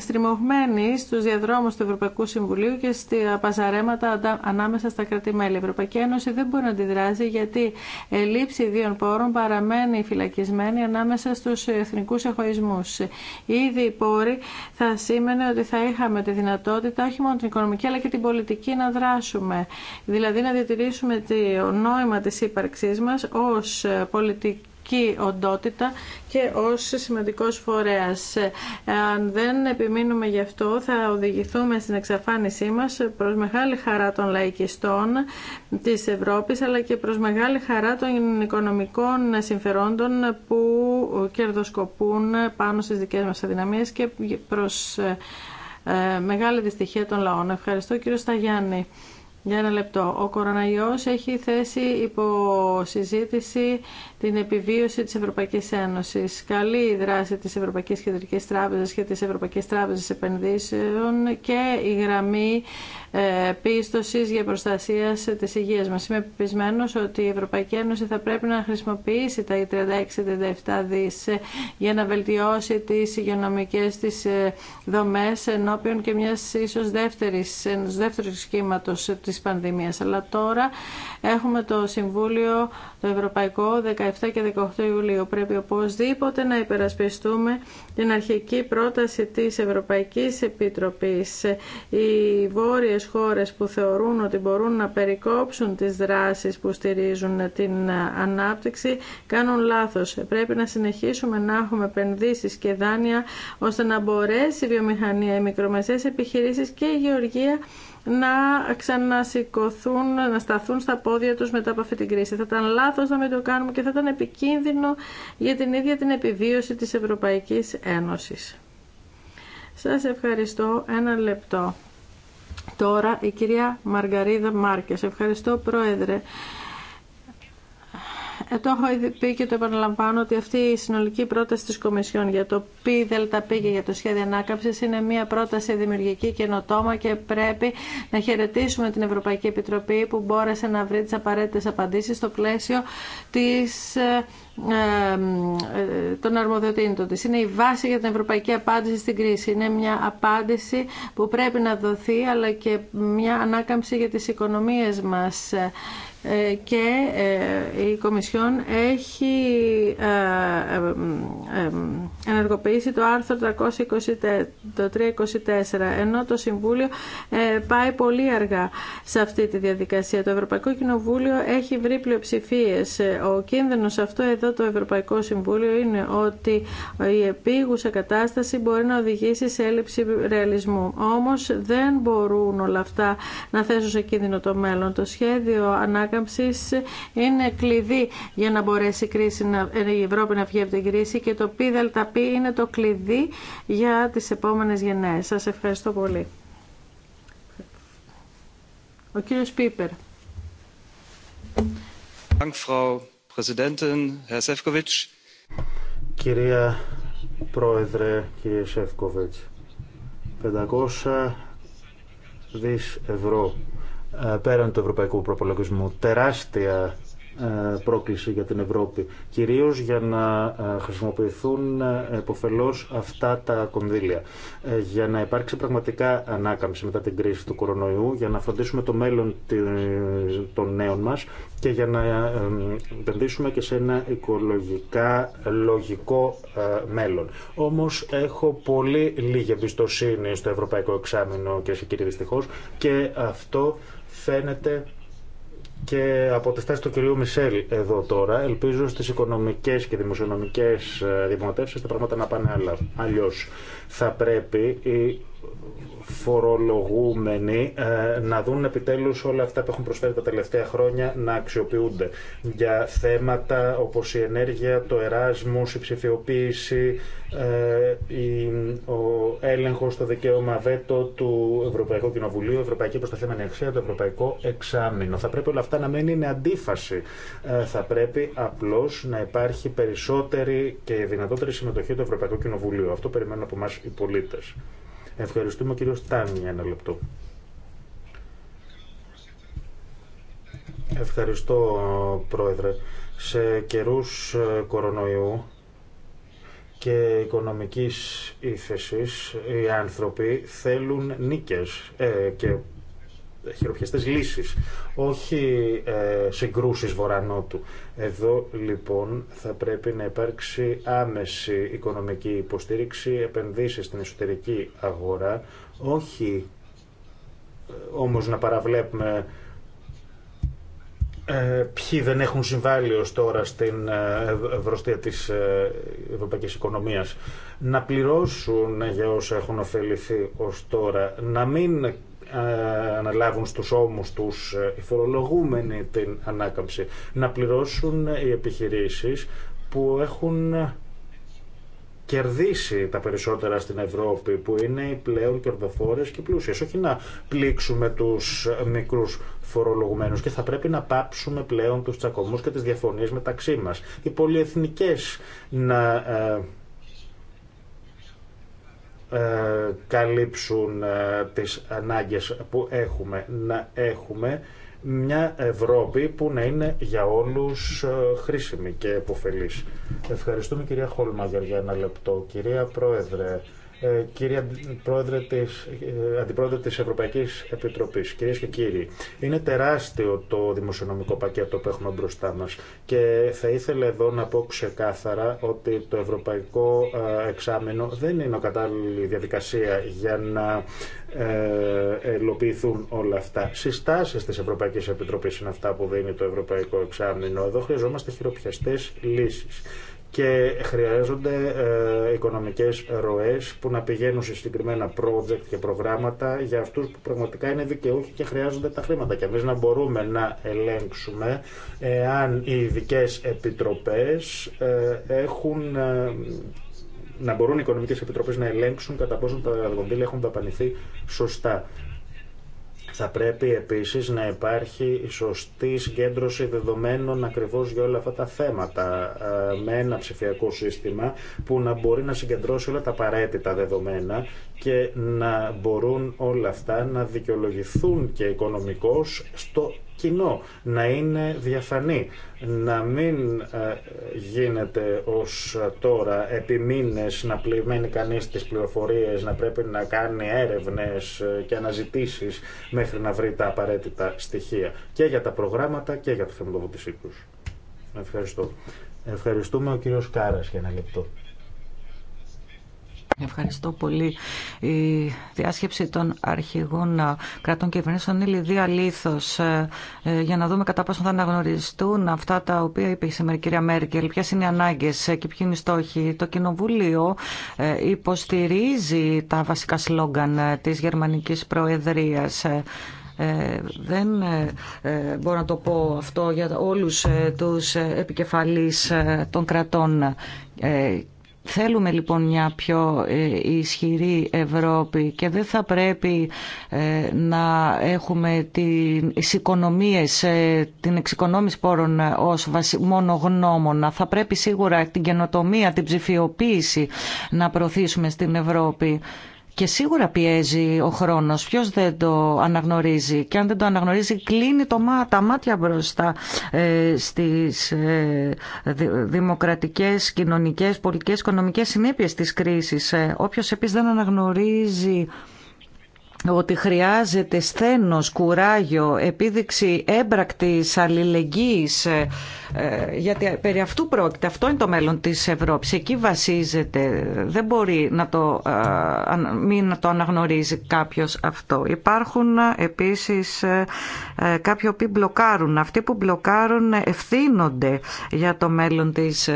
στριμωγμένη στους διαδρόμους του Ευρωπαϊκού Συμβουλίου και στα παζαρέματα ανάμεσα στα κρατημέλη. Η Ευρωπαϊκή Ένωση δεν μπορεί να αντιδράσει γιατί η λήψη ιδίων πόρων παραμένει φυλακισμένη ανάμεσα στους εθνικούς εχοισμούς. Ήδη οι πόροι θα σήμαινε ότι θα είχαμε τη δυνατότητα όχι μόνο την οικονομική αλλά και την πολιτική να δράσουμε. Δηλαδή να διατηρήσουμε το νόημα της ύπαρξής μας ως πολιτική οντότητα και ως σημαντικός φορέας. Ε, αν δεν επιμείνουμε γι' αυτό θα οδηγηθούμε στην εξαφάνισή μας προς μεγάλη χαρά των λαϊκιστών της Ευρώπης αλλά και προς μεγάλη χαρά των οικονομικών συμφερόντων που κερδοσκοπούν πάνω στις δικές μας αδυναμίες και προς ε, ε, μεγάλη δυστυχία των λαών. Ευχαριστώ κύριο Σταγιάννη. Για ένα λεπτό. Ο κοροναϊός έχει θέσει υπό συζήτηση την επιβίωση της Ευρωπαϊκής Ένωσης. Καλή η δράση της Ευρωπαϊκής Κεντρικής Τράπεζας και της Ευρωπαϊκής Τράπεζας Επενδύσεων και η γραμμή ε, πίστοσης για προστασία της υγείας μας. Είμαι επιπισμένος ότι η Ευρωπαϊκή Ένωση θα πρέπει να χρησιμοποιήσει τα 36-37 δις ε, για να βελτιώσει τις υγειονομικές της ε, δομές ενώπιον και μιας ίσως δεύτερης, ενός δεύτερου σχήματος της πανδημίας. Αλλά τώρα έχουμε το Συμβούλιο το Ευρωπαϊκό και 18 Ιουλίου. Πρέπει οπωσδήποτε να υπερασπιστούμε την αρχική πρόταση της Ευρωπαϊκής Επιτροπής. Οι βόρειες χώρες που θεωρούν ότι μπορούν να περικόψουν τις δράσεις που στηρίζουν την ανάπτυξη κάνουν λάθος. Πρέπει να συνεχίσουμε να έχουμε επενδύσει και δάνεια ώστε να μπορέσει η βιομηχανία, οι μικρομεσαίες επιχειρήσεις και η γεωργία να ξανασηκωθούν, να σταθούν στα πόδια τους μετά από αυτή την κρίση. Θα ήταν λάθος να μην το κάνουμε και θα ήταν επικίνδυνο για την ίδια την επιβίωση της Ευρωπαϊκής Ένωσης. Σας ευχαριστώ. Ένα λεπτό. Τώρα η κυρία Μαργαρίδα Μάρκες. Ευχαριστώ Πρόεδρε. Ε, το έχω πει και το επαναλαμβάνω ότι αυτή η συνολική πρόταση της Κομισιόν για το ΠΔΠ και για το σχέδιο ανάκαμψης είναι μια πρόταση δημιουργική καινοτόμα και πρέπει να χαιρετήσουμε την Ευρωπαϊκή Επιτροπή που μπόρεσε να βρει τις απαραίτητες απαντήσεις στο πλαίσιο της ε, ε, των αρμοδιοτήτων της. Είναι η βάση για την ευρωπαϊκή απάντηση στην κρίση. Είναι μια απάντηση που πρέπει να δοθεί αλλά και μια ανάκαμψη για τις οικονομίες μας. Ε, και ε, η Κομισιόν έχει ε, ενεργοποιήσει το άρθρο 324, το ενώ το Συμβούλιο πάει πολύ αργά σε αυτή τη διαδικασία. Το Ευρωπαϊκό Κοινοβούλιο έχει βρει πλειοψηφίε. Ο κίνδυνος αυτό εδώ το Ευρωπαϊκό Συμβούλιο είναι ότι η επίγουσα κατάσταση μπορεί να οδηγήσει σε έλλειψη ρεαλισμού. Όμως δεν μπορούν όλα αυτά να θέσουν σε κίνδυνο το μέλλον. Το σχέδιο είναι κλειδί για να μπορέσει η, κρίση να, Ευρώπη να βγει από την κρίση και το ΠΔΠ είναι το κλειδί για τις επόμενες γενναίες. Σας ευχαριστώ πολύ. Ο κύριος Πίπερ. Κυρία Πρόεδρε, κύριε Σεύκοβιτς, 500 δις ευρώ ε, πέραν του ευρωπαϊκού προπολογισμού τεράστια ε, πρόκληση για την Ευρώπη, κυρίως για να ε, χρησιμοποιηθούν εποφελώς αυτά τα κονδύλια, για να υπάρξει πραγματικά ανάκαμψη μετά την κρίση του κορονοϊού, για να φροντίσουμε το μέλλον των νέων μας και για να επενδύσουμε και σε ένα οικολογικά λογικό μέλλον. Όμως έχω πολύ λίγη εμπιστοσύνη στο Ευρωπαϊκό Εξάμεινο και σε κύριε δυστυχώς και αυτό φαίνεται και από τη στάση του κυρίου Μισελ εδώ τώρα. Ελπίζω στις οικονομικές και δημοσιονομικές ε, διαπραγματεύσεις τα πράγματα να πάνε αλλιώ. Θα πρέπει φορολογούμενοι ε, να δουν επιτέλους όλα αυτά που έχουν προσφέρει τα τελευταία χρόνια να αξιοποιούνται. Για θέματα όπως η ενέργεια, το εράσμος, η ψηφιοποίηση, ε, ο έλεγχος, το δικαίωμα βέτο του Ευρωπαϊκού Κοινοβουλίου, Ευρωπαϊκή Προσταθέμενη Αξία, το Ευρωπαϊκό Εξάμεινο. Θα πρέπει όλα αυτά να μην είναι αντίφαση. Ε, θα πρέπει απλώς να υπάρχει περισσότερη και δυνατότερη συμμετοχή του Ευρωπαϊκού Κοινοβουλίου. Αυτό περιμένουν από εμά οι πολίτες. Ευχαριστούμε κύριο Στάνι, για ένα λεπτό. Ευχαριστώ, Πρόεδρε. Σε καιρούς ε, κορονοϊού και οικονομικής ύφεσης οι άνθρωποι θέλουν νίκες ε, και χειροπιαστέ λύσεις, όχι ε, συγκρούσεις βορρανότου. Εδώ λοιπόν θα πρέπει να υπάρξει άμεση οικονομική υποστήριξη, επενδύσεις στην εσωτερική αγορά, όχι ε, όμως να παραβλέπουμε ε, ποιοι δεν έχουν συμβάλει ως τώρα στην ε, ευρωστία της ε, ευρωπαϊκής οικονομίας να πληρώσουν για όσα έχουν ωφεληθεί ως τώρα να μην ε, αναλάβουν στους ώμους τους ε, οι φορολογούμενοι την ανάκαμψη, να πληρώσουν ε, οι επιχειρήσεις που έχουν κερδίσει τα περισσότερα στην Ευρώπη, που είναι οι πλέον κερδοφόρες και πλούσιες. Όχι να πλήξουμε τους μικρούς φορολογουμένους και θα πρέπει να πάψουμε πλέον τους τσακωμούς και τις διαφωνίες μεταξύ μας. Οι πολυεθνικές να ε, καλύψουν ε, τις ανάγκες που έχουμε. Να έχουμε μια Ευρώπη που να είναι για όλους ε, χρήσιμη και επωφελής. Ευχαριστούμε κυρία Χόλμαγερ για ένα λεπτό. Κυρία Πρόεδρε, ε, κύριε Πρόεδρε της, ε, Αντιπρόεδρε της Ευρωπαϊκής Επιτροπής, κυρίες και κύριοι, είναι τεράστιο το δημοσιονομικό πακέτο που έχουμε μπροστά μας και θα ήθελα εδώ να πω ξεκάθαρα ότι το ευρωπαϊκό ε, Εξάμεινο δεν είναι ο κατάλληλη διαδικασία για να ελοποιηθούν όλα αυτά. Συστάσεις της Ευρωπαϊκής Επιτροπής είναι αυτά που δίνει το ευρωπαϊκό εξάμεινο. Εδώ χρειαζόμαστε χειροπιαστές λύσεις και χρειάζονται ε, οικονομικές ροές που να πηγαίνουν σε συγκεκριμένα project και προγράμματα για αυτούς που πραγματικά είναι δικαιούχοι και χρειάζονται τα χρήματα. Και εμείς να μπορούμε να ελέγξουμε εάν οι ειδικέ επιτροπές ε, έχουν... Ε, να μπορούν οι οικονομικές επιτροπές να ελέγξουν κατά πόσο τα κονδύλια έχουν δαπανηθεί σωστά. Θα πρέπει επίσης να υπάρχει η σωστή συγκέντρωση δεδομένων ακριβώς για όλα αυτά τα θέματα ε, με ένα ψηφιακό σύστημα που να μπορεί να συγκεντρώσει όλα τα απαραίτητα δεδομένα και να μπορούν όλα αυτά να δικαιολογηθούν και οικονομικώς στο κοινό, να είναι διαφανή, να μην ε, γίνεται ως τώρα επί να πλημμένει κανείς τις πληροφορίες, να πρέπει να κάνει έρευνες ε, και αναζητήσεις μέχρι να βρει τα απαραίτητα στοιχεία και για τα προγράμματα και για το θεματοβουτισίκους. Ευχαριστώ. Ευχαριστούμε ο κύριος Κάρας για ένα λεπτό. Ευχαριστώ πολύ. Η διάσκεψη των αρχηγών κρατών κυβερνήσεων είναι λιδία διαλύθος ε, ε, για να δούμε κατά πόσο θα αναγνωριστούν αυτά τα οποία είπε η σήμερα η κυρία Μέρκελ, ποιε είναι οι ανάγκε ε, και ποιοι είναι οι στόχοι. Το Κοινοβούλιο υποστηρίζει τα βασικά σλόγγαν τη Γερμανική Προεδρία. δεν μπορώ να το πω αυτό για όλους ε, τους επικεφαλείς των κρατών Θέλουμε λοιπόν μια πιο ε, ισχυρή Ευρώπη και δεν θα πρέπει ε, να έχουμε τις οικονομίες, ε, την εξοικονόμηση πόρων ως μόνο γνώμονα. Θα πρέπει σίγουρα την καινοτομία, την ψηφιοποίηση να προωθήσουμε στην Ευρώπη. Και σίγουρα πιέζει ο χρόνος, ποιος δεν το αναγνωρίζει. Και αν δεν το αναγνωρίζει κλείνει το μά, τα μάτια μπροστά ε, στις ε, δημοκρατικές, κοινωνικές, πολιτικές, οικονομικές συνέπειες της κρίσης. Ε, όποιος επίσης δεν αναγνωρίζει ότι χρειάζεται σθένος, κουράγιο, επίδειξη έμπρακτης αλληλεγγύης, ε, ε, γιατί περί αυτού πρόκειται, αυτό είναι το μέλλον της Ευρώπης, εκεί βασίζεται, δεν μπορεί να το, ε, μην να το αναγνωρίζει κάποιος αυτό. Υπάρχουν επίσης κάποιοι που μπλοκάρουν, αυτοί που μπλοκάρουν ευθύνονται για το μέλλον της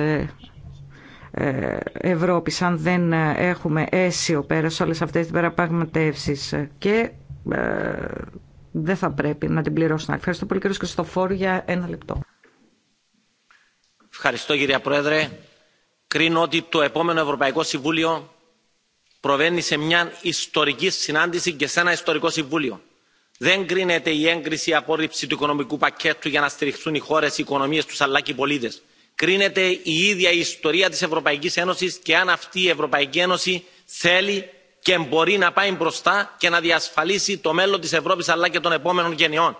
ε, Ευρώπη, αν δεν ε, έχουμε αίσιο πέρα σε όλες αυτές τις παραπαγματεύσεις και ε, δεν θα πρέπει να την πληρώσουν. Ευχαριστώ πολύ κύριο Χριστοφόρου για ένα λεπτό. Ευχαριστώ κύριε Πρόεδρε. Κρίνω ότι το επόμενο Ευρωπαϊκό Συμβούλιο προβαίνει σε μια ιστορική συνάντηση και σε ένα ιστορικό συμβούλιο. Δεν κρίνεται η έγκριση η απόρριψη του οικονομικού πακέτου για να στηριχθούν οι χώρε, οι οικονομίε του αλλά και οι πολίτε κρίνεται η ίδια η ιστορία της Ευρωπαϊκής Ένωσης και αν αυτή η Ευρωπαϊκή Ένωση θέλει και μπορεί να πάει μπροστά και να διασφαλίσει το μέλλον της Ευρώπης αλλά και των επόμενων γενιών.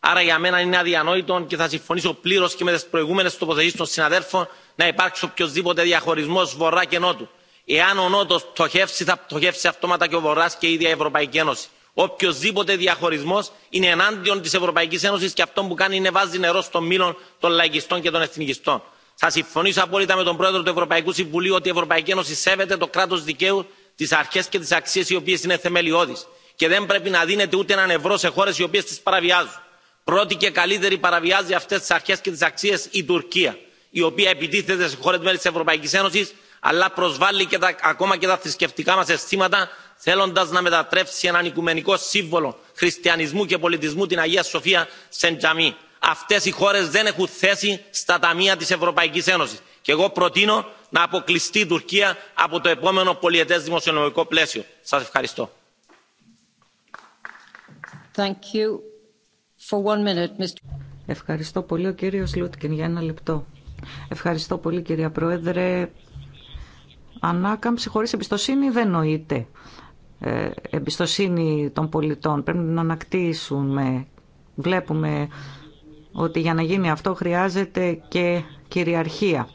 Άρα για μένα είναι αδιανόητο και θα συμφωνήσω πλήρως και με τις προηγούμενες τοποθετήσεις των συναδέλφων να υπάρξει οποιοδήποτε διαχωρισμός βορρά και νότου. Εάν ο νότος πτωχεύσει θα πτωχεύσει αυτόματα και ο βορράς και η ίδια η Ευρωπαϊκή Ένωση οποιοδήποτε διαχωρισμό είναι ενάντια τη Ευρωπαϊκή Ένωση και αυτό που κάνει είναι βάζει νερό στο μήλον των λαϊκιστών και των εθνικιστών. Θα συμφωνήσω απόλυτα με τον πρόεδρο του Ευρωπαϊκού Συμβουλίου ότι η Ευρωπαϊκή Ένωση σέβεται το κράτο δικαίου, τι αρχέ και τι αξίε οι οποίε είναι θεμελιώδει και δεν πρέπει να δίνεται ούτε έναν ευρώ σε χώρε οι οποίε τι παραβιάζουν. Πρώτη και καλύτερη παραβιάζει αυτέ τι αρχέ και τι αξίε η Τουρκία, η οποία επιτίθεται σε χώρε μέλη τη Ευρωπαϊκή Ένωση αλλά προσβάλλει και ακόμα και τα θρησκευτικά μα αισθήματα θέλοντας να μετατρέψει έναν οικουμενικό σύμβολο χριστιανισμού και πολιτισμού την Αγία Σοφία σε τζαμί. Αυτές οι χώρες δεν έχουν θέση στα ταμεία της Ευρωπαϊκής Ένωσης. Και εγώ προτείνω να αποκλειστεί η Τουρκία από το επόμενο πολιετές δημοσιονομικό πλαίσιο. Σας ευχαριστώ. Ευχαριστώ πολύ ο κύριος Πρόεδρε. Ανάκαμψη εμπιστοσύνη δεν νοείται. Ε, εμπιστοσύνη των πολιτών. Πρέπει να την ανακτήσουμε. Βλέπουμε ότι για να γίνει αυτό χρειάζεται και κυριαρχία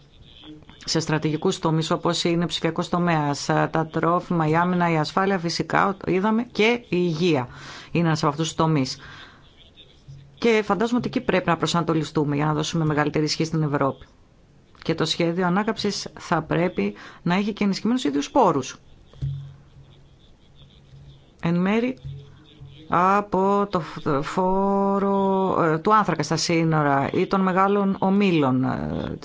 σε στρατηγικούς τομείς όπως είναι ψηφιακός τομέας, τα τρόφιμα, η άμυνα, η ασφάλεια φυσικά, είδαμε και η υγεία είναι σε από αυτούς τους τομείς. Και φαντάζομαι ότι εκεί πρέπει να προσανατολιστούμε για να δώσουμε μεγαλύτερη ισχύ στην Ευρώπη. Και το σχέδιο ανάκαψης θα πρέπει να έχει και ενισχυμένους ίδιους πόρους εν μέρη από το φόρο ε, του άνθρακα στα σύνορα ή των μεγάλων ομίλων, ε,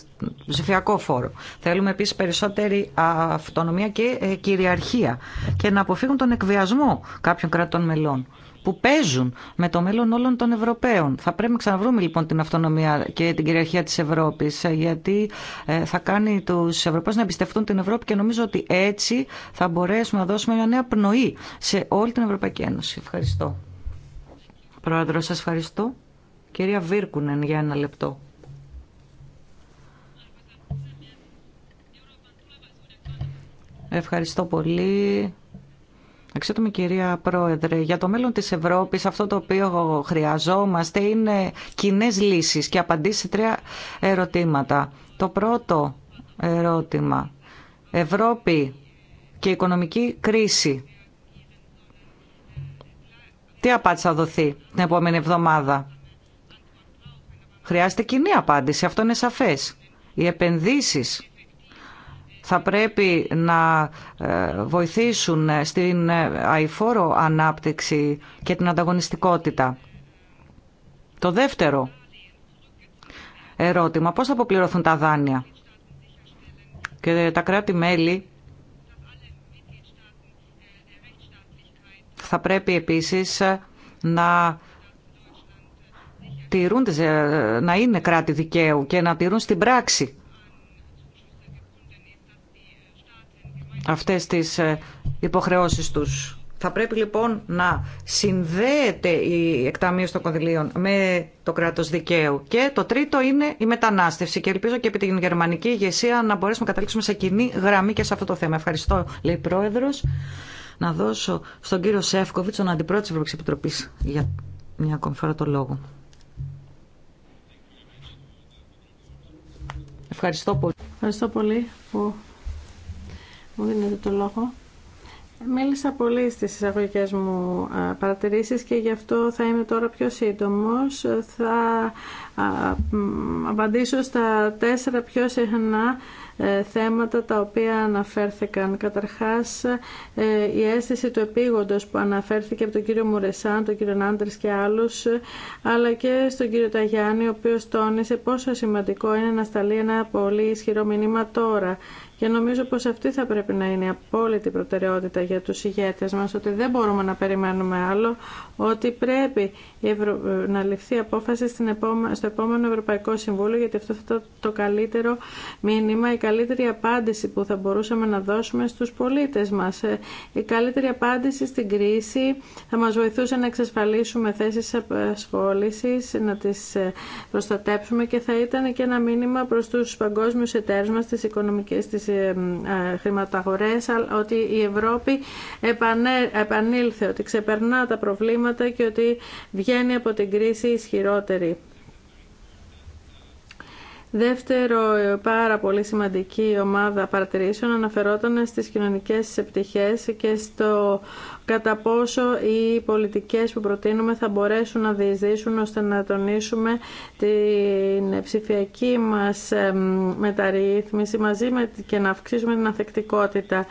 ψηφιακό φόρο. Θέλουμε επίσης περισσότερη αυτονομία και ε, κυριαρχία και να αποφύγουν τον εκβιασμό κάποιων κρατών μελών που παίζουν με το μέλλον όλων των Ευρωπαίων. Θα πρέπει να ξαναβρούμε λοιπόν την αυτονομία και την κυριαρχία της Ευρώπης ε, γιατί ε, θα κάνει τους Ευρωπαίους να εμπιστευτούν την Ευρώπη και νομίζω ότι έτσι θα μπορέσουμε να δώσουμε μια νέα πνοή σε όλη την Ευρωπαϊκή Ένωση. Ευχαριστώ. Πρόεδρο, σας ευχαριστώ. Κυρία Βίρκουνεν για ένα λεπτό. Ευχαριστώ πολύ. Αξιότιμη κυρία Πρόεδρε, για το μέλλον της Ευρώπης αυτό το οποίο χρειαζόμαστε είναι κοινέ λύσεις και απαντήσει σε τρία ερωτήματα. Το πρώτο ερώτημα, Ευρώπη και οικονομική κρίση. Τι απάντηση θα δοθεί την επόμενη εβδομάδα. Χρειάζεται κοινή απάντηση, αυτό είναι σαφές. Οι επενδύσεις θα πρέπει να ε, βοηθήσουν στην ε, αηφόρο ανάπτυξη και την ανταγωνιστικότητα. Το δεύτερο ερώτημα, πώς θα αποπληρωθούν τα δάνεια και τα κράτη-μέλη θα πρέπει επίσης ε, να να είναι κράτη δικαίου και να τηρούν στην πράξη αυτές τις ε, υποχρεώσεις τους. Θα πρέπει λοιπόν να συνδέεται η εκταμείωση των κονδυλίων με το κράτο δικαίου. Και το τρίτο είναι η μετανάστευση. Και ελπίζω και επί την γερμανική ηγεσία να μπορέσουμε να καταλήξουμε σε κοινή γραμμή και σε αυτό το θέμα. Ευχαριστώ, λέει πρόεδρο. Να δώσω στον κύριο Σεύκοβιτ, τον αντιπρόεδρο τη Ευρωπαϊκή Επιτροπή, για μια ακόμη φορά το λόγο. Ευχαριστώ πολύ. Ευχαριστώ πολύ μου δίνετε το λόγο. Μίλησα πολύ στις εισαγωγικέ μου παρατηρήσεις και γι' αυτό θα είμαι τώρα πιο σύντομος. Θα απαντήσω στα τέσσερα πιο συχνά ε, θέματα τα οποία αναφέρθηκαν. Καταρχάς, ε, η αίσθηση του επίγοντος που αναφέρθηκε από τον κύριο Μουρεσάν, τον κύριο Νάντερς και άλλους, αλλά και στον κύριο Ταγιάννη, ο οποίος τόνισε πόσο σημαντικό είναι να σταλεί ένα πολύ ισχυρό μήνυμα τώρα και νομίζω πως αυτή θα πρέπει να είναι η απόλυτη προτεραιότητα για τους ηγέτες μας, ότι δεν μπορούμε να περιμένουμε άλλο, ότι πρέπει να ληφθεί απόφαση στο επόμενο Ευρωπαϊκό Συμβούλιο, γιατί αυτό θα ήταν το καλύτερο μήνυμα, η καλύτερη απάντηση που θα μπορούσαμε να δώσουμε στους πολίτες μας. Ε, η καλύτερη απάντηση στην κρίση θα μας βοηθούσε να εξασφαλίσουμε θέσεις απασχόλησης, να τις ε, προστατέψουμε και θα ήταν και ένα μήνυμα προς τους παγκόσμιους εταίρους μας, τις οικονομικές, τις ε, χρηματαγορές, ότι η Ευρώπη επανήλθε, ότι ξεπερνά τα προβλήματα και ότι βγαίνει από την κρίση ισχυρότερη. Δεύτερο πάρα πολύ σημαντική ομάδα παρατηρήσεων αναφερόταν στις κοινωνικές επιτυχίες και στο κατά πόσο οι πολιτικές που προτείνουμε θα μπορέσουν να διεισδύσουν ώστε να τονίσουμε την ψηφιακή μας μεταρρύθμιση μαζί με και να αυξήσουμε την αθεκτικότητα.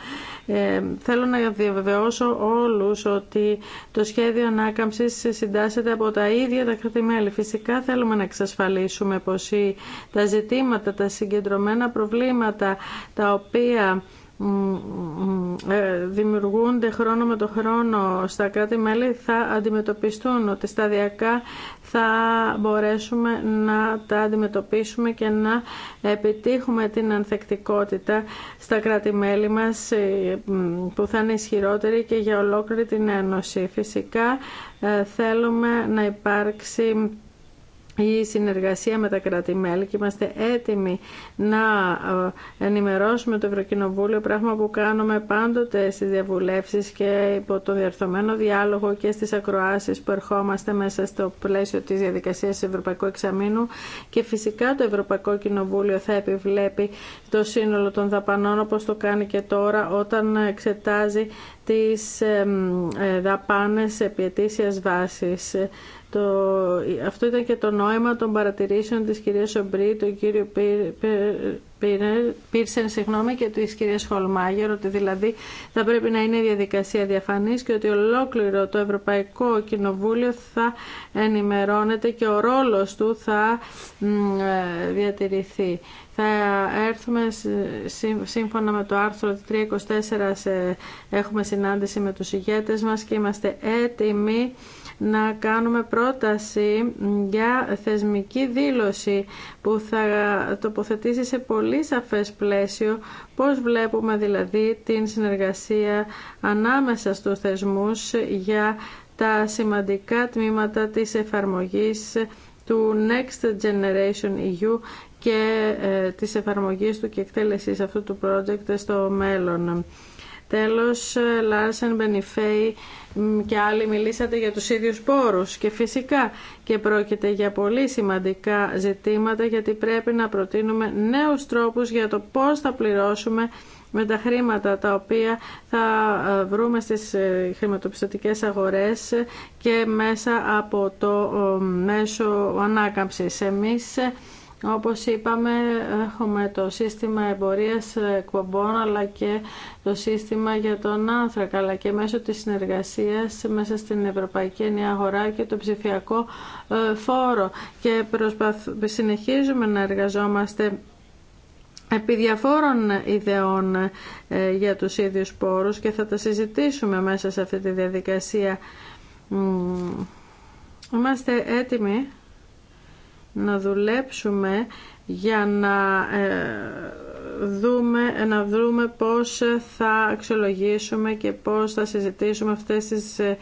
Ε, θέλω να διαβεβαιώσω όλους ότι το σχέδιο ανάκαμψης συντάσσεται από τα ίδια τα κρατημέλη. Φυσικά θέλουμε να εξασφαλίσουμε πως τα ζητήματα, τα συγκεντρωμένα προβλήματα τα οποία ε, δημιουργούνται χρόνο με το χρόνο στα κράτη-μέλη θα αντιμετωπιστούν ότι σταδιακά θα μπορέσουμε να τα αντιμετωπίσουμε και να επιτύχουμε την ανθεκτικότητα στα κράτη-μέλη μας ε, που θα είναι ισχυρότερη και για ολόκληρη την Ένωση. Φυσικά ε, θέλουμε να υπάρξει η συνεργασία με τα κράτη-μέλη και είμαστε έτοιμοι να ε, ενημερώσουμε το Ευρωκοινοβούλιο, πράγμα που κάνουμε πάντοτε στις διαβουλεύσεις και υπό το διαρθωμένο διάλογο και στις ακροάσεις που ερχόμαστε μέσα στο πλαίσιο της διαδικασίας του Ευρωπαϊκού Εξαμήνου και φυσικά το Ευρωπαϊκό Κοινοβούλιο θα επιβλέπει το σύνολο των δαπανών όπως το κάνει και τώρα όταν εξετάζει τις ε, δαπάνες επί βάσης το, αυτό ήταν και το νόημα των παρατηρήσεων της κυρίας Σομπρί, του κύριου Πίρσεν συγγνώμη, και της κυρίας Χολμάγερ, ότι δηλαδή θα πρέπει να είναι διαδικασία διαφανής και ότι ολόκληρο το Ευρωπαϊκό Κοινοβούλιο θα ενημερώνεται και ο ρόλος του θα ε, διατηρηθεί. Θα έρθουμε σύμφωνα με το άρθρο 324 σε, έχουμε συνάντηση με τους ηγέτες μας και είμαστε έτοιμοι να κάνουμε πρόταση για θεσμική δήλωση που θα τοποθετήσει σε πολύ σαφές πλαίσιο πώς βλέπουμε δηλαδή την συνεργασία ανάμεσα στους θεσμούς για τα σημαντικά τμήματα της εφαρμογής του Next Generation EU και ε, της εφαρμογής του και εκτέλεσης αυτού του project στο μέλλον. Τέλος, Λάρσεν Μπενιφέη και άλλοι μιλήσατε για τους ίδιους πόρους και φυσικά και πρόκειται για πολύ σημαντικά ζητήματα γιατί πρέπει να προτείνουμε νέους τρόπους για το πώς θα πληρώσουμε με τα χρήματα τα οποία θα ε, βρούμε στις ε, χρηματοπιστωτικές αγορές και μέσα από το ε, μέσο ανάκαμψης. Εμείς όπως είπαμε, έχουμε το σύστημα εμπορίας εκπομπών, αλλά και το σύστημα για τον άνθρακα, αλλά και μέσω της συνεργασίας μέσα στην Ευρωπαϊκή Ενιαία και το ψηφιακό ε, φόρο. Και προσπαθ... συνεχίζουμε να εργαζόμαστε επί διαφόρων ιδεών ε, για τους ίδιους πόρους και θα τα συζητήσουμε μέσα σε αυτή τη διαδικασία. Είμαστε έτοιμοι να δουλέψουμε για να ε, δούμε, να δούμε πώς θα αξιολογήσουμε και πώς θα συζητήσουμε αυτές τις, ε,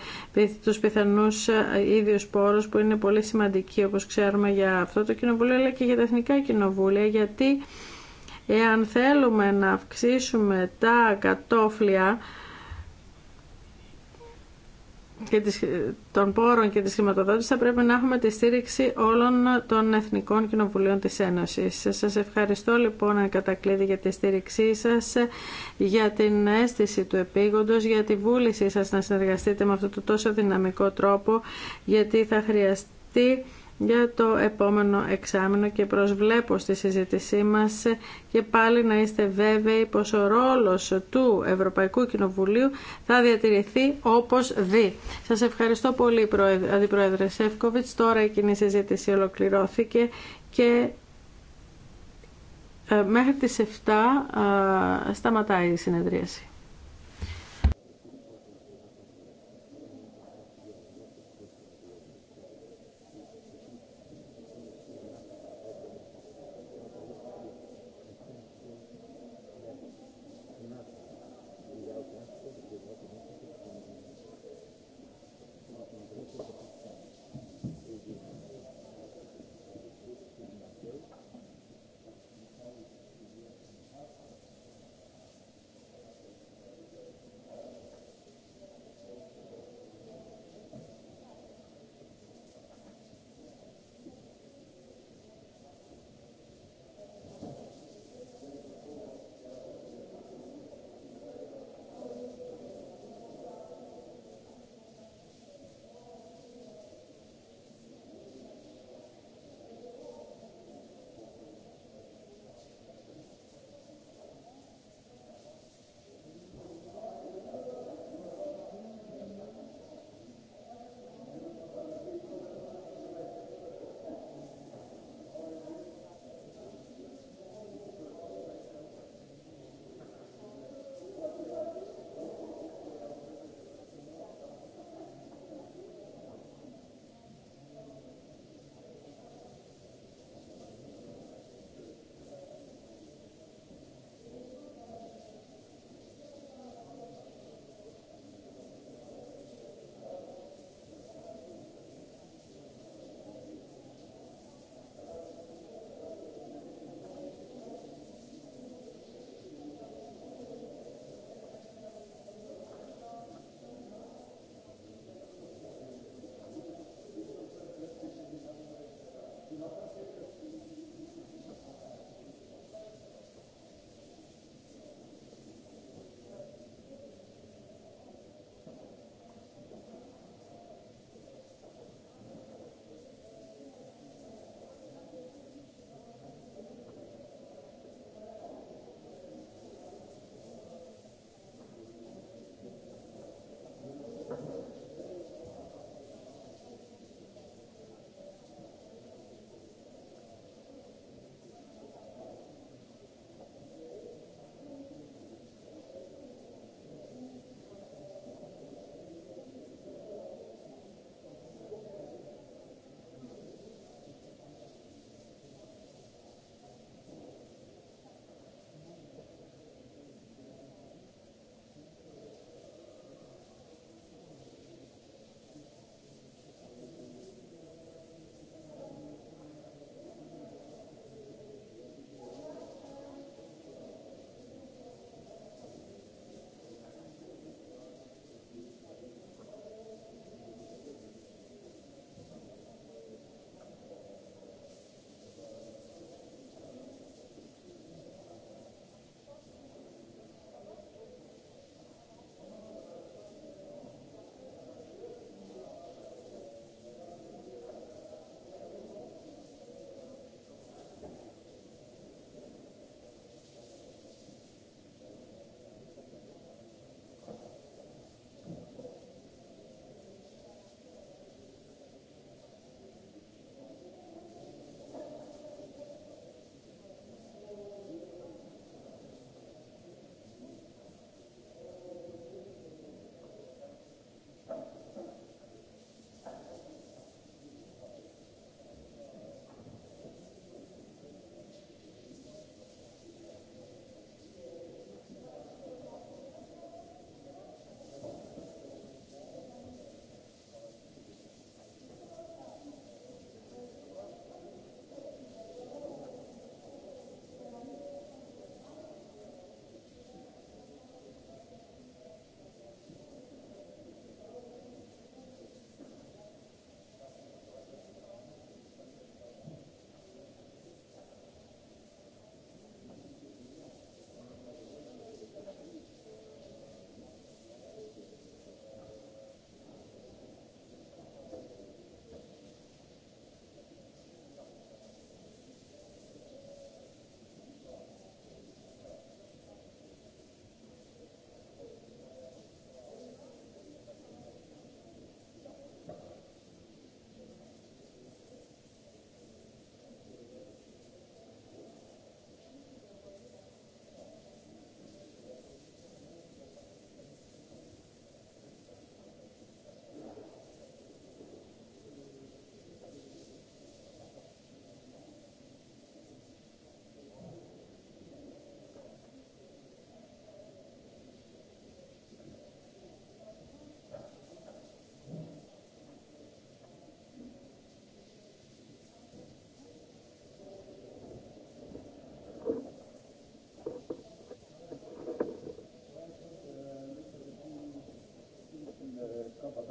τους πιθανούς ε, ίδιους πόρους που είναι πολύ σημαντικοί όπως ξέρουμε για αυτό το κοινοβούλιο αλλά και για τα εθνικά κοινοβούλια γιατί εάν θέλουμε να αυξήσουμε τα κατόφλια και των πόρων και της χρηματοδότησης θα πρέπει να έχουμε τη στήριξη όλων των Εθνικών Κοινοβουλίων της Ένωσης. Σας ευχαριστώ λοιπόν κατακλείδη για τη στήριξή σας, για την αίσθηση του επίγοντος, για τη βούλησή σας να συνεργαστείτε με αυτό το τόσο δυναμικό τρόπο, γιατί θα χρειαστεί για το επόμενο εξάμεινο και προσβλέπω στη συζήτησή μας και πάλι να είστε βέβαιοι πως ο ρόλος του Ευρωπαϊκού Κοινοβουλίου θα διατηρηθεί όπως δει. Σας ευχαριστώ πολύ Αντιπρόεδρε Σεύκοβιτς. Τώρα η κοινή συζήτηση ολοκληρώθηκε και ε, μέχρι τις 7 ε, σταματάει η συνεδρίαση.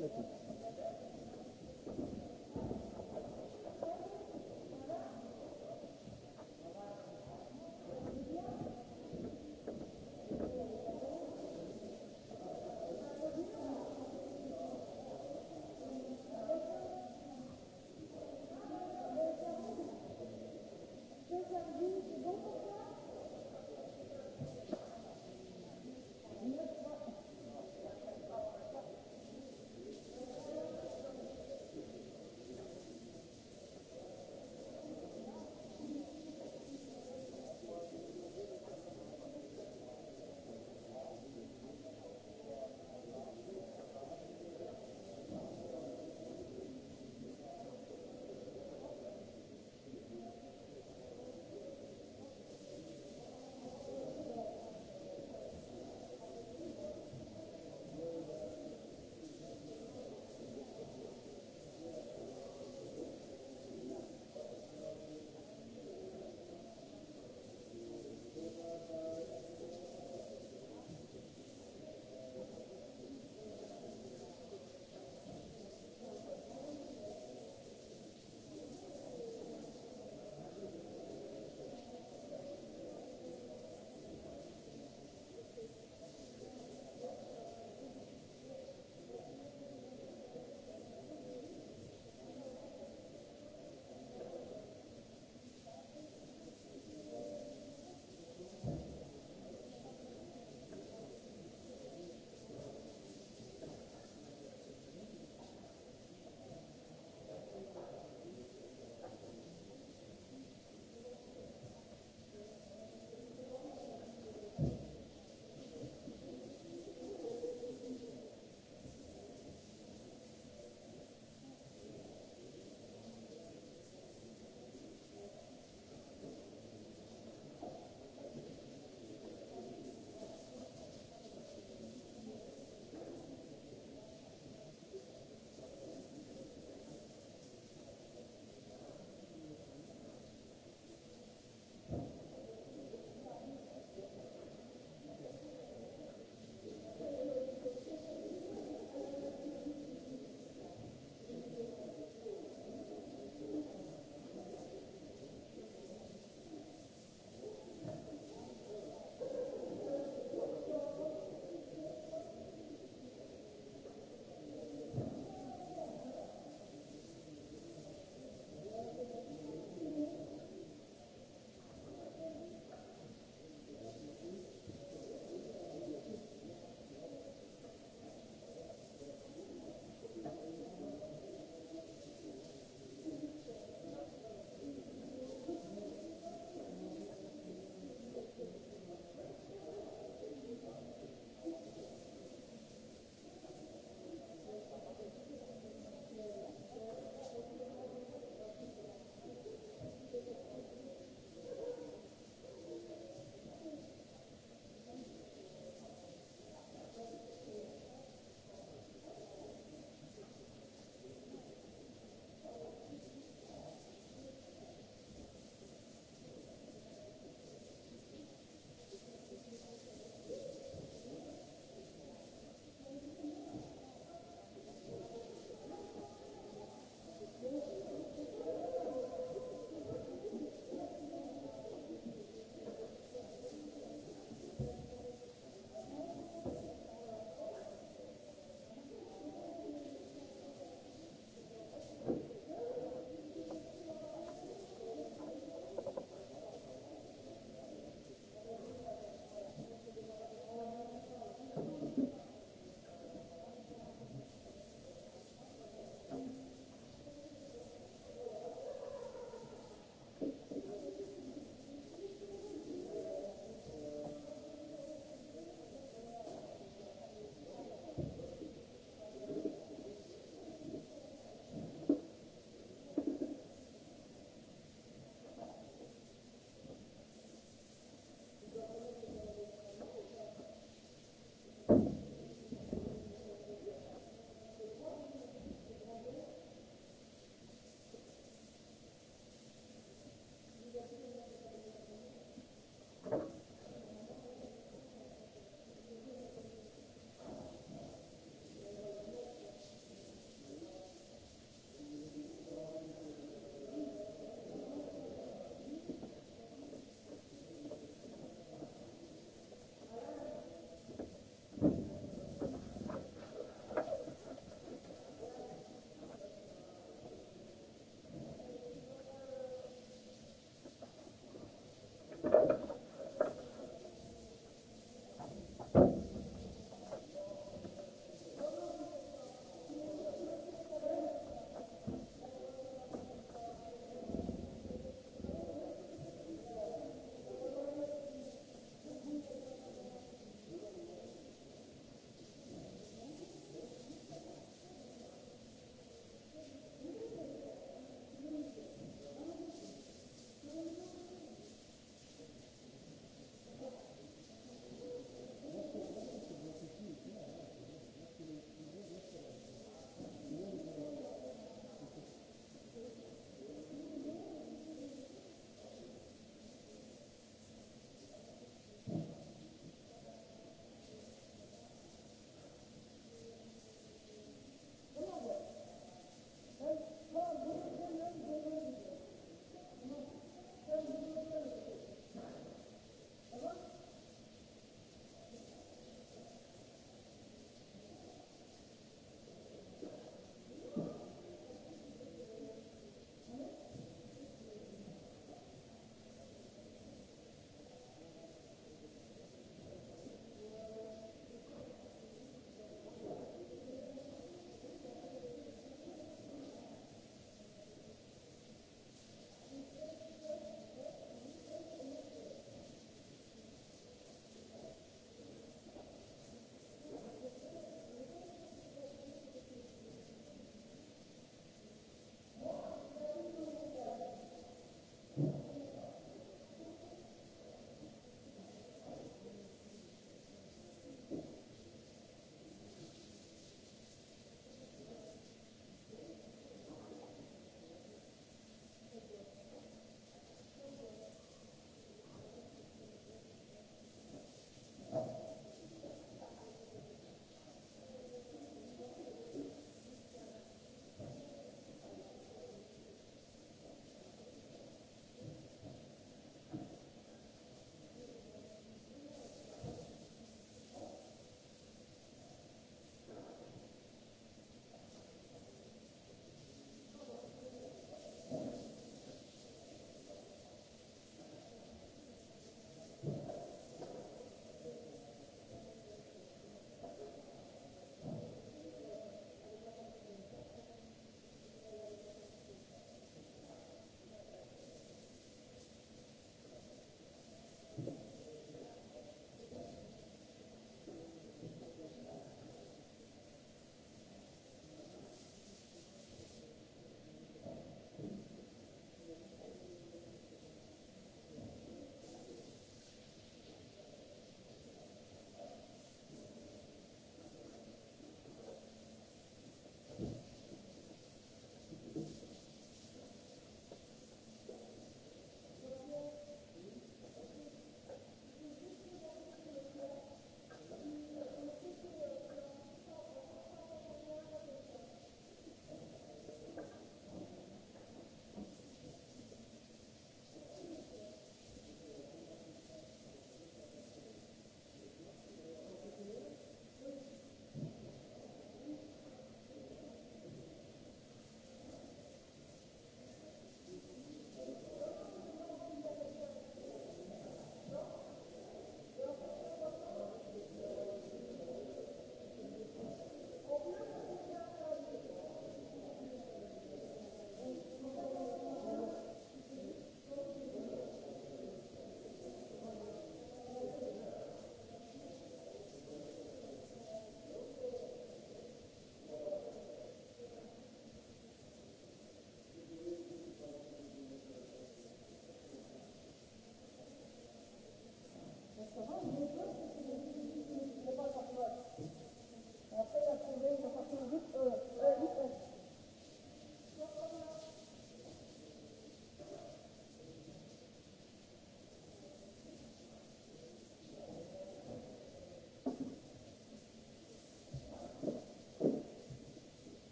Thank you.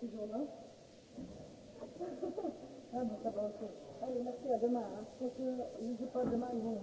toujours Allez, merci, à demain. que, demain, ils vont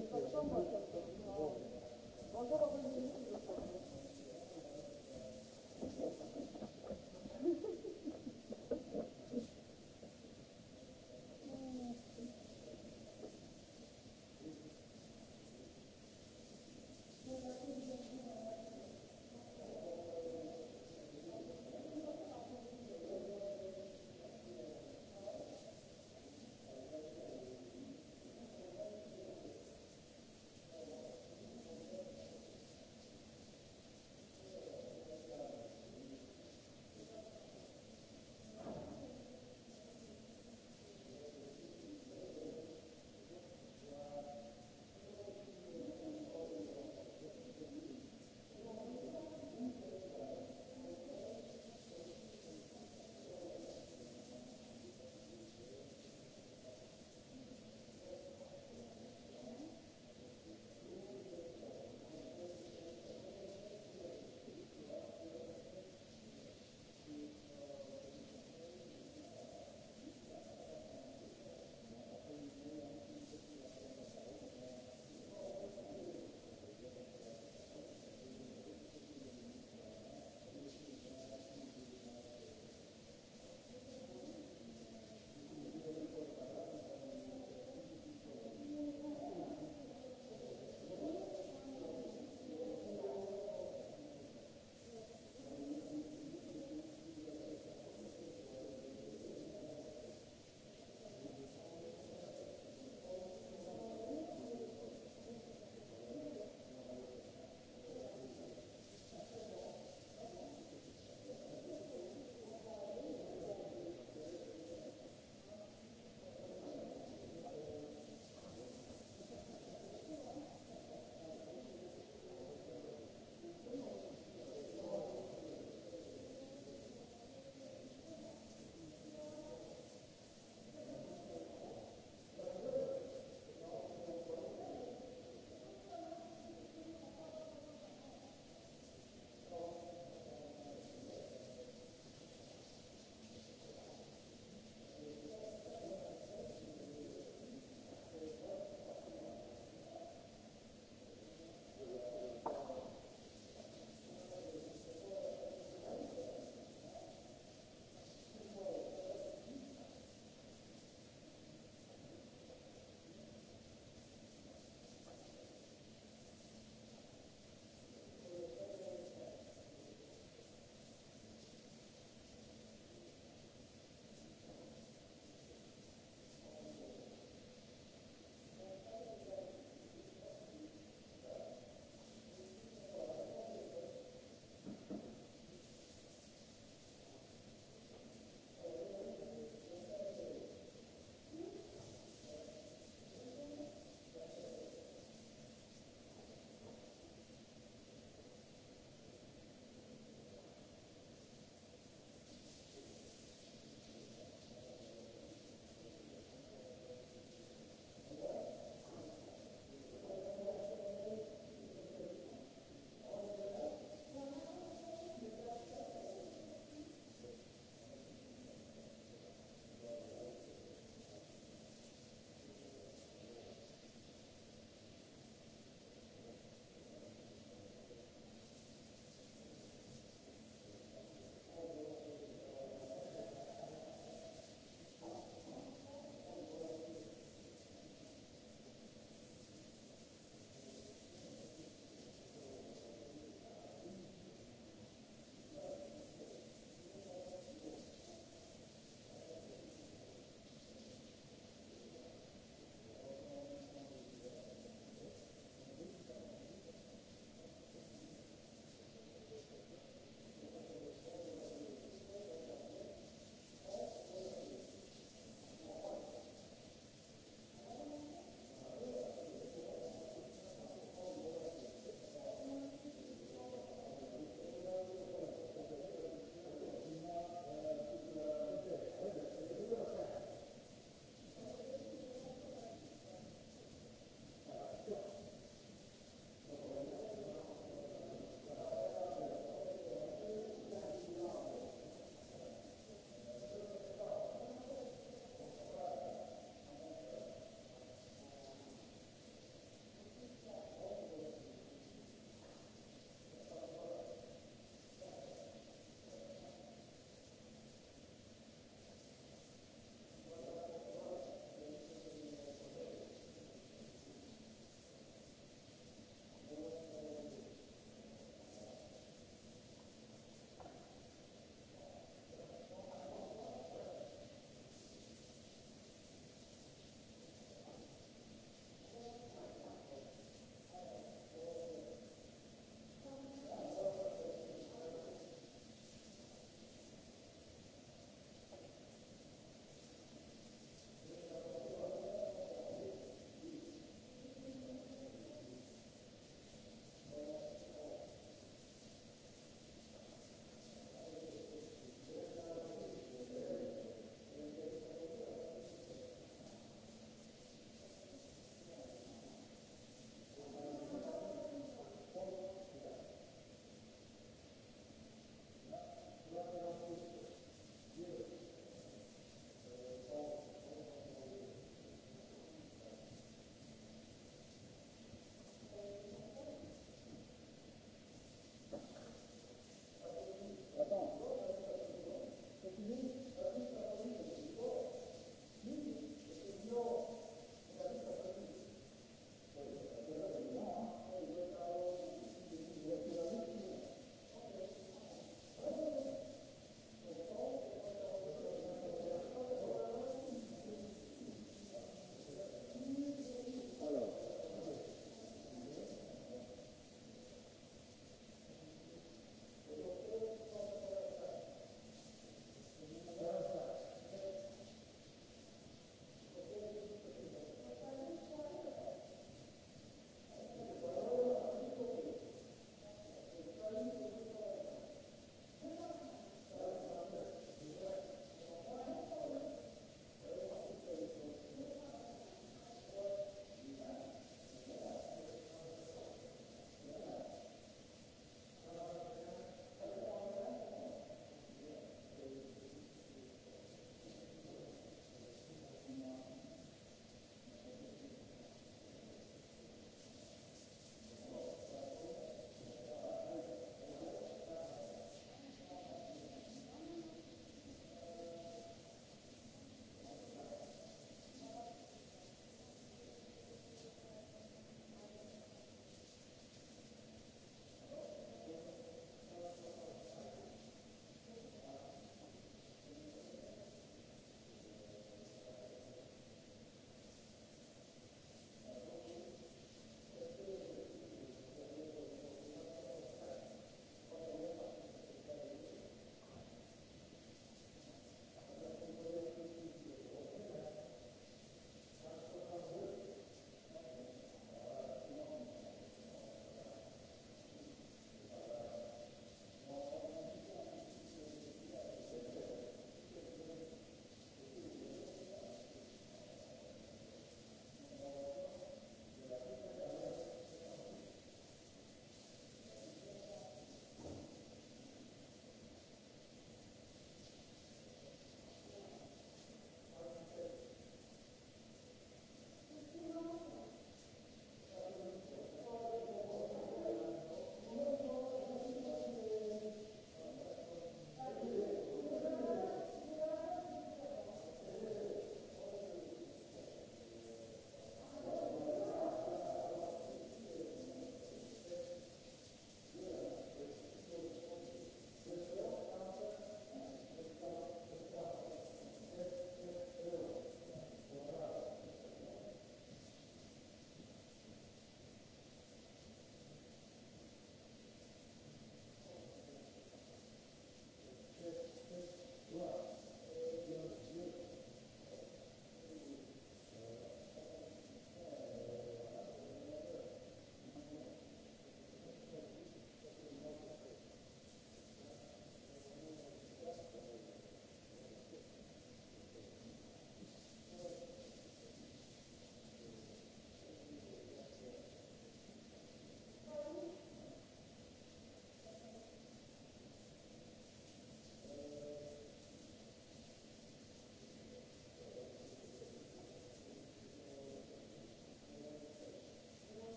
το ποτό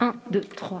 1, 2, 3.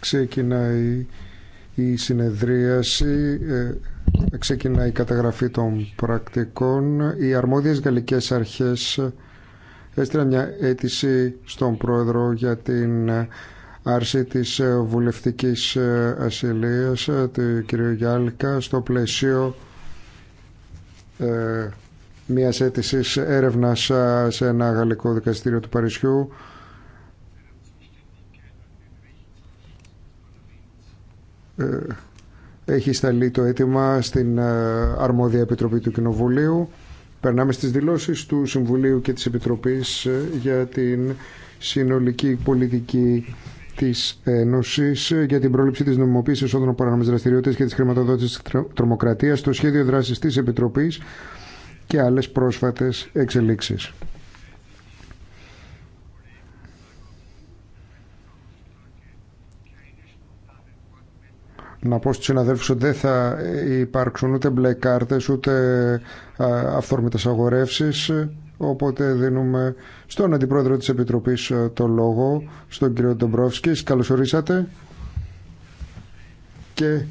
Ξεκινάει η συνεδρίαση, ε, ξεκινάει η καταγραφή των πρακτικών. Οι αρμόδιες Γαλλικέ αρχές έστειλαν μια αίτηση στον πρόεδρο για την άρση της βουλευτικής ασυλίας ε, του κ. Γιάλκα στο πλαίσιο ε, μιας αίτησης έρευνας σε ένα γαλλικό δικαστήριο του Παρισιού ε, έχει σταλεί το αίτημα στην ε, αρμόδια επιτροπή του Κοινοβουλίου. Περνάμε στις δηλώσεις του Συμβουλίου και της Επιτροπής ε, για την συνολική πολιτική της Ένωσης για την πρόληψη της νομιμοποίησης των παρανομής δραστηριότητας και της χρηματοδότησης της τρομοκρατίας. Το σχέδιο δράσης της Επιτροπής και άλλες πρόσφατες εξελίξεις. να πω στους συναδέλφους ότι δεν θα υπάρξουν ούτε μπλε κάρτες ούτε αυθόρμητες αγορεύσεις οπότε δίνουμε στον Αντιπρόεδρο της Επιτροπής το λόγο στον κύριο Ντομπρόφσκης. Καλώς ορίσατε και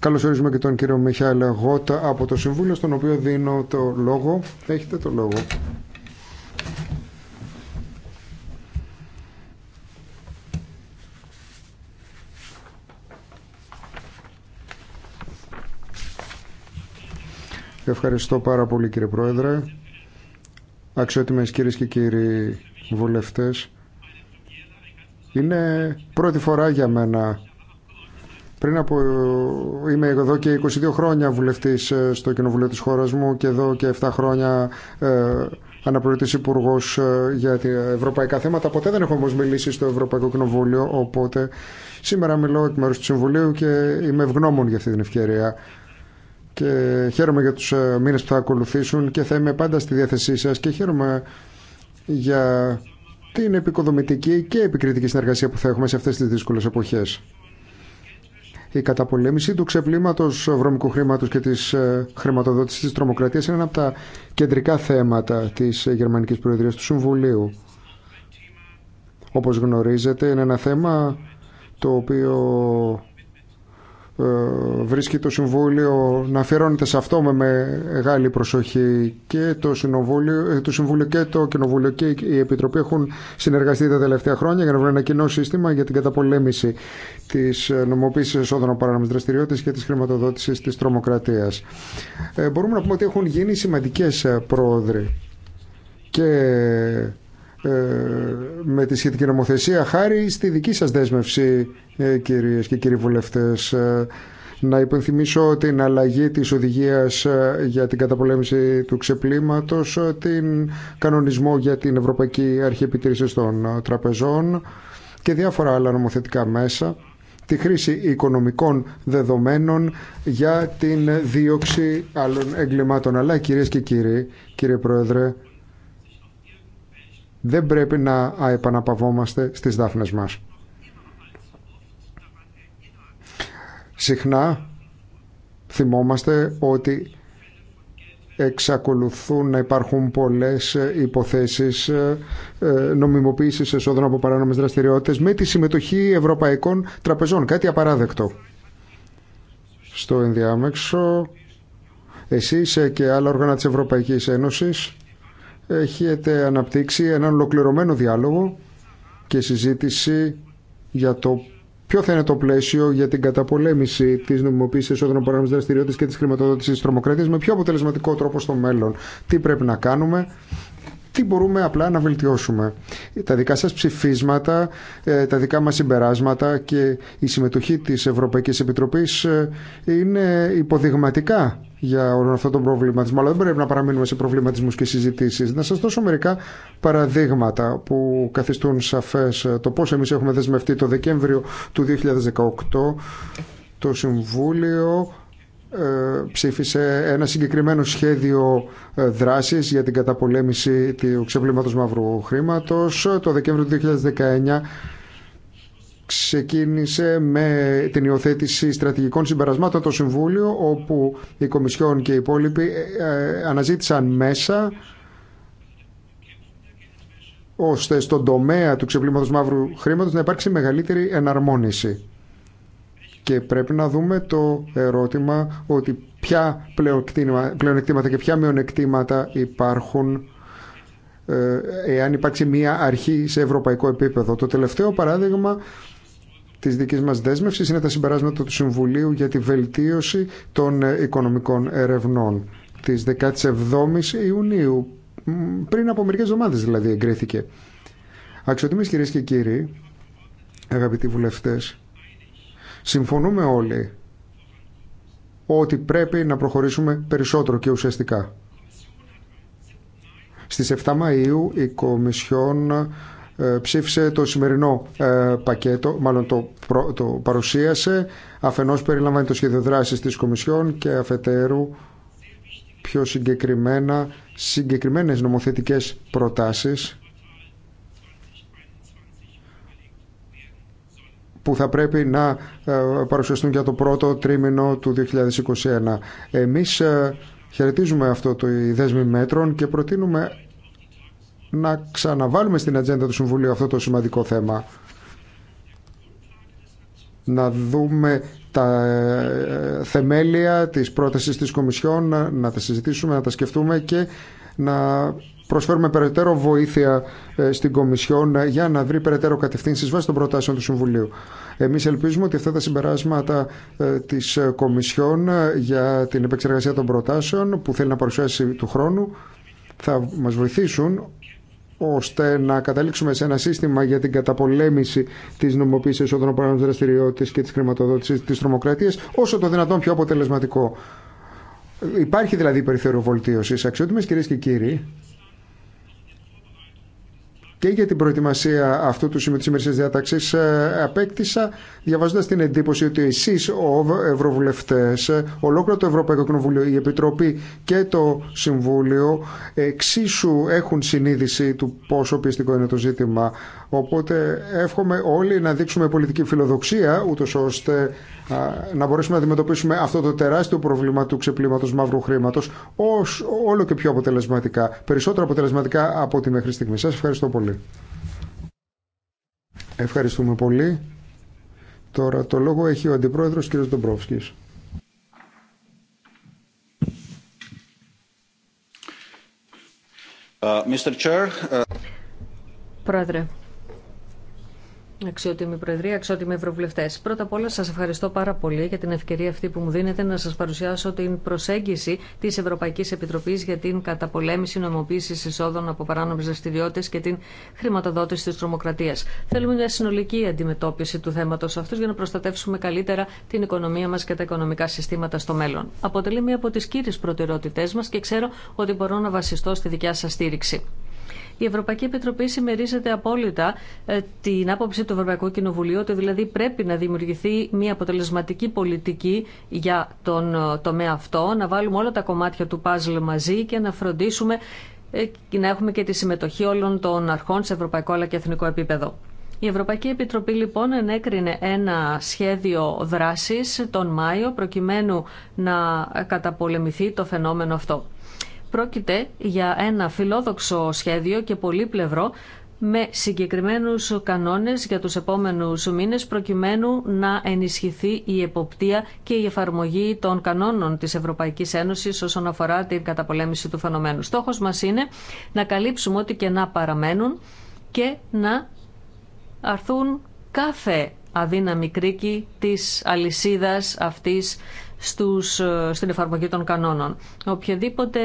Καλωσορίζουμε και τον κύριο Μιχάλη Γότα από το Συμβούλιο, στον οποίο δίνω το λόγο. Έχετε το λόγο. Ευχαριστώ πάρα πολύ κύριε Πρόεδρε. Αξιότιμες κύριε και κύριοι βουλευτές. Είναι πρώτη φορά για μένα πριν από... Είμαι εδώ και 22 χρόνια βουλευτής ε, στο Κοινοβουλίο της χώρας μου και εδώ και 7 χρόνια ε, αναπληρωτής υπουργό ε, για τα ευρωπαϊκά θέματα. Ποτέ δεν έχω όμως μιλήσει στο Ευρωπαϊκό Κοινοβούλιο, οπότε σήμερα μιλώ εκ μέρους του Συμβουλίου και είμαι ευγνώμων για αυτή την ευκαιρία και χαίρομαι για τους ε, μήνε που θα ακολουθήσουν και θα είμαι πάντα στη διάθεσή σας και χαίρομαι για την επικοδομητική και επικριτική συνεργασία που θα έχουμε σε αυτές τις δύσκολες εποχές. Η καταπολέμηση του ξεπλήματο βρώμικου χρήματο και της ε, χρηματοδότησης της τρομοκρατίας είναι ένα από τα κεντρικά θέματα της ε, Γερμανικής Προεδρίας του Συμβουλίου. Όπως γνωρίζετε είναι ένα θέμα το οποίο ε, βρίσκει το Συμβούλιο να αφιερώνεται σε αυτό με μεγάλη προσοχή και το, ε, το Συμβούλιο και το Κοινοβούλιο και η Επιτροπή έχουν συνεργαστεί τα τελευταία χρόνια για να βρουν ένα κοινό σύστημα για την καταπολέμηση της ε, νομοποίησης εσόδων παράνομης δραστηριότητας και της χρηματοδότησης της τρομοκρατίας. μπορούμε να πούμε ότι έχουν γίνει σημαντικές πρόοδροι και ε, με τη σχετική νομοθεσία χάρη στη δική σας δέσμευση ε, κυρίες και κύριοι βουλευτές. Ε, να υπενθυμίσω την αλλαγή της οδηγίας για την καταπολέμηση του ξεπλήματος, την κανονισμό για την Ευρωπαϊκή Αρχή Επιτήρησης των Τραπεζών και διάφορα άλλα νομοθετικά μέσα τη χρήση οικονομικών δεδομένων για την δίωξη άλλων εγκλημάτων. Αλλά κυρίες και κύριοι, κύριε Πρόεδρε, δεν πρέπει να επαναπαυόμαστε στις δάφνες μας. Συχνά θυμόμαστε ότι εξακολουθούν να υπάρχουν πολλές υποθέσεις ε, ε, νομιμοποίησης εσόδων από παράνομες δραστηριότητες με τη συμμετοχή ευρωπαϊκών τραπεζών. Κάτι απαράδεκτο. Στο ενδιάμεξο εσείς και άλλα όργανα της Ευρωπαϊκής Ένωσης έχετε αναπτύξει έναν ολοκληρωμένο διάλογο και συζήτηση για το ποιο θα είναι το πλαίσιο για την καταπολέμηση τη νομιμοποίηση εσόδων παράνομη δραστηριότητα και τη χρηματοδότηση τη τρομοκρατία με πιο αποτελεσματικό τρόπο στο μέλλον. Τι πρέπει να κάνουμε, τι μπορούμε απλά να βελτιώσουμε. Τα δικά σας ψηφίσματα, ε, τα δικά μας συμπεράσματα και η συμμετοχή της Ευρωπαϊκής Επιτροπής ε, είναι υποδειγματικά για όλο αυτό τον προβληματισμό, αλλά δεν πρέπει να παραμείνουμε σε προβληματισμούς και συζητήσεις. Να σας δώσω μερικά παραδείγματα που καθιστούν σαφές ε, το πώς εμείς έχουμε δεσμευτεί το Δεκέμβριο του 2018 το Συμβούλιο ε, ψήφισε ένα συγκεκριμένο σχέδιο ε, δράσης για την καταπολέμηση του ξεπλήματος μαύρου χρήματος. Το Δεκέμβριο του 2019 ξεκίνησε με την υιοθέτηση στρατηγικών συμπερασμάτων το Συμβούλιο όπου οι Κομισιόν και οι υπόλοιποι ε, ε, αναζήτησαν μέσα ώστε στον τομέα του ξεπλήματος μαύρου χρήματος να υπάρξει μεγαλύτερη εναρμόνιση. Και πρέπει να δούμε το ερώτημα ότι ποια πλεονεκτήματα και ποια μειονεκτήματα υπάρχουν ε, εάν υπάρξει μία αρχή σε ευρωπαϊκό επίπεδο. Το τελευταίο παράδειγμα της δικής μας δέσμευσης είναι τα συμπεράσματα του Συμβουλίου για τη βελτίωση των ε, οικονομικών ερευνών της 17 η Ιουνίου, πριν από μερικές εβδομάδε δηλαδή εγκρίθηκε. Αξιότιμες κυρίε και κύριοι, αγαπητοί βουλευτές, συμφωνούμε όλοι ότι πρέπει να προχωρήσουμε περισσότερο και ουσιαστικά. Στις 7 Μαΐου η Κομισιόν ε, ψήφισε το σημερινό ε, πακέτο, μάλλον το, το παρουσίασε. Αφενός περιλαμβάνει το σχέδιο δράσης της Κομισιόν και αφετέρου πιο συγκεκριμένα συγκεκριμένες νομοθετικές προτάσεις που θα πρέπει να ε, παρουσιαστούν για το πρώτο τρίμηνο του 2021. Εμείς χαιρετίζουμε αυτό το δέσμη μέτρων και προτείνουμε να ξαναβάλουμε στην ατζέντα του Συμβουλίου αυτό το σημαντικό θέμα. Να δούμε τα ε, θεμέλια της πρότασης της Κομισιόν, να, να τα συζητήσουμε, να τα σκεφτούμε και να προσφέρουμε περαιτέρω βοήθεια ε, στην Κομισιόν ε, για να βρει περαιτέρω κατευθύνσει βάσει των προτάσεων του Συμβουλίου. Εμείς ελπίζουμε ότι αυτά τα συμπεράσματα της Κομισιόν για την επεξεργασία των προτάσεων που θέλει να παρουσιάσει του χρόνου θα μας βοηθήσουν ώστε να καταλήξουμε σε ένα σύστημα για την καταπολέμηση τη νομοποίηση των από δραστηριότητε και τη χρηματοδότηση τη τρομοκρατία όσο το δυνατόν πιο αποτελεσματικό. Υπάρχει δηλαδή περιθώριο βολτίωση. Αξιότιμε κυρίε και κύριοι, και για την προετοιμασία αυτού του σημείου τη ημερησία διάταξη ε, απέκτησα διαβάζοντα την εντύπωση ότι εσεί, ο Ευρωβουλευτέ, ολόκληρο το Ευρωπαϊκό Κοινοβούλιο, η Επιτροπή και το Συμβούλιο εξίσου έχουν συνείδηση του πόσο πιεστικό είναι το ζήτημα. Οπότε εύχομαι όλοι να δείξουμε πολιτική φιλοδοξία, ούτω ώστε να μπορέσουμε να αντιμετωπίσουμε αυτό το τεράστιο πρόβλημα του ξεπλήματο μαύρου χρήματο όλο και πιο αποτελεσματικά. Περισσότερο αποτελεσματικά από ό,τι μέχρι στιγμή. Σα ευχαριστώ πολύ. Ευχαριστούμε πολύ. Τώρα το λόγο έχει ο Αντιπρόεδρος κ. Ντομπρόφσκης. Ε, ε, Πρόεδρε, Αξιότιμη Προεδρία, αξιότιμοι Ευρωβουλευτέ. Πρώτα απ' όλα, σα ευχαριστώ πάρα πολύ για την ευκαιρία αυτή που μου δίνετε να σα παρουσιάσω την προσέγγιση τη Ευρωπαϊκή Επιτροπή για την καταπολέμηση νομοποίηση εισόδων από παράνομε δραστηριότητε και την χρηματοδότηση τη τρομοκρατία. Θέλουμε μια συνολική αντιμετώπιση του θέματο αυτού για να προστατεύσουμε καλύτερα την οικονομία μα και τα οικονομικά συστήματα στο μέλλον. Αποτελεί μία από τι κύριε προτεραιότητέ μα και ξέρω ότι μπορώ να βασιστώ στη δικιά σα στήριξη. Η Ευρωπαϊκή Επιτροπή συμμερίζεται απόλυτα ε, την άποψη του Ευρωπαϊκού Κοινοβουλίου ότι δηλαδή πρέπει να δημιουργηθεί μια αποτελεσματική πολιτική για τον ε, τομέα αυτό, να βάλουμε όλα τα κομμάτια του παζλ μαζί και να φροντίσουμε ε, να έχουμε και τη συμμετοχή όλων των αρχών σε ευρωπαϊκό αλλά και εθνικό επίπεδο. Η Ευρωπαϊκή Επιτροπή λοιπόν ενέκρινε ένα σχέδιο δράσης τον Μάιο προκειμένου να καταπολεμηθεί το φαινόμενο αυτό. Πρόκειται για ένα φιλόδοξο σχέδιο και πολύπλευρο με συγκεκριμένους κανόνες για τους επόμενους μήνες προκειμένου να ενισχυθεί η εποπτεία και η εφαρμογή των κανόνων της Ευρωπαϊκής Ένωσης όσον αφορά την καταπολέμηση του φαινομένου. Στόχος μας είναι να καλύψουμε ό,τι και να παραμένουν και να αρθούν κάθε αδύναμη κρίκη της αλυσίδας αυτής στους, στην εφαρμογή των κανόνων. Οποιαδήποτε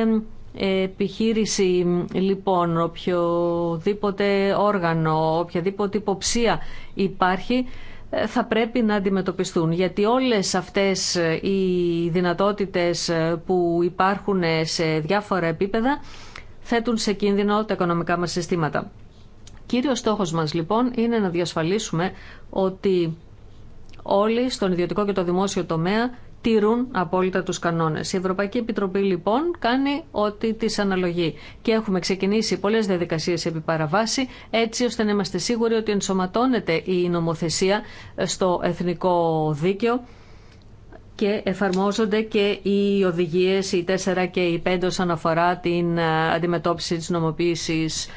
επιχείρηση λοιπόν, οποιοδήποτε όργανο, οποιαδήποτε υποψία υπάρχει, ε, θα πρέπει να αντιμετωπιστούν. Γιατί όλες αυτές ε, οι δυνατότητες ε, που υπάρχουν σε διάφορα επίπεδα θέτουν σε κίνδυνο τα οικονομικά μας συστήματα. Κύριος στόχος μας λοιπόν είναι να διασφαλίσουμε ότι όλοι στον ιδιωτικό και το δημόσιο τομέα τηρούν απόλυτα τους κανόνες. Η Ευρωπαϊκή Επιτροπή λοιπόν κάνει ό,τι της αναλογεί και έχουμε ξεκινήσει πολλές διαδικασίες επί παραβάση έτσι ώστε να είμαστε σίγουροι ότι ενσωματώνεται η νομοθεσία στο εθνικό δίκαιο και εφαρμόζονται και οι οδηγίες, οι 4 και οι 5 όσον αφορά την ε, αντιμετώπιση της νομοποίησης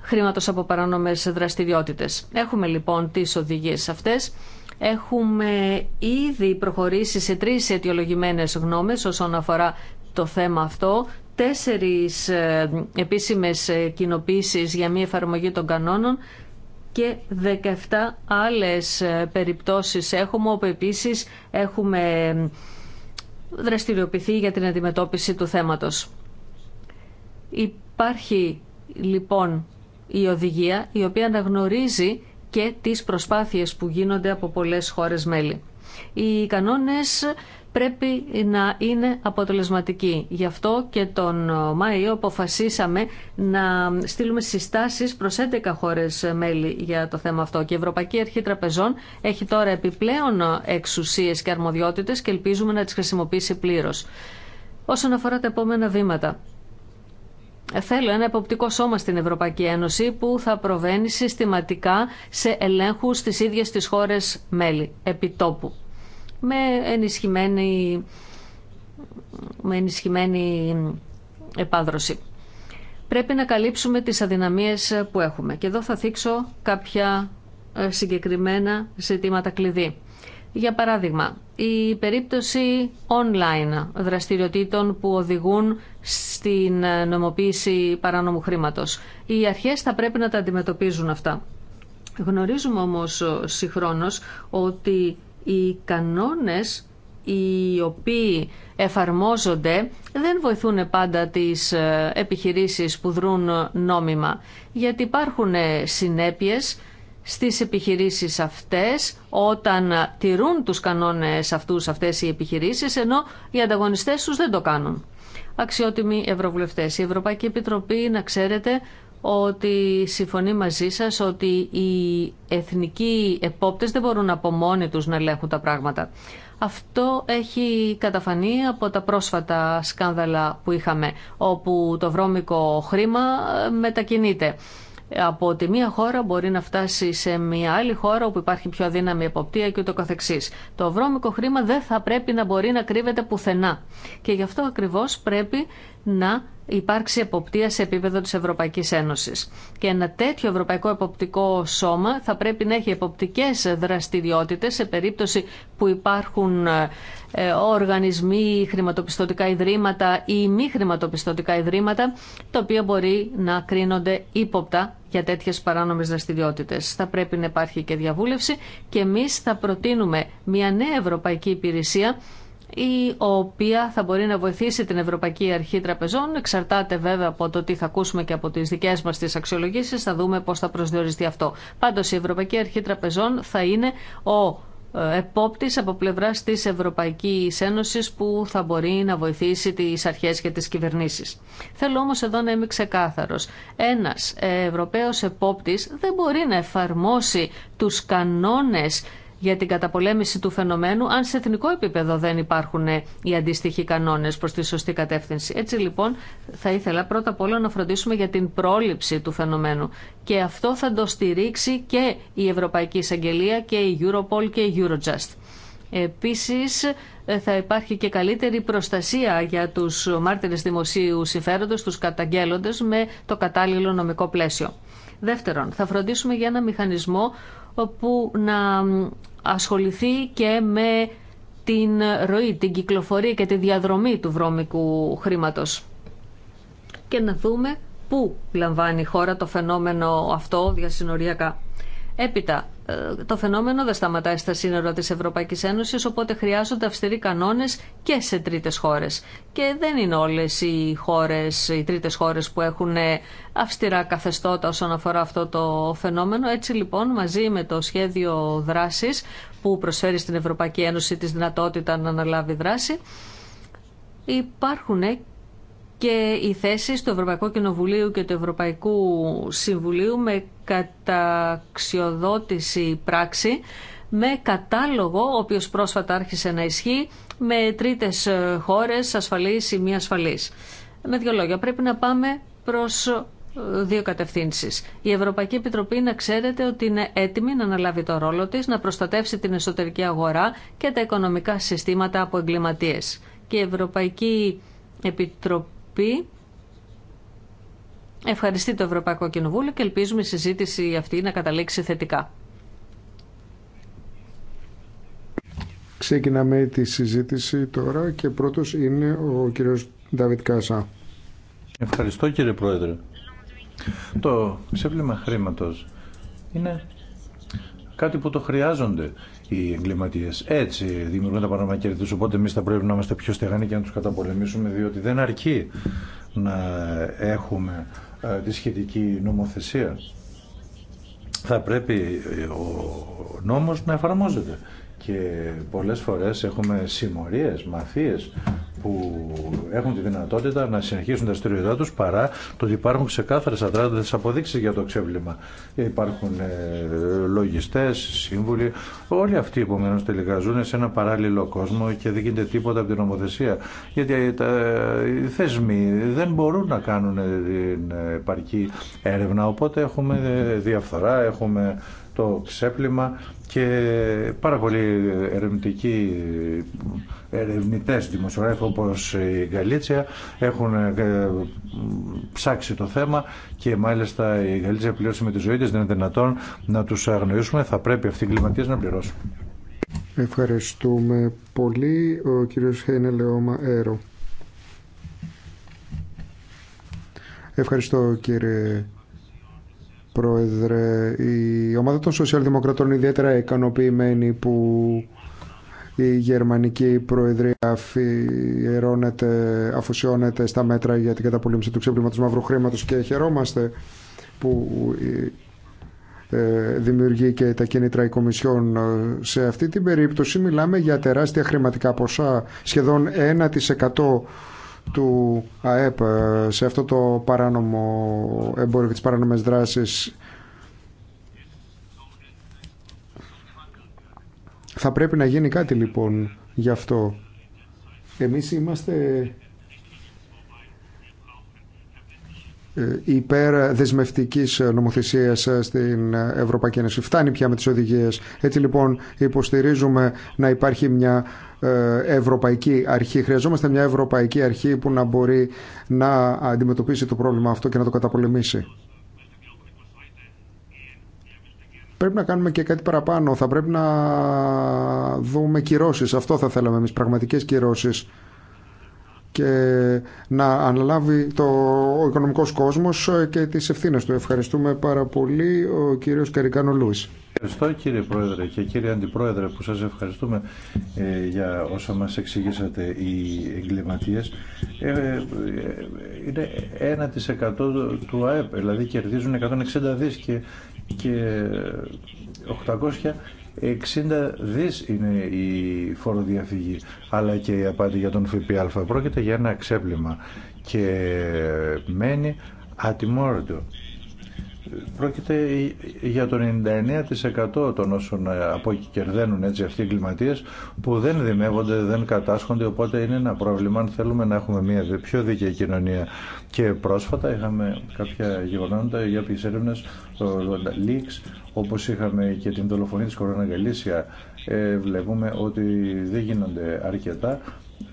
χρήματος από παράνομες δραστηριότητες. Έχουμε λοιπόν τις οδηγίες αυτές Έχουμε ήδη προχωρήσει σε τρεις αιτιολογημένες γνώμες όσον αφορά το θέμα αυτό. Τέσσερις ε, επίσημες ε, κοινοποίησει για μη εφαρμογή των κανόνων και 17 άλλες ε, περιπτώσεις έχουμε, όπου επίσης έχουμε δραστηριοποιηθεί για την αντιμετώπιση του θέματος. Υπάρχει λοιπόν η οδηγία η οποία αναγνωρίζει και τις προσπάθειες που γίνονται από πολλές χώρες μέλη. Οι κανόνες πρέπει να είναι αποτελεσματικοί. Γι' αυτό και τον Μάιο αποφασίσαμε να στείλουμε συστάσεις προς 11 χώρες μέλη για το θέμα αυτό. Και η Ευρωπαϊκή Αρχή Τραπεζών έχει τώρα επιπλέον εξουσίες και αρμοδιότητες και ελπίζουμε να τις χρησιμοποιήσει πλήρως. Όσον αφορά τα επόμενα βήματα, Θέλω ένα εποπτικό σώμα στην Ευρωπαϊκή Ένωση που θα προβαίνει συστηματικά σε ελέγχους στις ίδιες τις χώρες μέλη, επιτόπου. Με ενισχυμένη, με ενισχυμένη επάδρωση. Πρέπει να καλύψουμε τις αδυναμίες που έχουμε. Και εδώ θα θίξω κάποια ε, συγκεκριμένα ζητήματα κλειδί. Για παράδειγμα, η περίπτωση online δραστηριοτήτων που οδηγούν στην νομοποίηση παράνομου χρήματος. Οι αρχές θα πρέπει να τα αντιμετωπίζουν αυτά. Γνωρίζουμε όμως συγχρόνως ότι οι κανόνες οι οποίοι εφαρμόζονται δεν βοηθούν πάντα τις επιχειρήσεις που δρούν νόμιμα, γιατί υπάρχουν συνέπειες στις επιχειρήσεις αυτές όταν τηρούν τους κανόνες αυτούς αυτές οι επιχειρήσεις ενώ οι ανταγωνιστές τους δεν το κάνουν. Αξιότιμοι Ευρωβουλευτές, η Ευρωπαϊκή Επιτροπή να ξέρετε ότι συμφωνεί μαζί σας ότι οι εθνικοί επόπτες δεν μπορούν από μόνοι τους να ελέγχουν τα πράγματα. Αυτό έχει καταφανεί από τα πρόσφατα σκάνδαλα που είχαμε, όπου το βρώμικο χρήμα μετακινείται από τη μία χώρα μπορεί να φτάσει σε μια άλλη χώρα όπου υπάρχει πιο αδύναμη εποπτεία και ούτω καθεξής. Το βρώμικο χρήμα δεν θα πρέπει να μπορεί να κρύβεται πουθενά και γι' αυτό ακριβώς πρέπει να υπάρξει εποπτεία σε επίπεδο της Ευρωπαϊκής Ένωσης. Και ένα τέτοιο ευρωπαϊκό εποπτικό σώμα θα πρέπει να έχει εποπτικές δραστηριότητες σε περίπτωση που υπάρχουν ε, ε, οργανισμοί, χρηματοπιστωτικά ιδρύματα ή μη χρηματοπιστωτικά ιδρύματα, τα οποία μπορεί να κρίνονται ύποπτα για τέτοιες παράνομες δραστηριότητε. Θα πρέπει να υπάρχει και διαβούλευση και εμείς θα προτείνουμε μια νέα ευρωπαϊκή υπηρεσία η οποία θα μπορεί να βοηθήσει την Ευρωπαϊκή Αρχή Τραπεζών. Εξαρτάται βέβαια από το τι θα ακούσουμε και από τις δικές μας τι αξιολογήσεις. Θα δούμε πώς θα προσδιοριστεί αυτό. Πάντως η Ευρωπαϊκή Αρχή Τραπεζών θα είναι ο ε, επόπτης από πλευράς της Ευρωπαϊκής Ένωσης που θα μπορεί να βοηθήσει τις αρχές και τις κυβερνήσεις. Θέλω όμως εδώ να είμαι ξεκάθαρο. Ένας ε, Ευρωπαίος επόπτης δεν μπορεί να εφαρμόσει τους κανόνες για την καταπολέμηση του φαινομένου αν σε εθνικό επίπεδο δεν υπάρχουν ε, οι αντίστοιχοι κανόνε προ τη σωστή κατεύθυνση. Έτσι λοιπόν θα ήθελα πρώτα απ' όλα να φροντίσουμε για την πρόληψη του φαινομένου και αυτό θα το στηρίξει και η Ευρωπαϊκή Εισαγγελία και η Europol και η Eurojust. Επίσης ε, θα υπάρχει και καλύτερη προστασία για τους μάρτυρες δημοσίου συμφέροντος, τους καταγγέλλοντες με το κατάλληλο νομικό πλαίσιο. Δεύτερον, θα φροντίσουμε για ένα μηχανισμό που να ασχοληθεί και με την ροή, την κυκλοφορία και τη διαδρομή του βρώμικου χρήματος. Και να δούμε πού λαμβάνει η χώρα το φαινόμενο αυτό διασυνοριακά. Έπειτα, ε, το φαινόμενο δεν σταματάει στα σύνορα της Ευρωπαϊκής Ένωσης, οπότε χρειάζονται αυστηροί κανόνες και σε τρίτες χώρες. Και δεν είναι όλες οι χώρες, οι τρίτες χώρες που έχουν αυστηρά καθεστώτα όσον αφορά αυτό το φαινόμενο. Έτσι λοιπόν μαζί με το σχέδιο δράσης που προσφέρει στην Ευρωπαϊκή Ένωση τη δυνατότητα να αναλάβει δράση, υπάρχουν και οι θέσεις του Ευρωπαϊκού Κοινοβουλίου και του Ευρωπαϊκού Συμβουλίου με καταξιοδότηση πράξη με κατάλογο, ο οποίος πρόσφατα άρχισε να ισχύει, με τρίτες χώρες ασφαλείς ή μη ασφαλείς. Με δύο λόγια, πρέπει να πάμε προς δύο κατευθύνσεις. Η μη ασφαλης με Επιτροπή να ξέρετε ότι είναι έτοιμη να αναλάβει το ρόλο της, να προστατεύσει την εσωτερική αγορά και τα οικονομικά συστήματα από εγκληματίες. Και η Ευρωπαϊκή Επιτροπή Πει ευχαριστεί το Ευρωπαϊκό Κοινοβούλιο και ελπίζουμε η συζήτηση αυτή να καταλήξει θετικά. Ξεκινάμε τη συζήτηση τώρα και πρώτος είναι ο κύριος Νταβιτ Κάσα. Ευχαριστώ κύριε Πρόεδρε. Το ξέπλυμα χρήματος είναι κάτι που το χρειάζονται οι εγκληματίε. Έτσι δημιουργούν τα παράνομα κέρδη Οπότε εμεί θα πρέπει να είμαστε πιο στεγανοί και να του καταπολεμήσουμε, διότι δεν αρκεί να έχουμε ε, τη σχετική νομοθεσία. Θα πρέπει ε, ο νόμος να εφαρμόζεται. Και πολλές φορές έχουμε συμμορίες, μαθίες που έχουν τη δυνατότητα να συνεχίσουν τα δραστηριότητά του παρά το ότι υπάρχουν ξεκάθαρε αδράτε αποδείξει για το ξέβλημα. Υπάρχουν ε, λογιστέ, σύμβουλοι. Όλοι αυτοί επομένω τελικά ζουν σε ένα παράλληλο κόσμο και δεν γίνεται τίποτα από την νομοθεσία. Γιατί ε, οι θεσμοί δεν μπορούν να κάνουν την επαρκή έρευνα. Οπότε έχουμε ε, διαφθορά, έχουμε το ξέπλυμα και πάρα πολλοί ερευνητικοί ερευνητές δημοσιογράφοι όπως η Γαλίτσια έχουν ε, ψάξει το θέμα και μάλιστα η Γαλίτσια πληρώσει με τη ζωή της δεν είναι δυνατόν να τους αγνοήσουμε θα πρέπει αυτή οι κλιματίες να πληρώσουν Ευχαριστούμε πολύ ο κύριος Χέινε Λεώμα Έρο Ευχαριστώ κύριε Πρόεδρε. Η ομάδα των Σοσιαλδημοκρατών είναι ιδιαίτερα ικανοποιημένη που η Γερμανική Προεδρία αφοσιώνεται στα μέτρα για την καταπολύμψη του ξέπλυματος μαύρου χρήματος και χαιρόμαστε που ε, ε, δημιουργεί και τα κίνητρα η Κομισιόν. Σε αυτή την περίπτωση μιλάμε για τεράστια χρηματικά ποσά, σχεδόν 1% του ΑΕΠ ε, σε αυτό το παράνομο εμπόριο και τις παράνομες δράσεις θα πρέπει να γίνει κάτι λοιπόν γι' αυτό εμείς είμαστε ε, υπέρ δεσμευτικής νομοθεσίας στην Ευρωπαϊκή Ένωση. Φτάνει πια με τις οδηγίες. Έτσι λοιπόν υποστηρίζουμε να υπάρχει μια ε, ευρωπαϊκή αρχή. Χρειαζόμαστε μια ευρωπαϊκή αρχή που να μπορεί να αντιμετωπίσει το πρόβλημα αυτό και να το καταπολεμήσει. Πρέπει να κάνουμε και κάτι παραπάνω. Θα πρέπει να δούμε κυρώσεις. Αυτό θα θέλαμε εμείς, πραγματικές κυρώσεις και να αναλάβει το, ο οικονομικός κόσμος και τις ευθύνες του. Ευχαριστούμε πάρα πολύ ο κύριος Καρικάνο Λούις. Ευχαριστώ κύριε Πρόεδρε και κύριε Αντιπρόεδρε που σας ευχαριστούμε ε, για όσα μας εξηγήσατε οι εγκληματίες. Ε, ε, είναι 1% του ΑΕΠ, δηλαδή κερδίζουν 160 δις και, και 800 60 δις είναι η φοροδιαφυγή, αλλά και η απάντη για τον ΦΠΑ. Πρόκειται για ένα ξέπλυμα και μένει ατιμόρυτο. Πρόκειται για το 99% των όσων από εκεί κερδένουν έτσι αυτοί οι εγκληματίες που δεν δημεύονται, δεν κατάσχονται οπότε είναι ένα πρόβλημα αν θέλουμε να έχουμε μια πιο δίκαιη κοινωνία. Και πρόσφατα είχαμε κάποια γεγονότα για ποιες έρευνες, το Leaks, όπως είχαμε και την δολοφονία της Κορώνα Γαλήσια, ε, βλέπουμε ότι δεν γίνονται αρκετά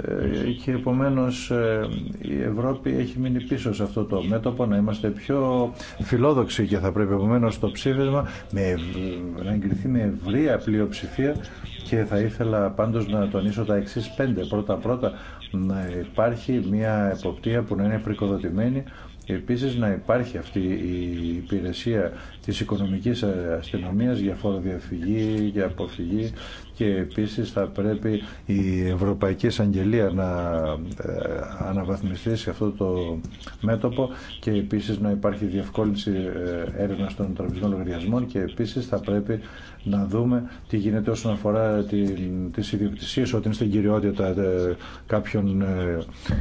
ε, και επομένως ε, η Ευρώπη έχει μείνει πίσω σε αυτό το μέτωπο να είμαστε πιο φιλόδοξοι και θα πρέπει επομένως το ψήφισμα με, να εγκριθεί με ευρία πλειοψηφία και θα ήθελα πάντως να τονίσω τα εξής πέντε. Πρώτα πρώτα να υπάρχει μια εποπτεία που να είναι πρικοδοτημένη Επίσης να υπάρχει αυτή η υπηρεσία της οικονομικής αστυνομίας για φοροδιαφυγή, για αποφυγή και επίσης θα πρέπει η Ευρωπαϊκή Εισαγγελία να ε, αναβαθμιστεί σε αυτό το μέτωπο και επίσης να υπάρχει διευκόλυνση ε, έρευνα των τραπεζικών λογαριασμών και επίσης θα πρέπει να δούμε τι γίνεται όσον αφορά τις ιδιοκτησίες ότι είναι στην κυριότητα ε, κάποιων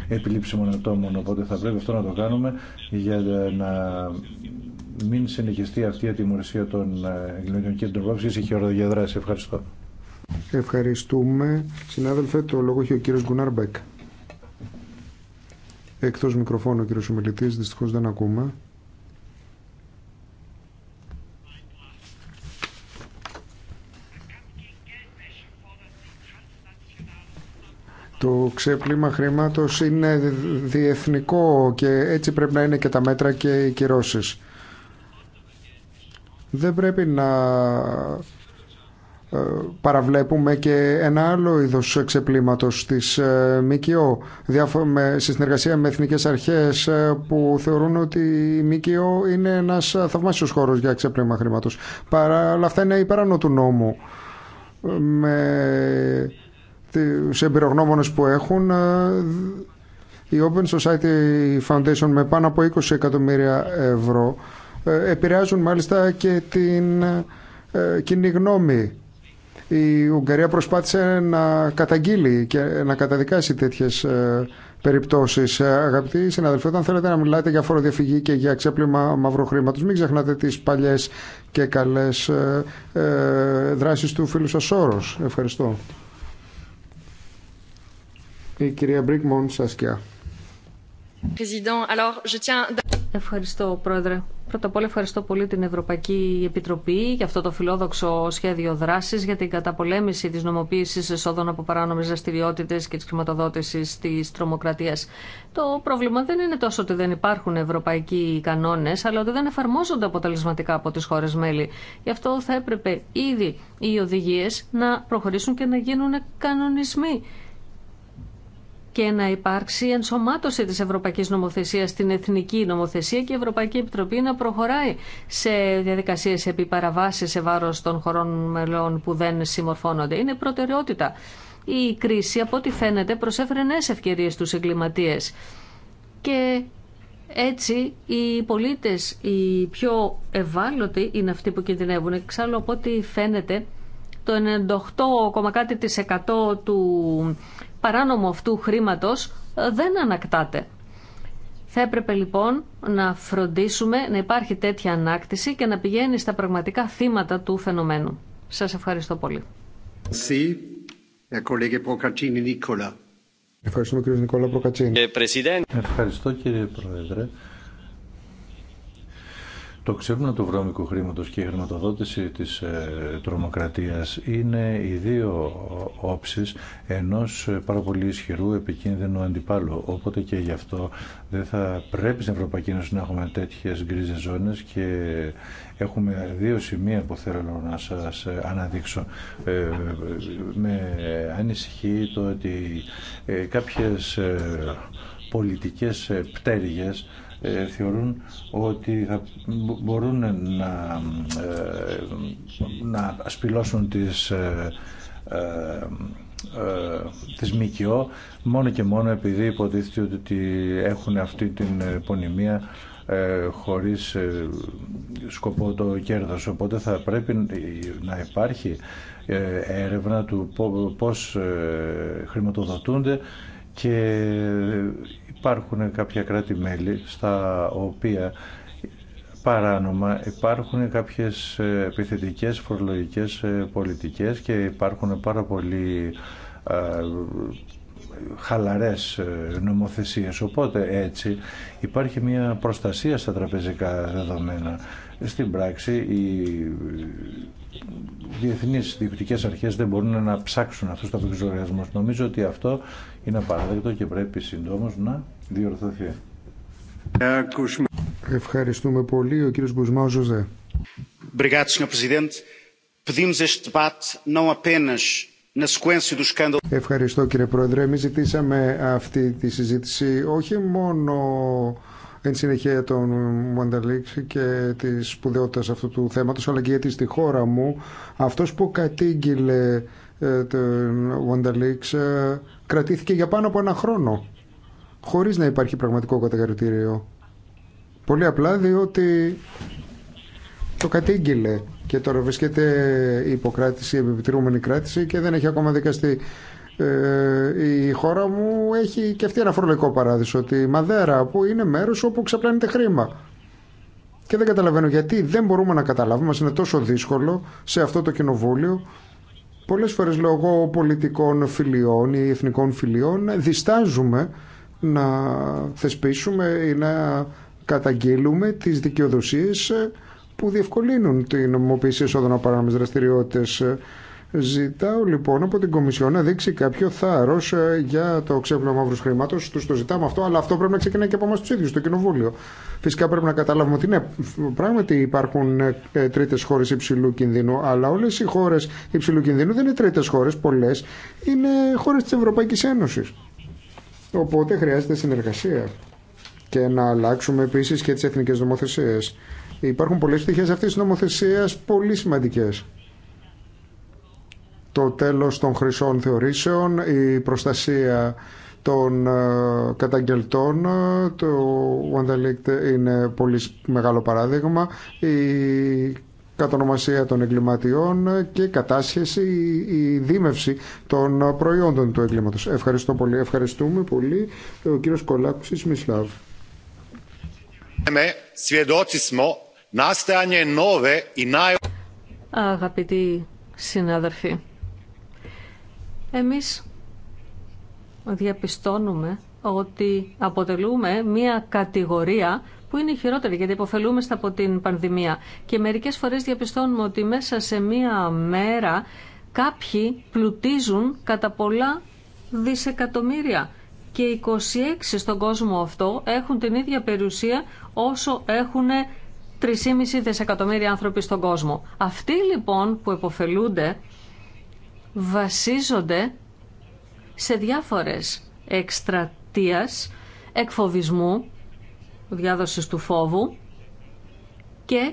επιλήψιμων ατόμων οπότε θα πρέπει αυτό να το κάνουμε για να μην συνεχιστεί αυτή η ατιμωρησία των εγκληματικών κέντρων των Είχε Ευχαριστώ. Ευχαριστούμε. Συνάδελφε, το λόγο έχει ο κύριος Μπέκ. Εκτός μικροφώνου ο κύριος ομιλητής, δυστυχώς δεν ακούμε. Το ξέπλυμα χρήματος είναι διεθνικό και έτσι πρέπει να είναι και τα μέτρα και οι κυρώσεις. Δεν πρέπει να ε, παραβλέπουμε και ένα άλλο είδος εξεπλήματος της ε, ΜΚΟ σε συνεργασία με εθνικές αρχές ε, που θεωρούν ότι η ΜΚΟ είναι ένας θαυμάσιος χώρος για εξεπλήμα χρήματος. Παρά αυτά είναι υπεράνω του νόμου με τους εμπειρογνώμονες που έχουν η Open Society Foundation με πάνω από 20 εκατομμύρια ευρώ επηρεάζουν μάλιστα και την κοινή γνώμη η Ουγγαρία προσπάθησε να καταγγείλει και να καταδικάσει τέτοιες ε, περιπτώσεις. Ε, αγαπητοί συναδελφοί, όταν θέλετε να μιλάτε για φοροδιαφυγή και για ξέπλυμα μαύρου χρήματος, μην ξεχνάτε τις παλιές και καλές ε, δράσεις του φίλου σας Σόρος. Ευχαριστώ. Η κυρία Μπρίκμον Σασκιά. Ευχαριστώ, Πρόεδρε. Πρώτα απ' όλα ευχαριστώ πολύ την Ευρωπαϊκή Επιτροπή για αυτό το φιλόδοξο σχέδιο δράση για την καταπολέμηση τη νομοποίηση εσόδων από παράνομε δραστηριότητε και της χρηματοδότηση τη τρομοκρατία. Το πρόβλημα δεν είναι τόσο ότι δεν υπάρχουν ευρωπαϊκοί κανόνε, αλλά ότι δεν εφαρμόζονται αποτελεσματικά από τι χώρε μέλη. Γι' αυτό θα έπρεπε ήδη οι οδηγίε να προχωρήσουν και να γίνουν κανονισμοί και να υπάρξει ενσωμάτωση της ευρωπαϊκής νομοθεσίας στην εθνική νομοθεσία και η Ευρωπαϊκή Επιτροπή να προχωράει σε διαδικασίες επί σε βάρος των χωρών μελών που δεν συμμορφώνονται. Είναι προτεραιότητα. Η κρίση, από ό,τι φαίνεται, προσέφερε νέες ευκαιρίες στους εγκληματίες. Και έτσι οι πολίτες, οι πιο ευάλωτοι είναι αυτοί που κινδυνεύουν. Εξάλλου, από ό,τι φαίνεται, το 98, του παράνομο αυτού χρήματος ε, δεν ανακτάται. Θα έπρεπε λοιπόν να φροντίσουμε να υπάρχει τέτοια ανάκτηση και να πηγαίνει στα πραγματικά θύματα του φαινομένου. Σας ευχαριστώ πολύ. Ευχαριστώ κύριε Πρόεδρε. Το ξύπνο του βρώμικου χρήματο και η χρηματοδότηση τη ε, τρομοκρατία είναι οι δύο όψει ενό ε, πάρα πολύ ισχυρού επικίνδυνου αντιπάλου. Οπότε και γι' αυτό δεν θα πρέπει στην Ευρωπαϊκή Ένωση να έχουμε τέτοιε γκρίζε ζώνε και έχουμε δύο σημεία που θέλω να σα ε, αναδείξω. με ανησυχεί το ότι κάποιε πολιτικές πτέρυγες ε, θεωρούν ότι θα μπορούν να, ε, να ασπηλώσουν τις ε, τις ΜΚΟ μόνο και μόνο επειδή υποτίθεται ότι έχουν αυτή την πονημία χωρίς σκοπό το κέρδος. Οπότε θα πρέπει να υπάρχει έρευνα του πώς χρηματοδοτούνται και υπάρχουν κάποια κράτη-μέλη στα οποία παράνομα υπάρχουν κάποιες ε, επιθετικές φορολογικές ε, πολιτικές και υπάρχουν πάρα πολλοί ε, χαλαρές νομοθεσίες. Οπότε έτσι υπάρχει μια προστασία στα τραπεζικά δεδομένα στην πράξη οι διεθνείς διοικητικές αρχές δεν μπορούν να ψάξουν αυτούς τους λογαριασμούς. Νομίζω ότι αυτό είναι απαράδεκτο και πρέπει συντόμως να διορθωθεί. Ευχαριστούμε πολύ. Ο κύριος Γκουσμάου Ζωζέ. Ευχαριστώ κύριε Πρόεδρε. Εμεί ζητήσαμε αυτή τη συζήτηση όχι μόνο εν συνεχεία τον Μονταλίξ και τη σπουδαιότητα αυτού του θέματο, αλλά και γιατί στη χώρα μου αυτός που κατήγγειλε ε, τον ε, κρατήθηκε για πάνω από ένα χρόνο χωρίς να υπάρχει πραγματικό κατακαρτήριο. Πολύ απλά διότι το κατήγγειλε και τώρα βρίσκεται υποκράτηση, η κράτηση και δεν έχει ακόμα δικαστεί. Ε, η χώρα μου έχει και αυτή ένα φορολογικό παράδεισο, τη Μαδέρα, που είναι μέρος όπου ξαπλάνεται χρήμα. Και δεν καταλαβαίνω γιατί δεν μπορούμε να καταλάβουμε, μας είναι τόσο δύσκολο σε αυτό το κοινοβούλιο, πολλές φορές λόγω πολιτικών φιλιών ή εθνικών φιλιών, διστάζουμε να θεσπίσουμε ή να καταγγείλουμε τις δικαιοδοσίε που διευκολύνουν την νομιμοποίηση εσόδων από δραστηριότητες δραστηριότητε Ζητάω λοιπόν από την Κομισιόν να δείξει κάποιο θάρρο ε, για το ξέπλυμα μαύρου χρήματο. Του το ζητάμε αυτό, αλλά αυτό πρέπει να ξεκινάει και από εμά του ίδιου, το Κοινοβούλιο. Φυσικά πρέπει να καταλάβουμε ότι ναι, πράγματι υπάρχουν ε, ε, τρίτε χώρε υψηλού κινδύνου, αλλά όλε οι χώρε υψηλού κινδύνου δεν είναι τρίτε χώρε, πολλέ είναι χώρε τη Ευρωπαϊκή Ένωση. Οπότε χρειάζεται συνεργασία και να αλλάξουμε επίση και τι εθνικέ νομοθεσίε. Υπάρχουν πολλέ πτυχέ αυτή τη νομοθεσία πολύ σημαντικέ το τέλος των χρυσών θεωρήσεων, η προστασία των ε, καταγγελτών, ε, το One είναι πολύ μεγάλο παράδειγμα, η κατονομασία των εγκληματιών και η κατάσχεση, η δίμευση των προϊόντων του εγκλήματος. Ευχαριστώ πολύ. Ευχαριστούμε πολύ ο κύριος Κολάκουσης Μισλάβ. Αγαπητοί συνάδελφοι, εμείς διαπιστώνουμε ότι αποτελούμε μία κατηγορία που είναι χειρότερη γιατί υποφελούμε από την πανδημία. Και μερικές φορές διαπιστώνουμε ότι μέσα σε μία μέρα κάποιοι πλουτίζουν κατά πολλά δισεκατομμύρια και 26 στον κόσμο αυτό έχουν την ίδια περιουσία όσο έχουν 3,5 δισεκατομμύρια άνθρωποι στον κόσμο. Αυτοί λοιπόν που υποφελούνται βασίζονται σε διάφορες εκστρατείας εκφοβισμού, διάδοσης του φόβου και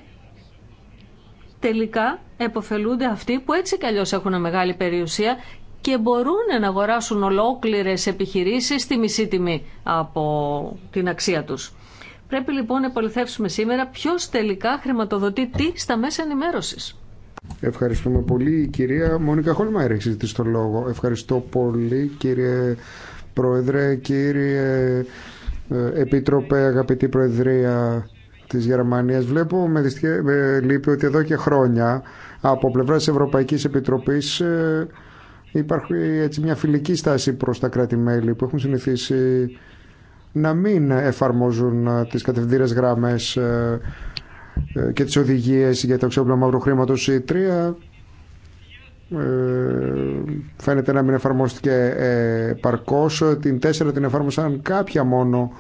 τελικά εποφελούνται αυτοί που έτσι αλλιώς έχουν μεγάλη περιουσία και μπορούν να αγοράσουν ολόκληρες επιχειρήσεις στη μισή τιμή από την αξία τους. Πρέπει λοιπόν να υποληθεύσουμε σήμερα ποιος τελικά χρηματοδοτεί τι στα μέσα ενημέρωσης. Ευχαριστούμε πολύ. Η κυρία Μόνικα Χόλμα έχει ζητήσει το λόγο. Ευχαριστώ πολύ κύριε Πρόεδρε, κύριε ε, Επίτροπε, αγαπητή Προεδρία της Γερμανίας. Βλέπω με, δυστυχία, λύπη ότι εδώ και χρόνια από πλευρά της Ευρωπαϊκής Επιτροπής ε, υπάρχει έτσι μια φιλική στάση προς τα κράτη-μέλη που έχουν συνηθίσει να μην εφαρμόζουν ε, τις κατευθυντήρες γράμμες ε, και τις οδηγίες για το ξέπλυμα μαύρου χρήματος η 3 ε, φαίνεται να μην εφαρμόστηκε ε, παρκώς την 4 την εφάρμοσαν κάποια μόνο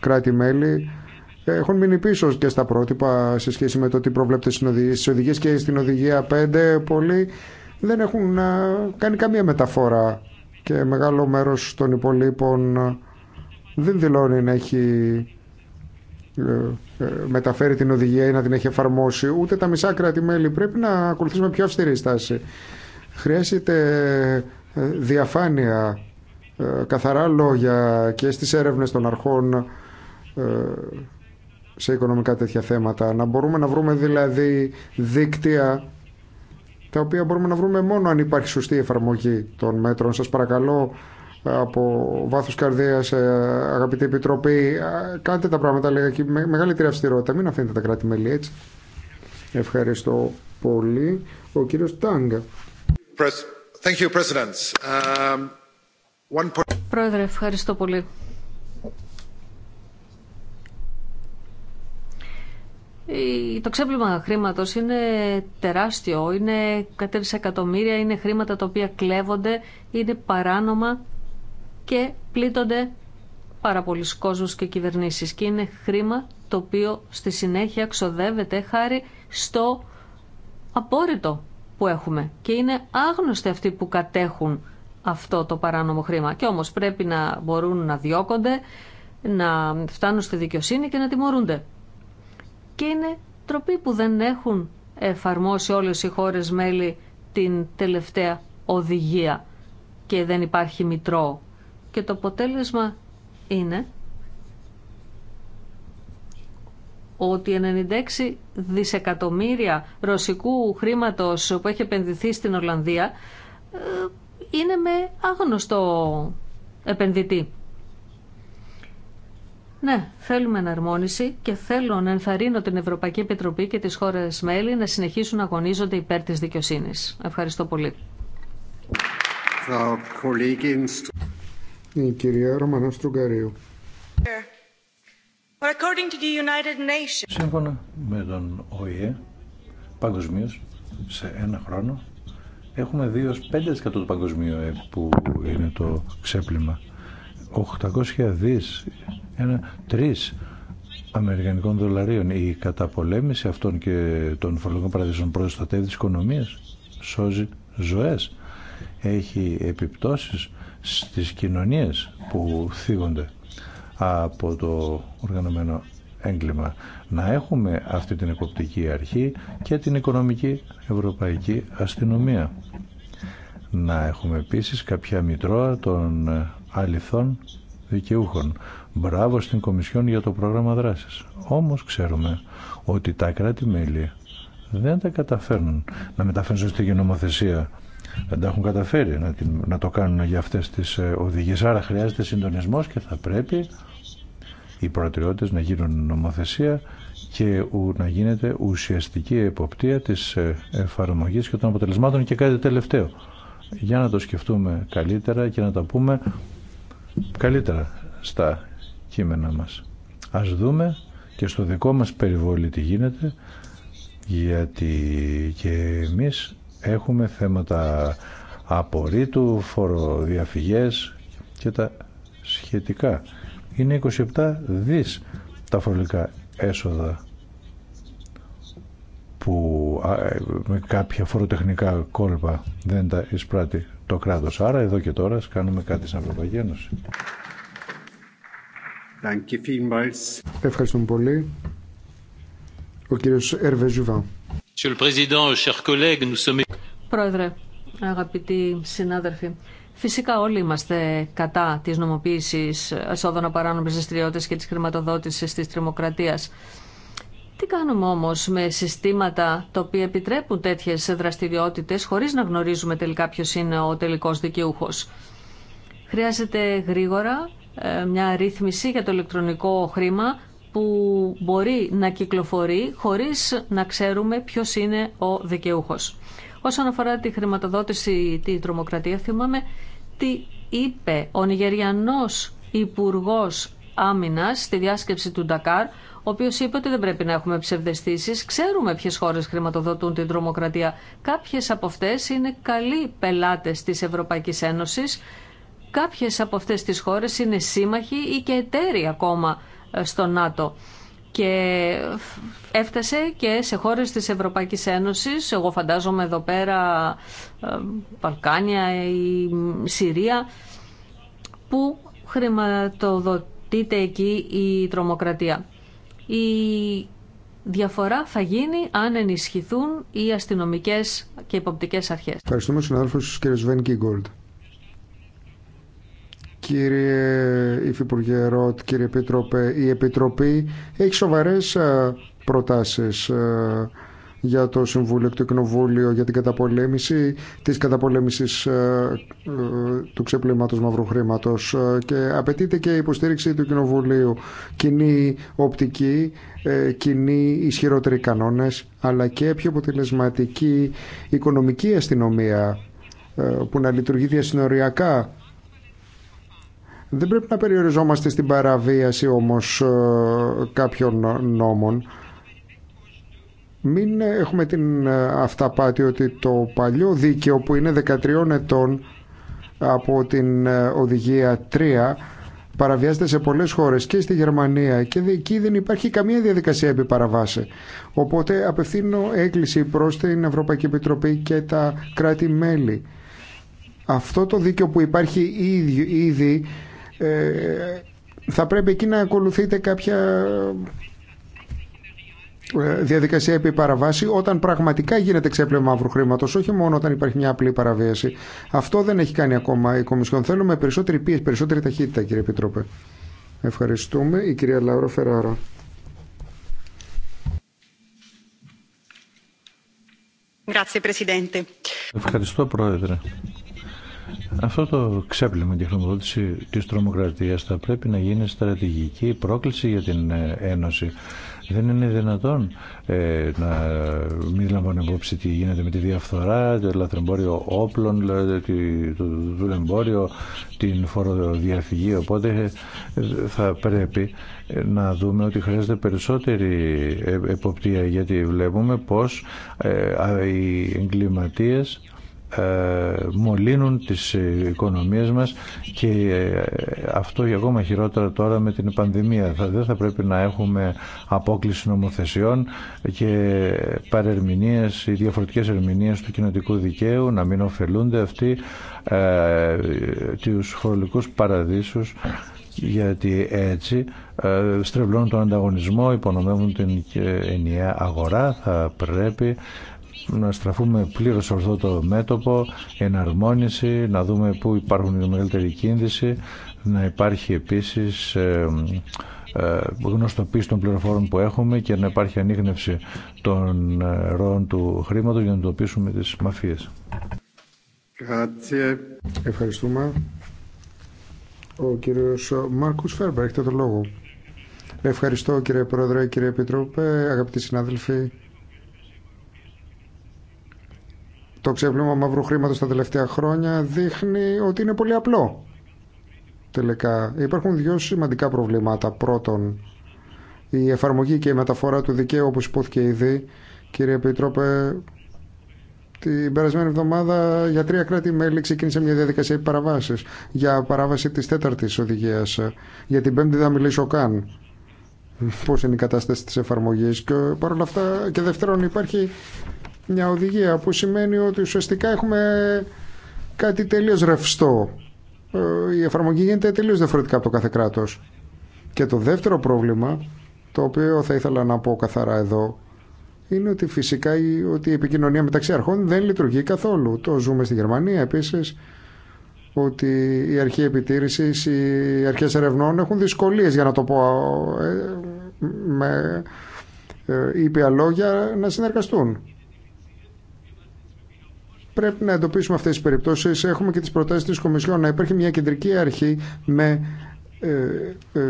κράτη-μέλη έχουν μείνει πίσω και στα πρότυπα σε σχέση με το τι προβλέπεται στις οδηγίες και στην οδηγία 5 πολλοί δεν έχουν ε, κάνει καμία μεταφορά και μεγάλο μέρος των υπολείπων δεν δηλώνει να έχει ε, ε, μεταφέρει την οδηγία ή να την έχει εφαρμόσει ούτε τα μισά κράτη-μέλη πρέπει να ακολουθήσουμε πιο αυστηρή στάση χρειάζεται ε, διαφάνεια καθαρά λόγια και στις έρευνες των αρχών σε οικονομικά τέτοια θέματα να μπορούμε να βρούμε δηλαδή δίκτυα τα οποία μπορούμε να βρούμε μόνο αν υπάρχει σωστή εφαρμογή των μέτρων σας παρακαλώ από βάθος καρδίας ε, αγαπητή Επιτροπή ε, κάντε τα πράγματα λίγο και με μεγαλύτερη αυστηρότητα μην αφήνετε τα κράτη-μέλη έτσι Ευχαριστώ πολύ ο κύριος Τάγκα um, Πρόεδρε ευχαριστώ πολύ Το ξέπλυμα χρήματος είναι τεράστιο, είναι κατ' εκατομμύρια, είναι χρήματα τα οποία κλέβονται, είναι παράνομα και πλήττονται πάρα πολλοί κόσμος και κυβερνήσεις και είναι χρήμα το οποίο στη συνέχεια ξοδεύεται χάρη στο απόρριτο που έχουμε και είναι άγνωστοι αυτοί που κατέχουν αυτό το παράνομο χρήμα και όμως πρέπει να μπορούν να διώκονται να φτάνουν στη δικαιοσύνη και να τιμωρούνται και είναι τροπή που δεν έχουν εφαρμόσει όλες οι χώρες μέλη την τελευταία οδηγία και δεν υπάρχει μητρό και το αποτέλεσμα είναι ότι 96 δισεκατομμύρια ρωσικού χρήματος που έχει επενδυθεί στην Ολλανδία ε, είναι με άγνωστο επενδυτή. Ναι, θέλουμε εναρμόνιση και θέλω να ενθαρρύνω την Ευρωπαϊκή Επιτροπή και τις χώρες μέλη να συνεχίσουν να αγωνίζονται υπέρ της δικαιοσύνης. Ευχαριστώ πολύ η κυρία Ρωμανά Στρουγκαρίου. Σύμφωνα με τον ΟΗΕ, παγκοσμίω, σε ένα χρόνο, έχουμε 2-5% του παγκοσμίου που είναι το ξέπλυμα. 800 δις, ένα Αμερικανικών δολαρίων. Η καταπολέμηση αυτών και των φορολογικών παραδείσων προστατεύει τις οικονομίες, σώζει ζωές, έχει επιπτώσεις στις κοινωνίες που θίγονται από το οργανωμένο έγκλημα. Να έχουμε αυτή την εποπτική αρχή και την οικονομική ευρωπαϊκή αστυνομία. Να έχουμε επίσης κάποια μητρώα των αληθών δικαιούχων. Μπράβο στην Κομισιόν για το πρόγραμμα δράσης. Όμως ξέρουμε ότι τα κράτη-μέλη δεν τα καταφέρνουν να μεταφέρουν στη νομοθεσία να τα έχουν καταφέρει να, την, να το κάνουν για αυτές τις ε, οδηγίες. Άρα χρειάζεται συντονισμός και θα πρέπει οι προτεραιότητες να γίνουν νομοθεσία και να γίνεται ουσιαστική εποπτεία της ε, εφαρμογής και των αποτελεσμάτων και κάτι τελευταίο. Για να το σκεφτούμε καλύτερα και να τα πούμε καλύτερα στα κείμενα μας. Ας δούμε και στο δικό μας περιβόλι τι γίνεται γιατί και εμείς έχουμε θέματα απορρίτου, φοροδιαφυγές και τα σχετικά. Είναι 27 δις τα φορολογικά έσοδα που ε, με κάποια φοροτεχνικά κόλπα δεν τα εισπράττει το κράτος. Άρα εδώ και τώρα κάνουμε κάτι σαν Ευρωπαϊκή Ένωση. Ευχαριστούμε πολύ. Ο κύριος Έρβεζουβάν. Πρόεδρε, αγαπητοί συνάδελφοι, φυσικά όλοι είμαστε κατά της νομοποίησης εσόδων απαράνομης δραστηριότητε και της χρηματοδότησης της τριμοκρατίας. Τι κάνουμε όμως με συστήματα τα οποία επιτρέπουν τέτοιες δραστηριότητες χωρίς να γνωρίζουμε τελικά ποιος είναι ο τελικός δικαιούχος. Χρειάζεται γρήγορα ε, μια ρύθμιση για το ηλεκτρονικό χρήμα που μπορεί να κυκλοφορεί χωρίς να ξέρουμε ποιος είναι ο δικαιούχος. Όσον αφορά τη χρηματοδότηση τη τρομοκρατία, θυμάμαι τι είπε ο Νιγεριανός Υπουργός Άμυνας στη διάσκεψη του Ντακάρ, ο οποίο είπε ότι δεν πρέπει να έχουμε ψευδεστήσει. Ξέρουμε ποιε χώρε χρηματοδοτούν την τρομοκρατία. Κάποιε από αυτέ είναι καλοί πελάτε τη Ευρωπαϊκή Ένωση. Κάποιε από αυτέ τι χώρε είναι σύμμαχοι ή και εταίροι ακόμα στο ΝΑΤΟ και έφτασε και σε χώρες της Ευρωπαϊκής Ένωσης, εγώ φαντάζομαι εδώ πέρα ε, Βαλκάνια ή Συρία, που χρηματοδοτείται εκεί η τρομοκρατία. Η διαφορά θα γίνει αν ενισχυθούν οι αστυνομικές και υποπτικές αρχές. Ευχαριστούμε συνάδελφος κ. Βεν Κίγκολτ. Κύριε Υφυπουργέ Ρότ, κύριε Επίτροπε, η Επιτροπή έχει σοβαρές ε, προτάσεις ε, για το Συμβούλιο και το Κοινοβούλιο για την καταπολέμηση της καταπολέμησης ε, του ξεπλήματος μαύρου χρήματος και απαιτείται και η υποστήριξη του Κοινοβουλίου κοινή οπτική κοινή ισχυρότεροι κανόνες αλλά και πιο αποτελεσματική οικονομική αστυνομία που να λειτουργεί διασυνοριακά δεν πρέπει να περιοριζόμαστε στην παραβίαση όμως ε, κάποιων νόμων. Μην έχουμε την ε, αυταπάτη ότι το παλιό δίκαιο που είναι 13 ετών από την ε, οδηγία 3 παραβιάζεται σε πολλές χώρες και στη Γερμανία και εκεί δεν υπάρχει καμία διαδικασία επί παραβάση. Οπότε απευθύνω έκκληση προς την Ευρωπαϊκή Επιτροπή και τα κράτη-μέλη. Αυτό το δίκαιο που υπάρχει ήδη, ήδη ε, θα πρέπει εκεί να ακολουθείτε κάποια ε, διαδικασία επί παραβάση όταν πραγματικά γίνεται ξέπλεμα μαύρου χρήματο, όχι μόνο όταν υπάρχει μια απλή παραβίαση. Αυτό δεν έχει κάνει ακόμα η Κομισιόν. Θέλουμε περισσότερη πίεση, περισσότερη ταχύτητα, κύριε Επιτρόπε. Ευχαριστούμε. Η κυρία Λαούρα Φεράρα. Ευχαριστώ, Πρόεδρε. Αυτό το ξέπλυμα και χρηματοδότηση τη τρομοκρατίας θα πρέπει να γίνει στρατηγική πρόκληση για την ε, Ένωση. Δεν είναι δυνατόν ε, να μην λαμβάνει υπόψη τι γίνεται με τη διαφθορά, το λαθρεμπόριο όπλων, δηλαδή το δουλεμπόριο, την φοροδιαφυγή. Οπότε ε, θα πρέπει να δούμε ότι χρειάζεται περισσότερη εποπτεία γιατί βλέπουμε πως οι εγκληματίες ε, μολύνουν τις οικονομίες μας και ε, αυτό για ακόμα χειρότερα τώρα με την πανδημία. Θα, δεν θα πρέπει να έχουμε απόκληση νομοθεσιών και παρερμηνίες ή διαφορετικές ερμηνείες του κοινοτικού δικαίου να μην ωφελούνται αυτοί ε, τους φορολογικούς παραδείσους γιατί έτσι ε, στρεβλώνουν τον ανταγωνισμό, υπονομεύουν την ενιαία αγορά, θα πρέπει να στραφούμε πλήρως σε αυτό το μέτωπο, εναρμόνιση, να δούμε πού υπάρχουν οι μεγαλύτεροι κίνδυση, να υπάρχει επίσης ε, ε, γνωστοποίηση των πληροφόρων που υπαρχουν οι μεγαλύτερη κινδυση να υπαρχει επισης γνωστοποιηση των πληροφορων που εχουμε και να υπάρχει ανείγνευση των ε, ροών του χρήματος για να εντοπίσουμε τις μαφίες. Ευχαριστούμε. Ο κύριος Μάρκους Φέρμπερ, έχετε το λόγο. Ευχαριστώ κύριε Πρόεδρε, κύριε Επιτρόπε, αγαπητοί συνάδελφοι. Το ξέπλυμα μαύρου χρήματος τα τελευταία χρόνια δείχνει ότι είναι πολύ απλό. Τελικά υπάρχουν δύο σημαντικά προβλήματα. Πρώτον, η εφαρμογή και η μεταφορά του δικαίου όπως υπόθηκε ήδη. Κύριε Επιτρόπε, την περασμένη εβδομάδα για τρία κράτη-μέλη ξεκίνησε μια διαδικασία παραβάση για παράβαση τη τέταρτη οδηγία. Για την πέμπτη δεν θα μιλήσω καν. Πώ είναι η κατάσταση τη εφαρμογή. Και παρόλα αυτά, και δεύτερον, υπάρχει μια οδηγία που σημαίνει ότι ουσιαστικά έχουμε κάτι τελείω ρευστό. Ε, η εφαρμογή γίνεται τελείω διαφορετικά από το κάθε κράτος. Και το δεύτερο πρόβλημα, το οποίο θα ήθελα να πω καθαρά εδώ, είναι ότι φυσικά ότι η επικοινωνία μεταξύ αρχών δεν λειτουργεί καθόλου. Το ζούμε στη Γερμανία επίσης ότι η αρχή επιτήρηση, οι αρχέ ερευνών έχουν δυσκολίε για να το πω ε, με ε, ήπια λόγια να συνεργαστούν. Πρέπει να εντοπίσουμε αυτές τις περιπτώσεις. Έχουμε και τις προτάσεις της Κομισιόν να υπάρχει μια κεντρική αρχή με ε, ε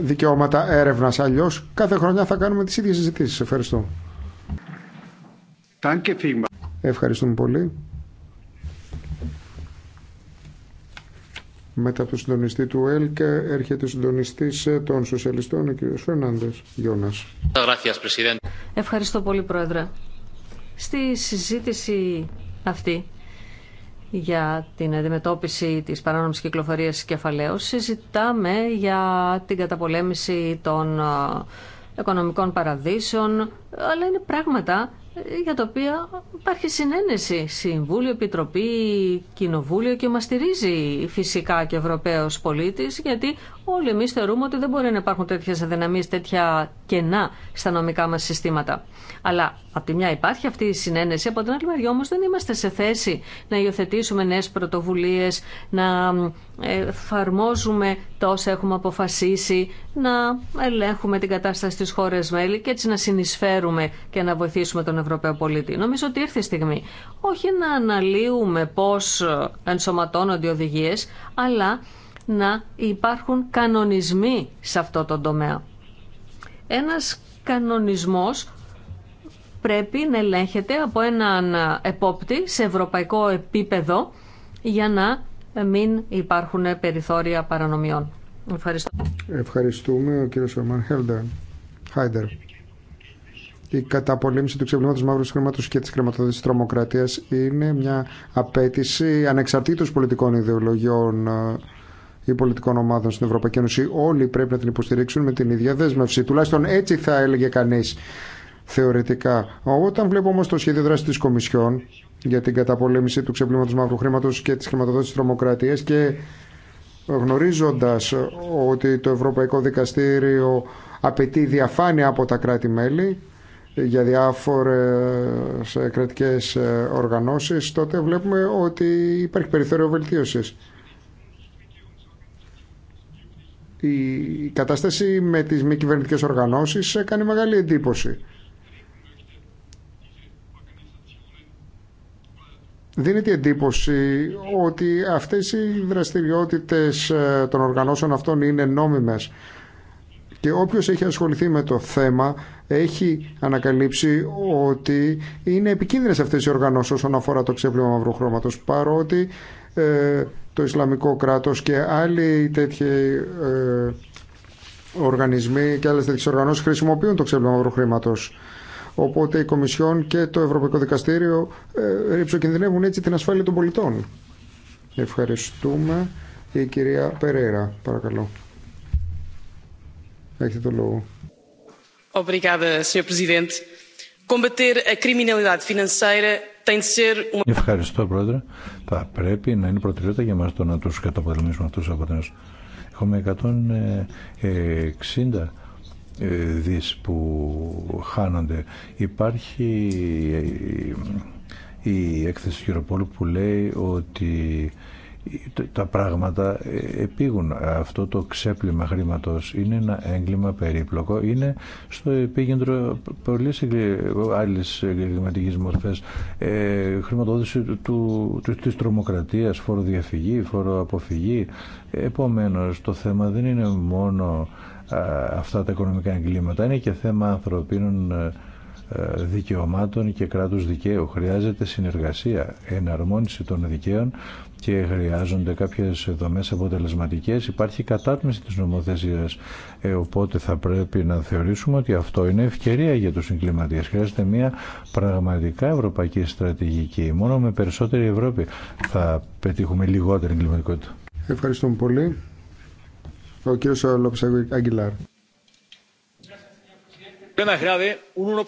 δικαιώματα έρευνας. Αλλιώς κάθε χρονιά θα κάνουμε τις ίδιες συζητήσεις. Ευχαριστώ. Ευχαριστούμε πολύ. Μετά από τον συντονιστή του Έλκέ έρχεται ο συντονιστή των Σοσιαλιστών, ο κ. Φερνάνδε Γιώνα. Ευχαριστώ πολύ, Πρόεδρε. Στη συζήτηση αυτή για την αντιμετώπιση της παράνομης κυκλοφορίας κεφαλαίου συζητάμε για την καταπολέμηση των ε, οικονομικών παραδείσεων αλλά είναι πράγματα ε, για τα οποία υπάρχει συνένεση. Συμβούλιο, Επιτροπή, Κοινοβούλιο και μας στηρίζει φυσικά και Ευρωπαίος πολίτης γιατί Όλοι εμεί θεωρούμε ότι δεν μπορεί να υπάρχουν τέτοιε αδυναμίε, τέτοια κενά στα νομικά μα συστήματα. Αλλά από τη μια υπάρχει αυτή η συνένεση, από την άλλη μεριά όμω δεν είμαστε σε θέση να υιοθετήσουμε νέε πρωτοβουλίε, να ε, εφαρμόζουμε τα όσα έχουμε αποφασίσει, να ελέγχουμε την κατάσταση στι χώρε μέλη και έτσι να συνεισφέρουμε και να βοηθήσουμε τον Ευρωπαίο πολίτη. Νομίζω ότι ήρθε η στιγμή όχι να αναλύουμε πώ ε, ενσωματώνονται οι οδηγίε, αλλά να υπάρχουν κανονισμοί σε αυτό το τομέα. Ένας κανονισμός πρέπει να ελέγχεται από έναν επόπτη σε ευρωπαϊκό επίπεδο για να μην υπάρχουν περιθώρια παρανομιών. Ευχαριστώ. Ευχαριστούμε ο κύριος Ερμαν Χάιντερ. Η καταπολέμηση του ξεπλήματο μαύρου χρήματο και τη χρηματοδότηση τρομοκρατίας τρομοκρατία είναι μια απέτηση ανεξαρτήτω πολιτικών ιδεολογιών οι πολιτικών ομάδων στην Ευρωπαϊκή Ένωση. Όλοι πρέπει να την υποστηρίξουν με την ίδια δέσμευση. Τουλάχιστον έτσι θα έλεγε κανεί θεωρητικά. Όταν βλέπω όμω το σχέδιο δράση τη Κομισιόν για την καταπολέμηση του ξεπλήματο μαύρου χρήματο και τη χρηματοδότηση τρομοκρατία και γνωρίζοντα ότι το Ευρωπαϊκό Δικαστήριο απαιτεί διαφάνεια από τα κράτη-μέλη για διάφορες κρατικές οργανώσεις, τότε βλέπουμε ότι υπάρχει περιθώριο βελτίωσης. Η κατάσταση με τις μη κυβερνητικέ οργανώσεις κάνει μεγάλη εντύπωση. Δίνεται εντύπωση ότι αυτές οι δραστηριότητες ε, των οργανώσεων αυτών είναι νόμιμες και όποιος έχει ασχοληθεί με το θέμα έχει ανακαλύψει ότι είναι επικίνδυνες αυτές οι οργανώσεις όσον αφορά το ξέπλυμα μαύρου χρώματος παρότι ε, το Ισλαμικό κράτος και άλλοι τέτοιοι ε, οργανισμοί και άλλες τέτοιες οργανώσεις χρησιμοποιούν το ξέπλυμα μαύρου χρήματος. Οπότε η Κομισιόν και το Ευρωπαϊκό Δικαστήριο ε, ρηψοκινδυνεύουν έτσι την ασφάλεια των πολιτών. Ευχαριστούμε. Η κυρία Περέρα, παρακαλώ. Έχετε το λόγο. Ευχαριστώ, Πρόεδρε. Θα πρέπει να είναι προτεραιότητα για μας το να τους καταπολεμήσουμε αυτού από την Έχουμε 160 ε, δις που χάνονται. Υπάρχει ε, η έκθεση Γεροπόλου που λέει ότι τα πράγματα ε, επίγουν. Αυτό το ξέπλυμα χρήματο είναι ένα έγκλημα περίπλοκο. Είναι στο επίγεντρο πολλές άλλες εγκληματικές μορφές. Ε, χρηματοδότηση του, του, της τρομοκρατίας, φοροδιαφυγή, φοροαποφυγή. Επομένως, το θέμα δεν είναι μόνο αυτά τα οικονομικά εγκλήματα. Είναι και θέμα ανθρωπίνων ε, δικαιωμάτων και κράτους δικαίου. Χρειάζεται συνεργασία, εναρμόνιση των δικαίων και χρειάζονται κάποιες δομές αποτελεσματικές. Υπάρχει κατάτμιση της νομοθεσίας, ε, οπότε θα πρέπει να θεωρήσουμε ότι αυτό είναι ευκαιρία για τους εγκληματίες. Χρειάζεται μια πραγματικά ευρωπαϊκή στρατηγική. Μόνο με περισσότερη Ευρώπη θα πετύχουμε λιγότερη εγκληματικότητα. Ευχαριστούμε πολύ. Ο Αγγιλάρ. 1%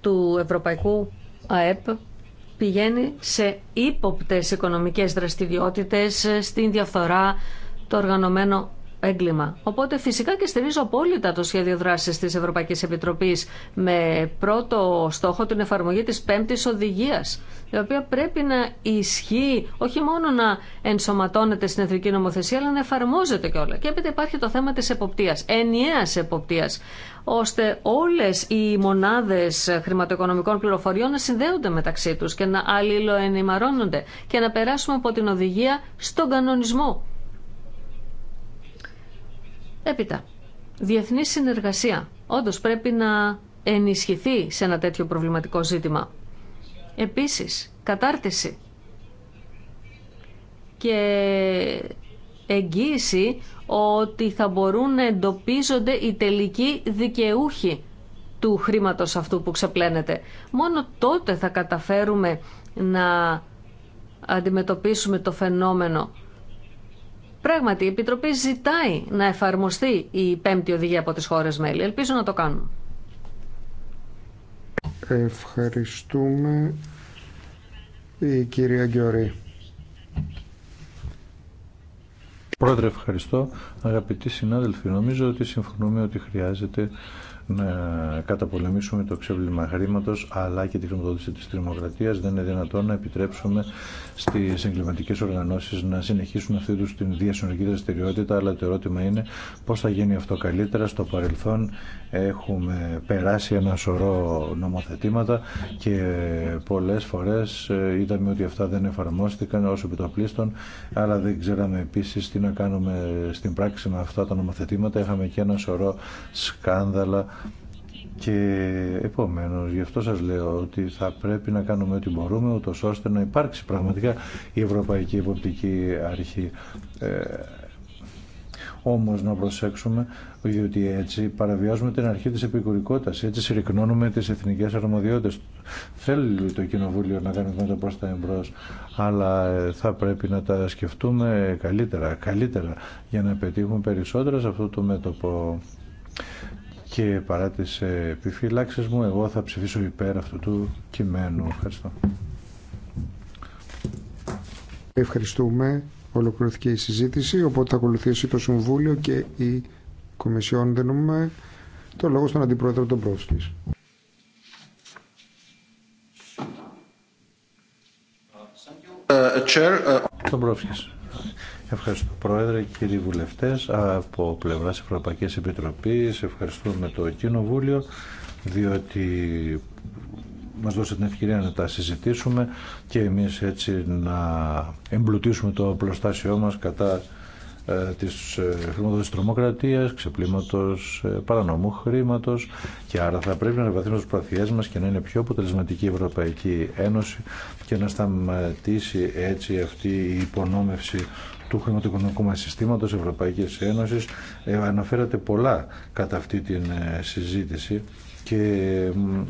του ευρωπαϊκού ΑΕΠ πηγαίνει σε ύποπτες οικονομικές δραστηριότητες, στην διαφθορά, το οργανωμένο έγκλημα. Οπότε φυσικά και στηρίζω απόλυτα το σχέδιο δράση τη Ευρωπαϊκή Επιτροπή με πρώτο στόχο την εφαρμογή τη πέμπτη οδηγία, η οποία πρέπει να ισχύει, όχι μόνο να ενσωματώνεται στην εθνική νομοθεσία, αλλά να εφαρμόζεται κιόλα. Και έπειτα υπάρχει το θέμα τη εποπτείας, ενιαία εποπτείας, ώστε όλε οι μονάδε χρηματοοικονομικών πληροφοριών να συνδέονται μεταξύ του και να αλληλοενημαρώνονται και να περάσουμε από την οδηγία στον κανονισμό Έπειτα, διεθνή συνεργασία. Όντως πρέπει να ενισχυθεί σε ένα τέτοιο προβληματικό ζήτημα. Επίσης, κατάρτιση και εγγύηση ότι θα μπορούν να εντοπίζονται οι τελικοί δικαιούχοι του χρήματος αυτού που ξεπλένεται. Μόνο τότε θα καταφέρουμε να αντιμετωπίσουμε το φαινόμενο Πράγματι, η Επιτροπή ζητάει να εφαρμοστεί η πέμπτη οδηγία από τις χώρες μέλη. Ελπίζω να το κάνουν. Ευχαριστούμε η κυρία Γκιωρή. Πρόεδρε, ευχαριστώ. Αγαπητοί συνάδελφοι, νομίζω ότι συμφωνούμε ότι χρειάζεται να καταπολεμήσουμε το ξέβλημα χρήματο αλλά και τη χρηματοδότηση τη τριμοκρατίας. Δεν είναι δυνατόν να επιτρέψουμε στι εγκληματικέ οργανώσει να συνεχίσουν αυτή του την διασυνορική δραστηριότητα, αλλά το ερώτημα είναι πώ θα γίνει αυτό καλύτερα. Στο παρελθόν έχουμε περάσει ένα σωρό νομοθετήματα και πολλέ φορέ ε, είδαμε ότι αυτά δεν εφαρμόστηκαν όσο επιτοπλίστων, αλλά δεν ξέραμε επίση τι να κάνουμε στην πράξη με αυτά τα νομοθετήματα. Είχαμε και ένα σωρό σκάνδαλα και επομένως γι' αυτό σας λέω ότι θα πρέπει να κάνουμε ό,τι μπορούμε ούτως ώστε να υπάρξει πραγματικά η Ευρωπαϊκή Εποπτική Αρχή. Ε, όμως να προσέξουμε διότι έτσι παραβιάζουμε την αρχή της επικουρικότητας, έτσι συρρυκνώνουμε τις εθνικές αρμοδιότητες. Θέλει το Κοινοβούλιο να κάνει βήματα προς τα εμπρός, αλλά ε, θα πρέπει να τα σκεφτούμε καλύτερα, καλύτερα για να πετύχουμε περισσότερα σε αυτό το μέτωπο και παρά τις ε, επιφυλάξεις μου εγώ θα ψηφίσω υπέρ αυτού του κειμένου. Ευχαριστώ. Ευχαριστούμε. Ολοκληρωθήκε η συζήτηση, οπότε θα ακολουθήσει το Συμβούλιο και η Κομισιόν δίνουμε το λόγο στον Αντιπρόεδρο uh, τον Πρόσκης. Τον Ευχαριστώ Πρόεδρε, κύριοι βουλευτές από πλευράς Ευρωπαϊκής Επιτροπής. Ευχαριστούμε το Κοινοβούλιο διότι μας δώσε την ευκαιρία να τα συζητήσουμε και εμείς έτσι να εμπλουτίσουμε το πλωστάσιό μας κατά ε, της ε, χρηματοδότησης τρομοκρατίας, ξεπλήματος ε, παρανομού χρήματος και άρα θα πρέπει να βαθύνουμε τις προσπαθειές μας και να είναι πιο αποτελεσματική η Ευρωπαϊκή Ένωση και να σταματήσει έτσι αυτή η υπονόμευση του χρηματοοικονομικού συστήματο, Ευρωπαϊκή Ευρωπαϊκής Ένωσης. Ε, αναφέρατε πολλά κατά αυτή την ε, συζήτηση και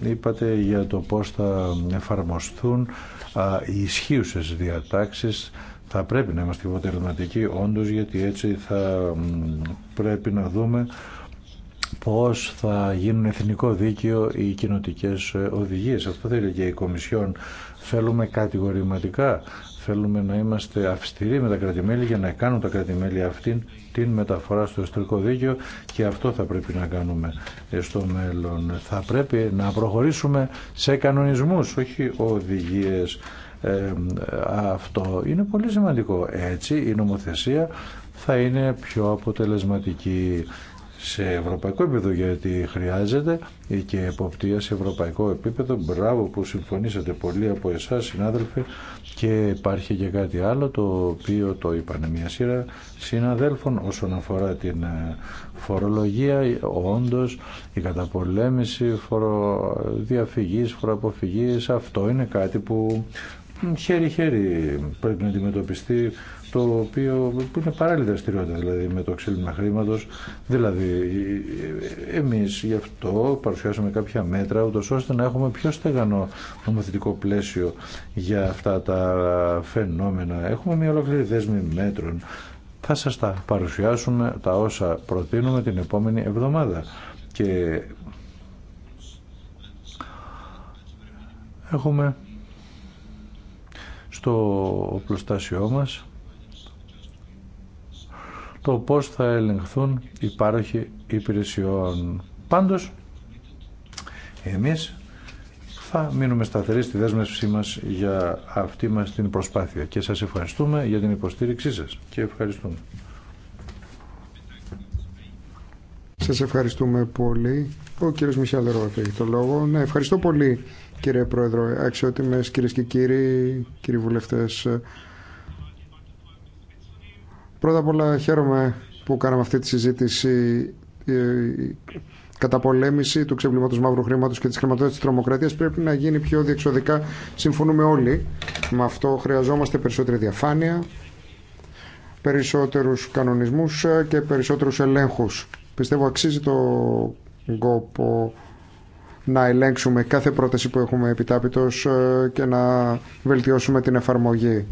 είπατε για το πώς θα εφαρμοστούν οι ισχύουσες διατάξεις θα πρέπει να είμαστε υποτελεσματικοί όντως γιατί έτσι θα πρέπει να δούμε πώς θα γίνουν εθνικό δίκαιο οι κοινοτικές ε, οδηγίες. Αυτό θέλει και η Κομισιόν. Θέλουμε κατηγορηματικά Θέλουμε να είμαστε αυστηροί με τα κρατημέλη για να κάνουν τα κρατημέλη αυτήν την μεταφορά στο εστρικό δίκαιο και αυτό θα πρέπει να κάνουμε ε, στο μέλλον. Θα πρέπει να προχωρήσουμε σε κανονισμούς, όχι οδηγίες. Ε, αυτό είναι πολύ σημαντικό. Έτσι η νομοθεσία θα είναι πιο αποτελεσματική σε ευρωπαϊκό επίπεδο γιατί χρειάζεται και εποπτεία σε ευρωπαϊκό επίπεδο. Μπράβο που συμφωνήσατε πολλοί από εσά, συνάδελφοι. Και υπάρχει και κάτι άλλο το οποίο το είπαν μια σειρά συναδέλφων όσον αφορά την ε, φορολογία. Όντω η καταπολέμηση φοροδιαφυγή, φοροαποφυγή, αυτό είναι κάτι που χέρι-χέρι πρέπει να αντιμετωπιστεί το οποίο που είναι παράλληλη δραστηριότητα δηλαδή με το ξύλινο χρήματο. Δηλαδή, εμεί γι' αυτό παρουσιάσαμε κάποια μέτρα, ούτω ώστε να έχουμε πιο στεγανό νομοθετικό πλαίσιο για αυτά τα φαινόμενα. Έχουμε μια ολόκληρη δέσμη μέτρων. Θα σας τα παρουσιάσουμε τα όσα προτείνουμε την επόμενη εβδομάδα. Και έχουμε στο οπλοστάσιό μας το πώς θα ελεγχθούν οι πάροχοι υπηρεσιών. Πάντως, εμείς θα μείνουμε σταθεροί στη δέσμευσή μας για αυτή μας την προσπάθεια και σας ευχαριστούμε για την υποστήριξή σας και ευχαριστούμε. Σας ευχαριστούμε πολύ. Ο κύριος Μιχάλ έχει το λόγο. Ναι, ευχαριστώ πολύ κύριε Πρόεδρο, αξιότιμες κυρίες και κύριοι, κύριοι βουλευτές. Πρώτα απ' όλα χαίρομαι που κάναμε αυτή τη συζήτηση ε, καταπολέμηση του ξεπλήματος μαύρου χρήματος και της χρηματοδότησης της τρομοκρατίας πρέπει να γίνει πιο διεξοδικά. Συμφωνούμε όλοι με αυτό. Χρειαζόμαστε περισσότερη διαφάνεια, περισσότερους κανονισμούς ε, και περισσότερους ελέγχους. Πιστεύω αξίζει το κόπο να ελέγξουμε κάθε πρόταση που έχουμε επιτάπητος ε, και να βελτιώσουμε την εφαρμογή.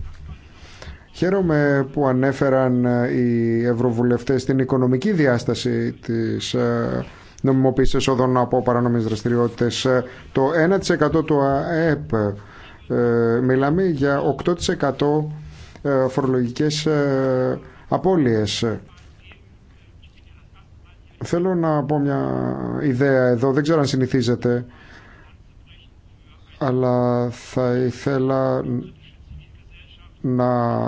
Χαίρομαι που ανέφεραν ε, οι ευρωβουλευτές την οικονομική διάσταση της ε, νομιμοποίησης εσόδων από παρανομιες δραστηριότητες. Ε, το 1% του ΑΕΠ μιλάμε για 8% φορολογικές απώλειες. Θέλω να πω μια ιδέα εδώ, δεν ξέρω αν συνηθίζεται. αλλά θα ήθελα να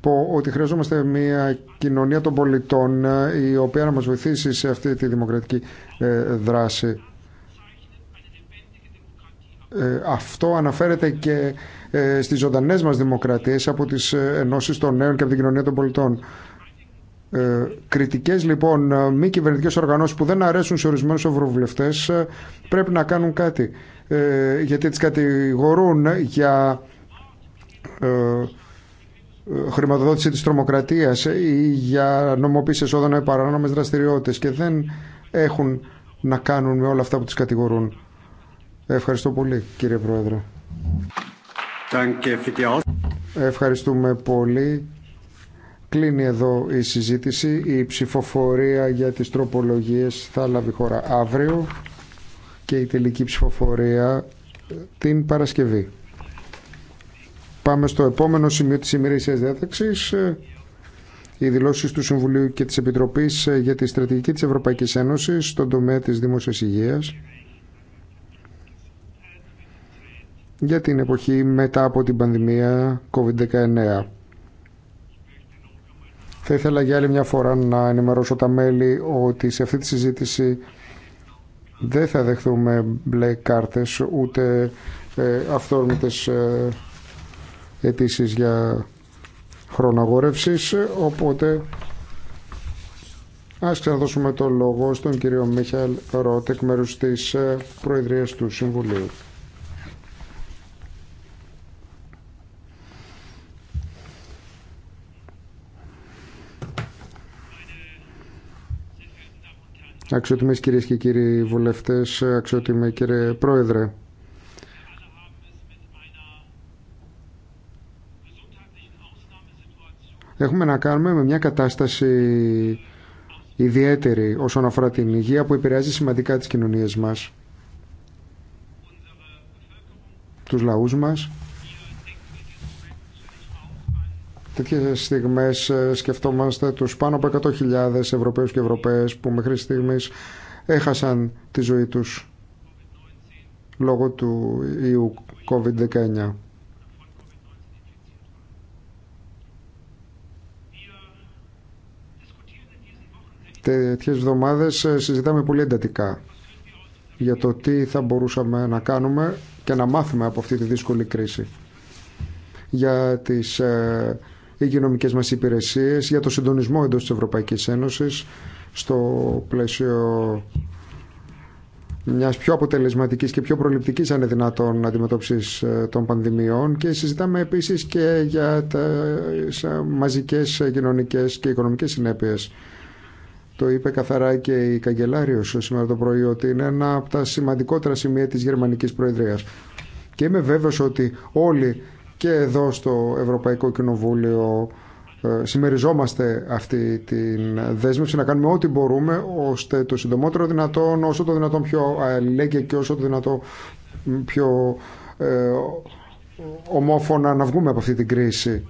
πω ότι χρειαζόμαστε μια κοινωνία των πολιτών ε, η οποία να μας βοηθήσει σε αυτή τη δημοκρατική ε, δράση. Ε, αυτό αναφέρεται και στις ζωντανές μας δημοκρατίες από τις ενώσεις των νέων και από την κοινωνία των πολιτών. Ε, Κριτικέ λοιπόν μη κυβερνητικές οργανώσεις που δεν αρέσουν σε ορισμένου ευρωβουλευτέ πρέπει να κάνουν κάτι. Ε, γιατί τι κατηγορούν για ε, χρηματοδότηση της τρομοκρατίας ή για νομοποίηση εσόδων ή παράνομες δραστηριότητες και δεν έχουν να κάνουν με όλα αυτά που τις κατηγορούν. Ευχαριστώ πολύ κύριε Πρόεδρε. Ευχαριστούμε πολύ. Κλείνει εδώ η συζήτηση. Η ψηφοφορία για τις τροπολογίες θα λάβει χώρα αύριο και η τελική ψηφοφορία την Παρασκευή. Πάμε στο επόμενο σημείο της ημερήσιας διάταξης. Ε, οι δηλώσει του Συμβουλίου και της Επιτροπής ε, για τη στρατηγική της Ευρωπαϊκής Ένωσης στον τομέα της δημόσιας υγείας για την εποχή μετά από την πανδημία COVID-19. Θα ήθελα για άλλη μια φορά να ενημερώσω τα μέλη ότι σε αυτή τη συζήτηση δεν θα δεχθούμε μπλε κάρτες ούτε ε, αυθόρμητες ε, αιτήσει για χρονογόρευση. οπότε ας ξαναδώσουμε το λόγο στον κύριο Μίχαλ Ρότ εκ μέρους της ε, του Συμβουλίου. Αξιότιμες κυρίες και κύριοι βουλευτές, αξιότιμε κύριε Πρόεδρε, Έχουμε να κάνουμε με μια κατάσταση ιδιαίτερη όσον αφορά την υγεία που επηρεάζει σημαντικά τις κοινωνίες μας, τους λαούς μας. Τέτοιες στιγμές ε, σκεφτόμαστε τους πάνω από 100.000 Ευρωπαίους και Ευρωπαίες που μέχρι στιγμής έχασαν τη ζωή τους λόγω του ιού COVID-19. τέτοιες εβδομάδες ε, συζητάμε πολύ εντατικά για το τι θα μπορούσαμε να κάνουμε και να μάθουμε από αυτή τη δύσκολη κρίση για τις ε, υγειονομικέ μας υπηρεσίες, για το συντονισμό εντός της Ευρωπαϊκής Ένωσης στο πλαίσιο μιας πιο αποτελεσματικής και πιο προληπτικής αν αντιμετώπισης ε, των πανδημιών και συζητάμε επίσης και για τα μαζικές κοινωνικές και οικονομικές συνέπειες το είπε καθαρά και η καγκελάριο σήμερα το πρωί ότι είναι ένα από τα σημαντικότερα σημεία τη Γερμανικής Προεδρίας. Και είμαι βέβαιος ότι όλοι και εδώ στο Ευρωπαϊκό Κοινοβούλιο ε, συμμεριζόμαστε αυτή την δέσμευση να κάνουμε ό,τι μπορούμε ώστε το συντομότερο δυνατόν, όσο το δυνατόν πιο αλληλέγγυα και όσο το δυνατόν πιο ε, ομόφωνα να βγούμε από αυτή την κρίση.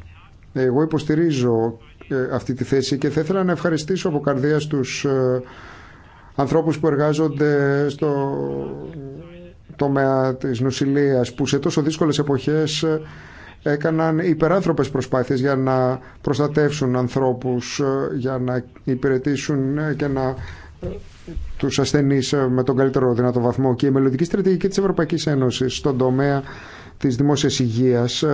Ε, εγώ υποστηρίζω ε, αυτή τη θέση και θα ήθελα να ευχαριστήσω από καρδία τους ε, ανθρώπους που εργάζονται στο τομέα της νοσηλείας που σε τόσο δύσκολες εποχές έκαναν υπεράνθρωπες προσπάθειες για να προστατεύσουν ανθρώπους, για να υπηρετήσουν και να τους ασθενείς με τον καλύτερο δυνατό βαθμό και η μελλοντική στρατηγική της Ευρωπαϊκής Ένωσης στον τομέα της δημόσιας υγείας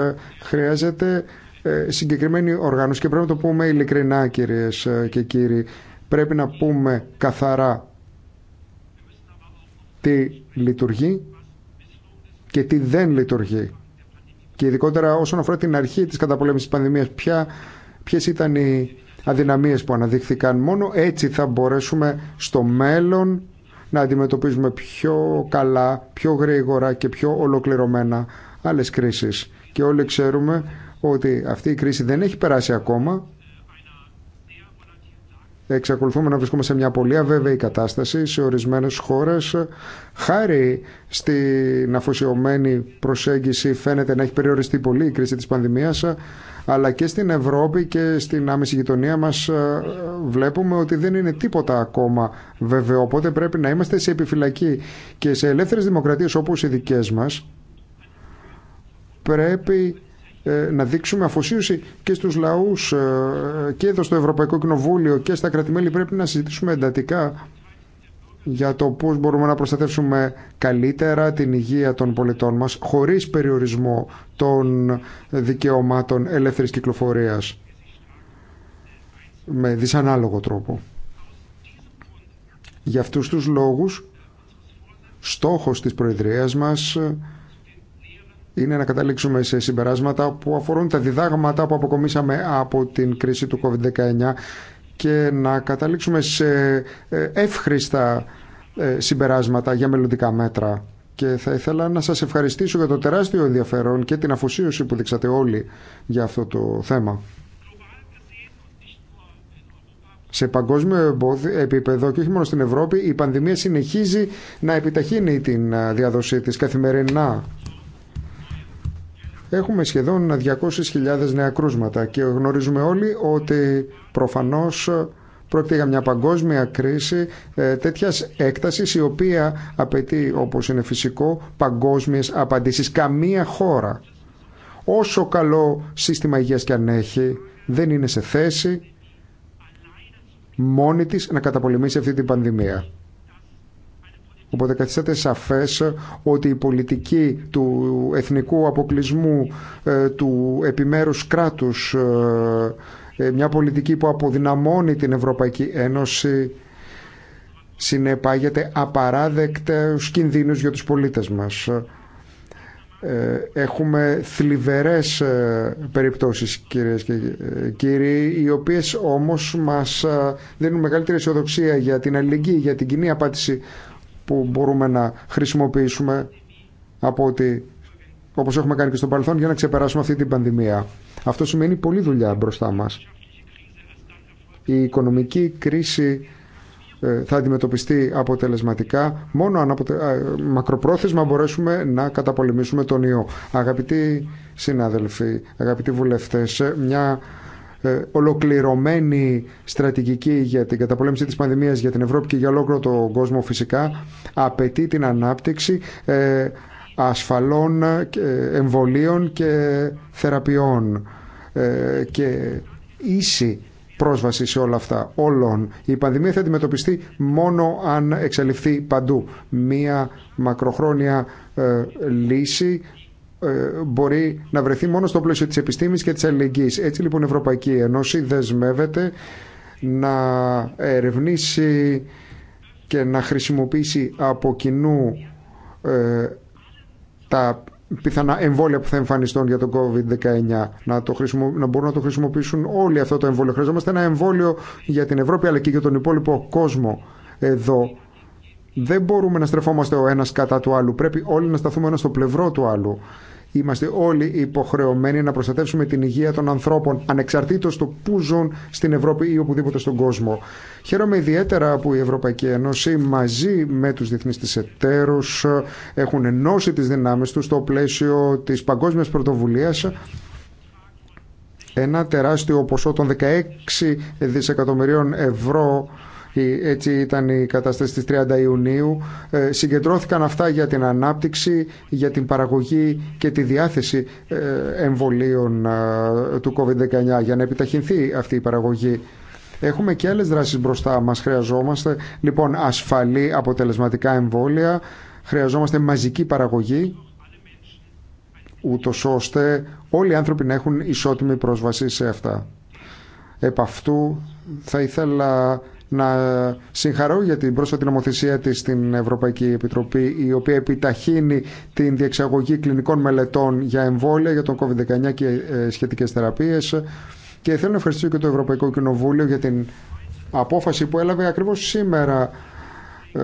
χρειάζεται ε, συγκεκριμένη οργάνωση και πρέπει να το πούμε ειλικρινά κυρίες ε, και κύριοι. Πρέπει να πούμε καθαρά τι λειτουργεί και τι δεν λειτουργεί. Και ειδικότερα όσον αφορά την αρχή της καταπολέμησης της πανδημίας, ποια, ποιες ήταν οι αδυναμίες που αναδείχθηκαν. Μόνο έτσι θα μπορέσουμε στο μέλλον να αντιμετωπίζουμε πιο καλά, πιο γρήγορα και πιο ολοκληρωμένα άλλες κρίσεις. Και όλοι ξέρουμε ότι αυτή η κρίση δεν έχει περάσει ακόμα. Εξακολουθούμε να βρισκόμαστε σε μια πολύ αβέβαιη κατάσταση σε ορισμένες χώρες. Χάρη στην αφοσιωμένη προσέγγιση φαίνεται να έχει περιοριστεί πολύ η κρίση της πανδημίας αλλά και στην Ευρώπη και στην άμεση γειτονία μας ε, βλέπουμε ότι δεν είναι τίποτα ακόμα βέβαιο. Οπότε πρέπει να είμαστε σε επιφυλακή και σε ελεύθερες δημοκρατίες όπως οι δικές μας πρέπει ε, να δείξουμε αφοσίωση και στους λαούς ε, και εδώ στο Ευρωπαϊκό Κοινοβούλιο και στα κρατημέλη πρέπει να συζητήσουμε εντατικά για το πώς μπορούμε να προστατεύσουμε καλύτερα την υγεία των πολιτών μας χωρίς περιορισμό των δικαιωμάτων ελεύθερης κυκλοφορίας με δυσανάλογο τρόπο. Για αυτούς τους λόγους στόχος της Προεδρίας μας είναι να καταλήξουμε σε συμπεράσματα που αφορούν τα διδάγματα που αποκομίσαμε από την κρίση του COVID-19 και να καταλήξουμε σε ε, εύχριστα ε, συμπεράσματα για μελλοντικά μέτρα. Και θα ήθελα να σας ευχαριστήσω για το τεράστιο ενδιαφέρον και την αφοσίωση που δείξατε όλοι για αυτό το θέμα. Σε παγκόσμιο επίπεδο και όχι μόνο στην Ευρώπη, η πανδημία συνεχίζει να επιταχύνει την ε, διαδοσή της καθημερινά. Έχουμε σχεδόν 200.000 νέα κρούσματα και γνωρίζουμε όλοι ότι προφανώς πρόκειται για μια παγκόσμια κρίση ε, τέτοια έκταση η οποία απαιτεί, όπως είναι φυσικό, παγκόσμιες απαντήσεις. Καμία χώρα, όσο καλό σύστημα υγείας και αν έχει, δεν είναι σε θέση μόνη της να καταπολεμήσει αυτή την πανδημία. Οπότε καθιστάται σαφές ότι η πολιτική του εθνικού αποκλεισμού, ε, του επιμέρους κράτους, ε, ε, μια πολιτική που αποδυναμώνει την Ευρωπαϊκή Ένωση, συνεπάγεται απαράδεκτες κινδύνους για τους πολίτες μας. Έχουμε θλιβερές περιπτώσεις κυρίες και κύριοι οι οποίες όμως μας δίνουν μεγαλύτερη αισιοδοξία για την αλληλεγγύη, για την κοινή απάντηση που μπορούμε να χρησιμοποιήσουμε από όπως έχουμε κάνει και στο παρελθόν για να ξεπεράσουμε αυτή την πανδημία. Αυτό σημαίνει πολλή δουλειά μπροστά μας. Η οικονομική κρίση ε, θα αντιμετωπιστεί αποτελεσματικά μόνο αν ε, μακροπρόθεσμα μπορέσουμε να καταπολεμήσουμε τον ιό. Αγαπητοί συνάδελφοι, αγαπητοί βουλευτές, μια ε, ολοκληρωμένη στρατηγική για την καταπολέμηση της πανδημίας για την Ευρώπη και για ολόκληρο τον κόσμο φυσικά απαιτεί την ανάπτυξη ε, ασφαλών ε, εμβολίων και θεραπείων και ίση πρόσβαση σε όλα αυτά όλων. Η πανδημία θα αντιμετωπιστεί μόνο αν εξαλειφθεί παντού. Μία μακροχρόνια λύση ε, μπορεί να βρεθεί μόνο στο πλαίσιο της επιστήμης και της αλληλεγγύης. Έτσι λοιπόν η Ευρωπαϊκή Ένωση δεσμεύεται να ερευνήσει και να χρησιμοποιήσει από κοινού ε, τα πιθανά εμβόλια που θα εμφανιστούν για το COVID-19 να, το να μπορούν να το χρησιμοποιήσουν όλοι αυτό το εμβόλιο. Χρειαζόμαστε ένα εμβόλιο για την Ευρώπη αλλά και για τον υπόλοιπο κόσμο εδώ δεν μπορούμε να στρεφόμαστε ο ένας κατά του άλλου. Πρέπει όλοι να σταθούμε ένα στο πλευρό του άλλου. Είμαστε όλοι υποχρεωμένοι να προστατεύσουμε την υγεία των ανθρώπων ανεξαρτήτως του που ζουν στην Ευρώπη ή οπουδήποτε στον κόσμο. Χαίρομαι ιδιαίτερα που η Ευρωπαϊκή Ένωση μαζί με τους διεθνείς της εταίρους έχουν ενώσει τις δυνάμεις τους στο πλαίσιο της παγκόσμιας πρωτοβουλίας ένα τεράστιο ποσό των 16 δισεκατομμυρίων ευρώ έτσι ήταν η κατάσταση της 30 Ιουνίου. Ε, συγκεντρώθηκαν αυτά για την ανάπτυξη, για την παραγωγή και τη διάθεση ε, εμβολίων ε, του COVID-19 για να επιταχυνθεί αυτή η παραγωγή. Έχουμε και άλλες δράσεις μπροστά μας. Χρειαζόμαστε λοιπόν ασφαλή αποτελεσματικά εμβόλια, χρειαζόμαστε μαζική παραγωγή ούτω ώστε όλοι οι άνθρωποι να έχουν ισότιμη πρόσβαση σε αυτά. Επ' θα ήθελα να συγχαρώ για την πρόσφατη νομοθεσία της στην Ευρωπαϊκή Επιτροπή η οποία επιταχύνει την διεξαγωγή κλινικών μελετών για εμβόλια για τον COVID-19 και ε, σχετικές θεραπείες και θέλω να ευχαριστήσω και το Ευρωπαϊκό Κοινοβούλιο για την απόφαση που έλαβε ακριβώς σήμερα ε,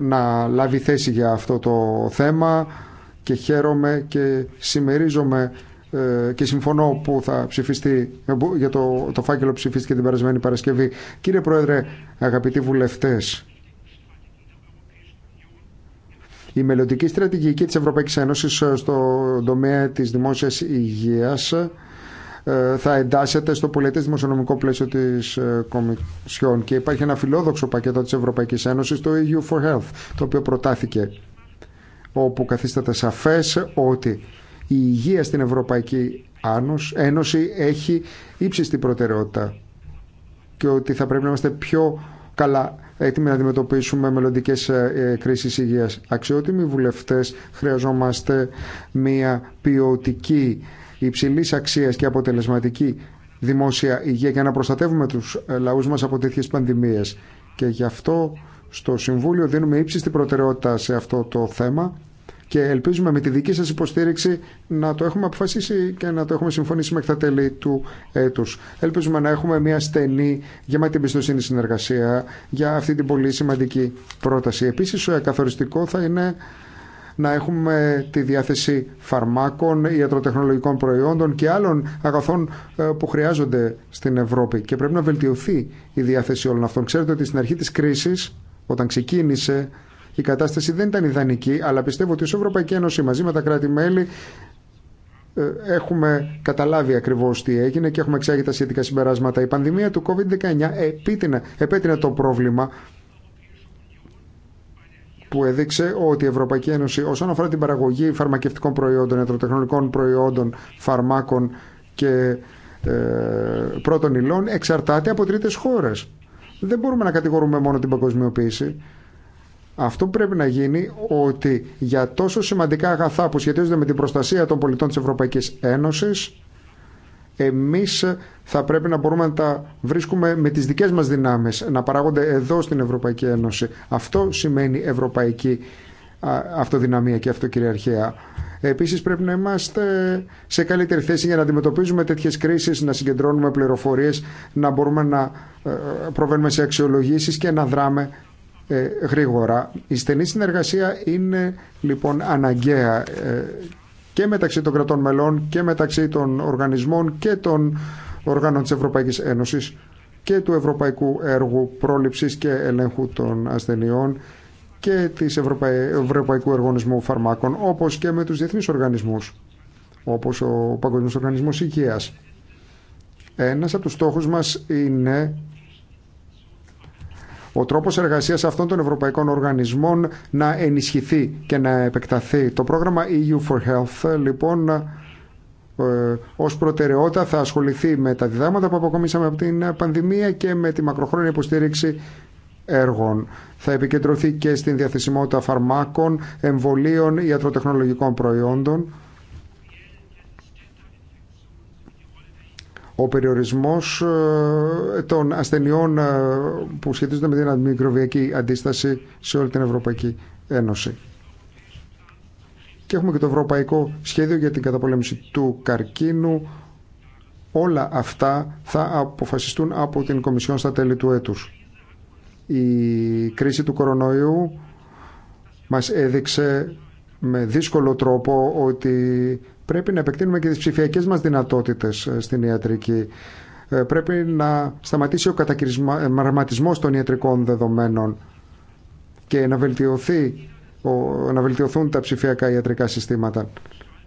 να λάβει θέση για αυτό το θέμα και χαίρομαι και συμμερίζομαι ε, και συμφωνώ ναι. που θα ψηφιστεί ε, για το, το φάκελο ψηφίστηκε την περασμένη Παρασκευή. Κύριε Πρόεδρε, αγαπητοί βουλευτές, η μελλοντική στρατηγική της Ευρωπαϊκής Ένωσης ε, στον τομέα της δημόσιας υγείας θα εντάσσεται στο πολιτέ δημοσιονομικό πλαίσιο τη Κομισιόν και υπάρχει ένα φιλόδοξο πακέτο τη Ευρωπαϊκή Ένωση, το EU for Health, το οποίο προτάθηκε, όπου καθίσταται σαφέ ότι η υγεία στην Ευρωπαϊκή Ένωση έχει ύψιστη προτεραιότητα και ότι θα πρέπει να είμαστε πιο καλά έτοιμοι να αντιμετωπίσουμε μελλοντικέ ε, κρίσει υγείας. Αξιότιμοι βουλευτές, χρειαζόμαστε μια ποιοτική, υψηλής αξίας και αποτελεσματική δημόσια υγεία για να προστατεύουμε τους ε, λαούς μας από τέτοιες πανδημίες. Και γι' αυτό στο Συμβούλιο δίνουμε ύψιστη προτεραιότητα σε αυτό το θέμα και ελπίζουμε με τη δική σας υποστήριξη να το έχουμε αποφασίσει και να το έχουμε συμφωνήσει μέχρι τα τέλη του έτους. Ελπίζουμε να έχουμε μια στενή, γεμάτη εμπιστοσύνη συνεργασία για αυτή την πολύ σημαντική πρόταση. Επίσης, ε, καθοριστικό θα είναι να έχουμε τη διάθεση φαρμάκων, ιατροτεχνολογικών προϊόντων και άλλων αγαθών ε, που χρειάζονται στην Ευρώπη και πρέπει να βελτιωθεί η διάθεση όλων αυτών. Ξέρετε ότι στην αρχή της κρίσης, όταν ξεκίνησε η κατάσταση δεν ήταν ιδανική, αλλά πιστεύω ότι ως Ευρωπαϊκή Ένωση μαζί με τα κράτη-μέλη ε, έχουμε καταλάβει ακριβώς τι έγινε και έχουμε εξάγει τα σχετικά συμπεράσματα. Η πανδημία του COVID-19 επέτεινε το πρόβλημα που έδειξε ότι η Ευρωπαϊκή Ένωση όσον αφορά την παραγωγή φαρμακευτικών προϊόντων, ιατροτεχνολογικών προϊόντων, φαρμάκων και ε, πρώτων υλών εξαρτάται από τρίτες χώρες. Δεν μπορούμε να κατηγορούμε μόνο την παγκοσμιοποίηση. Αυτό που πρέπει να γίνει ότι για τόσο σημαντικά αγαθά που σχετίζονται με την προστασία των πολιτών της Ευρωπαϊκής Ένωσης εμείς θα πρέπει να μπορούμε να τα βρίσκουμε με τις δικές μας δυνάμεις να παράγονται εδώ στην Ευρωπαϊκή Ένωση. Αυτό σημαίνει ευρωπαϊκή αυτοδυναμία και αυτοκυριαρχία. Επίσης πρέπει να είμαστε σε καλύτερη θέση για να αντιμετωπίζουμε τέτοιες κρίσεις, να συγκεντρώνουμε πληροφορίες, να μπορούμε να ε, προβαίνουμε σε αξιολογήσεις και να δράμε ε, γρήγορα. Η στενή συνεργασία είναι λοιπόν αναγκαία ε, και μεταξύ των κρατών μελών και μεταξύ των οργανισμών και των οργάνων της Ευρωπαϊκής Ένωσης και του Ευρωπαϊκού Έργου Πρόληψης και Ελέγχου των Ασθενειών και της Ευρωπαϊκού Οργανισμού Φαρμάκων όπως και με τους διεθνείς οργανισμούς όπως ο Παγκοσμίος Οργανισμός Υγείας. Ένας από τους στόχους μας είναι ο τρόπος εργασίας αυτών των ευρωπαϊκών οργανισμών να ενισχυθεί και να επεκταθεί. Το πρόγραμμα EU for Health λοιπόν ε, ως προτεραιότητα θα ασχοληθεί με τα διδάγματα που αποκομίσαμε από την πανδημία και με τη μακροχρόνια υποστήριξη έργων. Θα επικεντρωθεί και στην διαθεσιμότητα φαρμάκων, εμβολίων, ιατροτεχνολογικών προϊόντων Ο περιορισμός ε, των ασθενειών ε, που σχετίζονται με την μικροβιακή αντίσταση σε όλη την Ευρωπαϊκή Ένωση. Και έχουμε και το Ευρωπαϊκό Σχέδιο για την καταπολέμηση του καρκίνου. Όλα αυτά θα αποφασιστούν από την Κομισιόν στα τέλη του έτους. Η κρίση του κορονοϊού μας έδειξε με δύσκολο τρόπο ότι Πρέπει να επεκτείνουμε και τις ψηφιακές μας δυνατότητες ε, στην ιατρική. Ε, πρέπει να σταματήσει ο κατακρισματισμός των ιατρικών δεδομένων και να, βελτιωθεί, να βελτιωθούν τα ψηφιακά ιατρικά συστήματα.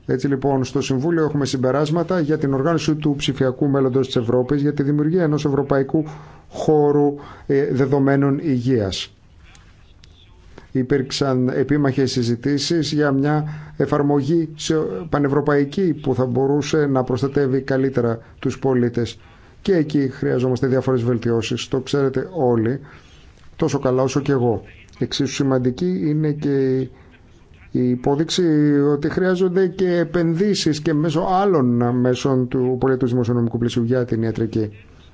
Έτσι λοιπόν, στο Συμβούλιο έχουμε συμπεράσματα για την οργάνωση του ψηφιακού μέλλοντος της Ευρώπης για τη δημιουργία ενός ευρωπαϊκού χώρου ε, δεδομένων υγείας υπήρξαν επίμαχες συζητήσεις για μια εφαρμογή σε πανευρωπαϊκή που θα μπορούσε να προστατεύει καλύτερα τους πολίτες. Και εκεί χρειαζόμαστε διάφορες βελτιώσεις, το ξέρετε όλοι, τόσο καλά όσο και εγώ. Εξίσου σημαντική είναι και η υπόδειξη ότι χρειάζονται και επενδύσεις και μέσω άλλων μέσων του πολιτικού δημοσιονομικού πλαισίου για την ιατρική.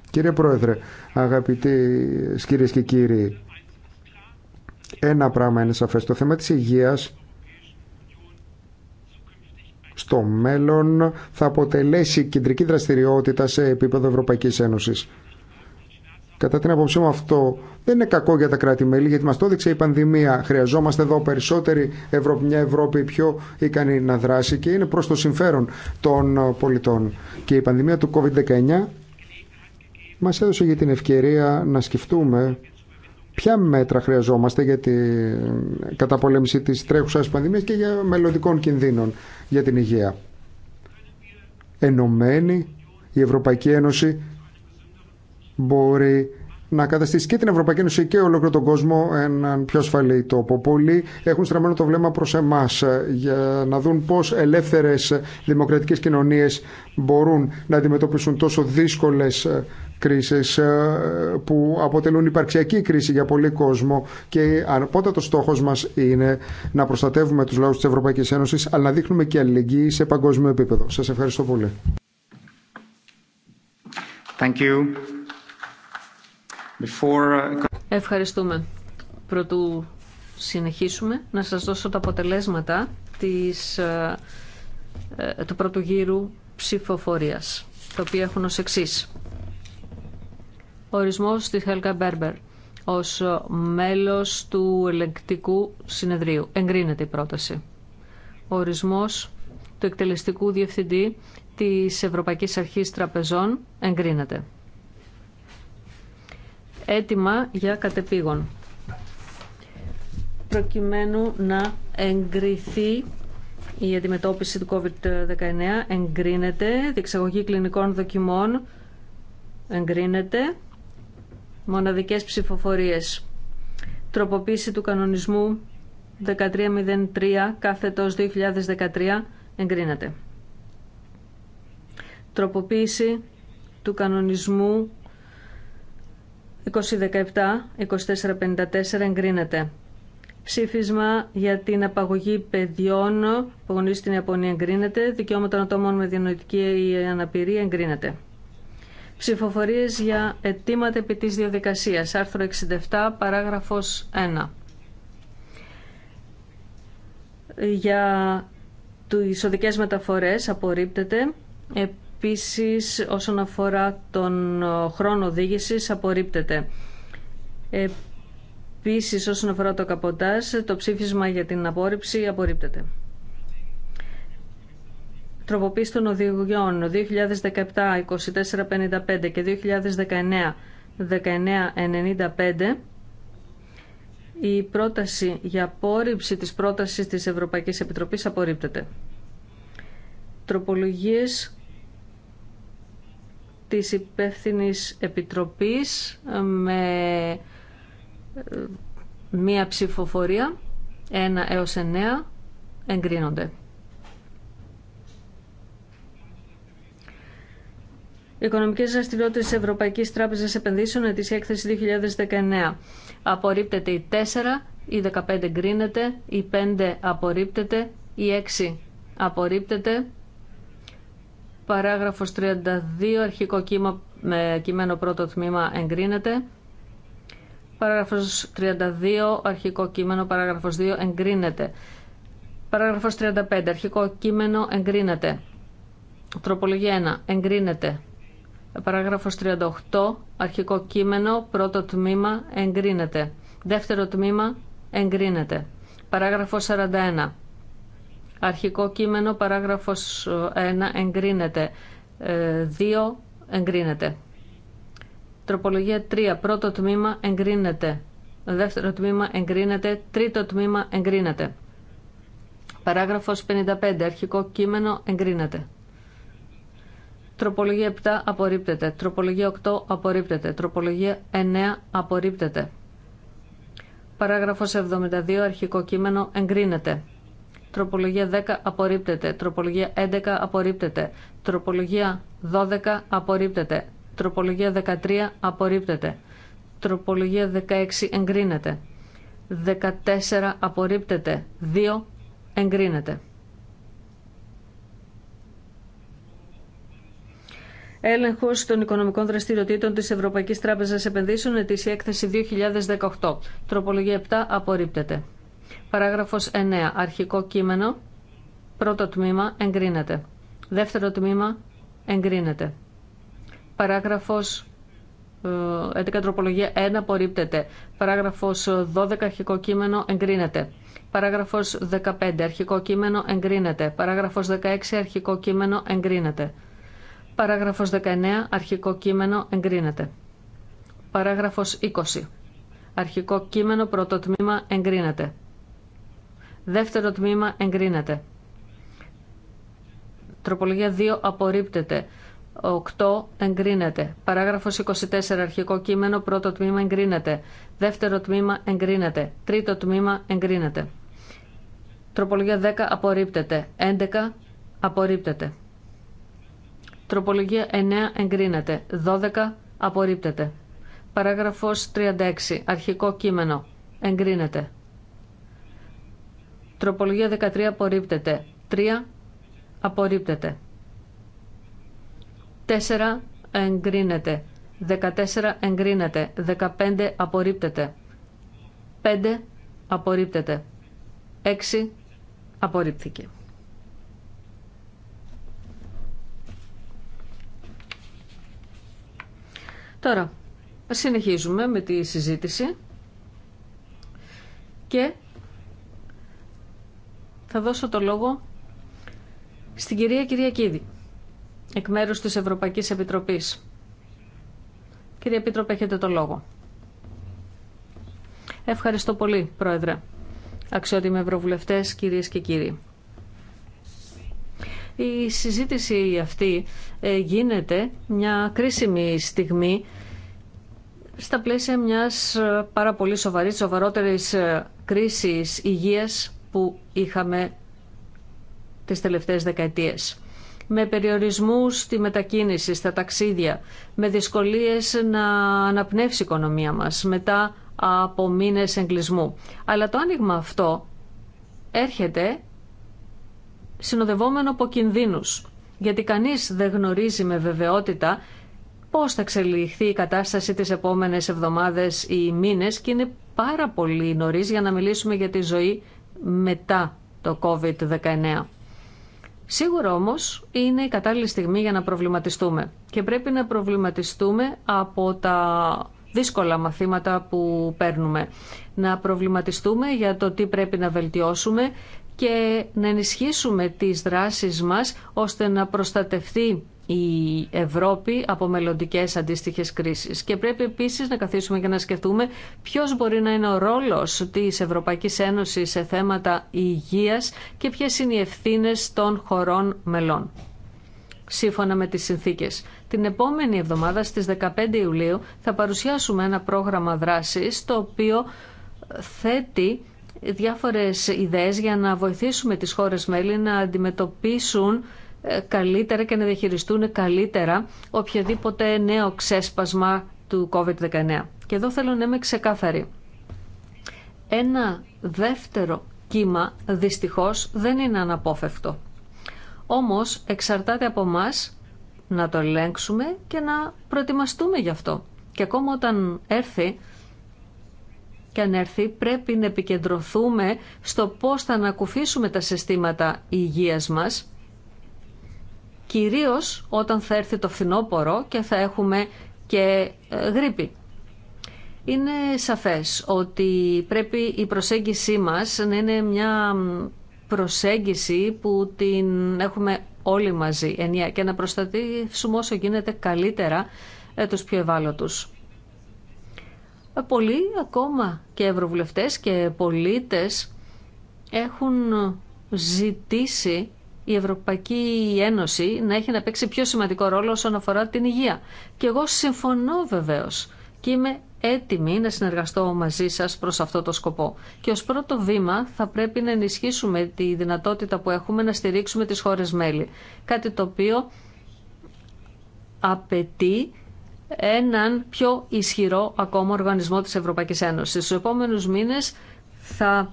Κύριε Πρόεδρε, αγαπητοί κυρίε και κύριοι, ένα πράγμα είναι σαφές. Το θέμα της υγείας στο μέλλον θα αποτελέσει κεντρική δραστηριότητα σε επίπεδο Ευρωπαϊκής Ένωσης. Κατά την άποψή μου αυτό δεν είναι κακό για τα κράτη-μέλη γιατί μας το έδειξε η πανδημία. Χρειαζόμαστε εδώ περισσότερη Ευρώπη, μια Ευρώπη πιο ικανή να δράσει και είναι προς το συμφέρον των πολιτών. Και η πανδημία του COVID-19 μας έδωσε για την ευκαιρία να σκεφτούμε Ποια μέτρα χρειαζόμαστε για την καταπολέμηση της τρέχουσας πανδημίας και για μελλοντικών κινδύνων για την υγεία. Ενωμένη η Ευρωπαϊκή Ένωση μπορεί να καταστήσει και την Ευρωπαϊκή Ένωση και ολόκληρο τον κόσμο έναν πιο ασφαλή τόπο. Πολλοί έχουν στραμμένο το βλέμμα προς εμάς για να δουν πώς ελεύθερες δημοκρατικές κοινωνίες μπορούν να αντιμετωπίσουν τόσο δύσκολες κρίσεις ε, που αποτελούν υπαρξιακή κρίση για πολλοί κόσμο και πότε το στόχος μας είναι να προστατεύουμε τους λαούς της Ευρωπαϊκής Ένωσης αλλά να δείχνουμε και αλληλεγγύη σε παγκόσμιο επίπεδο. Σας ευχαριστώ πολύ. Thank you. Before... Uh, Ευχαριστούμε. Πρωτού συνεχίσουμε να σας δώσω τα αποτελέσματα της, ε, ε, του πρώτου γύρου ψηφοφορίας, τα οποία έχουν ως εξής ορισμός της Χέλκα Μπέρμπερ ως μέλος του ελεγκτικού συνεδρίου. Εγκρίνεται η πρόταση. Ορισμός του εκτελεστικού διευθυντή της Ευρωπαϊκής Αρχής Τραπεζών εγκρίνεται. Έτοιμα για κατεπήγον. Προκειμένου να εγκριθεί η αντιμετώπιση του COVID-19 εγκρίνεται, διεξαγωγή κλινικών δοκιμών εγκρίνεται, μοναδικές ψηφοφορίες. Τροποποίηση του κανονισμού 1303 κάθετος 2013 εγκρίνεται. Τροποποίηση του κανονισμού 2017-2454 εγκρίνεται. Ψήφισμα για την απαγωγή παιδιών που γονείς στην Ιαπωνία εγκρίνεται. Δικαιώματα ατόμων με διανοητική αναπηρία εγκρίνεται. Ψηφοφορίες για αιτήματα επί της διαδικασίας. Άρθρο 67, παράγραφος 1. Για τις οδικέ μεταφορές απορρίπτεται. Επίσης, όσον αφορά τον χρόνο οδήγηση, απορρίπτεται. Επίσης, όσον αφορά το καποτάζ, το ψήφισμα για την απόρριψη απορρίπτεται τροποποίηση των οδηγιών 2017-2455 και 2019-1995 η πρόταση για απόρριψη της πρότασης της Ευρωπαϊκής Επιτροπής απορρίπτεται. Τροπολογίες της υπεύθυνη Επιτροπής με ε, μία ψηφοφορία 1 έως 9 εγκρίνονται. Οικονομικέ δραστηριότητε τη Ευρωπαϊκή Τράπεζα Επενδύσεων, ετήσια έκθεση 2019. Απορρίπτεται η 4, η 15 εγκρίνεται. η 5 απορρίπτεται, η 6 απορρίπτεται. Παράγραφος 32, αρχικό κύμα, κειμένο πρώτο τμήμα εγκρίνεται. Παράγραφος 32, αρχικό κείμενο, παράγραφος 2 εγκρίνεται. Παράγραφος 35, αρχικό κείμενο εγκρίνεται. Τροπολογία 1, εγκρίνεται. Παράγραφος 38, αρχικό κείμενο, πρώτο τμήμα, εγκρίνεται. Δεύτερο τμήμα, εγκρίνεται. Παράγραφος 41, αρχικό κείμενο, παράγραφος 1, ε, εγκρίνεται. 2, ε, εγκρίνεται. Τροπολογία 3, πρώτο τμήμα, εγκρίνεται. Δεύτερο τμήμα, εγκρίνεται. Τρίτο τμήμα, εγκρίνεται. Παράγραφος 55, αρχικό κείμενο, εγκρίνεται. Τροπολογία 7 απορρίπτεται. Τροπολογία 8 απορρίπτεται. Τροπολογία 9 απορρίπτεται. Παράγραφος 72 αρχικό κείμενο εγκρίνεται. Τροπολογία 10 απορρίπτεται. Τροπολογία 11 απορρίπτεται. Τροπολογία 12 απορρίπτεται. Τροπολογία 13 απορρίπτεται. Τροπολογία 16 εγκρίνεται. 14 απορρίπτεται. 2 εγκρίνεται. Έλεγχο των οικονομικών δραστηριοτήτων τη Ευρωπαϊκή Τράπεζα Επενδύσεων, ετήσια έκθεση 2018. Τροπολογία 7 απορρίπτεται. Παράγραφο 9. Αρχικό κείμενο. Πρώτο τμήμα εγκρίνεται. Δεύτερο τμήμα εγκρίνεται. Παράγραφο 11. Ε, τροπολογία 1 απορρίπτεται. Παράγραφο 12. Αρχικό κείμενο εγκρίνεται. Παράγραφο 15. Αρχικό κείμενο εγκρίνεται. Παράγραφο 16. Αρχικό κείμενο εγκρίνεται. Παράγραφος 19. Αρχικό κείμενο εγκρίνεται. Παράγραφος 20. Αρχικό κείμενο πρώτο τμήμα εγκρίνεται. Δεύτερο τμήμα εγκρίνεται. Τροπολογία 2 απορρίπτεται. 8 εγκρίνεται. Παράγραφος 24 αρχικό κείμενο πρώτο τμήμα εγκρίνεται. Δεύτερο τμήμα εγκρίνεται. Τρίτο τμήμα εγκρίνεται. Τροπολογία 10 απορρίπτεται. 11 απορρίπτεται. Τροπολογία 9 εγκρίνεται. 12 απορρίπτεται. Παράγραφος 36. Αρχικό κείμενο. Εγκρίνεται. Τροπολογία 13 απορρίπτεται. 3 απορρίπτεται. 4 εγκρίνεται. 14 εγκρίνεται. 15 απορρίπτεται. 5 απορρίπτεται. 6 απορρίπτηκε. Τώρα, συνεχίζουμε με τη συζήτηση και θα δώσω το λόγο στην κυρία Κυριακίδη, εκ μέρους της Ευρωπαϊκής Επιτροπής. Κυρία Επίτροπε, έχετε το λόγο. Ευχαριστώ πολύ, Πρόεδρε. Αξιότιμοι Ευρωβουλευτές, κυρίες και κύριοι. Η συζήτηση αυτή ε, γίνεται μια κρίσιμη στιγμή στα πλαίσια μιας ε, πάρα πολύ σοβαρής, σοβαρότερης ε, κρίσης υγείας που είχαμε τις τελευταίες δεκαετίες. Με περιορισμούς στη μετακίνηση, στα ταξίδια, με δυσκολίες να αναπνεύσει η οικονομία μας μετά από μήνες εγκλισμού. Αλλά το άνοιγμα αυτό έρχεται συνοδευόμενο από κινδύνου. Γιατί κανείς δεν γνωρίζει με βεβαιότητα πώς θα εξελιχθεί η κατάσταση τις επόμενες εβδομάδες ή μήνες και είναι πάρα πολύ νωρί για να μιλήσουμε για τη ζωή μετά το COVID-19. Σίγουρα όμως είναι η κατάλληλη στιγμή για να προβληματιστούμε και πρέπει να προβληματιστούμε από τα δύσκολα μαθήματα που παίρνουμε. Να προβληματιστούμε για το τι πρέπει να βελτιώσουμε, και να ενισχύσουμε τις δράσεις μας ώστε να προστατευτεί η Ευρώπη από μελλοντικέ αντίστοιχε κρίσει. Και πρέπει επίση να καθίσουμε και να σκεφτούμε ποιο μπορεί να είναι ο ρόλο τη Ευρωπαϊκή Ένωση σε θέματα υγεία και ποιε είναι οι ευθύνε των χωρών μελών. Σύμφωνα με τις συνθήκες. Την επόμενη εβδομάδα στις 15 Ιουλίου θα παρουσιάσουμε ένα πρόγραμμα δράσης το οποίο θέτει διάφορες ιδέες για να βοηθήσουμε τις χώρες μέλη να αντιμετωπίσουν ε, καλύτερα και να διαχειριστούν καλύτερα οποιοδήποτε νέο ξέσπασμα του COVID-19. Και εδώ θέλω να είμαι ξεκάθαρη. Ένα δεύτερο κύμα δυστυχώς δεν είναι αναπόφευκτο. Όμως εξαρτάται από μας να το ελέγξουμε και να προετοιμαστούμε γι' αυτό. Και ακόμα όταν έρθει και αν έρθει πρέπει να επικεντρωθούμε στο πώς θα ανακουφίσουμε τα συστήματα υγείας μας κυρίως όταν θα έρθει το φθινόπωρο και θα έχουμε και ε, γρήπη. Είναι σαφές ότι πρέπει η προσέγγιση μας να είναι μια προσέγγιση που την έχουμε όλοι μαζί ενιαία και να προστατεύσουμε όσο γίνεται καλύτερα ε, τους πιο ευάλωτους. Ε, πολλοί ακόμα και ευρωβουλευτές και πολίτες έχουν ζητήσει η Ευρωπαϊκή Ένωση να έχει να παίξει πιο σημαντικό ρόλο όσον αφορά την υγεία. Και εγώ συμφωνώ βεβαίως και είμαι έτοιμη να συνεργαστώ μαζί σας προς αυτό το σκοπό. Και ως πρώτο βήμα θα πρέπει να ενισχύσουμε τη δυνατότητα που έχουμε να στηρίξουμε τις χώρες μέλη. Κάτι το οποίο απαιτεί έναν πιο ισχυρό ακόμα οργανισμό της Ευρωπαϊκής Ένωσης. Στους επόμενους μήνες θα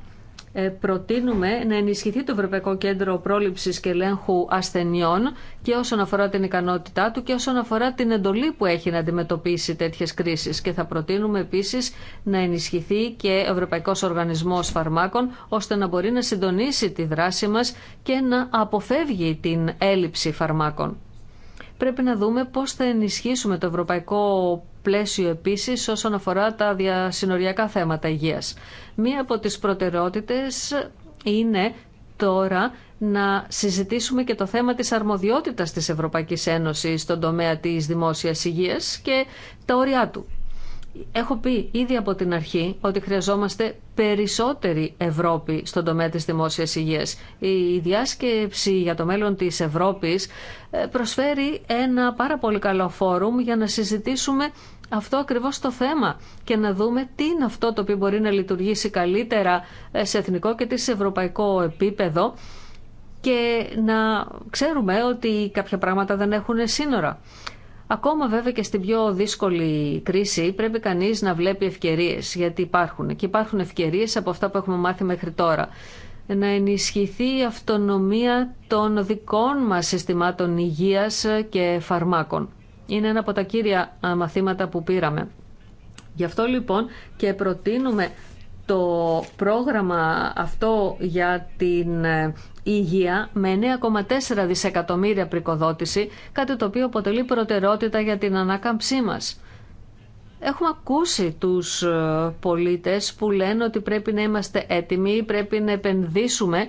ε, προτείνουμε να ενισχυθεί το Ευρωπαϊκό Κέντρο Πρόληψης και Ελέγχου Ασθενειών και όσον αφορά την ικανότητά του και όσον αφορά την εντολή που έχει να αντιμετωπίσει τέτοιες κρίσεις. Και θα προτείνουμε επίσης να ενισχυθεί και ο Ευρωπαϊκός Οργανισμός Φαρμάκων ώστε να μπορεί να συντονίσει τη δράση μας και να αποφεύγει την έλλειψη φαρμάκων. Πρέπει να δούμε πώς θα ενισχύσουμε το ευρωπαϊκό πλαίσιο επίσης όσον αφορά τα διασυνοριακά θέματα υγείας. Μία από τις προτεραιότητες είναι τώρα να συζητήσουμε και το θέμα της αρμοδιότητας της Ευρωπαϊκής Ένωσης στον τομέα της δημόσιας υγείας και τα όρια του. Έχω πει ήδη από την αρχή ότι χρειαζόμαστε περισσότερη Ευρώπη στον τομέα της δημόσιας υγείας. Η διάσκεψη για το μέλλον της Ευρώπης ε, προσφέρει ένα πάρα πολύ καλό φόρουμ για να συζητήσουμε αυτό ακριβώς το θέμα και να δούμε τι είναι αυτό το οποίο μπορεί να λειτουργήσει καλύτερα ε, σε εθνικό και σε ευρωπαϊκό επίπεδο και να ξέρουμε ότι κάποια πράγματα δεν έχουν σύνορα. Ακόμα βέβαια και στην πιο δύσκολη κρίση πρέπει κανείς να βλέπει ευκαιρίες, γιατί υπάρχουν. Και υπάρχουν ευκαιρίες από αυτά που έχουμε μάθει μέχρι τώρα. Να ενισχυθεί η αυτονομία των δικών μας συστημάτων υγείας και φαρμάκων. Είναι ένα από τα κύρια μαθήματα που πήραμε. Γι' αυτό λοιπόν και προτείνουμε το πρόγραμμα αυτό για την ε, υγεία με 9,4 δισεκατομμύρια πρικοδότηση, κάτι το οποίο αποτελεί προτεραιότητα για την ανάκαμψή μας. Έχουμε ακούσει τους ε, πολίτες που λένε ότι πρέπει να είμαστε έτοιμοι, πρέπει να επενδύσουμε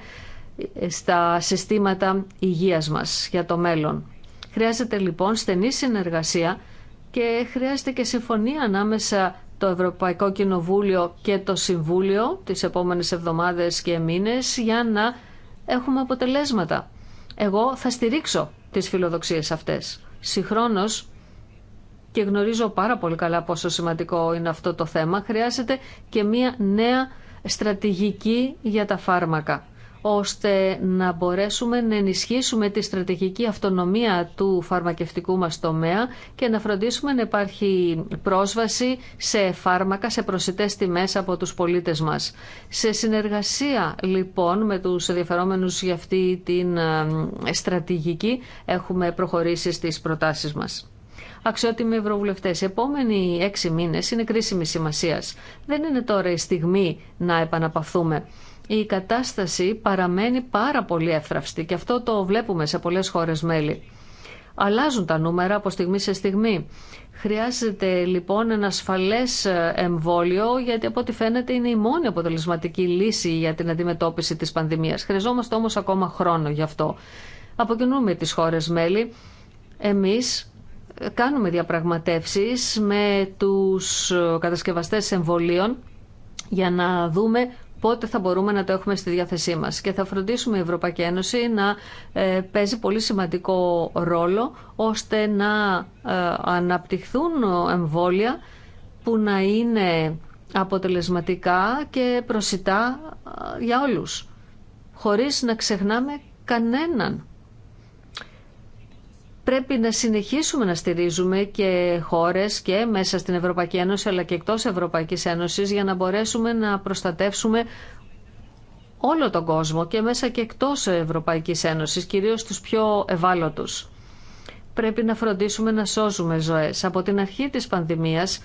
ε, στα συστήματα υγείας μας για το μέλλον. Χρειάζεται λοιπόν στενή συνεργασία και χρειάζεται και συμφωνία ανάμεσα το Ευρωπαϊκό Κοινοβούλιο και το Συμβούλιο τις επόμενες εβδομάδες και μήνες για να έχουμε αποτελέσματα. Εγώ θα στηρίξω τις φιλοδοξίες αυτές. Συγχρόνως, και γνωρίζω πάρα πολύ καλά πόσο σημαντικό είναι αυτό το θέμα, χρειάζεται και μία νέα στρατηγική για τα φάρμακα ώστε να μπορέσουμε να ενισχύσουμε τη στρατηγική αυτονομία του φαρμακευτικού μας τομέα και να φροντίσουμε να υπάρχει πρόσβαση σε φάρμακα, σε προσιτές τιμές από τους πολίτες μας. Σε συνεργασία λοιπόν με τους ενδιαφερόμενους για αυτή την ε, στρατηγική έχουμε προχωρήσει στις προτάσεις μας. Αξιότιμοι Ευρωβουλευτέ, οι επόμενοι έξι μήνε είναι κρίσιμη σημασία. Δεν είναι τώρα η στιγμή να επαναπαυθούμε η κατάσταση παραμένει πάρα πολύ εύθραυστη και αυτό το βλέπουμε σε πολλές χώρες μέλη. Αλλάζουν τα νούμερα από στιγμή σε στιγμή. Χρειάζεται λοιπόν ένα ασφαλές ε, εμβόλιο γιατί από ό,τι φαίνεται είναι η μόνη αποτελεσματική λύση για την αντιμετώπιση της πανδημίας. Χρειαζόμαστε όμως ακόμα χρόνο γι' αυτό. Αποκοινούμε τις χώρες μέλη. Εμείς ε, κάνουμε διαπραγματεύσεις με τους ε, κατασκευαστές εμβολίων για να δούμε πότε θα μπορούμε να το έχουμε στη διάθεσή μας. Και θα φροντίσουμε η Ευρωπαϊκή Ένωση να ε, παίζει πολύ σημαντικό ρόλο ώστε να ε, αναπτυχθούν εμβόλια που να είναι αποτελεσματικά και προσιτά ε, για όλους, χωρίς να ξεχνάμε κανέναν πρέπει να συνεχίσουμε να στηρίζουμε και χώρες και μέσα στην Ευρωπαϊκή Ένωση αλλά και εκτός Ευρωπαϊκής Ένωσης για να μπορέσουμε να προστατεύσουμε όλο τον κόσμο και μέσα και εκτός Ευρωπαϊκής Ένωσης, κυρίως τους πιο ευάλωτους. Πρέπει να φροντίσουμε να σώζουμε ζωές. Από την αρχή της πανδημίας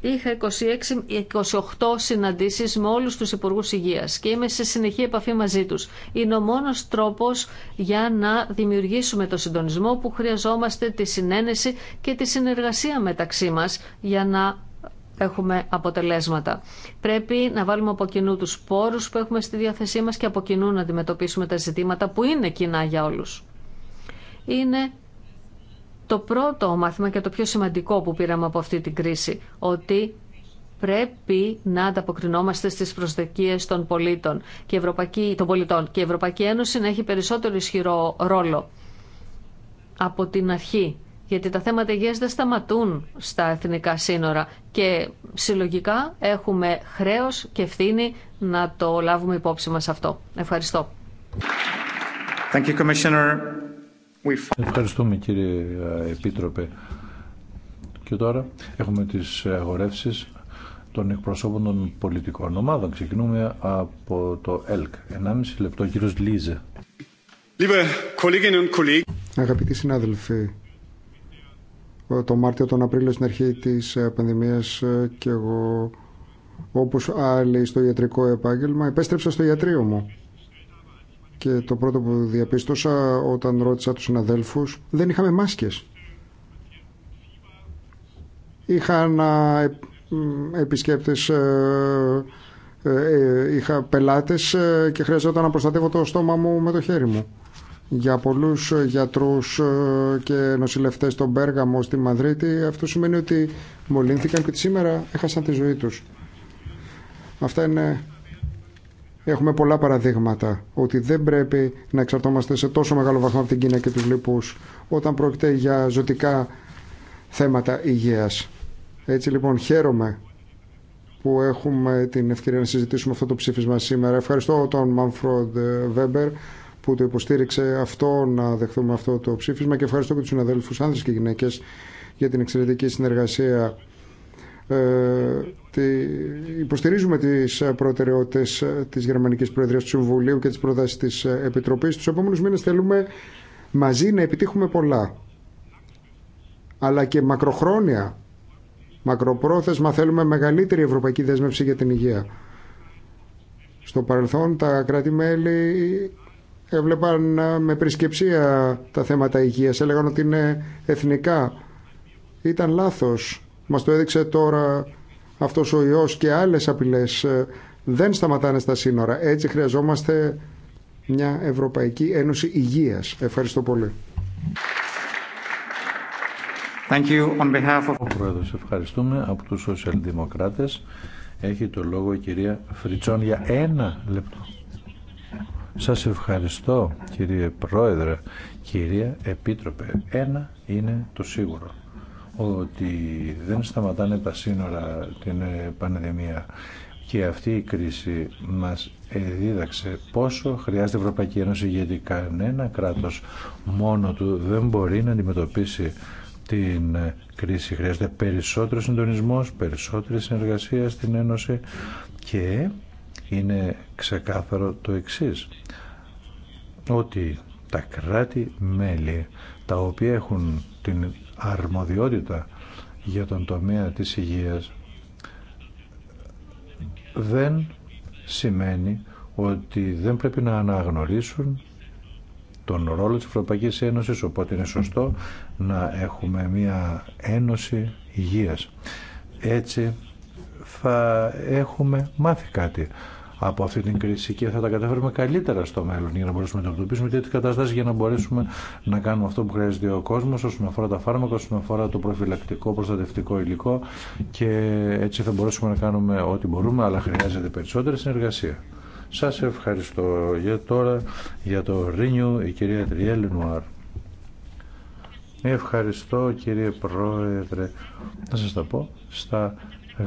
είχα 26, 28 συναντήσεις με όλους τους υπουργούς υγείας και είμαι σε συνεχή επαφή μαζί τους. Είναι ο μόνος τρόπος για να δημιουργήσουμε το συντονισμό που χρειαζόμαστε, τη συνένεση και τη συνεργασία μεταξύ μας για να έχουμε αποτελέσματα. Πρέπει να βάλουμε από κοινού τους πόρους που έχουμε στη διάθεσή μας και από κοινού να αντιμετωπίσουμε τα ζητήματα που είναι κοινά για όλους. Είναι το πρώτο μάθημα και το πιο σημαντικό που πήραμε από αυτή την κρίση, ότι πρέπει να ανταποκρινόμαστε στις προσδοκίες των πολίτων και Ευρωπαϊκή, των πολιτών και η Ευρωπαϊκή Ένωση να έχει περισσότερο ισχυρό ρόλο από την αρχή. Γιατί τα θέματα υγείας δεν σταματούν στα εθνικά σύνορα και συλλογικά έχουμε χρέος και ευθύνη να το λάβουμε υπόψη μας αυτό. Ευχαριστώ. Thank Ευχαριστούμε κύριε ε, Επίτροπε. Και τώρα έχουμε τις αγορεύσεις των εκπροσώπων των πολιτικών ομάδων. Ξεκινούμε από το ΕΛΚ. 1,5 λεπτό, κύριο Λίζε. Αγαπητοί συνάδελφοι, το Μάρτιο, τον Απρίλιο στην αρχή της ε, πανδημίας ε, και εγώ όπως άλλοι στο ιατρικό επάγγελμα επέστρεψα στο ιατρείο μου και το πρώτο που διαπίστωσα όταν ρώτησα τους συναδέλφους δεν είχαμε μάσκες. Ε, επισκέπτες, ε, ε, είχα πελάτες και χρειαζόταν να προστατεύω το στόμα μου με το χέρι μου. Για πολλούς γιατρούς και νοσηλευτές στον Πέργαμο, στη Μαδρίτη, αυτό σημαίνει ότι μολύνθηκαν και σήμερα έχασαν τη ζωή τους. Αυτά είναι Έχουμε πολλά παραδείγματα ότι δεν πρέπει να εξαρτώμαστε σε τόσο μεγάλο βαθμό από την Κίνα και τους λοιπούς όταν πρόκειται για ζωτικά θέματα υγείας. Έτσι λοιπόν χαίρομαι που έχουμε την ευκαιρία να συζητήσουμε αυτό το ψήφισμα σήμερα. Ευχαριστώ τον Μάνφροντ Βέμπερ που το υποστήριξε αυτό να δεχθούμε αυτό το ψήφισμα και ευχαριστώ και τους συναδέλφους άνδρες και γυναίκες για την εξαιρετική συνεργασία ε, υποστηρίζουμε τις προτεραιότητες της Γερμανικής Προεδρίας του Συμβουλίου και τις προτάσεις της Επιτροπής. Τους επόμενους μήνες θέλουμε μαζί να επιτύχουμε πολλά, αλλά και μακροχρόνια, μακροπρόθεσμα θέλουμε μεγαλύτερη ευρωπαϊκή δέσμευση για την υγεία. Στο παρελθόν τα κράτη-μέλη έβλεπαν με πρισκεψία τα θέματα υγείας, έλεγαν ότι είναι εθνικά. Ήταν λάθος μας το έδειξε τώρα αυτός ο ιός και άλλες απειλές ε, δεν σταματάνε στα σύνορα. Έτσι χρειαζόμαστε μια Ευρωπαϊκή Ένωση Υγείας. Ευχαριστώ πολύ. Thank you on behalf of... ευχαριστούμε. Από τους σοσιαλδημοκράτες έχει το λόγο η κυρία Φριτσόν για ένα λεπτό. Σας ευχαριστώ κύριε Πρόεδρε, κυρία Επίτροπε. Ένα είναι το σίγουρο ότι δεν σταματάνε τα σύνορα την ε, πανδημία και αυτή η κρίση μας δίδαξε πόσο χρειάζεται η Ευρωπαϊκή Ένωση γιατί κανένα κράτος μόνο του δεν μπορεί να αντιμετωπίσει την ε, κρίση. Χρειάζεται περισσότερο συντονισμός, περισσότερη συνεργασία στην Ένωση και είναι ξεκάθαρο το εξής ότι τα κράτη-μέλη τα οποία έχουν την αρμοδιότητα για τον τομέα της υγείας δεν σημαίνει ότι δεν πρέπει να αναγνωρίσουν τον ρόλο της Ευρωπαϊκής Ένωσης, οπότε είναι σωστό να έχουμε μια ένωση υγείας. Έτσι θα έχουμε μάθει κάτι από αυτή την κρίση και θα τα καταφέρουμε καλύτερα στο μέλλον για να μπορέσουμε να αντιμετωπίσουμε τέτοιε κατάσταση για να μπορέσουμε να κάνουμε αυτό που χρειάζεται ο κόσμο όσον αφορά τα φάρμακα, όσον αφορά το προφυλακτικό, προστατευτικό υλικό και έτσι θα μπορέσουμε να κάνουμε ό,τι μπορούμε, αλλά χρειάζεται περισσότερη συνεργασία. Σα ευχαριστώ για τώρα για το Ρήνιο η κυρία Τριέλ Νουάρ. Ευχαριστώ κύριε Πρόεδρε. Να σα τα πω στα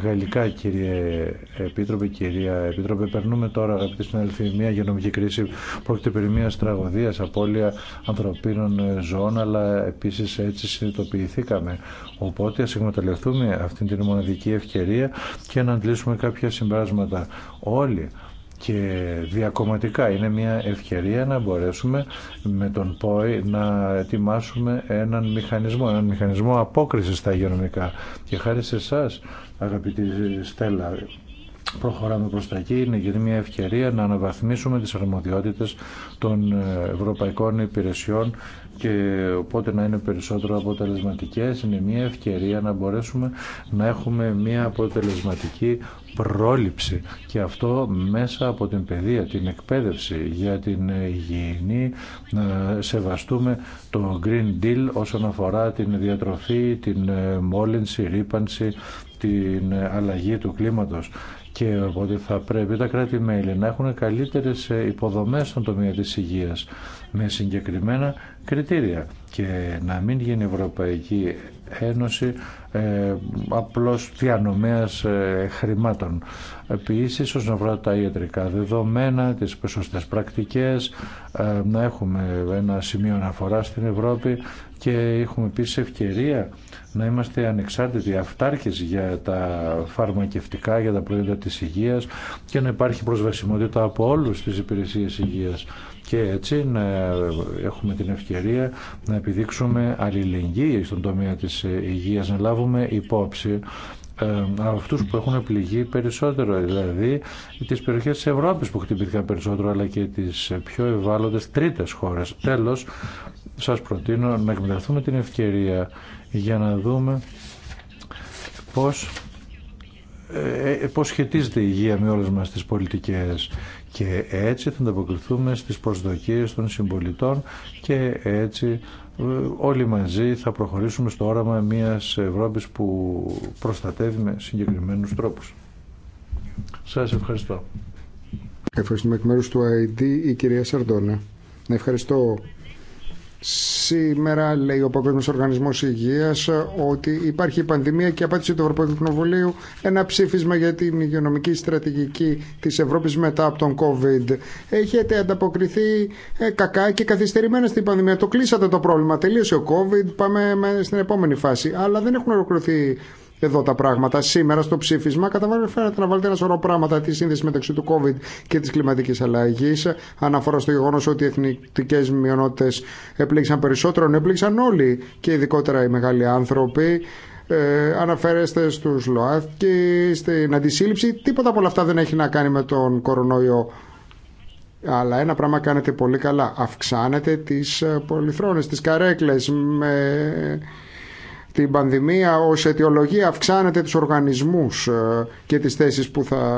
Γαλλικά, κύριε Επίτροπε, κυρία Επίτροπε. Περνούμε τώρα, αγαπητοί συνάδελφοι, μια γενομική κρίση. Πρόκειται περί μια τραγωδία, απώλεια ανθρωπίνων ζώων, αλλά επίση έτσι συνειδητοποιηθήκαμε. Οπότε α εκμεταλλευτούμε αυτή την μοναδική ευκαιρία και να αντλήσουμε κάποια συμπράσματα. Όλοι και διακομματικά είναι μια ευκαιρία να μπορέσουμε με τον ΠΟΗ να ετοιμάσουμε έναν μηχανισμό, έναν μηχανισμό απόκρισης στα υγειονομικά. Και χάρη σε εσά, αγαπητή Στέλλα, προχωράμε προς τα εκεί είναι μια ευκαιρία να αναβαθμίσουμε τις αρμοδιότητες των ε, ευρωπαϊκών υπηρεσιών και οπότε να είναι περισσότερο αποτελεσματικές είναι μια ευκαιρία να μπορέσουμε να έχουμε μια αποτελεσματική πρόληψη και αυτό μέσα από την παιδεία, την εκπαίδευση για την υγιεινή να σεβαστούμε το Green Deal όσον αφορά την διατροφή, την ε, μόλυνση, ρήπανση την ε, αλλαγή του κλίματος και οπότε θα πρέπει τα κράτη-μέλη να έχουν καλύτερες ε, υποδομές στον τομέα της υγείας με συγκεκριμένα κριτήρια και να μην γίνει Ευρωπαϊκή Ένωση ε, απλώς διανομέας ε, χρημάτων. Επίσης, όσον τα ιατρικά δεδομένα, τις σωστές πρακτικές, ε, να έχουμε ένα σημείο αναφορά στην Ευρώπη και έχουμε επίσης ευκαιρία να είμαστε ανεξάρτητοι αυτάρκες για τα φαρμακευτικά, για τα προϊόντα της υγείας και να υπάρχει προσβασιμότητα από όλους τις υπηρεσίες υγείας και έτσι να έχουμε την ευκαιρία να επιδείξουμε αλληλεγγύη στον τομέα της υγείας, να λάβουμε υπόψη αυτού ε, αυτούς που έχουν πληγεί περισσότερο, δηλαδή τις περιοχές της Ευρώπης που χτυπήθηκαν περισσότερο, αλλά και τις πιο ευάλωτες τρίτες χώρες. Τέλος, σας προτείνω να εκμεταλλευτούμε την ευκαιρία για να δούμε πώς, ε, ε, πώς σχετίζεται η υγεία με όλες μας τις πολιτικές και έτσι θα ανταποκριθούμε στις προσδοκίες των συμπολιτών και έτσι ε, όλοι μαζί θα προχωρήσουμε στο όραμα μιας Ευρώπης που προστατεύει με συγκεκριμένους τρόπους. Σας ευχαριστώ. Ευχαριστούμε εκ μέρους του ΑΕΔ η κυρία Σαρντόνα. Να ευχαριστώ Σήμερα λέει ο Παγκόσμιος Οργανισμός Υγείας ότι υπάρχει πανδημία και απάντησε του Ευρωπαϊκού Κοινοβουλίου ένα ψήφισμα για την υγειονομική στρατηγική της Ευρώπης μετά από τον COVID. Έχετε ανταποκριθεί ε, κακά και καθυστερημένα στην πανδημία. Το κλείσατε το πρόβλημα. Τελείωσε ο COVID. Πάμε στην επόμενη φάση. Αλλά δεν έχουν ολοκληρωθεί εδώ τα πράγματα. Σήμερα στο ψήφισμα καταφέρατε να βάλετε ένα σωρό πράγματα τη σύνδεση μεταξύ του COVID και τη κλιματική αλλαγή. Αναφορά στο γεγονό ότι οι εθνικέ μειονότητε επλήξαν περισσότερο, επλήξαν όλοι και ειδικότερα οι μεγάλοι άνθρωποι. Ε, αναφέρεστε στους ΛΟΑΤ και στην αντισύλληψη. Τίποτα από όλα αυτά δεν έχει να κάνει με τον κορονοϊό. Αλλά ένα πράγμα κάνετε πολύ καλά. Αυξάνετε τι ε, πολυθρόνε, τι καρέκλε. με την πανδημία ως αιτιολογία αυξάνεται τους οργανισμούς ε, και τις θέσεις που θα,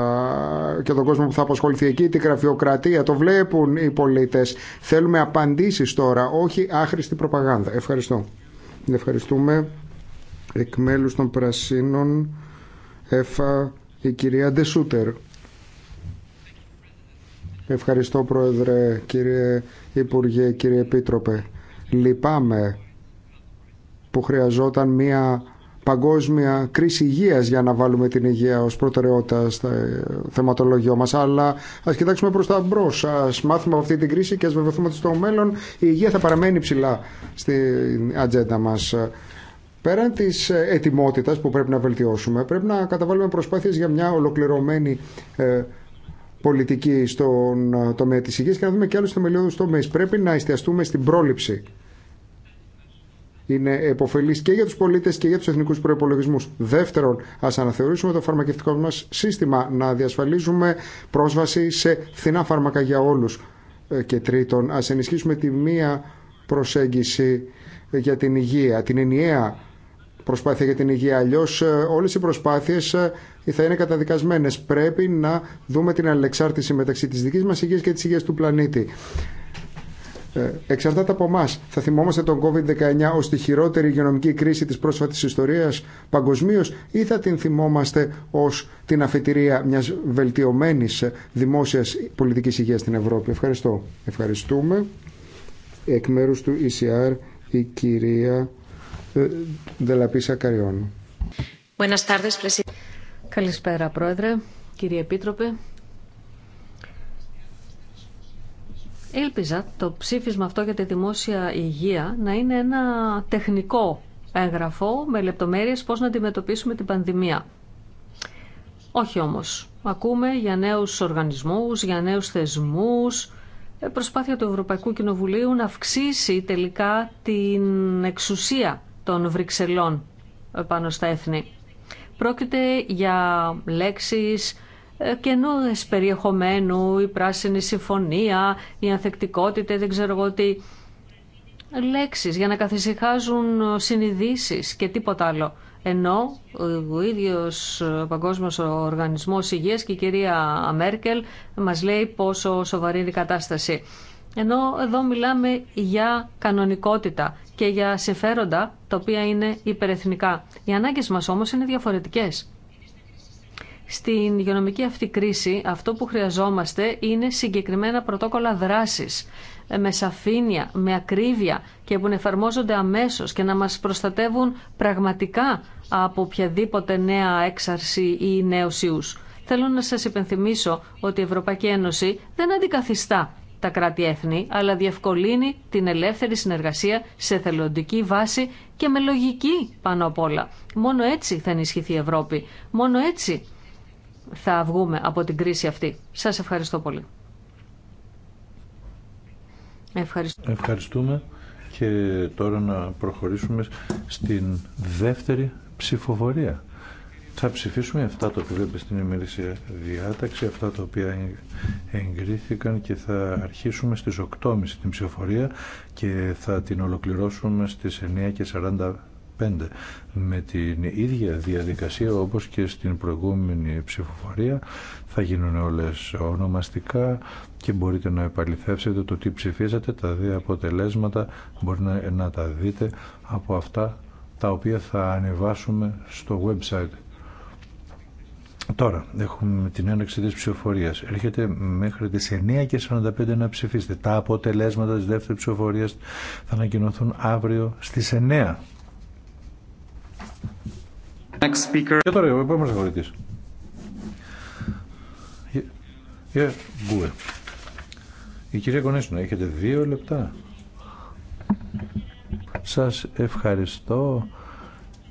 και τον κόσμο που θα απασχοληθεί εκεί, την γραφειοκρατία. Το βλέπουν οι πολίτες. Θέλουμε απαντήσεις τώρα, όχι άχρηστη προπαγάνδα. Ευχαριστώ. Ευχαριστούμε. Εκ μέλου των Πρασίνων, έφα η κυρία Ντεσούτερ. Ευχαριστώ Πρόεδρε, κύριε Υπουργέ, κύριε Επίτροπε. Λυπάμαι που χρειαζόταν μια παγκόσμια κρίση υγεία για να βάλουμε την υγεία ως προτεραιότητα στο ε, θεματολογιό μας. Αλλά ας κοιτάξουμε προ τα μπρος, ας μάθουμε από αυτή την κρίση και α βεβαιωθούμε ότι στο μέλλον η υγεία θα παραμένει ψηλά στην ατζέντα μας. Πέραν τη ε, ετοιμότητα που πρέπει να βελτιώσουμε, πρέπει να καταβάλουμε προσπάθειε για μια ολοκληρωμένη ε, πολιτική στον τομέα τη υγεία και να δούμε και άλλου θεμελιώδου τομεί. Πρέπει να εστιαστούμε στην πρόληψη είναι επωφελής και για τους πολίτες και για τους εθνικούς προϋπολογισμούς. Δεύτερον, ας αναθεωρήσουμε το φαρμακευτικό μας σύστημα, να διασφαλίζουμε πρόσβαση σε φθηνά φάρμακα για όλους. Ε, και τρίτον, ας ενισχύσουμε τη μία προσέγγιση για την υγεία, την ενιαία προσπάθεια για την υγεία. Αλλιώ ε, όλε οι προσπάθειε ε, θα είναι καταδικασμένε. Πρέπει να δούμε την αλεξάρτηση μεταξύ τη δική μα υγεία και τη υγεία του πλανήτη. Ε, εξαρτάται από εμά. Θα θυμόμαστε τον COVID-19 ως τη χειρότερη υγειονομική κρίση της πρόσφατης ιστορίας παγκοσμίω ή θα την θυμόμαστε ως την αφετηρία μιας βελτιωμένης ε, δημόσιας πολιτικής υγεία στην Ευρώπη. Ευχαριστώ. Ευχαριστούμε. Εκ μέρου του ECR η κυρία ε, Δελαπίσα Καριών. Καλησπέρα, Πρόεδρε, κύριε Επίτροπε, Ήλπιζα το ψήφισμα αυτό για τη δημόσια υγεία να είναι ένα τεχνικό έγγραφο με λεπτομέρειες πώς να αντιμετωπίσουμε την πανδημία. Όχι όμως. Ακούμε για νέους οργανισμούς, για νέους θεσμούς, ε, προσπάθεια του Ευρωπαϊκού Κοινοβουλίου να αυξήσει τελικά την εξουσία των Βρυξελών ε, πάνω στα έθνη. Πρόκειται για λέξεις ε, καινούριες περιεχομένου, η πράσινη συμφωνία, η ανθεκτικότητα, δεν ξέρω εγώ τι λέξεις για να καθησυχάζουν συνειδήσεις και τίποτα άλλο. Ενώ ο ίδιος ο Παγκόσμιος Οργανισμός Υγείας και η κυρία Μέρκελ μας λέει πόσο σοβαρή είναι η κατάσταση. Ενώ εδώ μιλάμε για κανονικότητα και για συμφέροντα τα οποία είναι υπερεθνικά. Οι ανάγκες μας όμως είναι διαφορετικές. Στην υγειονομική αυτή κρίση αυτό που χρειαζόμαστε είναι συγκεκριμένα πρωτόκολλα δράσης ε, με σαφήνεια, με ακρίβεια και που εφαρμόζονται αμέσως και να μας προστατεύουν πραγματικά από οποιαδήποτε νέα έξαρση ή νέους ιούς. Θέλω να σας υπενθυμίσω ότι η Ευρωπαϊκή Ένωση δεν αντικαθιστά τα κράτη-έθνη, αλλά διευκολύνει την ελεύθερη συνεργασία σε θελοντική βάση και με λογική πάνω απ' όλα. Μόνο έτσι θα ενισχυθεί η Ευρώπη. Μόνο έτσι θα βγούμε από την κρίση αυτή. Σας ευχαριστώ πολύ. Ευχαριστούμε. και τώρα να προχωρήσουμε στην δεύτερη ψηφοφορία. Θα ψηφίσουμε αυτά τα οποία βλέπετε στην ημερήσια διάταξη, αυτά τα οποία εγκρίθηκαν και θα αρχίσουμε στις 8.30 την ψηφοφορία και θα την ολοκληρώσουμε στις 9.40 με την ίδια διαδικασία όπως και στην προηγούμενη ψηφοφορία θα γίνουν όλες ονομαστικά και μπορείτε να επαληθεύσετε το τι ψηφίζατε, τα δύο αποτελέσματα μπορείτε να, τα δείτε από αυτά τα οποία θα ανεβάσουμε στο website. Τώρα έχουμε την έναρξη της ψηφοφορίας. Έρχεται μέχρι τις 9.45 να ψηφίσετε. Τα αποτελέσματα της δεύτερης ψηφοφορίας θα ανακοινωθούν αύριο στις 9. Ε, ε, Η κυρία Κονέσουνα, έχετε δύο λεπτά. Σας ευχαριστώ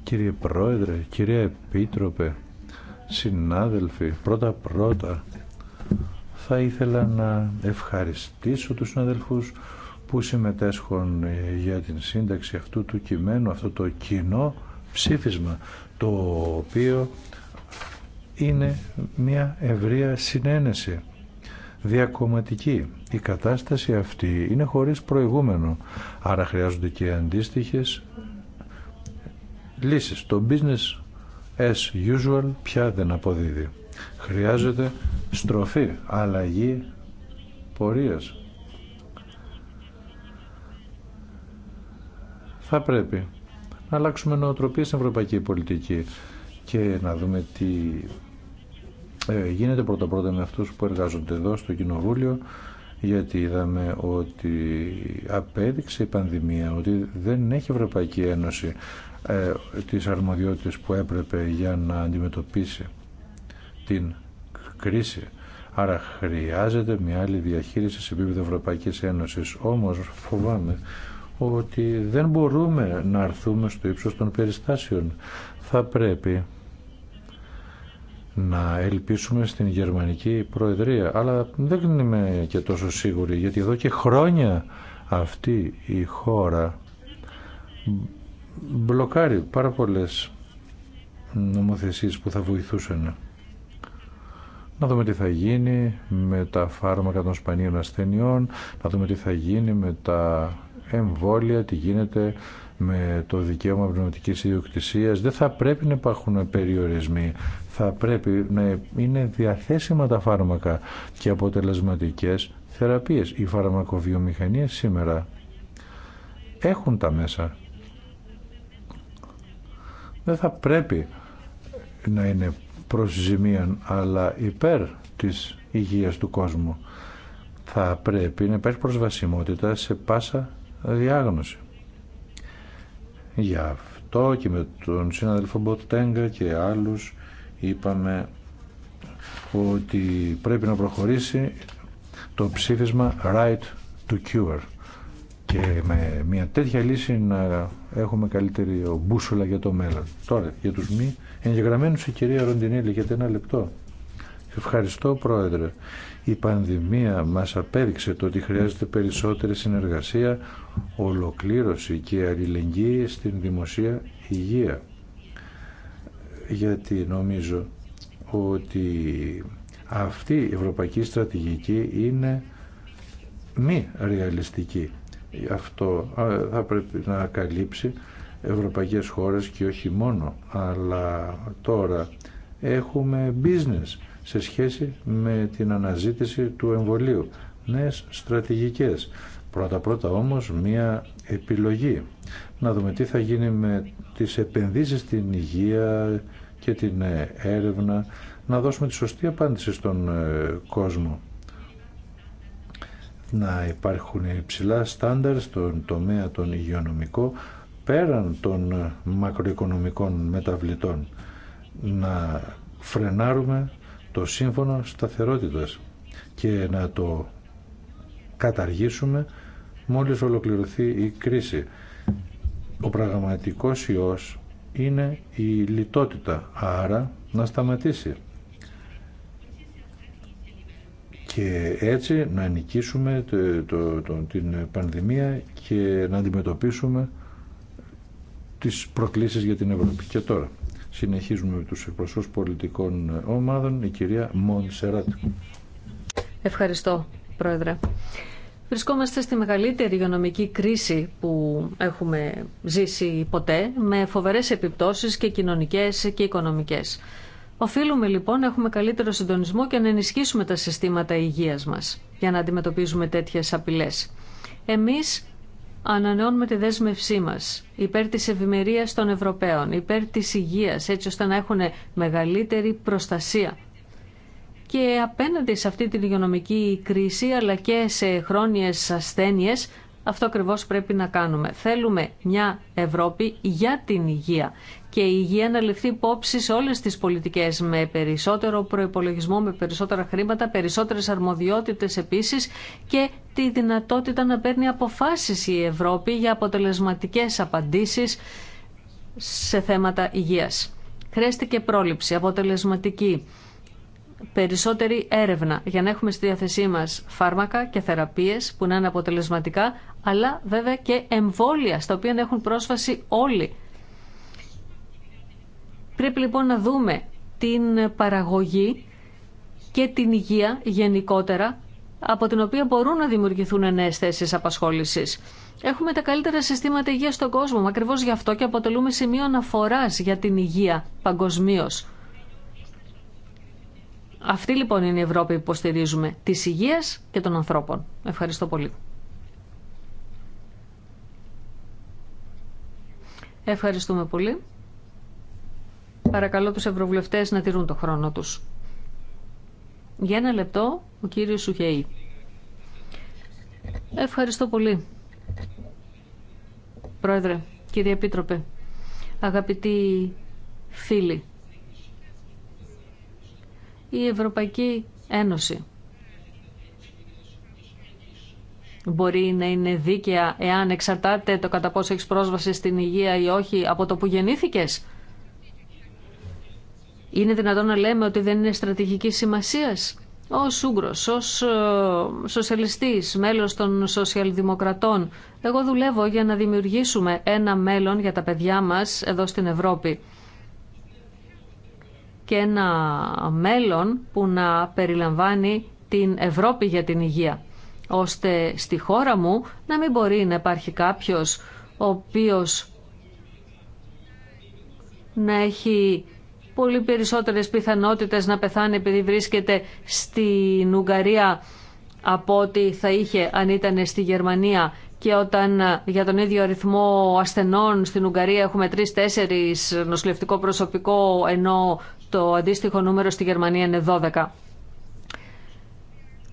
κύριε Πρόεδρε, κυρία Επίτροπε, συνάδελφοι, πρώτα-πρώτα θα ήθελα να ευχαριστήσω τους συναδελφούς που συμμετέσχουν για την σύνταξη αυτού του κειμένου, αυτό το κοινό ψήφισμα το οποίο είναι μια ευρεία συνένεση διακομματική. Η κατάσταση αυτή είναι χωρίς προηγούμενο, άρα χρειάζονται και αντίστοιχες λύσεις. Το business as usual πια δεν αποδίδει. Χρειάζεται στροφή, αλλαγή πορείας. Θα πρέπει να αλλάξουμε νοοτροπία στην ευρωπαϊκή πολιτική και να δούμε τι ε, γίνεται πρώτα πρώτα με αυτούς που εργάζονται εδώ στο Κοινοβούλιο γιατί είδαμε ότι απέδειξε η πανδημία ότι δεν έχει Ευρωπαϊκή Ένωση ε, τις αρμοδιότητες που έπρεπε για να αντιμετωπίσει την κρίση. Άρα χρειάζεται μια άλλη διαχείριση σε επίπεδο Ευρωπαϊκής Ένωσης. Όμως φοβάμαι ότι δεν μπορούμε να αρθούμε στο ύψος των περιστάσεων. Θα πρέπει να ελπίσουμε στην Γερμανική Προεδρία. Αλλά δεν είμαι και τόσο σίγουρη, γιατί εδώ και χρόνια αυτή η χώρα μπλοκάρει πάρα πολλές νομοθεσίες που θα βοηθούσαν. Να δούμε τι θα γίνει με τα φάρμακα των σπανίων ασθενειών, να δούμε τι θα γίνει με τα εμβόλια, τι γίνεται με το δικαίωμα πνευματικής ιδιοκτησίας. Δεν θα πρέπει να υπάρχουν περιορισμοί. Θα πρέπει να είναι διαθέσιμα τα φάρμακα και αποτελεσματικές θεραπείες. Οι φαρμακοβιομηχανίες σήμερα έχουν τα μέσα. Δεν θα πρέπει να είναι προς ζημίαν, αλλά υπέρ της υγείας του κόσμου. Θα πρέπει να υπάρχει προσβασιμότητα σε πάσα διάγνωση. Γι' αυτό και με τον συναδελφό Μποτέγκα και άλλους είπαμε ότι πρέπει να προχωρήσει το ψήφισμα Right to Cure και με μια τέτοια λύση να έχουμε καλύτερη μπούσουλα για το μέλλον. Τώρα, για τους μη εγγεγραμμένους η κυρία Ροντινίλη για ένα λεπτό. Ευχαριστώ πρόεδρε. Η πανδημία μας απέδειξε το ότι χρειάζεται περισσότερη συνεργασία, ολοκλήρωση και αλληλεγγύη στην δημοσία υγεία. Γιατί νομίζω ότι αυτή η ευρωπαϊκή στρατηγική είναι μη ρεαλιστική. Αυτό θα πρέπει να καλύψει ευρωπαϊκές χώρες και όχι μόνο. Αλλά τώρα έχουμε business σε σχέση με την αναζήτηση του εμβολίου. Νέες στρατηγικές. Πρώτα-πρώτα όμως μία επιλογή. Να δούμε τι θα γίνει με τις επενδύσεις στην υγεία και την ε, έρευνα. Να δώσουμε τη σωστή απάντηση στον ε, κόσμο. Να υπάρχουν υψηλά στάνταρ στον τομέα των υγειονομικών, πέραν των ε, μακροοικονομικών μεταβλητών. Να φρενάρουμε το σύμφωνο σταθερότητας και να το καταργήσουμε μόλις ολοκληρωθεί η κρίση. Ο πραγματικός ιός είναι η λιτότητα, άρα να σταματήσει. Και έτσι να νικήσουμε το, την πανδημία και να αντιμετωπίσουμε τις προκλήσεις για την Ευρώπη. Και τώρα. Συνεχίζουμε με τους εκπροσώπους πολιτικών ομάδων, η κυρία Μονσεράτ. Ευχαριστώ, Πρόεδρε. Βρισκόμαστε στη μεγαλύτερη υγειονομική κρίση που έχουμε ζήσει ποτέ, με φοβερές επιπτώσεις και κοινωνικές και οικονομικές. Οφείλουμε λοιπόν να έχουμε καλύτερο συντονισμό και να ενισχύσουμε τα συστήματα υγείας μας για να αντιμετωπίζουμε τέτοιες απειλές. Εμείς ανανεώνουμε τη δέσμευσή μας υπέρ της ευημερία των Ευρωπαίων, υπέρ της υγείας, έτσι ώστε να έχουν μεγαλύτερη προστασία. Και απέναντι σε αυτή την υγειονομική κρίση, αλλά και σε χρόνιες ασθένειες, αυτό ακριβώ πρέπει να κάνουμε. Θέλουμε μια Ευρώπη για την υγεία και η υγεία να ληφθεί υπόψη σε όλε τι πολιτικέ με περισσότερο προπολογισμό, με περισσότερα χρήματα, περισσότερε αρμοδιότητε επίσης και τη δυνατότητα να παίρνει αποφάσεις η Ευρώπη για αποτελεσματικές απαντήσει σε θέματα υγείας. Χρειάστηκε πρόληψη, αποτελεσματική, περισσότερη έρευνα για να έχουμε στη διάθεσή μας φάρμακα και θεραπείες που να είναι αποτελεσματικά, αλλά βέβαια και εμβόλια στα οποία να έχουν πρόσβαση όλοι Πρέπει λοιπόν να δούμε την παραγωγή και την υγεία γενικότερα, από την οποία μπορούν να δημιουργηθούν νέε θέσει απασχόλησης. Έχουμε τα καλύτερα συστήματα υγείας στον κόσμο, Ακριβώ γι' αυτό και αποτελούμε σημείο αναφορά για την υγεία παγκοσμίω. Αυτή λοιπόν είναι η Ευρώπη που υποστηρίζουμε, τη υγεία και των ανθρώπων. Ευχαριστώ πολύ. Ευχαριστούμε πολύ. Παρακαλώ τους ευρωβουλευτές να τηρούν το χρόνο τους. Για ένα λεπτό, ο κύριος Σουχέη. Ευχαριστώ πολύ. Πρόεδρε, κύριε Επίτροπε, αγαπητοί φίλοι, η Ευρωπαϊκή Ένωση μπορεί να είναι δίκαια εάν εξαρτάται το κατά πόσο έχει πρόσβαση στην υγεία ή όχι από το που γεννήθηκες είναι δυνατόν να λέμε ότι δεν είναι στρατηγική σημασία. Ω Ούγγρο, ω ε, σοσιαλιστή, μέλο των σοσιαλδημοκρατών, εγώ δουλεύω για να δημιουργήσουμε ένα μέλλον για τα παιδιά μα εδώ στην Ευρώπη. Και ένα μέλλον που να περιλαμβάνει την Ευρώπη για την υγεία. Ώστε στη χώρα μου να μην μπορεί να υπάρχει κάποιος ο οποίος να έχει πολύ περισσότερες πιθανότητες να πεθάνει επειδή βρίσκεται στην Ουγγαρία από ό,τι θα είχε αν ήταν στη Γερμανία και όταν ε, για τον ίδιο αριθμό ασθενών στην Ουγγαρία έχουμε τρεις-τέσσερις νοσηλευτικό προσωπικό ενώ το αντίστοιχο νούμερο στη Γερμανία είναι 12.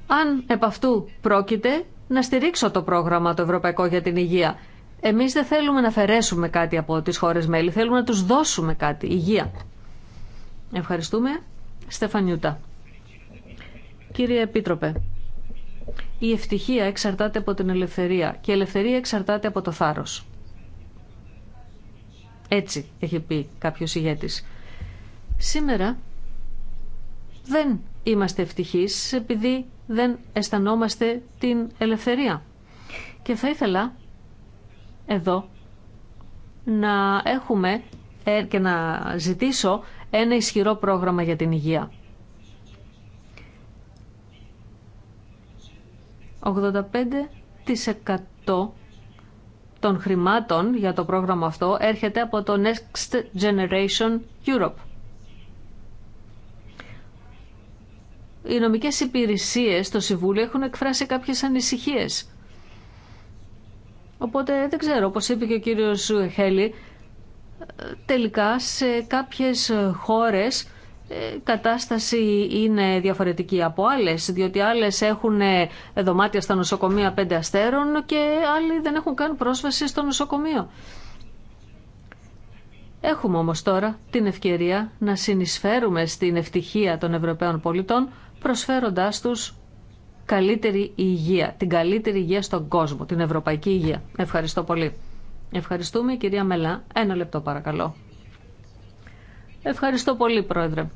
Αν επ' αυτού πρόκειται να στηρίξω το πρόγραμμα το Ευρωπαϊκό για την Υγεία. Εμείς δεν θέλουμε να αφαιρέσουμε κάτι από τις χώρες μέλη, θέλουμε να τους δώσουμε κάτι, υγεία. Ευχαριστούμε. Στεφανιούτα. Κύριε Επίτροπε, η ευτυχία εξαρτάται από την ελευθερία και η ελευθερία εξαρτάται από το θάρρος. Έτσι έχει πει κάποιος ηγέτης. Σήμερα δεν είμαστε ευτυχείς επειδή δεν αισθανόμαστε την ελευθερία. Και θα ήθελα εδώ να έχουμε ε, και να ζητήσω ένα ισχυρό πρόγραμμα για την υγεία. 85% των χρημάτων για το πρόγραμμα αυτό έρχεται από το Next Generation Europe. Οι νομικές υπηρεσίες στο Συμβούλιο έχουν εκφράσει κάποιες ανησυχίες. Οπότε δεν ξέρω, όπως είπε και ο κύριος Χέλη, τελικά σε κάποιες χώρες ε, κατάσταση είναι διαφορετική από άλλες, διότι άλλες έχουν ε, δωμάτια στα νοσοκομεία πέντε αστέρων και άλλοι δεν έχουν καν πρόσβαση στο νοσοκομείο. Έχουμε όμως τώρα την ευκαιρία να συνεισφέρουμε στην ευτυχία των Ευρωπαίων πολιτών προσφέροντάς τους καλύτερη υγεία, την καλύτερη υγεία στον κόσμο, την ευρωπαϊκή υγεία. Ευχαριστώ πολύ. Ευχαριστούμε κυρία Μελά. Ένα λεπτό παρακαλώ. Ευχαριστώ πολύ, Πρόεδρε.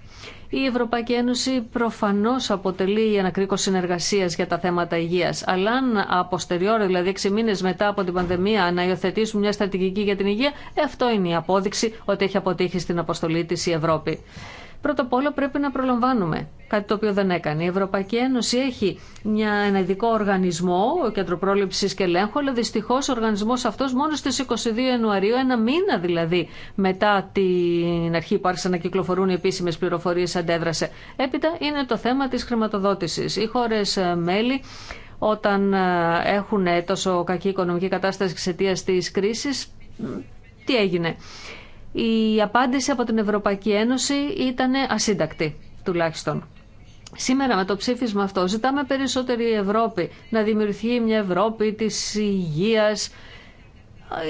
Η Ευρωπαϊκή Ένωση προφανώ αποτελεί ανακρίκο συνεργασία για τα θέματα υγεία. Αλλά αν αποστεριώρει, δηλαδή έξι μήνε μετά από την πανδημία, να υιοθετήσουμε μια στρατηγική για την υγεία, ε, αυτό είναι η απόδειξη ότι έχει αποτύχει στην αποστολή τη η Ευρώπη. Πρώτα απ' όλα πρέπει να προλαμβάνουμε. Κάτι το οποίο δεν έκανε. Η Ευρωπαϊκή Ένωση έχει μια, ένα ειδικό οργανισμό, ο Κέντρο Πρόληψη και Ελέγχου, αλλά δυστυχώ ο οργανισμό αυτό μόνο στι 22 Ιανουαρίου, ένα μήνα δηλαδή μετά την αρχή που άρχισαν να κυκλοφορούν οι επίσημε πληροφορίε, αντέδρασε. Έπειτα είναι το θέμα τη χρηματοδότηση. Οι χώρε ε, μέλη όταν ε, έχουν τόσο κακή οικονομική κατάσταση εξαιτία τη κρίση, τι έγινε η απάντηση από την Ευρωπαϊκή Ένωση ήταν ασύντακτη τουλάχιστον. Σήμερα με το ψήφισμα αυτό ζητάμε περισσότερη Ευρώπη, να δημιουργηθεί μια Ευρώπη της υγείας.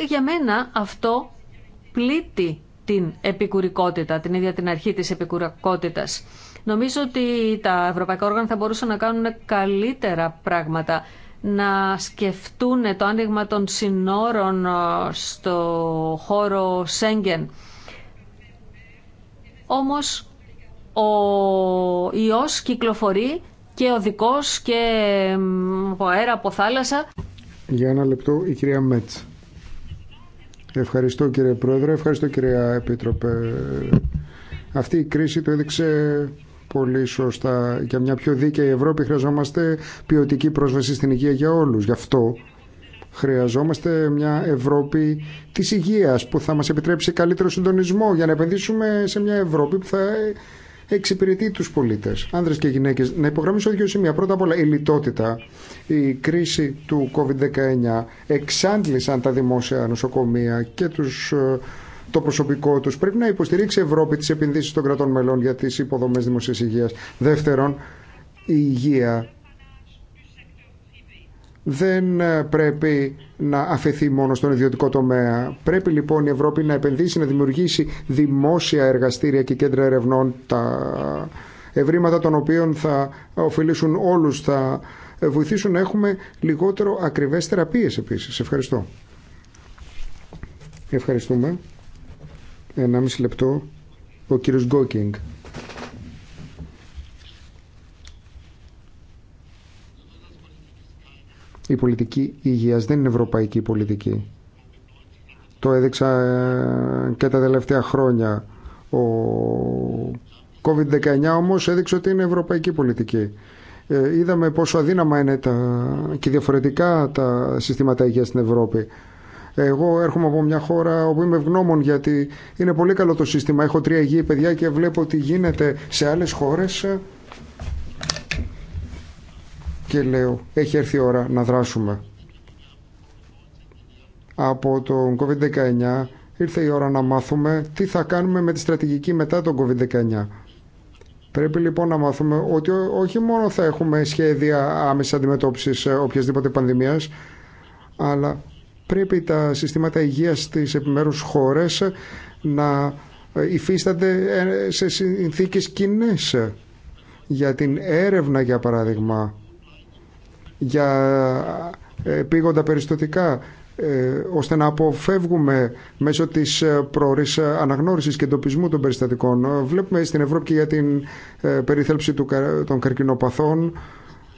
Για μένα αυτό πλήττει την επικουρικότητα, την ίδια την αρχή της επικουρικότητας. Νομίζω ότι τα ευρωπαϊκά όργανα θα μπορούσαν να κάνουν καλύτερα πράγματα να σκεφτούν το άνοιγμα των συνόρων ε, στο χώρο Σέγγεν. Όμως ο ιός κυκλοφορεί και ο δικός και ο αέρα, από θάλασσα. Για ένα λεπτό η κυρία Μέτς. Ευχαριστώ κύριε Πρόεδρε, ευχαριστώ κυρία Επίτροπε. Αυτή η κρίση το έδειξε πολύ σωστά. Για μια πιο δίκαιη Ευρώπη χρειαζόμαστε ποιοτική πρόσβαση στην υγεία για όλους. Γι' αυτό χρειαζόμαστε μια Ευρώπη της υγείας που θα μας επιτρέψει καλύτερο συντονισμό για να επενδύσουμε σε μια Ευρώπη που θα εξυπηρετεί τους πολίτες, άνδρες και γυναίκες. Να υπογραμμίσω δύο σημεία. Πρώτα απ' όλα η λιτότητα, η κρίση του COVID-19 εξάντλησαν τα δημόσια νοσοκομεία και τους ε, το προσωπικό του. Πρέπει να υποστηρίξει η Ευρώπη τι επενδύσει των κρατών μελών για τι υποδομέ δημοσία υγεία. Δεύτερον, η υγεία δεν ε, πρέπει να αφαιθεί μόνο στον ιδιωτικό τομέα. Πρέπει λοιπόν η Ευρώπη να επενδύσει, να δημιουργήσει δημόσια εργαστήρια και κέντρα ερευνών, τα ευρήματα των οποίων θα ωφελήσουν όλου. θα βοηθήσουν να έχουμε λιγότερο ακριβές θεραπείες επίσης. Ευχαριστώ. Ευχαριστούμε. 1,5 λεπτό ο κύριος Γκόκινγκ. Η πολιτική υγείας δεν είναι ευρωπαϊκή πολιτική. Το έδειξα ε, και τα τελευταία χρόνια. Ο COVID-19 όμως έδειξε ότι είναι ευρωπαϊκή πολιτική. Ε, είδαμε πόσο αδύναμα είναι τα, και διαφορετικά τα συστήματα υγείας στην Ευρώπη. Εγώ έρχομαι από μια χώρα όπου είμαι ευγνώμων γιατί είναι πολύ καλό το σύστημα. Έχω τρία υγιή παιδιά και βλέπω τι γίνεται σε άλλες χώρες και λέω έχει έρθει η ώρα να δράσουμε. Από τον COVID-19 ήρθε η ώρα να μάθουμε τι θα κάνουμε με τη στρατηγική μετά τον COVID-19. Πρέπει λοιπόν να μάθουμε ότι όχι μόνο θα έχουμε σχέδια άμεσης αντιμετώπιση ε, οποιασδήποτε πανδημίας, αλλά πρέπει τα συστήματα υγείας στις επιμέρους χώρες να υφίστανται ε, σε συνθήκες κοινέ για την έρευνα για παράδειγμα για ε, πήγοντα περιστατικά ε, ώστε να αποφεύγουμε μέσω της προορής αναγνώρισης και εντοπισμού των περιστατικών. Βλέπουμε στην Ευρώπη και για την περιθέλψη των καρκινοπαθών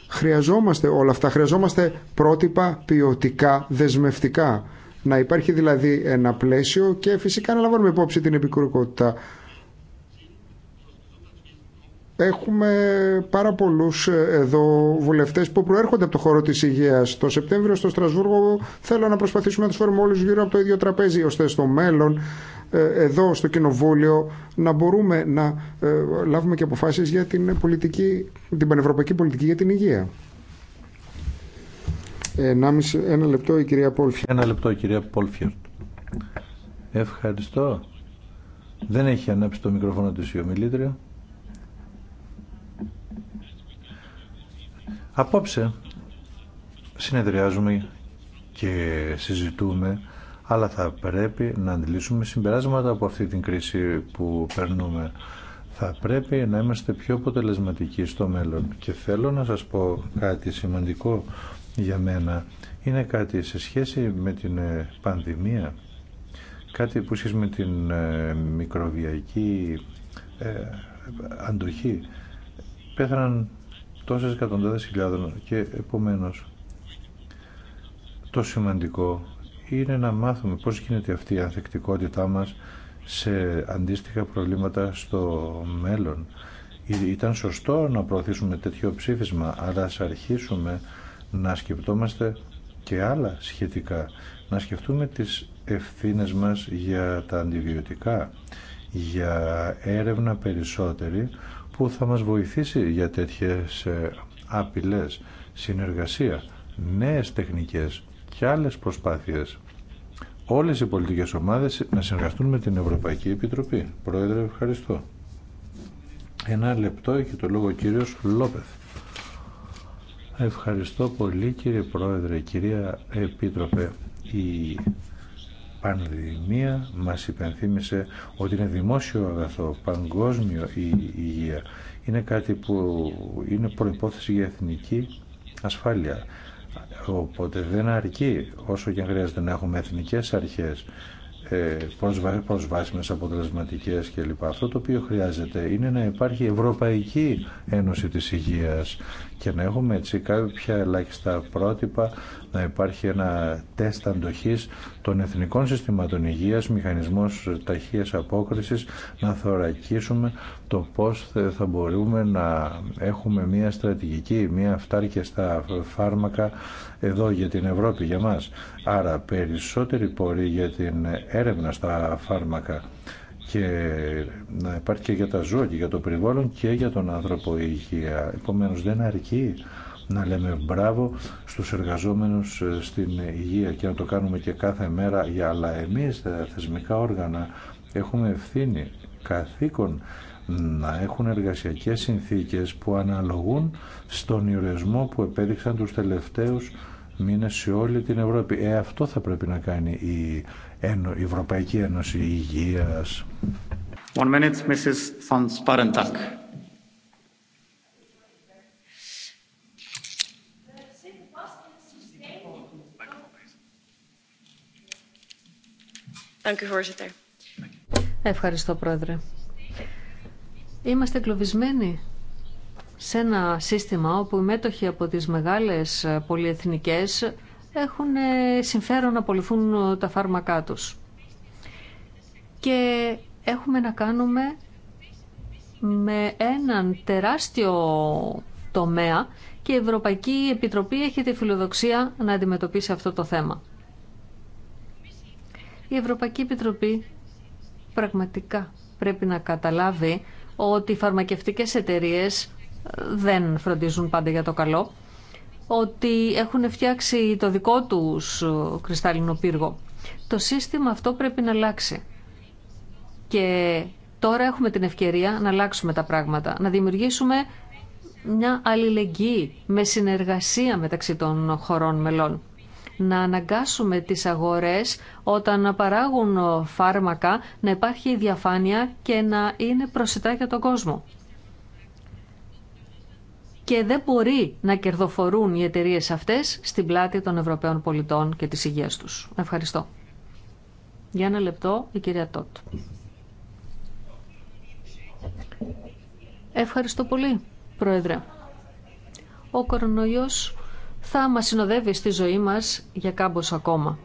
Χρειαζόμαστε όλα αυτά, χρειαζόμαστε πρότυπα ποιοτικά, δεσμευτικά. Να υπάρχει δηλαδή ένα πλαίσιο και φυσικά να λαμβάνουμε υπόψη την επικουρικότητα Έχουμε πάρα πολλού ε, εδώ βουλευτέ που προέρχονται από το χώρο τη υγεία. Το Σεπτέμβριο στο Στρασβούργο θέλω να προσπαθήσουμε να του φέρουμε όλου γύρω από το ίδιο τραπέζι, ώστε στο μέλλον, ε, εδώ στο Κοινοβούλιο, να μπορούμε να ε, λάβουμε και αποφάσει για την, πολιτική, την πανευρωπαϊκή πολιτική για την υγεία. Ένα, μισή, ένα λεπτό η κυρία Πόλφιερ Ένα λεπτό η κυρία Ευχαριστώ. Δεν έχει ανάψει το μικρόφωνο του η Απόψε συνεδριάζουμε και συζητούμε, αλλά θα πρέπει να αντιλήσουμε συμπεράσματα από αυτή την κρίση που περνούμε. Θα πρέπει να είμαστε πιο αποτελεσματικοί στο μέλλον. Και θέλω να σας πω κάτι σημαντικό για μένα. Είναι κάτι σε σχέση με την ε, πανδημία, κάτι που σχέση με την ε, μικροβιακή ε, αντοχή. Πέθαναν τόσες εκατοντάδες χιλιάδων και επομένως το σημαντικό είναι να μάθουμε πώς γίνεται αυτή η ανθεκτικότητά μας σε αντίστοιχα προβλήματα στο μέλλον. Ήταν σωστό να προωθήσουμε τέτοιο ψήφισμα, αλλά ας αρχίσουμε να σκεπτόμαστε και άλλα σχετικά. Να σκεφτούμε τις ευθύνες μας για τα αντιβιωτικά, για έρευνα περισσότερη που θα μας βοηθήσει για τέτοιες ε, απειλές, συνεργασία, νέες τεχνικές και άλλες προσπάθειες. Όλες οι πολιτικές ομάδες να συνεργαστούν με την Ευρωπαϊκή Επιτροπή. Πρόεδρε, ευχαριστώ. Ένα λεπτό έχει το λόγο ο κύριος Λόπεθ. Ευχαριστώ πολύ κύριε Πρόεδρε, κυρία Επίτροπε. Η πανδημία μας υπενθύμησε ότι είναι δημόσιο αγαθό, παγκόσμιο η υγεία. Είναι κάτι που είναι προϋπόθεση για εθνική ασφάλεια. Οπότε δεν αρκεί όσο και χρειάζεται να έχουμε εθνικές αρχές ε, προσβάσιμες, αποτελεσματικέ κλπ. Αυτό το οποίο χρειάζεται είναι να υπάρχει Ευρωπαϊκή Ένωση της Υγείας και να έχουμε έτσι κάποια ελάχιστα πρότυπα να υπάρχει ένα τεστ αντοχής των εθνικών συστημάτων υγείας, μηχανισμός ταχείας απόκρισης, να θωρακίσουμε το πώς θα μπορούμε να έχουμε μια στρατηγική, μια αυτάρκεια στα φάρμακα εδώ για την Ευρώπη, για μας. Άρα περισσότεροι πορεία για την έρευνα στα φάρμακα και να υπάρχει και για τα ζώα και για το περιβάλλον και για τον άνθρωπο δεν αρκεί να λέμε μπράβο στους εργαζόμενους ε, στην υγεία και να το κάνουμε και κάθε μέρα για αλλά εμείς τα θεσμικά όργανα έχουμε ευθύνη καθήκον να έχουν εργασιακές συνθήκες που αναλογούν στον ιορισμό που επέδειξαν τους τελευταίους μήνες σε όλη την Ευρώπη. Ε, αυτό θα πρέπει να κάνει η, Ευρωπαϊκή Ένωση Υγείας. One minute, Mrs. Ευχαριστώ, Πρόεδρε. Είμαστε εγκλωβισμένοι σε ένα σύστημα όπου οι μέτοχοι από τις μεγάλες πολυεθνικές έχουν ε, συμφέρον να απολυθούν ε, τα φάρμακά τους. Και έχουμε να κάνουμε με έναν τεράστιο τομέα και η Ευρωπαϊκή Επιτροπή έχει τη φιλοδοξία να αντιμετωπίσει αυτό το θέμα. Η Ευρωπαϊκή Επιτροπή πραγματικά πρέπει να καταλάβει ότι οι φαρμακευτικές εταιρείες ε, δεν φροντίζουν πάντα για το καλό, ότι έχουν φτιάξει το δικό τους ε, κρυστάλλινο πύργο. Το σύστημα αυτό πρέπει να αλλάξει. Και τώρα έχουμε την ευκαιρία να αλλάξουμε τα πράγματα, να δημιουργήσουμε μια αλληλεγγύη με συνεργασία μεταξύ των χωρών μελών να αναγκάσουμε τις αγορές όταν παράγουν φάρμακα να υπάρχει διαφάνεια και να είναι προσιτά για τον κόσμο. Και δεν μπορεί να κερδοφορούν οι εταιρείε αυτές στην πλάτη των Ευρωπαίων πολιτών και της υγείας τους. Ευχαριστώ. Για ένα λεπτό η κυρία Τότ. Ευχαριστώ πολύ, Πρόεδρε. Ο κορονοϊός θα μας συνοδεύει στη ζωή μας για κάμπος ακόμα.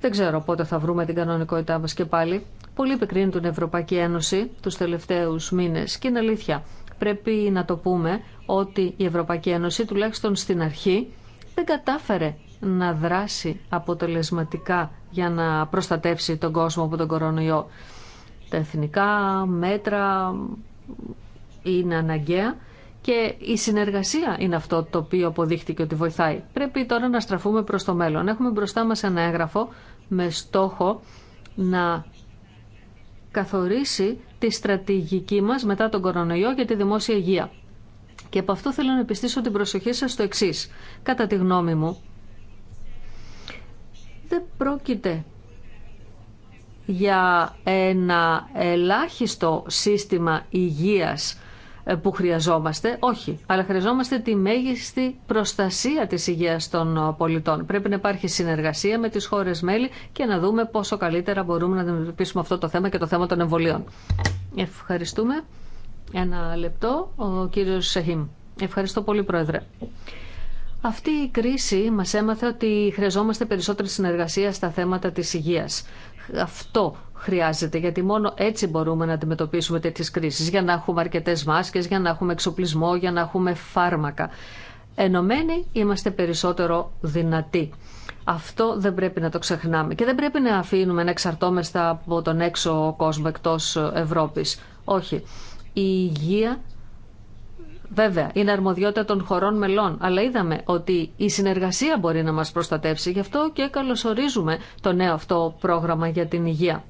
Δεν ξέρω πότε θα βρούμε την κανονικότητά μας και πάλι. Πολύ επικρίνουν την Ευρωπαϊκή Ένωση τους τελευταίους μήνες και είναι αλήθεια. Πρέπει να το πούμε ότι η Ευρωπαϊκή Ένωση τουλάχιστον στην αρχή δεν κατάφερε να δράσει αποτελεσματικά για να προστατεύσει τον κόσμο από τον κορονοϊό. Τα εθνικά μέτρα είναι αναγκαία, και η συνεργασία είναι αυτό το οποίο αποδείχτηκε ότι βοηθάει. Πρέπει τώρα να στραφούμε προς το μέλλον. Έχουμε μπροστά μας ένα έγγραφο με στόχο να καθορίσει τη στρατηγική μας μετά τον κορονοϊό για τη δημόσια υγεία. Και από αυτό θέλω να επιστήσω την προσοχή σας στο εξή. Κατά τη γνώμη μου, δεν πρόκειται για ένα ελάχιστο σύστημα υγείας ε, που χρειαζόμαστε, όχι, αλλά χρειαζόμαστε τη μέγιστη προστασία της υγείας των ε, πολιτών. Πρέπει να υπάρχει συνεργασία με τις χώρες μέλη και να δούμε πόσο καλύτερα μπορούμε να αντιμετωπίσουμε αυτό το θέμα και το θέμα των εμβολίων. Ευχαριστούμε. Ένα λεπτό, ο κύριος Σεχήμ. Ευχαριστώ πολύ, Πρόεδρε. Αυτή η κρίση μας έμαθε ότι χρειαζόμαστε περισσότερη συνεργασία στα θέματα της υγείας. Αυτό χρειάζεται, γιατί μόνο έτσι μπορούμε να αντιμετωπίσουμε τέτοιε κρίσει για να έχουμε αρκετέ μάσκες, για να έχουμε εξοπλισμό, για να έχουμε φάρμακα. Ενωμένοι είμαστε περισσότερο δυνατοί. Αυτό δεν πρέπει να το ξεχνάμε και δεν πρέπει να αφήνουμε να εξαρτώμεστε από τον έξω κόσμο εκτό Ευρώπη. Όχι. Η υγεία Βέβαια, είναι αρμοδιότητα των χωρών μελών, αλλά είδαμε ότι η συνεργασία μπορεί να μας προστατεύσει, γι' αυτό και καλωσορίζουμε το νέο αυτό πρόγραμμα για την υγεία.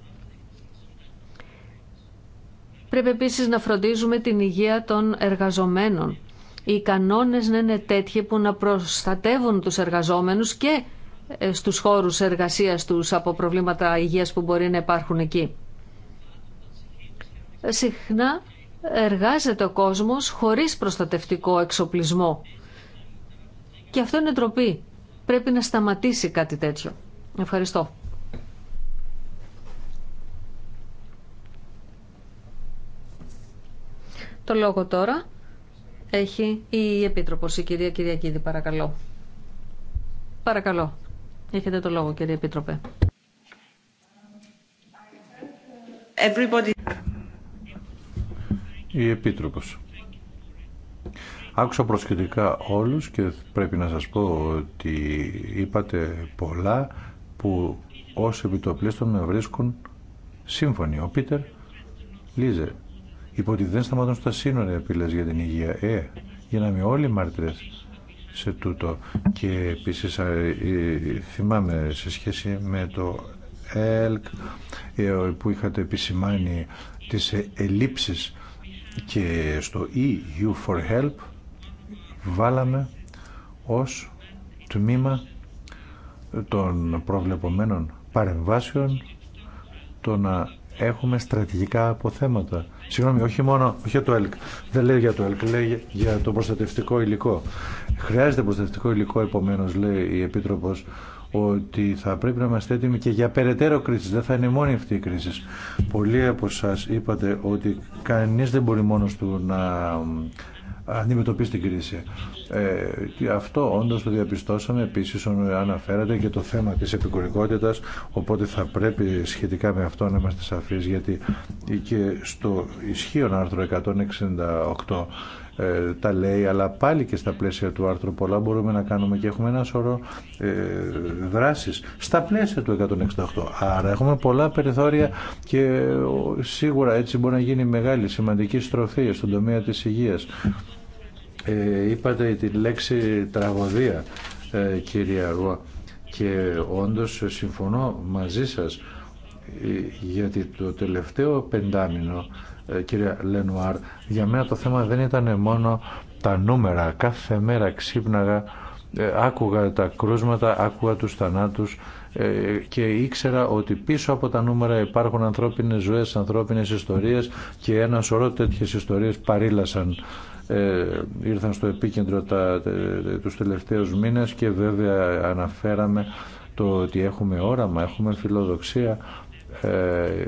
Πρέπει επίσης να φροντίζουμε την υγεία των εργαζομένων. Οι κανόνες να είναι τέτοιοι που να προστατεύουν τους εργαζόμενους και ε, στους χώρους εργασίας τους από προβλήματα υγείας που μπορεί να υπάρχουν εκεί. Συχνά εργάζεται ο κόσμος χωρίς προστατευτικό εξοπλισμό. Και αυτό είναι ντροπή. Πρέπει να σταματήσει κάτι τέτοιο. Ευχαριστώ. Το λόγο τώρα έχει η Επίτροπος, η κυρία Κυριακίδη, παρακαλώ. Παρακαλώ. Έχετε το λόγο, κύριε Επίτροπε. Everybody. Η Επίτροπος. Άκουσα προσεκτικά όλους και πρέπει να σας πω ότι είπατε πολλά που ως επιτοπλίστων με βρίσκουν σύμφωνοι. Ο Πίτερ Λίζερ. Είπα ότι δεν σταματούν στα σύνορα οι απειλές για την υγεία. Ε, γίναμε όλοι μάρτυρες σε τούτο. Και επίσης ε, θυμάμαι σε σχέση με το ΕΛΚ ε, που είχατε επισημάνει τις ελλείψεις και στο EU for Help βάλαμε ως τμήμα των προβλεπωμένων παρεμβάσεων το να έχουμε στρατηγικά αποθέματα Συγγνώμη, όχι μόνο όχι για το ΕΛΚ. Δεν λέει για το ΕΛΚ, λέει για το προστατευτικό υλικό. Χρειάζεται προστατευτικό υλικό, επομένω, λέει η Επίτροπο, ότι θα πρέπει να είμαστε έτοιμοι και για περαιτέρω κρίση. Δεν θα είναι μόνη αυτή η κρίση. Πολλοί από εσά είπατε ότι κανεί δεν μπορεί μόνο του να αντιμετωπίσει την κρίση. Ε, αυτό όντω το διαπιστώσαμε. Επίσης αναφέρατε και το θέμα τη επικουρικότητας, οπότε θα πρέπει σχετικά με αυτό να είμαστε σαφείς, γιατί και στο ισχύον άρθρο 168 ε, τα λέει, αλλά πάλι και στα πλαίσια του άρθρου πολλά μπορούμε να κάνουμε και έχουμε ένα σωρό ε, δράσεις στα πλαίσια του 168. Άρα έχουμε πολλά περιθώρια και ε, σίγουρα έτσι μπορεί να γίνει μεγάλη σημαντική στροφή στον τομέα της υγείας. Ε, είπατε τη λέξη τραγωδία, ε, κυρία Και όντως συμφωνώ μαζί σας, ε, γιατί το τελευταίο πεντάμινο, ε, Λενουάρ, για μένα το θέμα δεν ήταν μόνο τα νούμερα. Κάθε μέρα ξύπναγα, ε, άκουγα τα κρούσματα, άκουγα τους θανάτους, ε, και ήξερα ότι πίσω από τα νούμερα υπάρχουν ανθρώπινες ζωές, ανθρώπινες ιστορίες και ένα σωρό τέτοιες ιστορίες παρήλασαν ε, ήρθαν στο επίκεντρο τα, τους τελευταίους μήνες και βέβαια αναφέραμε το ότι έχουμε όραμα, έχουμε φιλοδοξία ε,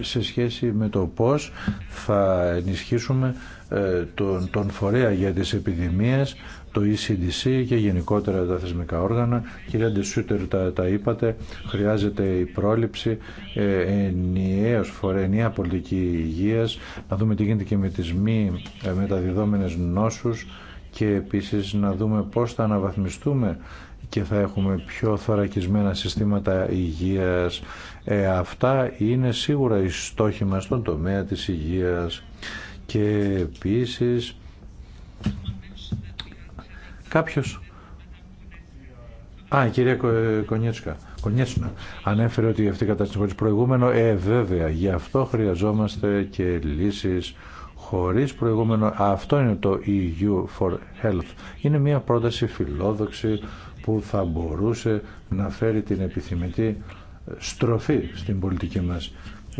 σε σχέση με το πώς θα ενισχύσουμε ε, τον, τον φορέα για τις επιδημίες το ECDC και γενικότερα τα θεσμικά όργανα. Κυρία Ντεσούτερ, τα, είπατε, χρειάζεται η πρόληψη, ε, ενιαίος φορέ, ενιαία πολιτική υγείας, να δούμε τι γίνεται και με τις μη ε, μεταδιδόμενες νόσους και επίσης να δούμε πώς θα αναβαθμιστούμε και θα έχουμε πιο θωρακισμένα συστήματα υγείας. Ε, αυτά είναι σίγουρα οι στόχοι μας στον τομέα της υγείας και επίσης Κάποιος... Α, η κυρία Κονιέτσκα, ανέφερε ότι αυτή η κατάσταση χωρίς προηγούμενο, ε, βέβαια, γι' αυτό χρειαζόμαστε και λύσεις χωρίς προηγούμενο. Αυτό είναι το EU for Health. Είναι μια πρόταση φιλόδοξη που θα μπορούσε να φέρει την επιθυμητή στροφή στην πολιτική μας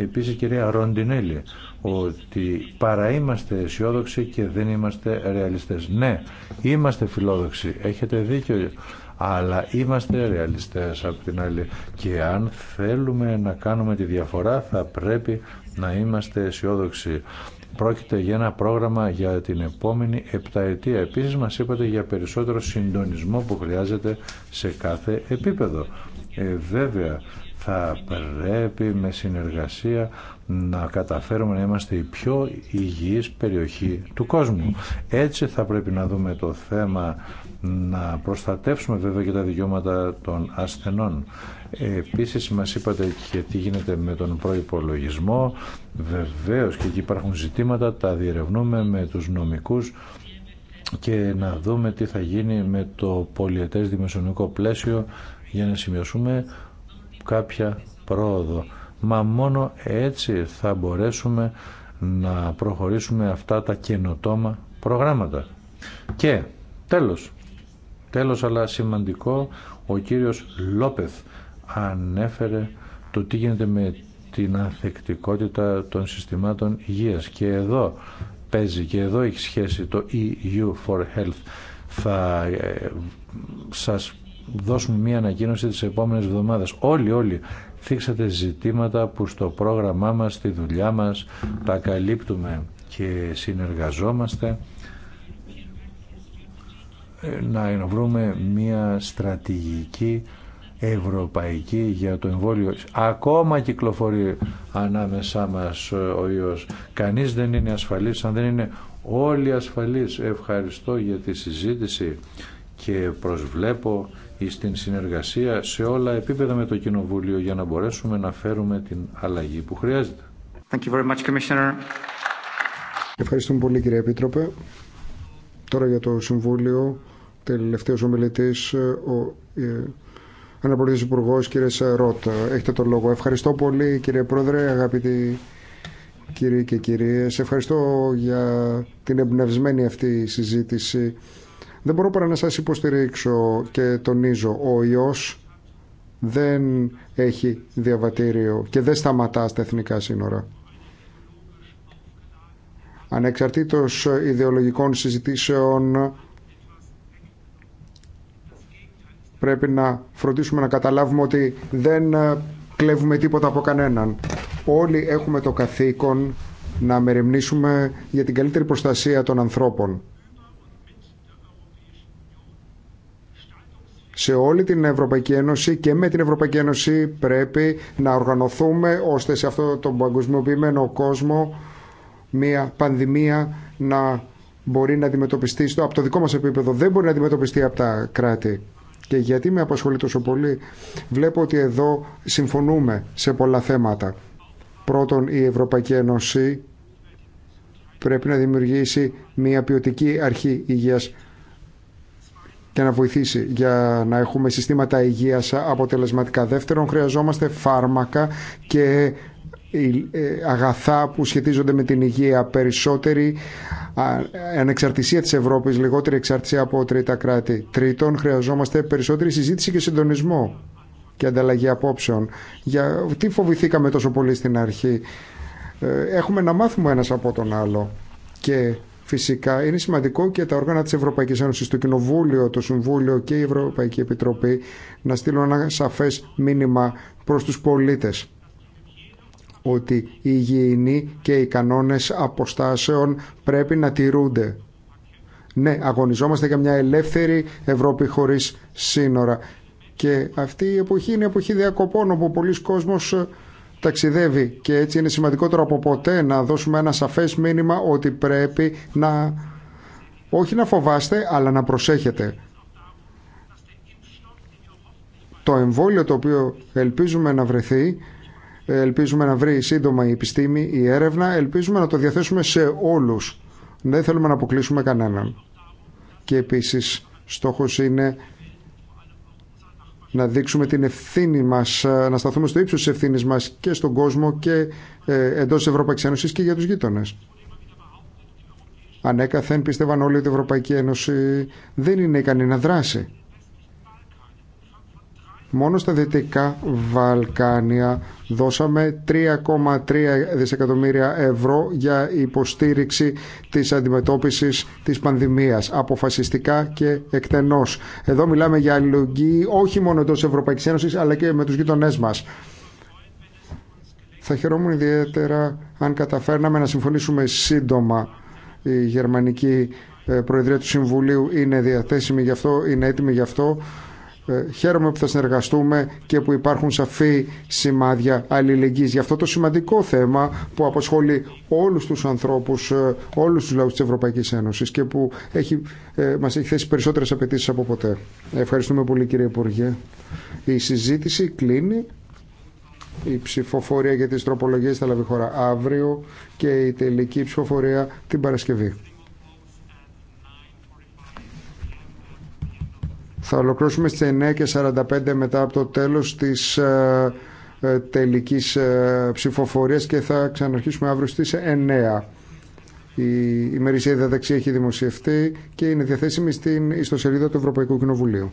επίσης κυρία Ροντινέλη ότι παρά είμαστε αισιόδοξοι και δεν είμαστε ρεαλιστές. Ναι, είμαστε φιλόδοξοι, έχετε δίκιο, αλλά είμαστε ρεαλιστές από την άλλη και αν θέλουμε να κάνουμε τη διαφορά θα πρέπει να είμαστε αισιόδοξοι. Πρόκειται για ένα πρόγραμμα για την επόμενη επταετία. Επίσης μας είπατε για περισσότερο συντονισμό που χρειάζεται σε κάθε επίπεδο. Ε, βέβαια, θα πρέπει με συνεργασία να καταφέρουμε να είμαστε η πιο υγιής περιοχή του κόσμου. Έτσι θα πρέπει να δούμε το θέμα να προστατεύσουμε βέβαια και τα δικαιώματα των ασθενών. Επίσης μας είπατε και τι γίνεται με τον προϋπολογισμό. Βεβαίως και εκεί υπάρχουν ζητήματα, τα διερευνούμε με τους νομικούς και να δούμε τι θα γίνει με το πολιετές δημοσιονομικό πλαίσιο για να σημειώσουμε κάποια πρόοδο. Μα μόνο έτσι θα μπορέσουμε να προχωρήσουμε αυτά τα καινοτόμα προγράμματα. Και τέλος, τέλος αλλά σημαντικό, ο κύριος Λόπεθ ανέφερε το τι γίνεται με την ανθεκτικότητα των συστημάτων υγείας. Και εδώ παίζει και εδώ έχει σχέση το EU for Health. Θα ε, σας δώσουμε μία ανακοίνωση τις επόμενες εβδομάδες. Όλοι, όλοι θίξατε ζητήματα που στο πρόγραμμά μας, στη δουλειά μας τα καλύπτουμε και συνεργαζόμαστε ε, να βρούμε μία στρατηγική ευρωπαϊκή για το εμβόλιο. Ακόμα κυκλοφορεί ανάμεσά μας ε, ο ιός. Κανείς δεν είναι ασφαλής, αν δεν είναι όλοι ασφαλείς. Ευχαριστώ για τη συζήτηση και προσβλέπω στην συνεργασία σε όλα επίπεδα με το Κοινοβούλιο για να μπορέσουμε να φέρουμε την αλλαγή που χρειάζεται. Thank you very much, Commissioner. Ευχαριστούμε πολύ κύριε Επίτροπε. Τώρα για το Συμβούλιο, τελευταίος ομιλητής, ο ε, Αναπολίτης Υπουργός, κύριε Ρότ. Έχετε τον λόγο. Ευχαριστώ πολύ κύριε Πρόεδρε, αγαπητοί κύριοι και κυρίες. Ευχαριστώ για την εμπνευσμένη αυτή συζήτηση δεν μπορώ παρά να σας υποστηρίξω και τονίζω ο ιός δεν έχει διαβατήριο και δεν σταματά στα εθνικά σύνορα. Ανεξαρτήτως ιδεολογικών συζητήσεων πρέπει να φροντίσουμε να καταλάβουμε ότι δεν κλέβουμε τίποτα από κανέναν. Όλοι έχουμε το καθήκον να μεριμνήσουμε για την καλύτερη προστασία των ανθρώπων. σε όλη την Ευρωπαϊκή Ένωση και με την Ευρωπαϊκή Ένωση πρέπει να οργανωθούμε ώστε σε αυτό τον παγκοσμιοποιημένο κόσμο μια πανδημία να μπορεί να αντιμετωπιστεί στο, από το δικό μας επίπεδο δεν μπορεί να αντιμετωπιστεί από τα κράτη και γιατί με απασχολεί τόσο πολύ βλέπω ότι εδώ συμφωνούμε σε πολλά θέματα πρώτον η Ευρωπαϊκή Ένωση πρέπει να δημιουργήσει μια ποιοτική αρχή υγείας και να βοηθήσει για να έχουμε συστήματα υγείας αποτελεσματικά. Δεύτερον, χρειαζόμαστε φάρμακα και ε, ε, αγαθά που σχετίζονται με την υγεία περισσότερη ανεξαρτησία της Ευρώπης, λιγότερη εξαρτησία από τρίτα κράτη. Τρίτον, χρειαζόμαστε περισσότερη συζήτηση και συντονισμό και ανταλλαγή απόψεων. Για τι φοβηθήκαμε τόσο πολύ στην αρχή. Ε, έχουμε να μάθουμε ένας από τον άλλο και Φυσικά είναι σημαντικό και τα όργανα της Ευρωπαϊκής Ένωσης, το Κοινοβούλιο, το Συμβούλιο και η Ευρωπαϊκή Επιτροπή να στείλουν ένα σαφές μήνυμα προς τους πολίτες ότι η υγιεινή και οι κανόνες αποστάσεων πρέπει να τηρούνται. Ναι, αγωνιζόμαστε για μια ελεύθερη Ευρώπη χωρίς σύνορα. Και αυτή η εποχή είναι εποχή διακοπών όπου πολλοί κόσμος ταξιδεύει και έτσι είναι σημαντικότερο από ποτέ να δώσουμε ένα σαφές μήνυμα ότι πρέπει να όχι να φοβάστε αλλά να προσέχετε. Το εμβόλιο το οποίο ελπίζουμε να βρεθεί ελπίζουμε να βρει σύντομα η επιστήμη, η έρευνα, ελπίζουμε να το διαθέσουμε σε όλους. Δεν θέλουμε να αποκλείσουμε κανέναν. Και επίσης στόχος είναι να δείξουμε την ευθύνη μας, ε, να σταθούμε στο ύψος της ευθύνης μας και στον κόσμο και ε, εντός της Ευρωπαϊκής Ένωσης και για τους γείτονες. Ανέκαθεν πίστευαν όλοι ότι η Ευρωπαϊκή Ένωση δεν είναι ικανή να δράσει. Μόνο στα Δυτικά Βαλκάνια δώσαμε 3,3 δισεκατομμύρια ευρώ για υποστήριξη της αντιμετώπισης της πανδημίας αποφασιστικά και εκτενώς. Εδώ μιλάμε για αλληλογγύη όχι μόνο εντός Ευρωπαϊκής Ένωσης αλλά και με τους γειτονές μας. Θα χαιρόμουν ιδιαίτερα αν καταφέρναμε να συμφωνήσουμε σύντομα η γερμανική ε, Προεδρία του Συμβουλίου είναι διαθέσιμη γι' αυτό, είναι έτοιμη γι' αυτό. Ε, χαίρομαι που θα συνεργαστούμε και που υπάρχουν σαφή σημάδια αλληλεγγύης για αυτό το σημαντικό θέμα που απασχολεί όλους τους ανθρώπους, ε, όλους τους λαούς της Ευρωπαϊκής Ένωσης και που έχει, ε, μας έχει θέσει περισσότερες απαιτήσει από ποτέ. Ευχαριστούμε πολύ κύριε Υπουργέ. Η συζήτηση κλείνει. Η ψηφοφορία για τις τροπολογίες θα λάβει χώρα αύριο και η τελική ψηφοφορία την Παρασκευή. Θα ολοκληρώσουμε στις 9.45 μετά από το τέλος της ε, ε, τελικής ε, ψηφοφορίας και θα ξαναρχίσουμε αύριο στις 9. Η ημερησία δεξιά έχει δημοσιευτεί και είναι διαθέσιμη στην ιστοσελίδα του Ευρωπαϊκού Κοινοβουλίου.